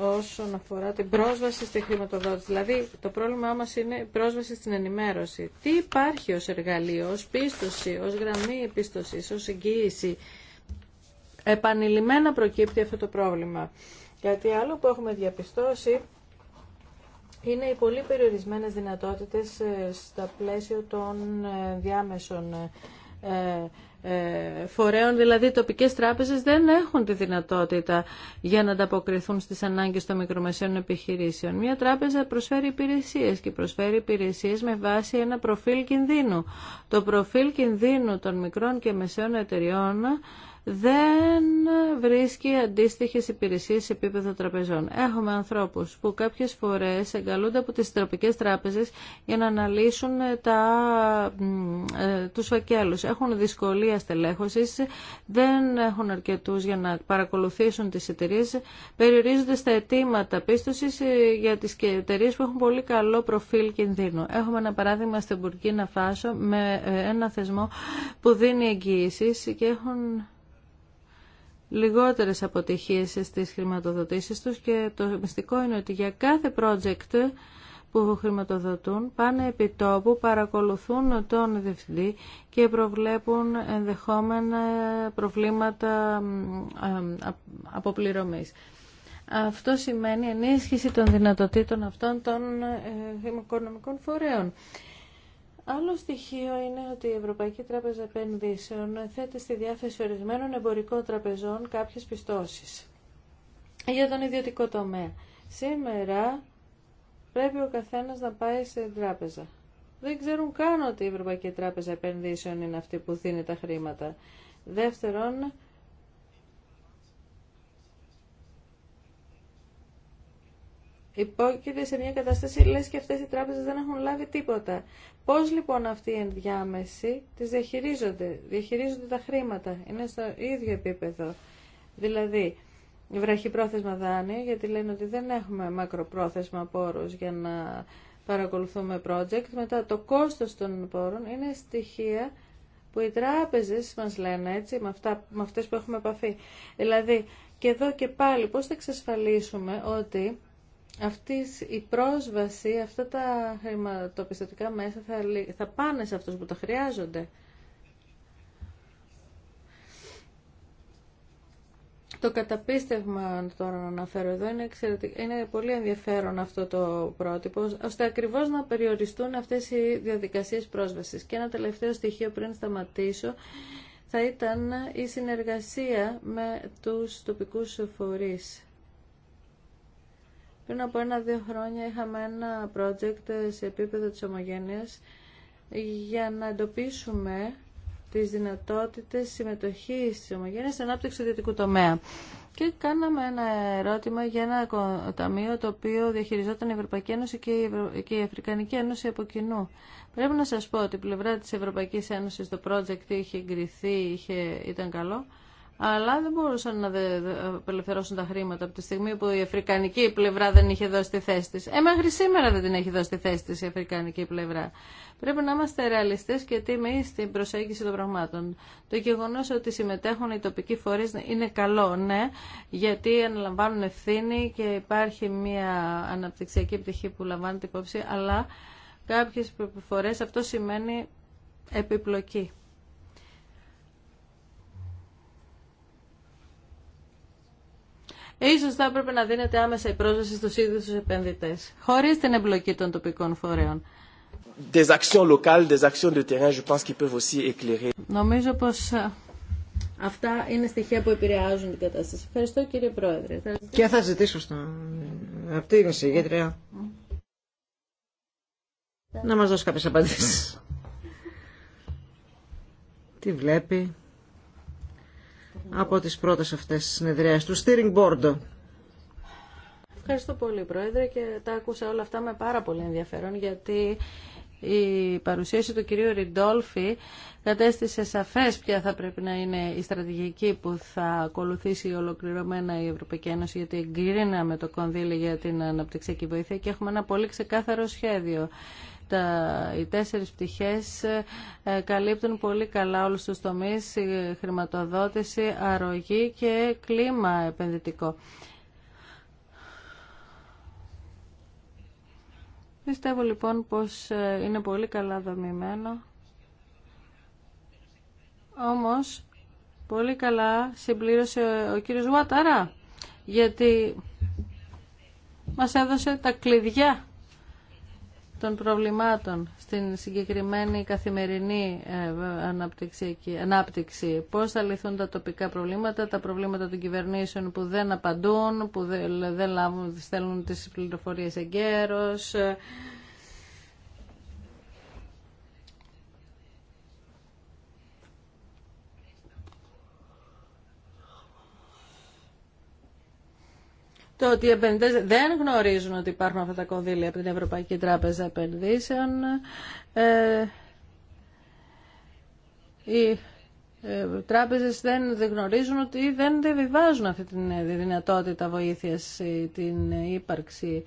όσον αφορά την πρόσβαση στη χρηματοδότηση. Δηλαδή, το πρόβλημά μας είναι η πρόσβαση στην ενημέρωση. Τι υπάρχει ως εργαλείο, ως πίστοση, ως γραμμή επίστοσης, ως εγγύηση. Επανειλημμένα προκύπτει αυτό το πρόβλημα. Γιατί άλλο που έχουμε διαπιστώσει είναι οι πολύ περιορισμένες δυνατότητες ε, στα πλαίσια των ε, διάμεσων ε, ε, φορέων, δηλαδή τοπικές τράπεζες δεν έχουν τη δυνατότητα για να ανταποκριθούν στις ανάγκες των μικρομεσαίων επιχειρήσεων. Μια τράπεζα προσφέρει υπηρεσίες και προσφέρει υπηρεσίες με βάση ένα προφίλ κινδύνου. Το προφίλ κινδύνου των μικρών και μεσαίων εταιριών δεν βρίσκει αντίστοιχε υπηρεσίε σε επίπεδο τραπεζών. Έχουμε ανθρώπου που κάποιε φορέ εγκαλούνται από τι τροπικέ τράπεζε για να αναλύσουν τα, ε, τους φακέλους. Έχουν δυσκολία στελέχωσης, δεν έχουν αρκετούς για να παρακολουθήσουν τις εταιρείε. περιορίζονται στα αιτήματα πίστοσης ε, για τις εταιρείε που έχουν πολύ καλό προφίλ κινδύνου. Έχουμε ένα παράδειγμα στην Μπουρκίνα Φάσο με ε, ένα θεσμό που δίνει εγγύησεις και έχουν λιγότερες αποτυχίες στις χρηματοδοτήσεις τους και το μυστικό είναι ότι για κάθε project που χρηματοδοτούν πάνε επί τόπου, παρακολουθούν τον διευθυντή και προβλέπουν ενδεχόμενα προβλήματα αποπληρωμής. Αυτό σημαίνει ενίσχυση των δυνατοτήτων αυτών των ε, οικονομικών φορέων. Άλλο στοιχείο είναι ότι η Ευρωπαϊκή Τράπεζα Επενδύσεων θέτει στη διάθεση ορισμένων εμπορικών τραπεζών κάποιες πιστώσεις για τον ιδιωτικό τομέα. Σήμερα πρέπει ο καθένας να πάει σε τράπεζα. Δεν ξέρουν καν ότι η Ευρωπαϊκή Τράπεζα Επενδύσεων είναι αυτή που δίνει τα χρήματα. Δεύτερον, υπόκειται σε μια κατάσταση λες και αυτές οι τράπεζες δεν έχουν λάβει τίποτα. Πώς λοιπόν αυτοί οι ενδιάμεση τις διαχειρίζονται, διαχειρίζονται τα χρήματα, είναι στο ίδιο επίπεδο. Δηλαδή, βραχυπρόθεσμα δάνεια, γιατί λένε ότι δεν έχουμε μακροπρόθεσμα πόρους για να παρακολουθούμε project. Μετά το κόστος των πόρων είναι στοιχεία που οι τράπεζες μας λένε έτσι, με, αυτά, με αυτές που έχουμε επαφή. Δηλαδή, και εδώ και πάλι πώς θα εξασφαλίσουμε ότι αυτή η πρόσβαση, αυτά τα χρηματοπιστωτικά μέσα θα, θα πάνε σε αυτούς που τα χρειάζονται. Το καταπίστευμα τώρα να αναφέρω εδώ είναι, είναι πολύ ενδιαφέρον αυτό το πρότυπο, ώστε ακριβώς να περιοριστούν αυτές οι διαδικασίες πρόσβασης. Και ένα τελευταίο στοιχείο πριν σταματήσω θα ήταν η συνεργασία με τους τοπικούς φορείς. Πριν από ένα-δύο χρόνια είχαμε ένα project σε επίπεδο της ομογένειας για να εντοπίσουμε τις δυνατότητες συμμετοχής της ομογένειας στην ανάπτυξη του ιδιωτικού τομέα. Και κάναμε ένα ερώτημα για ένα ταμείο το οποίο διαχειριζόταν η Ευρωπαϊκή Ένωση και η, Ευρω... Αφρικανική Ένωση από κοινού. Πρέπει να σας πω ότι η πλευρά της Ευρωπαϊκής Ένωσης το project είχε εγκριθεί, είχε... ήταν καλό αλλά δεν μπορούσαν να απελευθερώσουν τα χρήματα από τη στιγμή που η αφρικανική πλευρά δεν είχε δώσει τη θέση της. Ε, μέχρι σήμερα δεν την έχει δώσει τη θέση της η αφρικανική πλευρά. Πρέπει να είμαστε ρεαλιστές και τίμοι στην προσέγγιση των πραγμάτων. Το γεγονό ότι συμμετέχουν οι τοπικοί φορείς είναι καλό, ναι, γιατί αναλαμβάνουν ευθύνη και υπάρχει μια αναπτυξιακή πτυχή που λαμβάνεται υπόψη, αλλά κάποιες φορές αυτό σημαίνει επιπλοκή. Ίσως θα έπρεπε να δίνεται άμεσα η πρόσβαση στους ίδιους τους επενδυτές, χωρίς την εμπλοκή των τοπικών φορέων. Des actions locales, des actions de terrain, je pense qu'ils peuvent aussi éclairer. Νομίζω πως ε, Αυτά είναι στοιχεία που επηρεάζουν την κατάσταση. Ευχαριστώ κύριε Πρόεδρε. Και θα ζητήσω στον... από την συγκέντρια. να μας δώσει κάποιες απαντήσεις. Τι βλέπει από τις πρώτες αυτές τις του Steering Board. Ευχαριστώ πολύ Πρόεδρε και τα ακούσα όλα αυτά με πάρα πολύ ενδιαφέρον γιατί η παρουσίαση του κυρίου Ριντόλφη κατέστησε σαφές ποια θα πρέπει να είναι η στρατηγική που θα ακολουθήσει ολοκληρωμένα η Ευρωπαϊκή Ένωση γιατί εγκρίναμε το κονδύλι για την αναπτυξιακή βοήθεια και έχουμε ένα πολύ ξεκάθαρο σχέδιο. Τα, οι τέσσερις πτυχές ε, καλύπτουν πολύ καλά όλους τους τομείς, χρηματοδότηση, αρρωγή και κλίμα επενδυτικό. Πιστεύω λοιπόν πως ε, είναι πολύ καλά δομημένο, όμως πολύ καλά συμπλήρωσε ο κύριος Βαταρά, γιατί μας έδωσε τα κλειδιά των προβλημάτων στην συγκεκριμένη καθημερινή ε, ανάπτυξη, ανάπτυξη. Πώς θα λυθούν τα τοπικά προβλήματα, τα προβλήματα των κυβερνήσεων που δεν απαντούν, που δεν, δεν λάβουν, στέλνουν τις πληροφορίες εγκαίρως, ε, το ότι οι επενδυτές δεν γνωρίζουν ότι υπάρχουν αυτά τα κονδύλια από την Ευρωπαϊκή Τράπεζα Επενδύσεων. Ε, οι ε, τράπεζες δεν, δεν γνωρίζουν ότι δεν διαβιβάζουν αυτή τη ε, δυνατότητα βοήθειας, ε, την ύπαρξη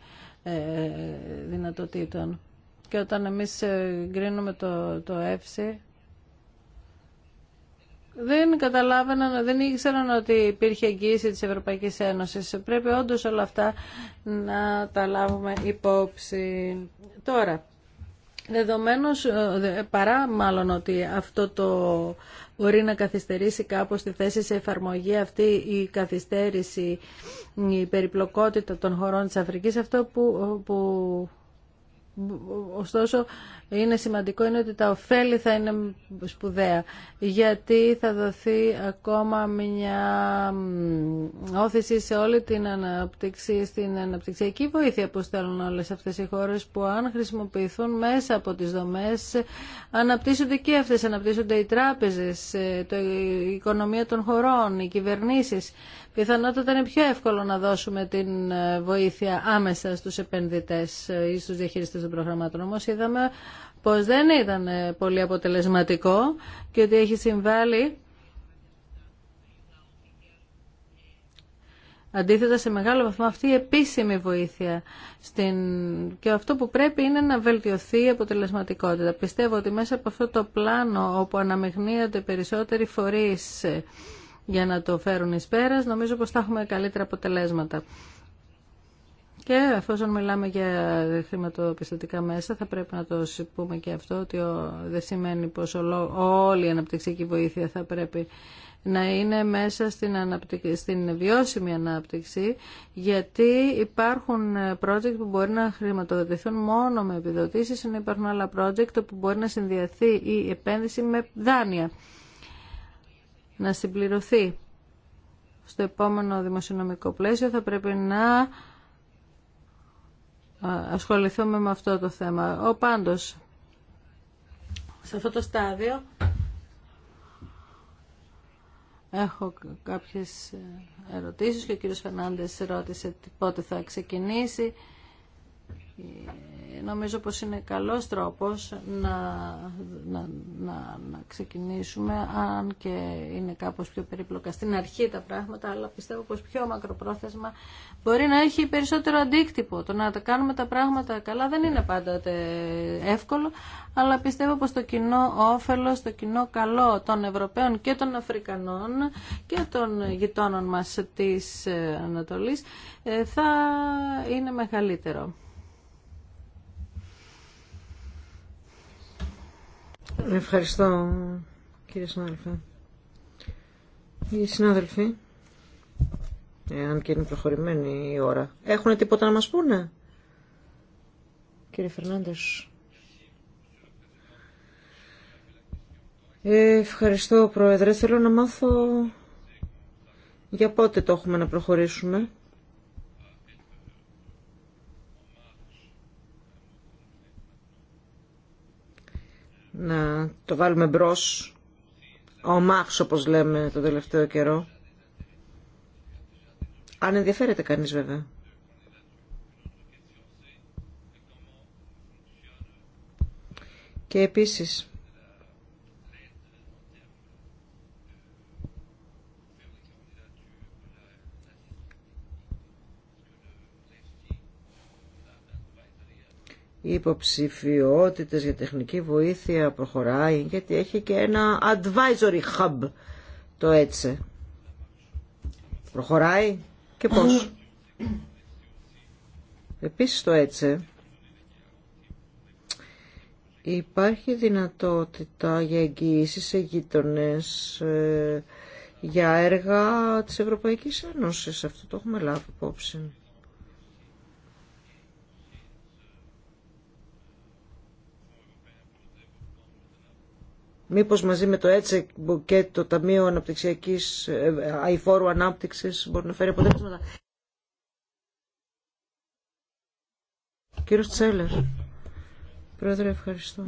δυνατοτήτων. Και όταν εμείς γκρίνουμε το, το δεν καταλάβαιναν, δεν ήξεραν ότι υπήρχε εγγύηση της Ευρωπαϊκής Ένωσης. Πρέπει όντως όλα αυτά να τα λάβουμε υπόψη. Τώρα, δεδομένως, ε, παρά μάλλον ότι αυτό το μπορεί να καθυστερήσει κάπως τη θέση σε εφαρμογή αυτή η καθυστέρηση, η περιπλοκότητα των χωρών της Αφρικής, αυτό που, που Ωστόσο, είναι σημαντικό είναι ότι τα ωφέλη θα είναι σπουδαία, γιατί θα δοθεί ακόμα μια όθηση σε όλη την αναπτυξή, στην αναπτυξιακή βοήθεια που στέλνουν όλες αυτές οι χώρες που αν χρησιμοποιηθούν μέσα από τις δομές αναπτύσσονται και αυτές, αναπτύσσονται οι τράπεζες, ε, η οικονομία των χωρών, οι κυβερνήσεις. Πιθανότατα είναι πιο εύκολο να δώσουμε την ε, βοήθεια άμεσα στους επενδυτές ε, ή στους διαχειριστές των προγραμμάτων. Όμως είδαμε πως δεν ήταν ε, πολύ αποτελεσματικό και ότι έχει συμβάλει Αντίθετα, σε μεγάλο βαθμό αυτή η επίσημη βοήθεια στην... και αυτό που πρέπει είναι να βελτιωθεί η αποτελεσματικότητα. Πιστεύω ότι μέσα από αυτό το πλάνο όπου αναμειγνύονται περισσότεροι φορείς για να το φέρουν εις πέρας, νομίζω πως θα έχουμε καλύτερα αποτελέσματα. Και εφόσον μιλάμε για χρηματοπιστωτικά μέσα, θα πρέπει να το πούμε και αυτό, ότι δεν σημαίνει πως όλη η αναπτυξιακή βοήθεια θα πρέπει να είναι μέσα στην, στην βιώσιμη ανάπτυξη, γιατί υπάρχουν project που μπορεί να χρηματοδοτηθούν μόνο με επιδοτήσεις, ενώ υπάρχουν άλλα project που μπορεί να συνδυαθεί η επένδυση με δάνεια να συμπληρωθεί στο επόμενο δημοσιονομικό πλαίσιο θα πρέπει να ασχοληθούμε με αυτό το θέμα. Ο πάντως, σε αυτό το στάδιο έχω κάποιες ε, ερωτήσεις και ο κύριος Φερνάντες ρώτησε πότε θα ξεκινήσει. Ε, νομίζω πως είναι καλός τρόπος να, να, ξεκινήσουμε αν και είναι κάπως πιο περίπλοκα στην αρχή τα πράγματα αλλά πιστεύω πως πιο μακροπρόθεσμα μπορεί να έχει περισσότερο αντίκτυπο το να τα κάνουμε τα πράγματα καλά δεν είναι πάντα εύκολο αλλά πιστεύω πως το κοινό όφελος, το κοινό καλό των Ευρωπαίων και των Αφρικανών και των γειτόνων μας της ε, Ανατολής ε, θα είναι μεγαλύτερο. Ευχαριστώ κύριε συνάδελφε. Οι συνάδελφοι, αν και είναι προχωρημένη η ώρα, έχουν τίποτα να μας πούνε. Κύριε Φερνάντες. Ευχαριστώ Πρόεδρε. Θέλω να μάθω για πότε το έχουμε να προχωρήσουμε. να το βάλουμε μπρο. Ο Μάχς, όπως λέμε, το τελευταίο καιρό. Αν ενδιαφέρεται κανείς βέβαια. Και επίσης, Οι υποψηφιότητες για τεχνική βοήθεια προχωράει γιατί έχει και ένα advisory hub το έτσι προχωράει και πώς επίσης το έτσι υπάρχει δυνατότητα για εγγυήσεις σε γείτονες ε, για έργα της Ευρωπαϊκής Ένωσης αυτό το έχουμε λάβει υπόψη Μήπως μαζί με το έτσι και το Ταμείο Αναπτυξιακής ε, ε, Αϊφόρου Ανάπτυξης μπορεί να φέρει αποτέλεσματα. κύριο Τσέλερ. Πρόεδρε, ευχαριστώ.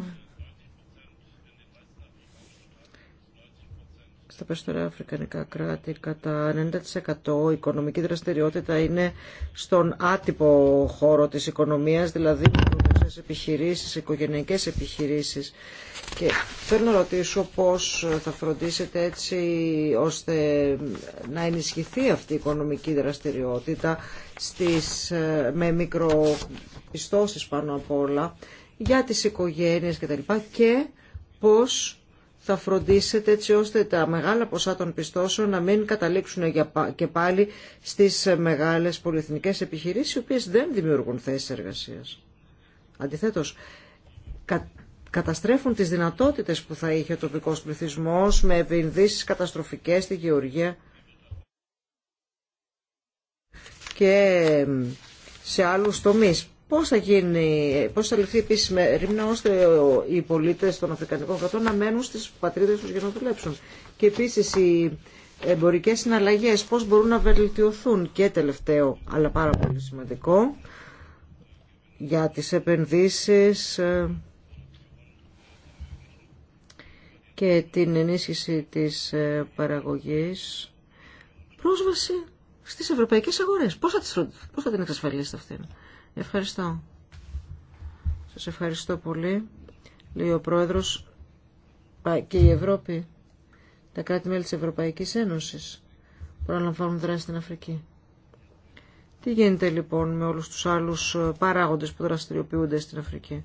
Στα περισσότερα αφρικανικά κράτη, κατά 90% η οικονομική δραστηριότητα είναι στον άτυπο χώρο της οικονομίας, δηλαδή επιχειρήσεις, οικογενειακές επιχειρήσεις και θέλω να ρωτήσω πώς θα φροντίσετε έτσι ώστε να ενισχυθεί αυτή η οικονομική δραστηριότητα στις, ε, με μικροπιστώσεις πάνω απ' όλα για τις οικογένειες τα λοιπά και πώς θα φροντίσετε έτσι ώστε τα μεγάλα ποσά των πιστώσεων να μην καταλήξουν και πάλι στις μεγάλες πολυεθνικές επιχειρήσεις οι οποίες δεν δημιουργούν θέσεις εργασίας. Αντιθέτως, καταστρέφουν τις δυνατότητες που θα είχε ο τοπικός πληθυσμός με επενδύσεις καταστροφικές στη γεωργία και σε άλλους τομείς. Πώς θα, γίνει, πώς θα ληφθεί επίση με ρήμνα ώστε οι πολίτες των Αφρικανικών κρατών να μένουν στις πατρίδες τους για να δουλέψουν. Και επίσης οι εμπορικές συναλλαγές πώς μπορούν να βελτιωθούν και τελευταίο αλλά πάρα πολύ σημαντικό για τις επενδύσεις ε, και την ενίσχυση της ε, παραγωγής πρόσβαση στις ευρωπαϊκές αγορές. Πώς θα, τις, πώς θα την εξασφαλίσετε αυτήν. Ευχαριστώ. Σας ευχαριστώ πολύ. Λέει ο Πρόεδρος και η Ευρώπη, τα κράτη-μέλη της Ευρωπαϊκής Ένωσης, προλαμβάνουν δράση στην Αφρική. Τι γίνεται λοιπόν με όλους τους άλλους ε, παράγοντες που δραστηριοποιούνται στην Αφρική.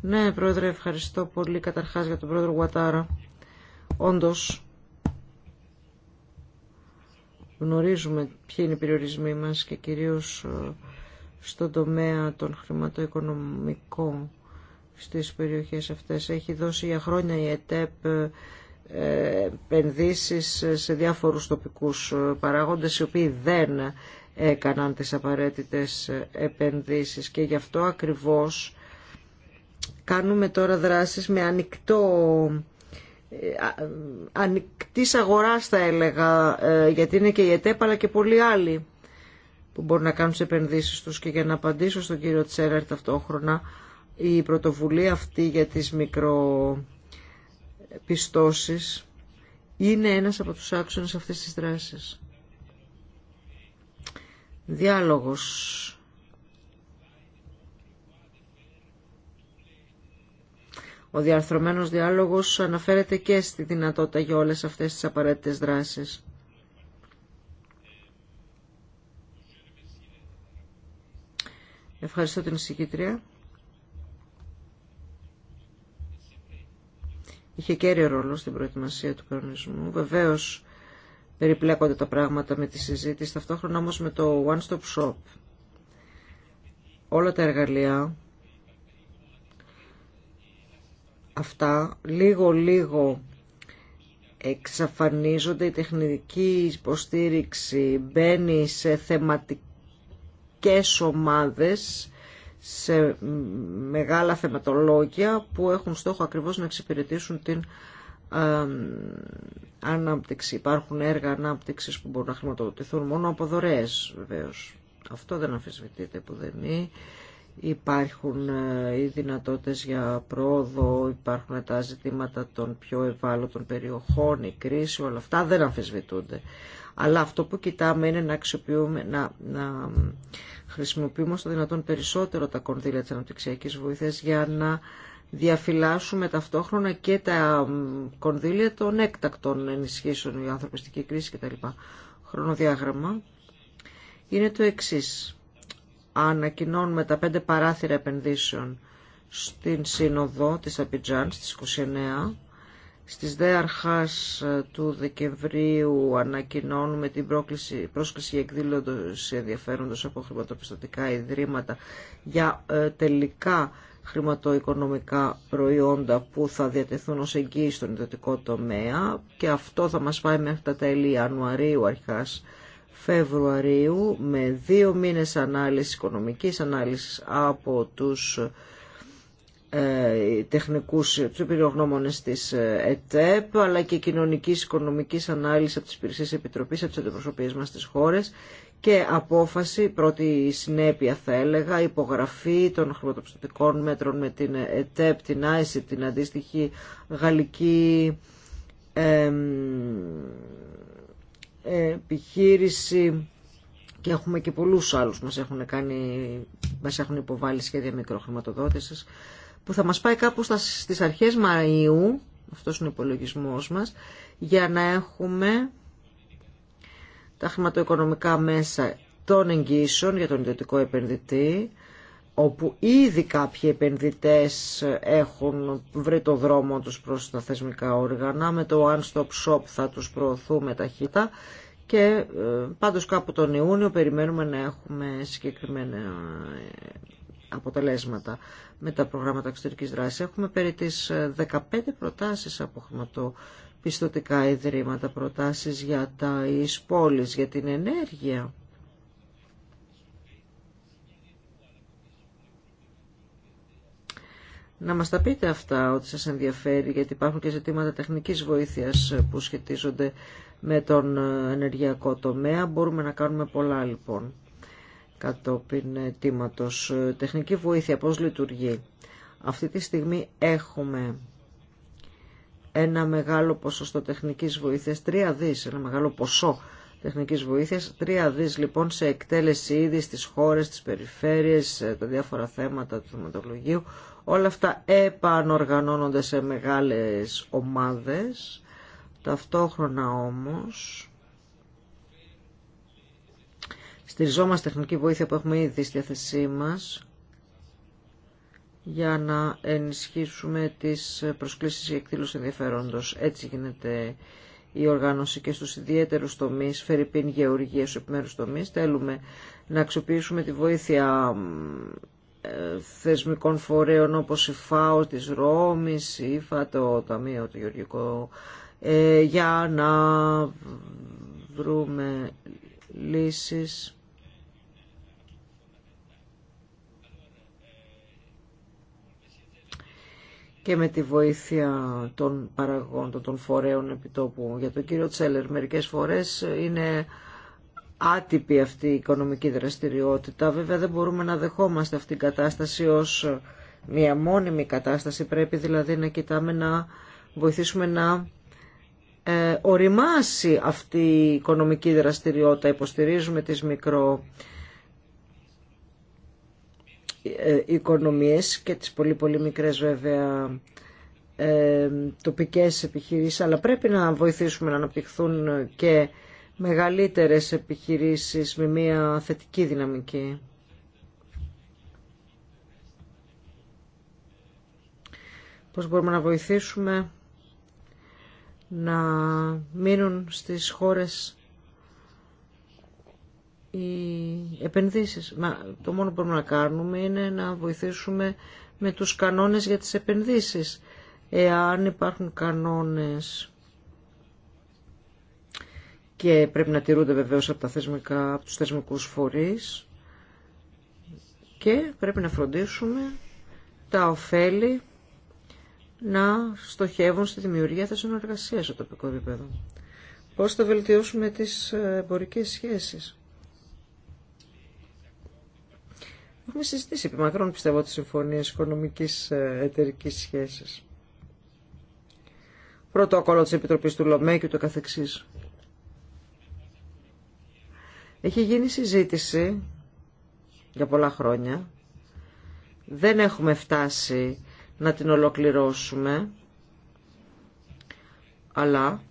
Ναι, Πρόεδρε, ευχαριστώ πολύ καταρχάς για τον Πρόεδρο Γουατάρα. Όντως, γνωρίζουμε ποιοι είναι οι περιορισμοί μας και κυρίως ε, στον τομέα των χρηματοοικονομικών στις περιοχές αυτές. Έχει δώσει για χρόνια η ΕΤΕΠ ε, επενδύσεις σε διάφορους τοπικούς παράγοντες οι οποίοι δεν έκαναν τις απαραίτητες επενδύσεις και γι' αυτό ακριβώς κάνουμε τώρα δράσεις με ανοιχτό ε, ανοιχτής αγοράς θα έλεγα ε, γιατί είναι και η ΕΤΕΠ αλλά και πολλοί άλλοι που μπορούν να κάνουν τις επενδύσεις τους και για να απαντήσω στον κύριο Τσέραρ ταυτόχρονα η πρωτοβουλία αυτή για τις μικρο πιστώσεις είναι ένας από τους άξονες αυτής της δράσης. Διάλογος. Ο διαρθρωμένος διάλογος αναφέρεται και στη δυνατότητα για όλες αυτές τις απαραίτητες δράσεις. Ευχαριστώ την συγκήτρια. είχε κέριο ρόλο στην προετοιμασία του κανονισμού. Βεβαίω περιπλέκονται τα πράγματα με τη συζήτηση, ταυτόχρονα όμω με το One Stop Shop. Όλα τα εργαλεία αυτά λίγο-λίγο εξαφανίζονται, η τεχνική υποστήριξη μπαίνει σε θεματικές ομάδες σε μεγάλα θεματολόγια που έχουν στόχο ακριβώς να εξυπηρετήσουν την ανάπτυξη. Υπάρχουν έργα ανάπτυξης που μπορούν να χρηματοδοτηθούν μόνο από δωρεές βεβαίως. Αυτό δεν αμφισβητείται που δεν είναι. Υπάρχουν ε, οι δυνατότητες για πρόοδο, υπάρχουν τα ζητήματα των πιο ευάλωτων περιοχών, η κρίση, όλα αυτά δεν αμφισβητούνται. Αλλά αυτό που κοιτάμε είναι να, να, να χρησιμοποιούμε στο δυνατόν περισσότερο τα κονδύλια της αναπτυξιακής βοήθειας για να διαφυλάσσουμε ταυτόχρονα και τα κονδύλια των έκτακτων ενισχύσεων, η ανθρωπιστική κρίση κτλ. Χρονοδιάγραμμα είναι το εξή. Ανακοινώνουμε τα πέντε παράθυρα επενδύσεων στην Σύνοδο της Απιτζάν στις 29 στις δε αρχάς ε, του Δεκεμβρίου ανακοινώνουμε την πρόκληση, πρόσκληση για εκδήλωση ενδιαφέροντος από χρηματοπιστωτικά ιδρύματα για ε, τελικά χρηματοοικονομικά προϊόντα που θα διατεθούν ως εγγύη στον ιδιωτικό τομέα και αυτό θα μας πάει μέχρι τα τέλη Ιανουαρίου αρχάς Φεβρουαρίου με δύο μήνες ανάλυσης, οικονομικής ανάλυσης από τους ε, τεχνικούς τους επιρρογνώμονες της ε, ΕΤΕΠ αλλά και κοινωνικής οικονομικής ανάλυσης από τις υπηρεσίες επιτροπής από τις αντιπροσωπείες μας στις χώρες και απόφαση, πρώτη συνέπεια θα έλεγα, υπογραφή των χρηματοπιστωτικών μέτρων με την ΕΤΕΠ, την ΆΕΣΥ, την αντίστοιχη γαλλική επιχείρηση και έχουμε και πολλούς άλλους μας έχουν, κάνει, μας έχουν υποβάλει σχέδια μικροχρηματοδότησης που θα μας πάει κάπου στις αρχές Μαΐου, αυτός είναι ο υπολογισμός μας, για να έχουμε τα χρηματοοικονομικά μέσα των εγγύσεων για τον ιδιωτικό επενδυτή, όπου ήδη κάποιοι επενδυτές έχουν βρει το δρόμο τους προς τα θεσμικά όργανα. Με το One Stop Shop θα τους προωθούμε ταχύτητα και ε, πάντως κάπου τον Ιούνιο περιμένουμε να έχουμε συγκεκριμένα αποτελέσματα με τα προγράμματα εξωτερική δράσης. Έχουμε περί τι 15 ε, προτάσεις από χρηματοπιστωτικά ιδρύματα, προτάσεις για τα πόλεις, για την ενέργεια. Να μας τα πείτε αυτά ότι σας ενδιαφέρει, γιατί υπάρχουν και ζητήματα τεχνικής βοήθειας ε, που σχετίζονται με τον ε, ενεργειακό τομέα. Μπορούμε να κάνουμε πολλά λοιπόν κατόπιν αιτήματος. Τεχνική βοήθεια, πώς λειτουργεί. Αυτή τη στιγμή έχουμε ένα μεγάλο ποσοστό τεχνικής βοήθειας, τρία δις, ένα μεγάλο ποσό τεχνικής βοήθειας, 3 δις λοιπόν σε εκτέλεση ήδη στις χώρες, στις περιφέρειες, τα διάφορα θέματα του θεματολογίου. Όλα αυτά επανοργανώνονται σε μεγάλες ομάδες. Ταυτόχρονα όμως Στηριζόμαστε τεχνική βοήθεια που έχουμε ήδη στη διάθεσή μας για να ενισχύσουμε τις προσκλήσεις για εκδήλωση ενδιαφέροντος. Έτσι γίνεται η οργάνωση και στους ιδιαίτερους τομείς, φερειπίν γεωργία στους επιμέρους τομείς. Θέλουμε να αξιοποιήσουμε τη βοήθεια ε, θεσμικών φορέων όπως η ΦΑΟ της Ρώμης, η ΦΑ, το Ταμείο του Γεωργικού, ε, για να βρούμε λύσεις και με τη βοήθεια των παραγόντων, των φορέων επιτόπου. Για τον κύριο Τσέλερ μερικές φορές είναι άτυπη αυτή η οικονομική δραστηριότητα. Βέβαια δεν μπορούμε να δεχόμαστε αυτήν την κατάσταση ως μια μόνιμη κατάσταση. Πρέπει δηλαδή να κοιτάμε να βοηθήσουμε να ε, οριμάσει αυτή η οικονομική δραστηριότητα. Υποστηρίζουμε τις μικρο ε, οικονομίες και τις πολύ πολύ μικρές βέβαια ε, τοπικές επιχειρήσεις αλλά πρέπει να βοηθήσουμε να αναπτυχθούν και μεγαλύτερες επιχειρήσεις με μια θετική δυναμική. Πώς μπορούμε να βοηθήσουμε να μείνουν στις χώρες οι επενδύσεις. το μόνο που μπορούμε να κάνουμε είναι να βοηθήσουμε με τους κανόνες για τις επενδύσεις. Εάν υπάρχουν κανόνες και πρέπει να τηρούνται βεβαίως από, τα θεσμικά, από τους θεσμικούς φορείς και πρέπει να φροντίσουμε τα ωφέλη να στοχεύουν στη δημιουργία θέσεων εργασία στο τοπικό επίπεδο. Πώς θα βελτιώσουμε τις εμπορικές σχέσεις. Έχουμε συζητήσει επί μακρόν, πιστεύω, τις συμφωνίες οικονομικής ε, εταιρικής σχέση. Πρωτόκολλο της Επιτροπής του ΛΟΜΕ και το καθεξής. Έχει γίνει συζήτηση για πολλά χρόνια. Δεν έχουμε φτάσει να την ολοκληρώσουμε, αλλά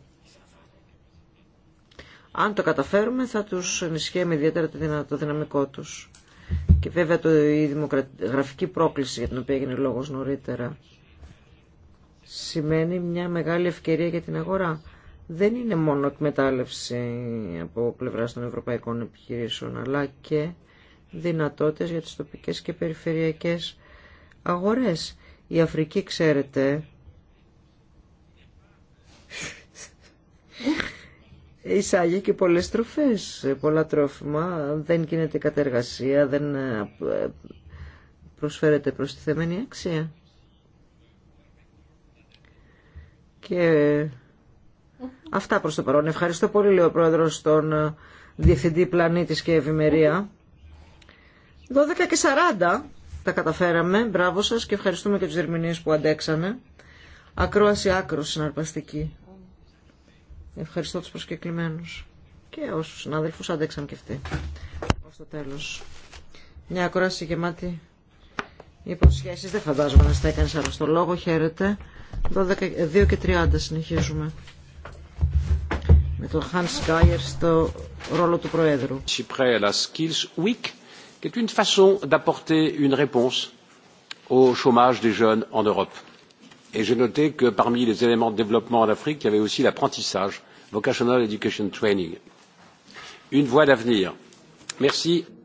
αν το καταφέρουμε θα τους ενισχύουμε ιδιαίτερα το δυναμικό τους και βέβαια το, η δημογραφική πρόκληση για την οποία έγινε λόγος νωρίτερα σημαίνει μια μεγάλη ευκαιρία για την αγορά. Δεν είναι μόνο εκμετάλλευση από πλευρά των ευρωπαϊκών επιχειρήσεων, αλλά και δυνατότητες για τις τοπικές και περιφερειακές αγορές. Η Αφρική, ξέρετε, εισάγει και πολλές τροφές, πολλά τρόφιμα, δεν γίνεται κατεργασία, δεν ε, προσφέρεται τη θεμενή αξία. Και αυτά προς το παρόν. Ευχαριστώ πολύ, λέει ο Πρόεδρος, τον ε, Διευθυντή Πλανήτης και Ευημερία. 12 και 40 τα καταφέραμε. Μπράβο σας και ευχαριστούμε και τους δερμηνείς που αντέξανε. Ακρόαση άκρο συναρπαστική. Ευχαριστώ τους προσκεκλημένους και όσους συνάδελφους άντεξαν και αυτοί ως το τέλος. Μια ακρόαση γεμάτη υποσχέσεις. Δεν φαντάζομαι να στα έκανες άλλο στο λόγο. Χαίρετε. 12, 2 και 30 συνεχίζουμε. Με τον Hans Geier στο ρόλο του Προέδρου. la Skills Week, qui est une façon d'apporter une réponse au chômage des jeunes en Europe. Et j'ai noté que parmi les éléments de développement en Afrique, il y avait aussi l'apprentissage vocational education training. Une voie d'avenir. Merci.